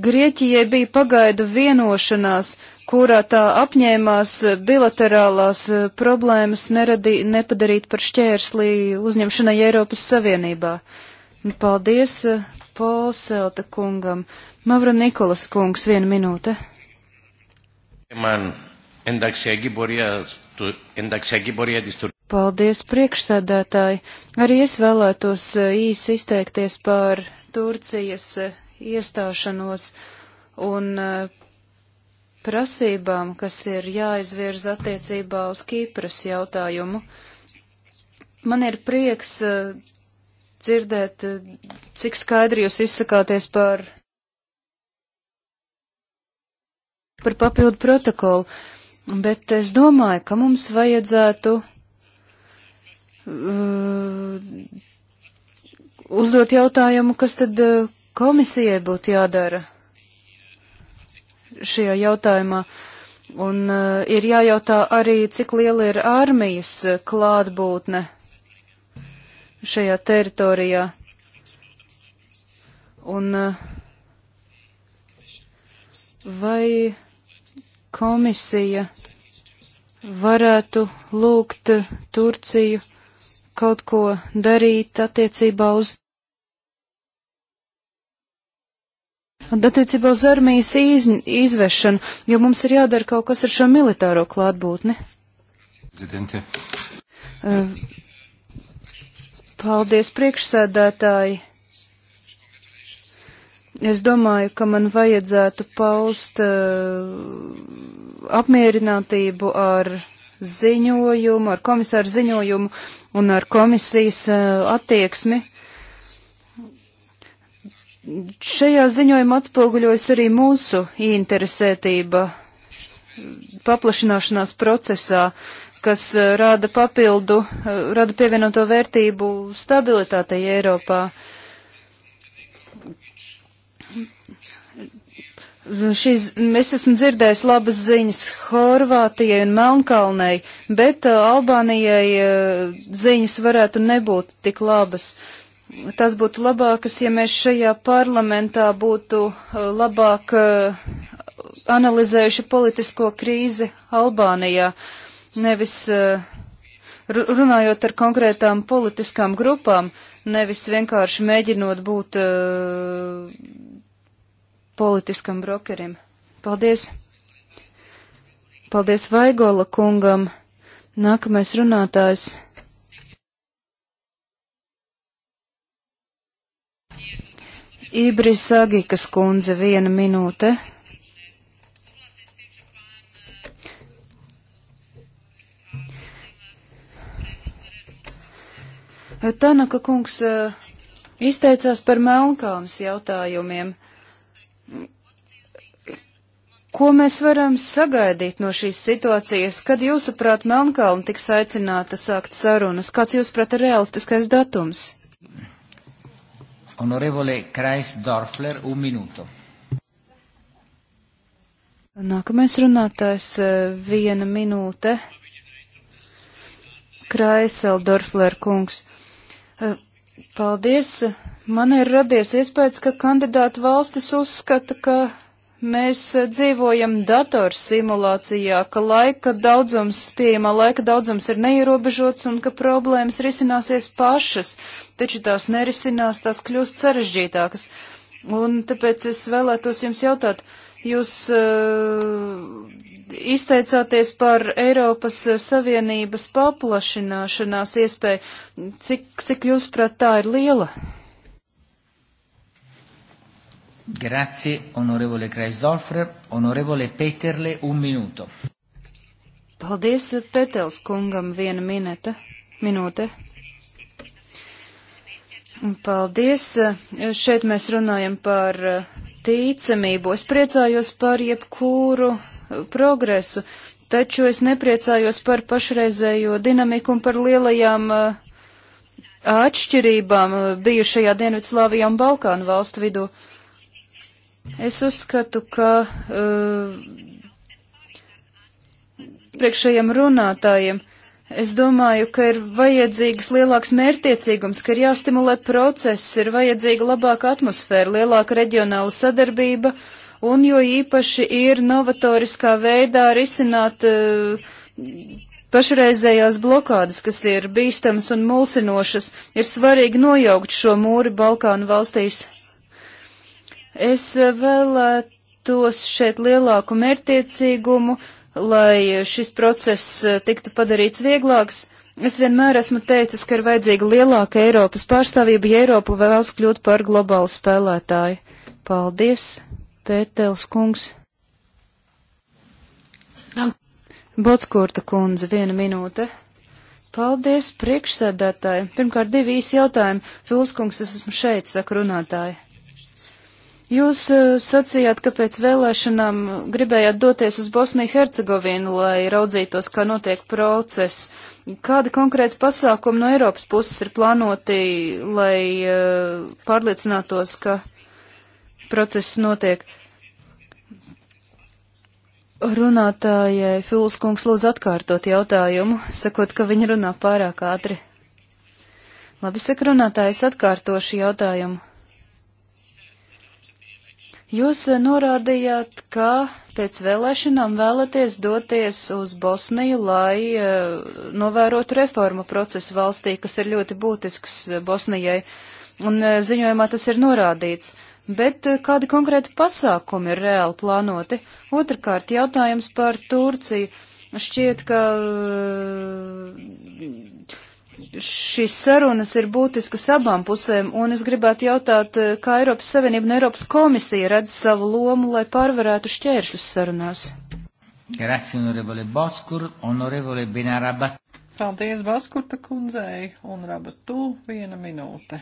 Grieķijai bija pagaidu vienošanās, kurā tā apņēmās bilaterālās eh, problēmas neradī, nepadarīt par šķērslī uzņemšanai Eiropas Savienībā. Paldies Polselta kungam. Uh, Mavra Nikolas kungs, viena minūte. Man endaksēgi borjās, tu endaksēgi borjādis tur. Paldies, priekšsēdētāji. Arī es vēlētos eh, īsi izteikties par Turcijas eh, iestāšanos un eh, prasībām, kas ir jāizvirza attiecībā uz Kīpras jautājumu. Man ir prieks dzirdēt, cik skaidri jūs izsakāties par par papildu protokolu, bet es domāju, ka mums vajadzētu uh, uzdot jautājumu, kas tad uh, komisijai būtu jādara šajā jautājumā. Un uh, ir jājautā arī, cik liela ir armijas uh, klātbūtne šajā teritorijā. Un uh, vai komisija varētu lūgt Turciju kaut ko darīt attiecībā uz. Attiecībā uz armijas iz, izvešanu, jo mums ir jādara kaut kas ar šo militāro klātbūtni. Zidente. Uh, paldies, priekšsēdētāji. Es domāju, ka man vajadzētu paust uh, apmierinātību ar ziņojumu, ar komisāru ziņojumu un ar komisijas eh, attieksmi. Šajā ziņojumā atspoguļojas arī mūsu interesētība paplašināšanās procesā, kas eh, rada papildu, eh, rada pievienoto vērtību stabilitātei Eiropā. Šis, es esmu dzirdējis labas ziņas Horvātijai un Melnkalnei, bet uh, Albānijai uh, ziņas varētu nebūt tik labas. Tas būtu labākas, ja mēs šajā parlamentā būtu uh, labāk uh, analizējuši politisko krīzi Albānijā, nevis uh, runājot ar konkrētām politiskām grupām, nevis vienkārši mēģinot būt. Uh, politiskam brokerim. Paldies! Paldies Vaigola kungam! Nākamais runātājs. Ibris Sagikas kundze, viena minūte. Tanaka kungs eh, izteicās par Melnkalnas jautājumiem. Ko mēs varam sagaidīt no šīs situācijas, kad jūsuprāt Melnkalna tiks aicināta sākt sarunas? Kāds jūsuprāt ir realistiskais datums? Honorevole Krais Dorfler, un minūto. Nākamais runātājs eh, viena minūte. Kraisel Dorfler kungs. Eh, paldies. Man ir radies iespējas, ka kandidāta valstis uzskata, ka Mēs eh, dzīvojam datorsimulācijā, ka laika daudzums, pieejamā laika daudzums ir neierobežots un ka problēmas risināsies pašas, taču tās nerisinās, tās kļūst sarežģītākas. Un tāpēc es vēlētos jums jautāt, jūs uh, izteicāties par Eiropas Savienības paplašināšanās iespēju, cik, cik jūs prāt tā ir liela? Uh, Grazie, onorevole Kreisdorfer. Onorevole Peterle, un minūto. Paldies Petels kungam viena minēta, minūte. Paldies. Šeit mēs runājam par ticamību. Es priecājos par jebkuru progresu, taču es nepriecājos par pašreizējo dinamiku un par lielajām eh, atšķirībām eh, bijušajā Dienvidslāvijā un Balkānu valstu vidū. Uh, Es uzskatu, ka uh, priekšējiem runātājiem es domāju, ka ir vajadzīgs lielāks mērtiecīgums, ka ir jāstimulē process, ir vajadzīga labāka atmosfēra, lielāka reģionāla sadarbība, un jo īpaši ir novatoriskā veidā risināt uh, Pašreizējās blokādes, kas ir bīstamas un mulsinošas, ir svarīgi nojaukt šo mūri Balkānu valstīs Es vēlētos šeit lielāku mērtiecīgumu, lai šis process eh, tiktu padarīts vieglāks. Es vienmēr esmu teicis, ka ir vajadzīga lielāka Eiropas pārstāvība, ja Eiropa vēlas kļūt par globālu spēlētāju. Paldies, Pētels kungs. Botskurta kundze, viena minūte. Paldies, priekšsēdētāji. Pirmkārt, divi īsi jautājumi. Filskungs, es esmu šeit, saka runātāji. Jūs eh, sacījāt, ka pēc vēlēšanām gribējāt doties uz Bosniju Hercegovinu, lai raudzītos, kā notiek process. Kādi konkrēti pasākumi no Eiropas puses ir plānoti, lai eh, pārliecinātos, ka process notiek? Runātājai Fils kungs lūdz atkārtot jautājumu, sakot, ka viņa runā pārāk ātri. Labi, saka runātājs, atkārtošu jautājumu. Jūs eh, norādījāt, ka pēc vēlēšanām vēlaties doties uz Bosniju, lai eh, novērotu reformu procesu valstī, kas ir ļoti būtisks eh, Bosnijai, un ziņojumā tas ir norādīts. Bet kādi konkrēti pasākumi ir reāli plānoti? Otrakārt, jautājums par Turciju. Šķiet, ka šīs sarunas ir būtiskas abām pusēm, un es gribētu jautāt, eh, kā Eiropas Savienība un Eiropas komisija redz savu lomu, lai pārvarētu šķēršļus sarunās. Grazie, onorevole Boskur, onorevole Benaraba. Paldies Baskurta kundzei un Rabatu viena minūte.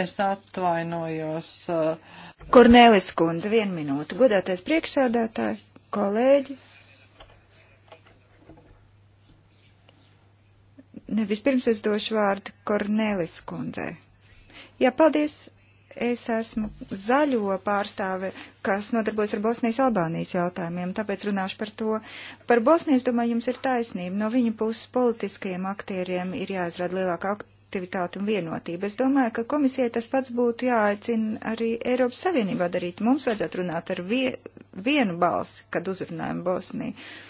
Es atvainojos. Eh, Kornēlis kundze, viena minūte. Godātais priekšsēdētāji, kolēģi, Ne, vispirms es došu vārdu Kornelis kundzē. Jā, paldies. Es esmu zaļo pārstāve, kas nodarbojas ar Bosnijas Albānijas jautājumiem, tāpēc runāšu par to. Par Bosnijas, domāju, jums ir taisnība. No viņu puses politiskajiem aktieriem ir jāizrada lielāka aktivitāte un vienotība. Es domāju, ka komisijai tas pats būtu jāaicina arī Eiropas Savienībā darīt. Mums vajadzētu runāt ar vie vienu balsi, kad uzrunājam Bosniju. Uh,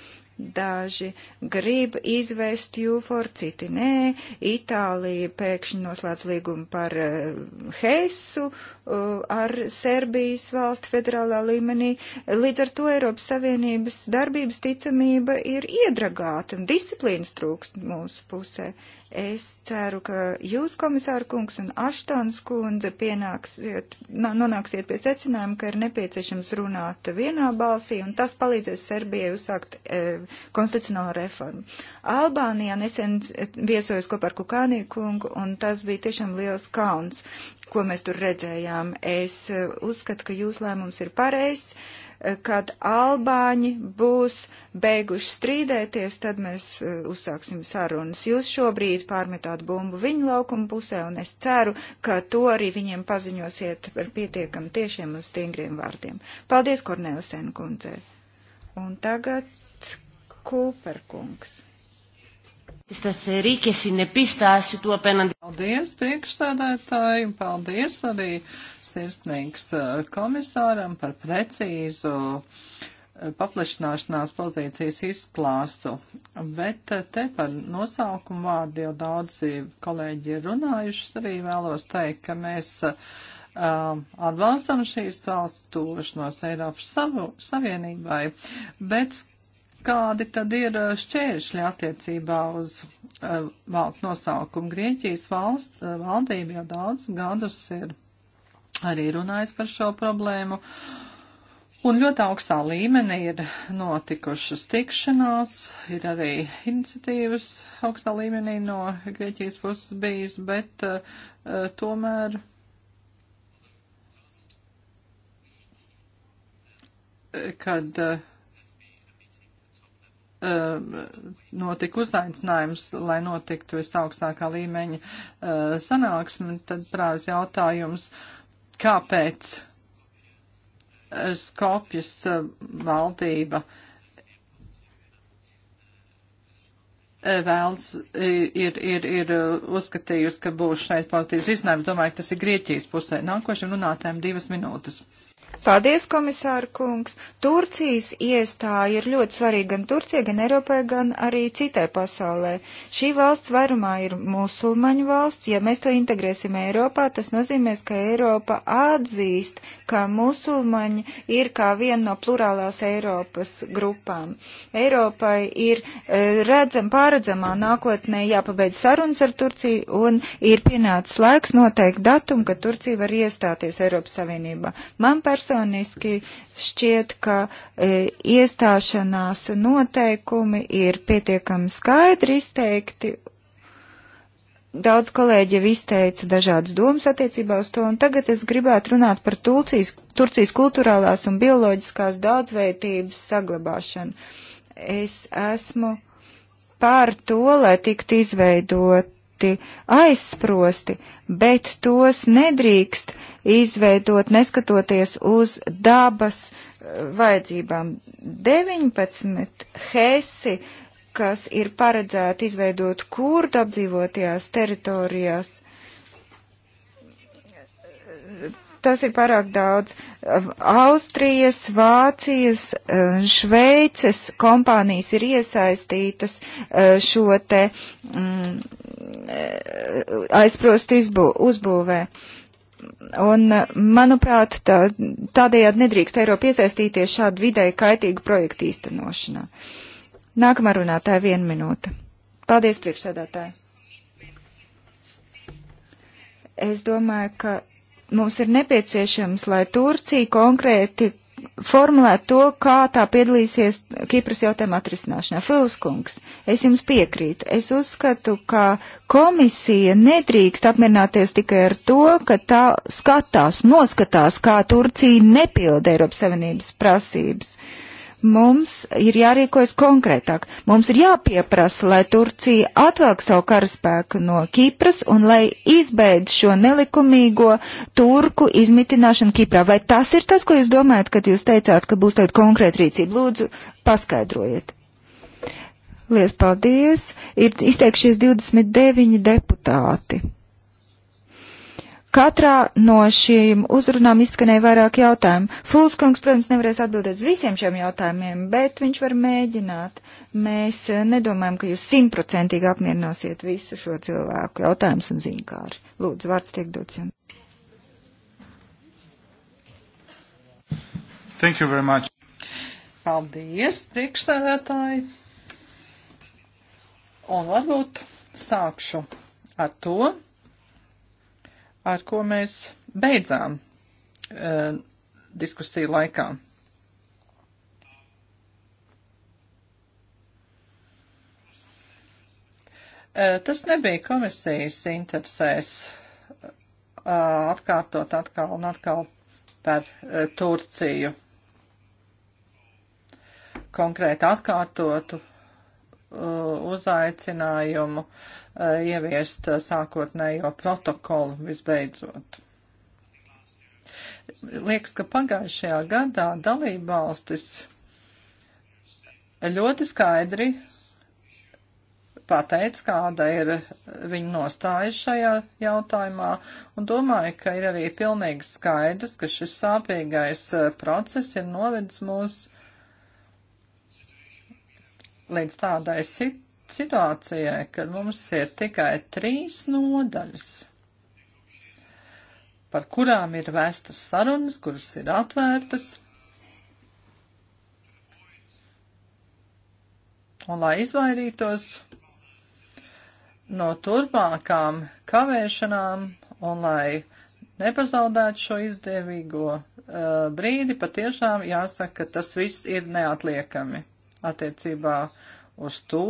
Daži grib izvest Jufor, citi nē. Itālija pēkšņi noslēdz līgumu par uh, eh, Heisu uh, eh, ar Serbijas valstu federālā līmenī. Līdz ar to Eiropas Savienības darbības ticamība ir iedragāta un disciplīnas trūkst mūsu pusē. Uh, Es ceru, ka jūs, komisāra kungs un Aštons kundze, pienāksiet, nonāksiet pie secinājuma, ka ir nepieciešams runāt vienā balsī, un tas palīdzēs Serbijai uzsākt e, konstitucionālo reformu. Albānijā nesen e, viesojos kopā ar Kukānī kungu, un tas bija tiešām liels kauns, ko mēs tur redzējām. Es e, uzskatu, ka jūs lēmums ir pareizs Eh, kad Albāņi būs beiguši strīdēties, tad mēs eh, uzsāksim sarunas. Jūs šobrīd pārmetāt bumbu viņu laukumu pusē, un es ceru, ka to arī viņiem paziņosiet ar pietiekami tiešiem un stingriem vārdiem. Paldies, Kornelisēna kundze. Un tagad Kūperkungs. Tā cerī, ka esi nepistās to penandi. Paldies, priekšsēdētāji, un paldies arī sirsnīgs eh, komisāram par precīzu eh, paplašināšanās pozīcijas izklāstu, bet eh, te par nosaukumu vārdu jau daudzi kolēģi ir runājuši, arī vēlos teikt, ka mēs atbalstam šīs valsts tuvošanos Eiropas savu, Savienībai, bet Kādi tad ir šķēršļi attiecībā uz uh, valsts nosaukumu? Grieķijas valsts uh, valdība jau daudz gadus ir arī runājis par šo problēmu. Un ļoti augstā līmenī ir notikušas tikšanās, ir arī iniciatīvas augstā līmenī no Grieķijas puses bijis, bet uh, tomēr kad uh, notika uzaicinājums, lai notiktu visaugstākā līmeņa uh, sanāksme, tad prāvis jautājums, uh, kāpēc eh, Skopjas eh, valdība eh, vēlns ir, ir, ir uzskatījusi, ka būs šeit pozitīvs iznājums. Domāju, ka tas ir Grieķijas pusē. Nākošiem runātēm divas minūtes. Uh, Paldies, komisāra kungs! Turcijas iestāja ir ļoti svarīga gan Turcija, gan Eiropai, gan arī citai pasaulē. Šī valsts vairumā ir musulmaņu valsts. Ja mēs to integrēsim Eiropā, tas nozīmēs, ka Eiropa atzīst, ka musulmaņi ir kā viena no plurālās Eiropas grupām. Eiropai ir e, redzam, pāredzamā nākotnē jāpabeidz sarunas ar Turciju un ir pienācis laiks noteikt datumu, ka Turcija var iestāties Eiropas Savienībā. Man par Personiski šķiet, ka e, iestāšanās noteikumi ir pietiekami skaidri izteikti. Daudz kolēģi jau izteica dažādas domas attiecībā uz to, un tagad es gribētu runāt par Turcijas, Turcijas kultūrālās un bioloģiskās daudzveidības saglabāšanu. Es esmu pār to, lai tiktu izveidoti aizsprosti, bet tos nedrīkst izveidot neskatoties uz dabas eh, vajadzībām. 19 hesi, kas ir paredzēti izveidot kurdu apdzīvotajās teritorijās, tas ir pārāk daudz. Austrijas, Vācijas, eh, Šveices kompānijas ir iesaistītas eh, šo te. Mm, Eh, aizprost izbū, uzbūvē. Un, eh, manuprāt, tā, tādējādi nedrīkst Eiropa iesaistīties šādu vidēji kaitīgu projektu īstenošanā. Nākamā runātāja viena minūte. Paldies, priekšsēdētāji. Es domāju, ka mums ir nepieciešams, lai Turcija konkrēti formulēt to, kā tā piedalīsies Kipras jautājuma atrisināšanā. Filskungs, es jums piekrītu. Es uzskatu, ka komisija nedrīkst apmierināties tikai ar to, ka tā skatās, noskatās, kā Turcija nepilda Eiropas Savienības prasības. Uh, mums ir jārīkojas konkrētāk. Mums ir jāpieprasa, lai Turcija atvelk savu karaspēku no Kipras un lai izbeidz šo nelikumīgo turku izmitināšanu Kiprā. Vai tas ir tas, ko jūs domājat, kad jūs teicāt, ka būs tāda konkrēta rīcība? Lūdzu, paskaidrojiet. Lies paldies. Ir izteikšies 29 deputāti. Katrā no šīm uzrunām izskanēja vairāk jautājumu. Fulskungs, protams, nevarēs atbildēt uz visiem šiem jautājumiem, bet viņš var mēģināt. Mēs eh, nedomājam, ka jūs simtprocentīgi apmierināsiet visu šo cilvēku jautājumus un zīmkāri. Lūdzu, vārds tiek dots jums. Thank you very much. Paldies, priekšsēdētāji. Un varbūt sākšu ar to, ar ko mēs beidzām uh, diskusiju laikā. Uh, tas nebija komisijas interesēs uh, atkārtot atkal un atkal par Turciju. Konkrēti atkārtotu uzaicinājumu uh, Eh, ieviest eh, sākotnējo protokolu visbeidzot. Liekas, ka pagājušajā gadā dalībvalstis ļoti skaidri pateica, kāda ir viņa nostāja šajā jautājumā, un domāju, ka ir arī pilnīgi skaidrs, ka šis sāpīgais eh, process ir novedis mūs līdz tādai situācijai situācijai, kad mums ir tikai trīs nodaļas, par kurām ir vēstas sarunas, kuras ir atvērtas. Un lai izvairītos no turpmākām kavēšanām un lai nepazaudētu šo izdevīgo uh, brīdi, patiešām jāsaka, ka tas viss ir neatliekami attiecībā uz to,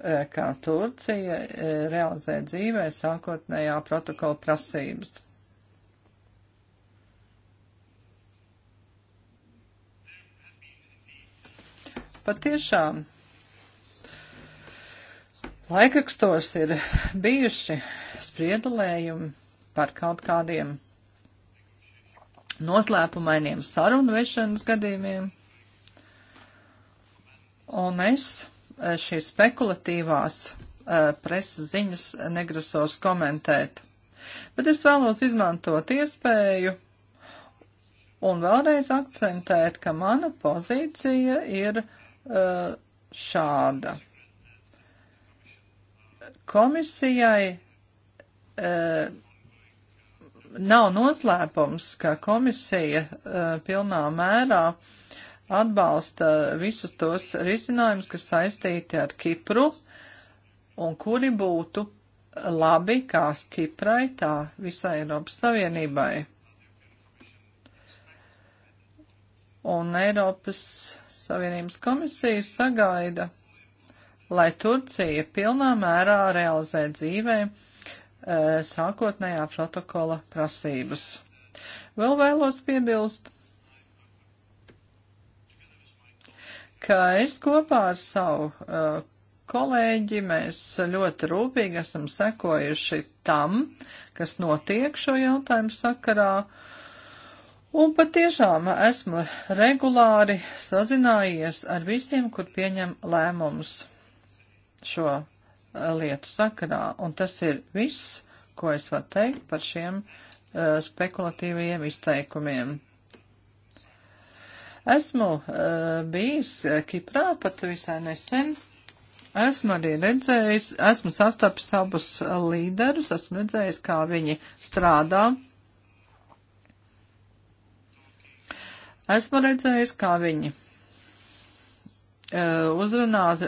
E, kā Turcija e, realizē dzīvē sākotnējā protokola prasības. Patiešām laikrakstos ir bijuši spriedulējumi par kaut kādiem noslēpumainiem sarunu vešanas gadījumiem. Un es Eh, šīs spekulatīvās eh, preses ziņas negrasos komentēt. Bet es vēlos izmantot iespēju un vēlreiz akcentēt, ka mana pozīcija ir uh, šāda. Komisijai uh, nav noslēpums, ka komisija uh, pilnā mērā uh, atbalsta visus tos risinājumus, kas saistīti ar Kipru un kuri būtu labi kā Kiprai, tā visai Eiropas Savienībai. un Eiropas Savienības komisija sagaida, lai Turcija pilnā mērā realizē dzīvē e, sākotnējā protokola prasības. Vēl vēlos piebilst, ka es kopā ar savu uh, kolēģi mēs ļoti rūpīgi esam sekojuši tam, kas notiek šo jautājumu sakarā. Un patiešām esmu regulāri sazinājies ar visiem, kur pieņem lēmumus šo uh, lietu sakarā. Un tas ir viss, ko es varu teikt par šiem uh, spekulatīvajiem izteikumiem. Esmu uh, bijis eh, Kiprā pat visai nesen. Esmu arī redzējis, esmu sastapis abus eh, līderus, esmu redzējis, kā viņi strādā. Esmu redzējis, kā viņi uh, uzrunā uh,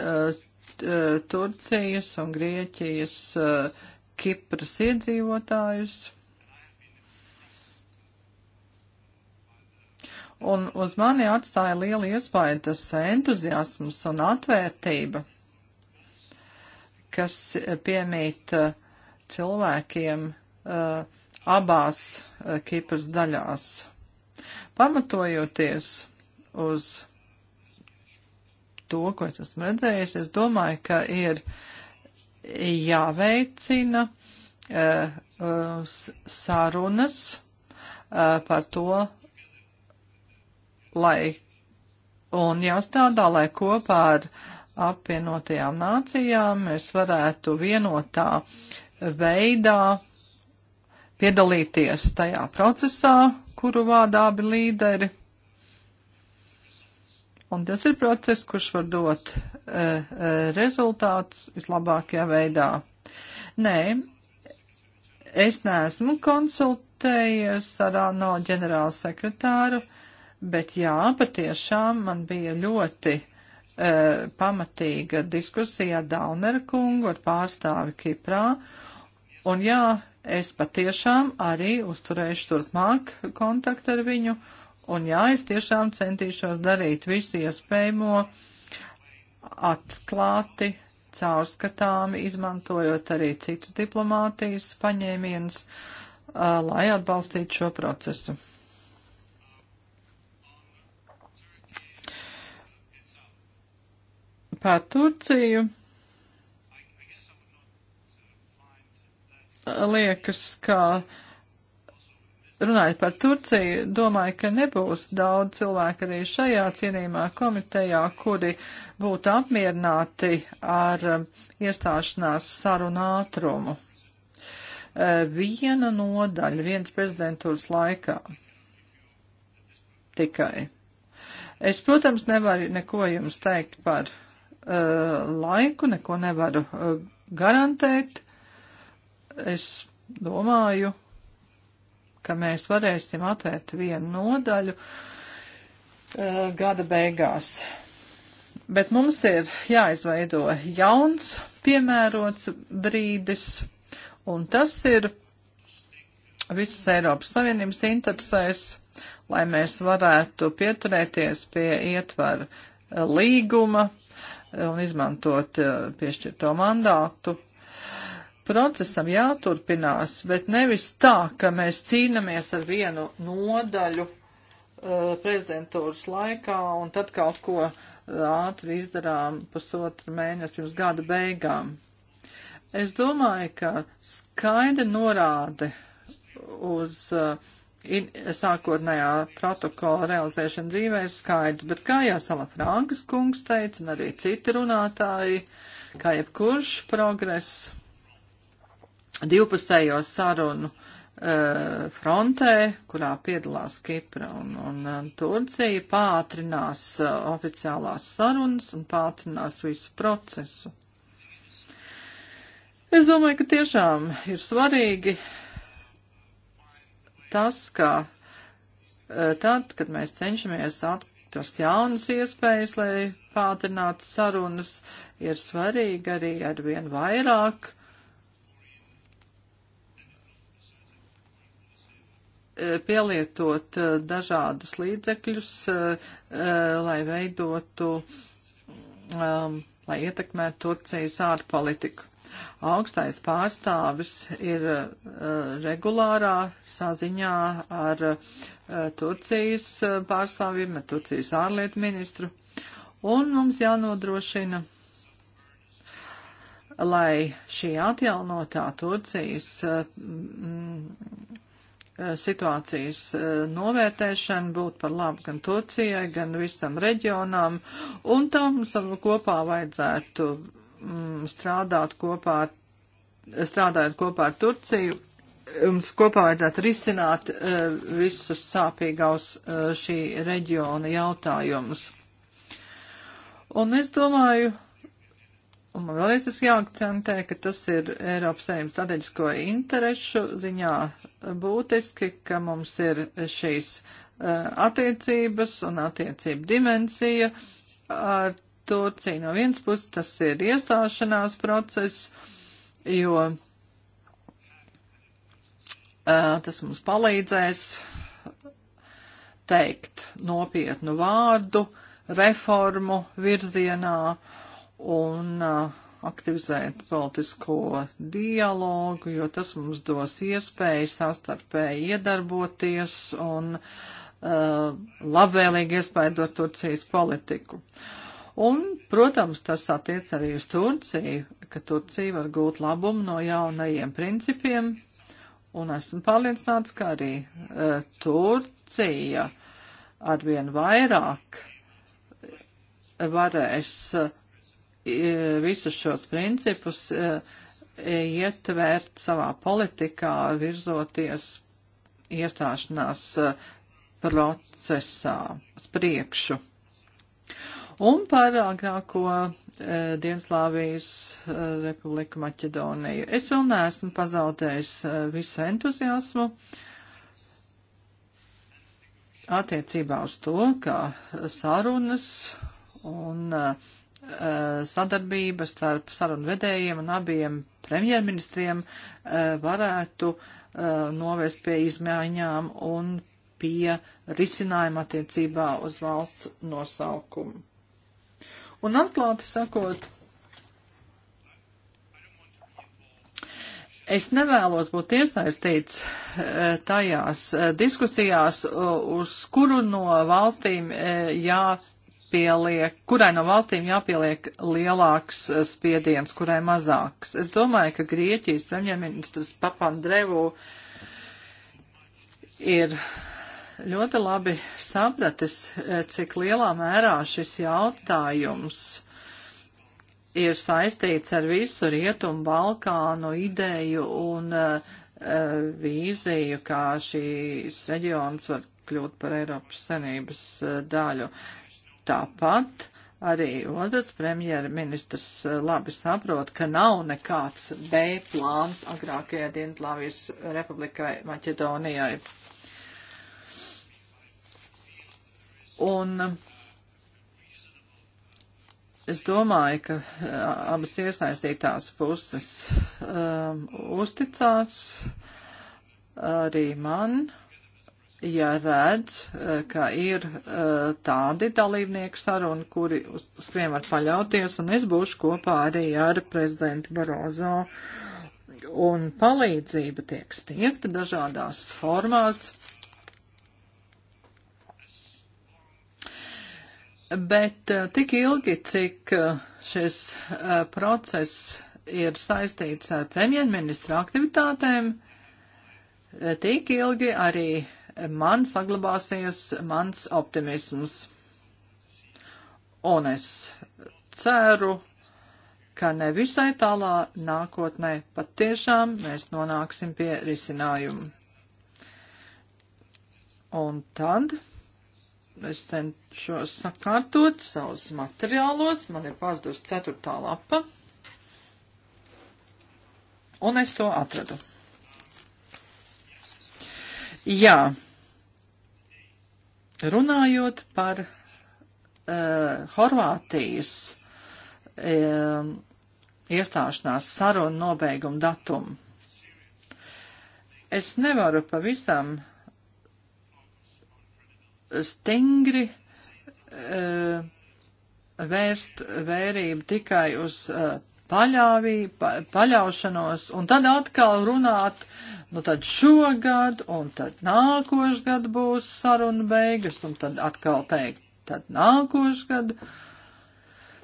Turcijas un Grieķijas uh, Kipras iedzīvotājus. un uz mani atstāja lielu iespēju tas entuziasms un atvērtība, kas piemīt eh, cilvēkiem eh, abās eh, Kipras daļās. Pamatojoties uz to, ko es esmu redzējis, es domāju, ka ir jāveicina sarunas par to, lai un jāstrādā, lai kopā ar apvienotajām nācijām mēs varētu vienotā veidā piedalīties tajā procesā, kuru vādā abi līderi. Un tas ir process, kurš var dot e, e, rezultātus vislabākajā veidā. Nē, es neesmu konsultējies ar ANO ģenerālsekretāru. sekretāru Bet jā, patiešām man bija ļoti uh, pamatīga diskusija ar Dauneru kungu, ar pārstāvi Kiprā. Un jā, es patiešām arī uzturēšu turpmāk kontaktu ar viņu. Un jā, es tiešām centīšos darīt visu iespējamo atklāti, caurskatāmi, izmantojot arī citu diplomātijas paņēmienus, uh, lai atbalstītu šo procesu. par Turciju. Liekas, ka runājot par Turciju, domāju, ka nebūs daudz cilvēku arī šajā cienījumā komitejā, kuri būtu apmierināti ar um, iestāšanās sarunu ātrumu. Uh, viena nodaļa, viens prezidentūras laikā tikai. Es, protams, nevaru neko jums teikt par Uh, laiku, neko nevaru uh, garantēt. Es domāju, ka mēs varēsim atvērt vienu nodaļu uh, gada beigās. Bet mums ir jāizveido jauns, piemērots brīdis, un tas ir visas Eiropas Savienības interesēs, lai mēs varētu pieturēties pie ietvara līguma, Eh, un izmantot eh, piešķirto mandātu. Procesam jāturpinās, bet nevis tā, ka mēs cīnamies ar vienu nodaļu eh, prezidentūras laikā un tad kaut ko ātri izdarām pusotru mēnesi pirms gada beigām. Es domāju, ka skaida norāde uz uh, in, sākotnējā protokola realizēšana dzīvē ir skaidrs, bet kā jau Sala Frankas kungs teica un arī citi runātāji, kā jebkurš progress divpusējo sarunu uh, frontē, kurā piedalās Kipra un, un uh, Turcija, pātrinās uh, oficiālās sarunas un pātrinās visu procesu. Es domāju, ka tiešām ir svarīgi uh, tas, ka e, tad, kad mēs cenšamies atrast jaunas iespējas, lai pātrinātu sarunas, ir svarīgi arī arvien vairāk e, pielietot e, dažādus līdzekļus, lai veidotu, lai ietekmētu Turcijas ārpolitiku augstais pārstāvis ir eh, regulārā saziņā ar eh, Turcijas eh, pārstāvjiem, ar Turcijas ārlietu ministru. Un mums jānodrošina, lai šī atjaunotā Turcijas mm, situācijas novērtēšana būtu par labu gan Turcijai, gan visam reģionām, un tam savu kopā vajadzētu Mm, strādāt kopā ar, strādājot kopā ar Turciju, mums kopā vajadzētu risināt eh, visus sāpīgaus eh, šī reģiona jautājumus. Un es domāju, un man vēlreiz tas jāakcentē, ka tas ir Eiropas saimnības strateģisko interešu ziņā būtiski, ka mums ir šīs eh, attiecības un attiecību dimensija ar Turcija. No vienas puses tas ir iestāšanās process, jo uh, tas mums palīdzēs teikt nopietnu vārdu reformu virzienā un uh, aktivizēt politisko dialogu, jo tas mums dos iespēju savstarpēji iedarboties un uh, labvēlīgi iespaidot Turcijas politiku. Uh, Un, protams, tas attiec arī uz Turciju, ka Turcija var gūt labumu no jaunajiem principiem, un esmu pārliecināts, ka arī uh, Turcija arvien vairāk varēs uh, visus šos principus uh, e, ietvērt savā politikā, virzoties iestāšanās procesā uz priekšu un par agrāko eh, Dienslāvijas eh, republiku Maķedoniju. Es vēl neesmu pazaudējis eh, visu entuziasmu attiecībā uz to, ka sarunas un eh, sadarbība starp sarunvedējiem un abiem premjerministriem eh, varētu eh, novest pie izmaiņām un pie risinājuma attiecībā uz valsts nosaukumu. Un atklāti sakot, Es nevēlos būt iesaistīts eh, tajās eh, diskusijās, uz kuru no valstīm eh, jāpieliek, kurai no valstīm jāpieliek lielāks spiediens, kurai mazāks. Es domāju, ka Grieķijas premjerministrs Papandrevu ir ļoti labi sapratis, e, cik lielā mērā šis jautājums ir saistīts ar visu Rietumu Balkānu ideju un uh, vīziju, kā šīs reģions var kļūt par Eiropas senības uh, daļu. Tāpat arī otrs premjerministrs uh, labi saprot, ka nav nekāds B plāns agrākajai Dienaslāvijas republikai Maķedonijai Un es domāju, ka abas iesaistītās puses um, uzticās arī man, ja redz, uh, ka ir uh, tādi dalībnieki saruna, kuri uz, uz tiem var paļauties, un es būšu kopā arī ar prezidentu Barozo. Un palīdzība tiek sniegta dažādās formās bet eh, tik ilgi, cik eh, šis eh, process ir saistīts ar premjerministra aktivitātēm, tik ilgi arī man saglabāsies mans optimisms. Un es ceru, ka nevisai tālā nākotnē patiešām mēs nonāksim pie risinājumu. Un tad es cenšos sakārtot savus materiālos, man ir pazudus ceturtā lapa, un es to atradu. Jā, runājot par uh, Horvātijas uh, iestāšanās sarunu nobeigumu datumu, es nevaru pavisam uh, stingri e, vērst vērību tikai uz e, paļāvību, pa, paļaušanos, un tad atkal runāt, nu tad šogad, un tad nākošgad būs saruna beigas, un tad atkal teikt, tad nākošgad.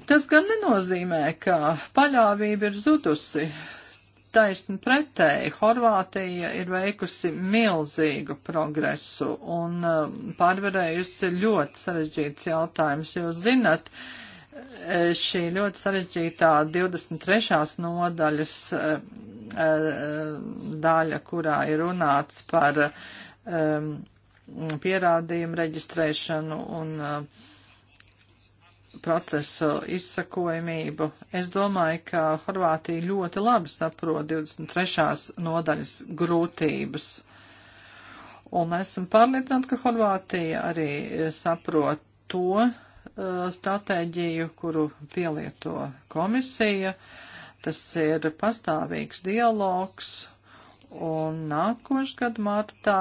Tas gan nenozīmē, ka paļāvība ir zudusi taisni pretēji. Horvātija ir veikusi milzīgu progresu un um, pārvarējusi ļoti sarežģīts jautājums. Jūs zinat, e, šī ļoti sarežģītā 23. nodaļas e, e, daļa, kurā ir runāts par um, pierādījumu reģistrēšanu un uh, procesu izsakojamību. Es domāju, ka Horvātija ļoti labi saprot 23. nodaļas grūtības. Un esam pārliecināti, ka Horvātija arī saprot to uh, stratēģiju, kuru pielieto komisija. Tas ir pastāvīgs dialogs. Un nākošais gadu martā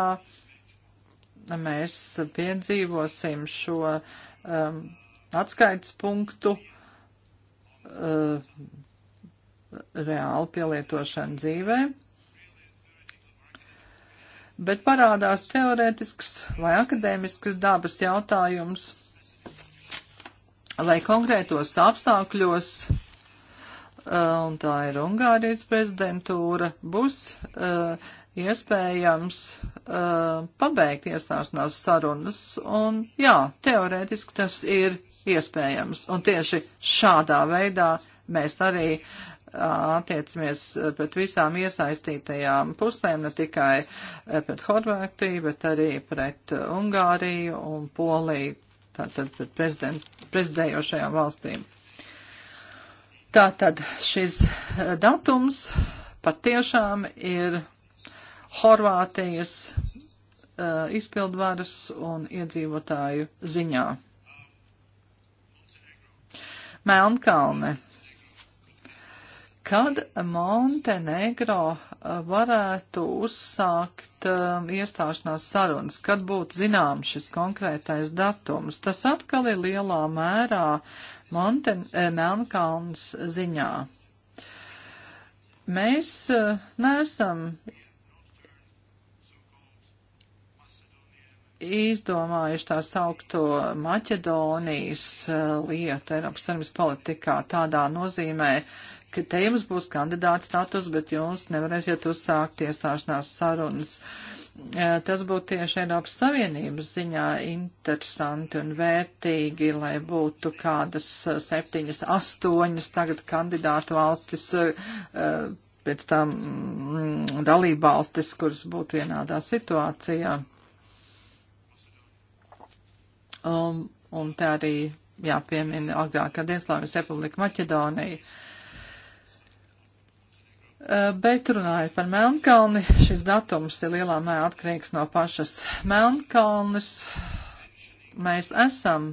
mēs piedzīvosim šo um, atskaites punktu uh, reāli pielietošanu dzīvē, bet parādās teorētisks vai akadēmisks dabas jautājums, lai konkrētos apstākļos, uh, un tā ir Ungārijas prezidentūra, būs uh, iespējams uh, pabeigt iestāšanās sarunas, un jā, teorētiski tas ir iespējams. Un tieši šādā veidā mēs arī attiecamies pret visām iesaistītajām pusēm, ne tikai pret Horvātiju, bet arī pret Ungāriju un Poliju, tātad pret prezidējošajām valstīm. Tātad šis datums patiešām ir Horvātijas uh, izpildvaras un iedzīvotāju ziņā. Melnkalne. Kad Montenegro uh, varētu uzsākt um, iestāšanās sarunas, kad būtu zināms šis konkrētais datums, tas atkal ir lielā mērā Monten eh, Melnkalnas ziņā. Mēs uh, neesam izdomājuši tā saukto Maķedonijas uh, lietu Eiropas Savienības politikā tādā nozīmē, ka te jums būs kandidāts status, bet jūs nevarēsiet uzsākt iestāšanās sarunas. Uh, tas būtu tieši Eiropas Savienības ziņā interesanti un vērtīgi, lai būtu kādas uh, septiņas, astoņas tagad kandidātu valstis pēc tam mm, dalībvalstis, kuras būtu vienādā situācijā um, un te arī jāpiemina agrākā Dienslāvijas republika Maķedonija. Uh, bet runājot par Melnkalni, šis datums ir lielā mērā atkarīgs no pašas Melnkalnes. Mēs esam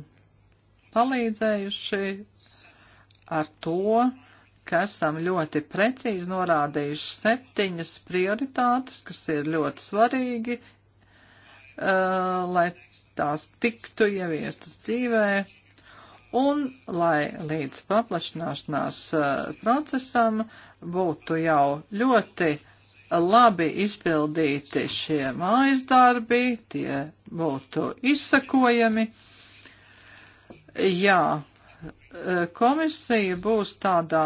palīdzējuši ar to, ka esam ļoti precīzi norādījuši septiņas prioritātes, kas ir ļoti svarīgi Uh, lai tās tiktu ieviestas dzīvē un lai līdz paplašināšanās uh, procesam būtu jau ļoti labi izpildīti šie mājas darbi, tie būtu izsakojami. Jā, uh, komisija būs tādā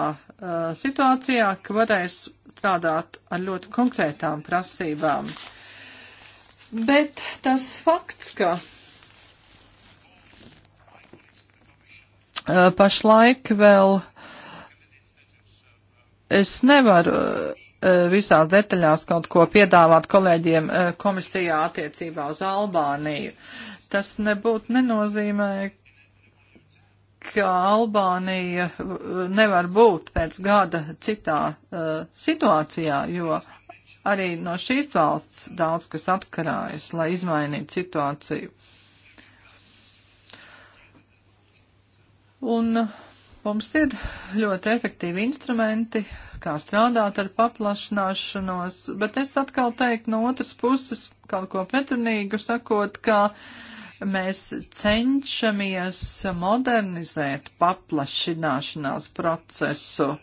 situācijā, ka varēs strādāt ar ļoti konkrētām prasībām. Uh, Bet tas fakts, ka eh, pašlaik vēl es nevaru eh, visās detaļās kaut ko piedāvāt kolēģiem eh, komisijā attiecībā uz Albāniju. Tas nebūtu nenozīmē, ka Albānija nevar būt pēc gada citā uh, situācijā, jo arī no šīs valsts daudz kas atkarājas, lai izmainītu situāciju. Un mums ir ļoti efektīvi instrumenti, kā strādāt ar paplašināšanos, bet es atkal teiktu no otras puses kaut ko pretrunīgu sakot, ka mēs cenšamies modernizēt paplašināšanās procesu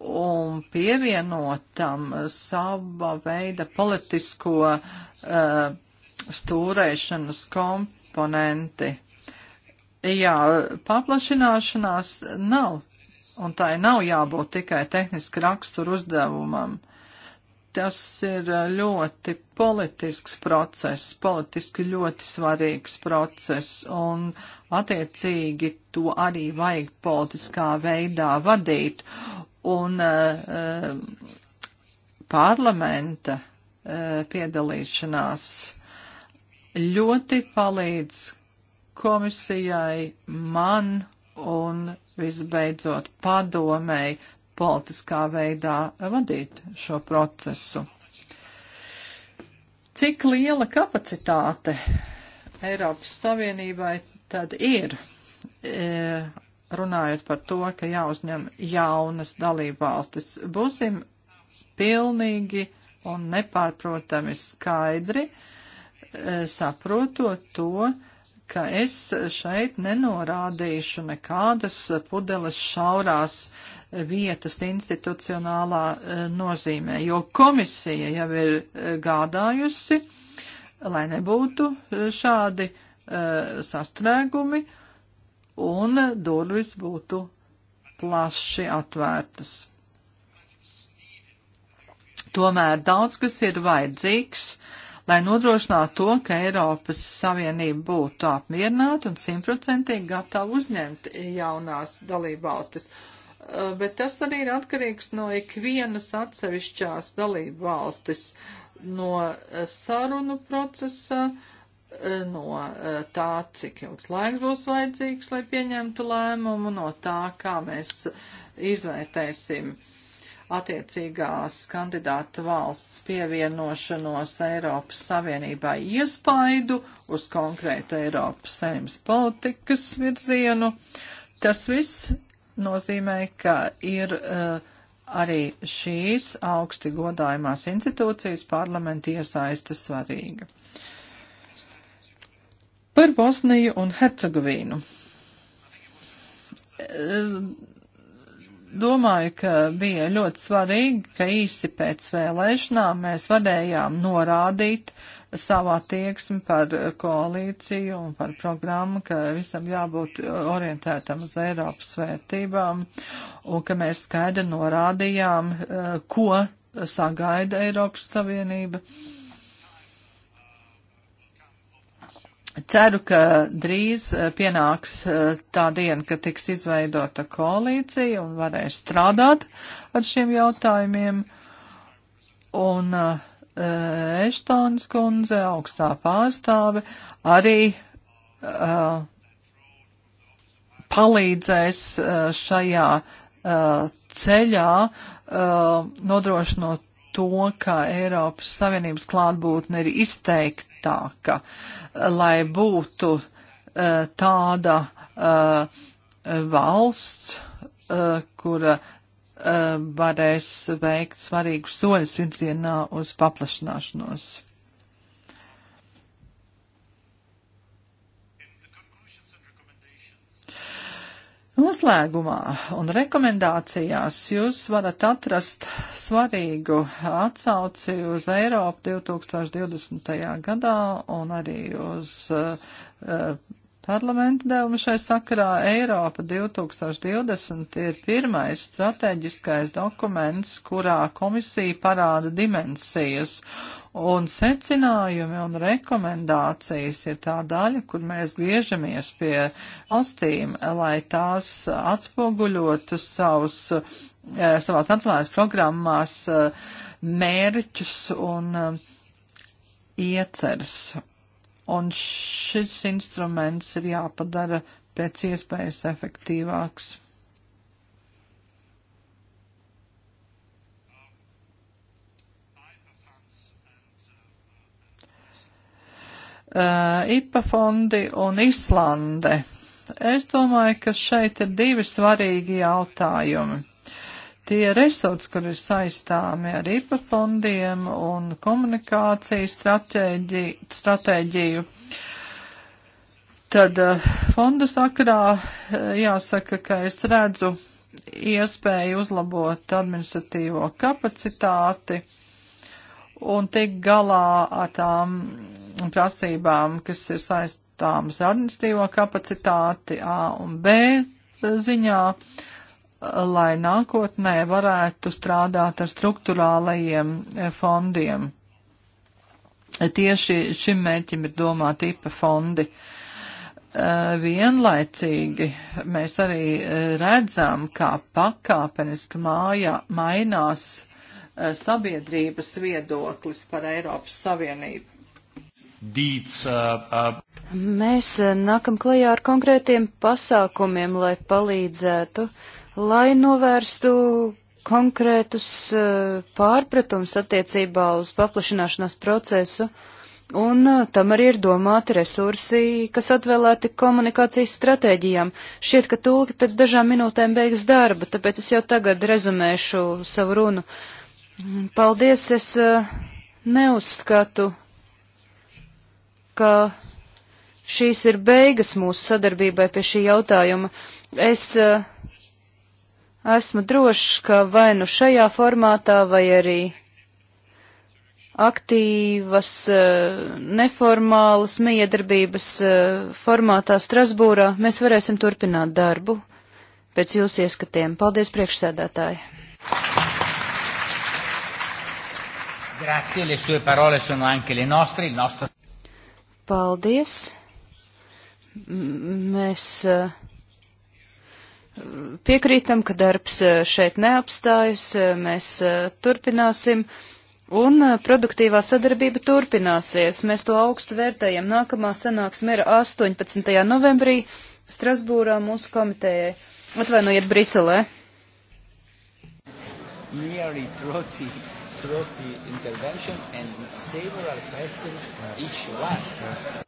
un pievienotam sava veida politisko uh, stūrēšanas komponenti. Jā, paplašināšanās nav, un tai nav jābūt tikai tehniski raksturu uzdevumam. Tas ir ļoti politisks process, politiski ļoti svarīgs process, un attiecīgi to arī vajag politiskā veidā vadīt un eh, eh, parlamenta eh, piedalīšanās ļoti palīdz komisijai, man un visbeidzot padomēji politiskā veidā vadīt šo procesu. Cik liela kapacitāte Eiropas Savienībai tad ir e, runājot par to, ka jāuzņem jaunas dalībvalstis. Būsim pilnīgi un nepārprotami skaidri, e, saprotot to, ka es šeit nenorādīšu nekādas pudeles šaurās vietas institucionālā e, nozīmē, jo komisija jau ir e, gādājusi, lai nebūtu šādi sastrēgumi, uh, un durvis būtu plaši atvērtas. Tomēr daudz kas ir vajadzīgs, lai nodrošinātu to, ka Eiropas Savienība būtu apmierināta un simtprocentīgi gatava uzņemt jaunās dalībvalstis. Uh, bet tas arī ir atkarīgs no ikvienas atsevišķās dalībvalstis, no sarunu procesa, uh, no eh, tā, cik ilgs laiks būs vajadzīgs, lai pieņemtu lēmumu, no tā, kā mēs izvērtēsim attiecīgās kandidāta valsts pievienošanos Eiropas Savienībai iespaidu uz konkrētu Eiropas saimnes politikas virzienu. Tas viss nozīmē, ka ir uh, arī šīs augsti godājumās institūcijas parlamenta iesaista svarīga. Uh, Par Bosniju un Hercegovīnu. E, domāju, ka bija ļoti svarīgi, ka īsi pēc vēlēšanām mēs varējām norādīt savu attieksmi par koalīciju un par programmu, ka visam jābūt orientētam uz Eiropas vērtībām un ka mēs skaidri norādījām, e, ko sagaida Eiropas Savienība. Uh, Ceru, ka drīz eh, pienāks eh, tā diena, ka tiks izveidota koalīcija un varēs strādāt ar šiem jautājumiem. Un eh, Eštons kundze, augstā pārstāve, arī uh, palīdzēs šajā uh, ceļā, uh, nodrošinot to, ka Eiropas Savienības klātbūtne ir izteikti lētāka, lai būtu uh, tāda uh, valsts, uh, kura varēs veikt svarīgus soļus virzienā uz paplašināšanos. Noslēgumā un rekomendācijās jūs varat atrast svarīgu atsauci uz Eiropu 2020. gadā un arī uz uh, eh, parlamenta devumu šai sakarā. Eiropa 2020 ir pirmais strateģiskais dokuments, kurā komisija parāda dimensijas Un secinājumi un rekomendācijas ir tā daļa, kur mēs griežamies pie valstīm, lai tās atspoguļotu savus, eh, savās nacionālās programmās eh, mērķus un eh, ieceras. Un šis instruments ir jāpadara pēc iespējas efektīvāks. uh, IPA fondi un Islande. Es domāju, ka šeit ir divi svarīgi jautājumi. Tie resursi, kur ir saistāmi ar IPA fondiem un komunikāciju stratēģiju, stratēģiju tad uh, eh, fondu sakarā eh, jāsaka, ka es redzu iespēju uzlabot administratīvo kapacitāti un tik galā ar tām prasībām, kas ir saistāmas ar administīvo kapacitāti A un B ziņā, lai nākotnē varētu strādāt ar struktūrālajiem e, fondiem. E, tieši šim mērķim ir domāti IPA fondi. Uh, vienlaicīgi mēs arī redzam, kā pakāpeniski māja mainās Eh, sabiedrības viedoklis par Eiropas Savienību. Dīts, uh, uh. Mēs nākam klajā ar konkrētiem pasākumiem, lai palīdzētu, lai novērstu konkrētus uh, pārpratums attiecībā uz paplašināšanās procesu, un uh, tam arī ir domāti resursi, kas atvēlēti komunikācijas stratēģijām. Šķiet, ka tulki pēc dažām minūtēm beigs darba, tāpēc es jau tagad rezumēšu savu runu. Uh, Paldies, es eh, neuzskatu, ka šīs ir beigas mūsu sadarbībai pie šī jautājuma. Es eh, esmu drošs, ka vai nu šajā formātā, vai arī aktīvas, eh, neformālas miedarbības formātā Strasbūrā mēs varēsim turpināt darbu pēc jūsu ieskatiem. Paldies, priekšsēdētāji! Grazie, le sue parole sono anche le nostre, il nostro. Paldies. M mēs eh, piekrītam, ka darbs eh, šeit neapstājas, eh, mēs turpināsim. Un produktīvā sadarbība turpināsies. Mēs to augstu vērtējam. Nākamā sanāksme ir 18. novembrī Strasbūrā mūsu komitejai. Atvainojiet, Briselē. Mierī, trocī throughout the intervention and several questions yes. each one. Yes.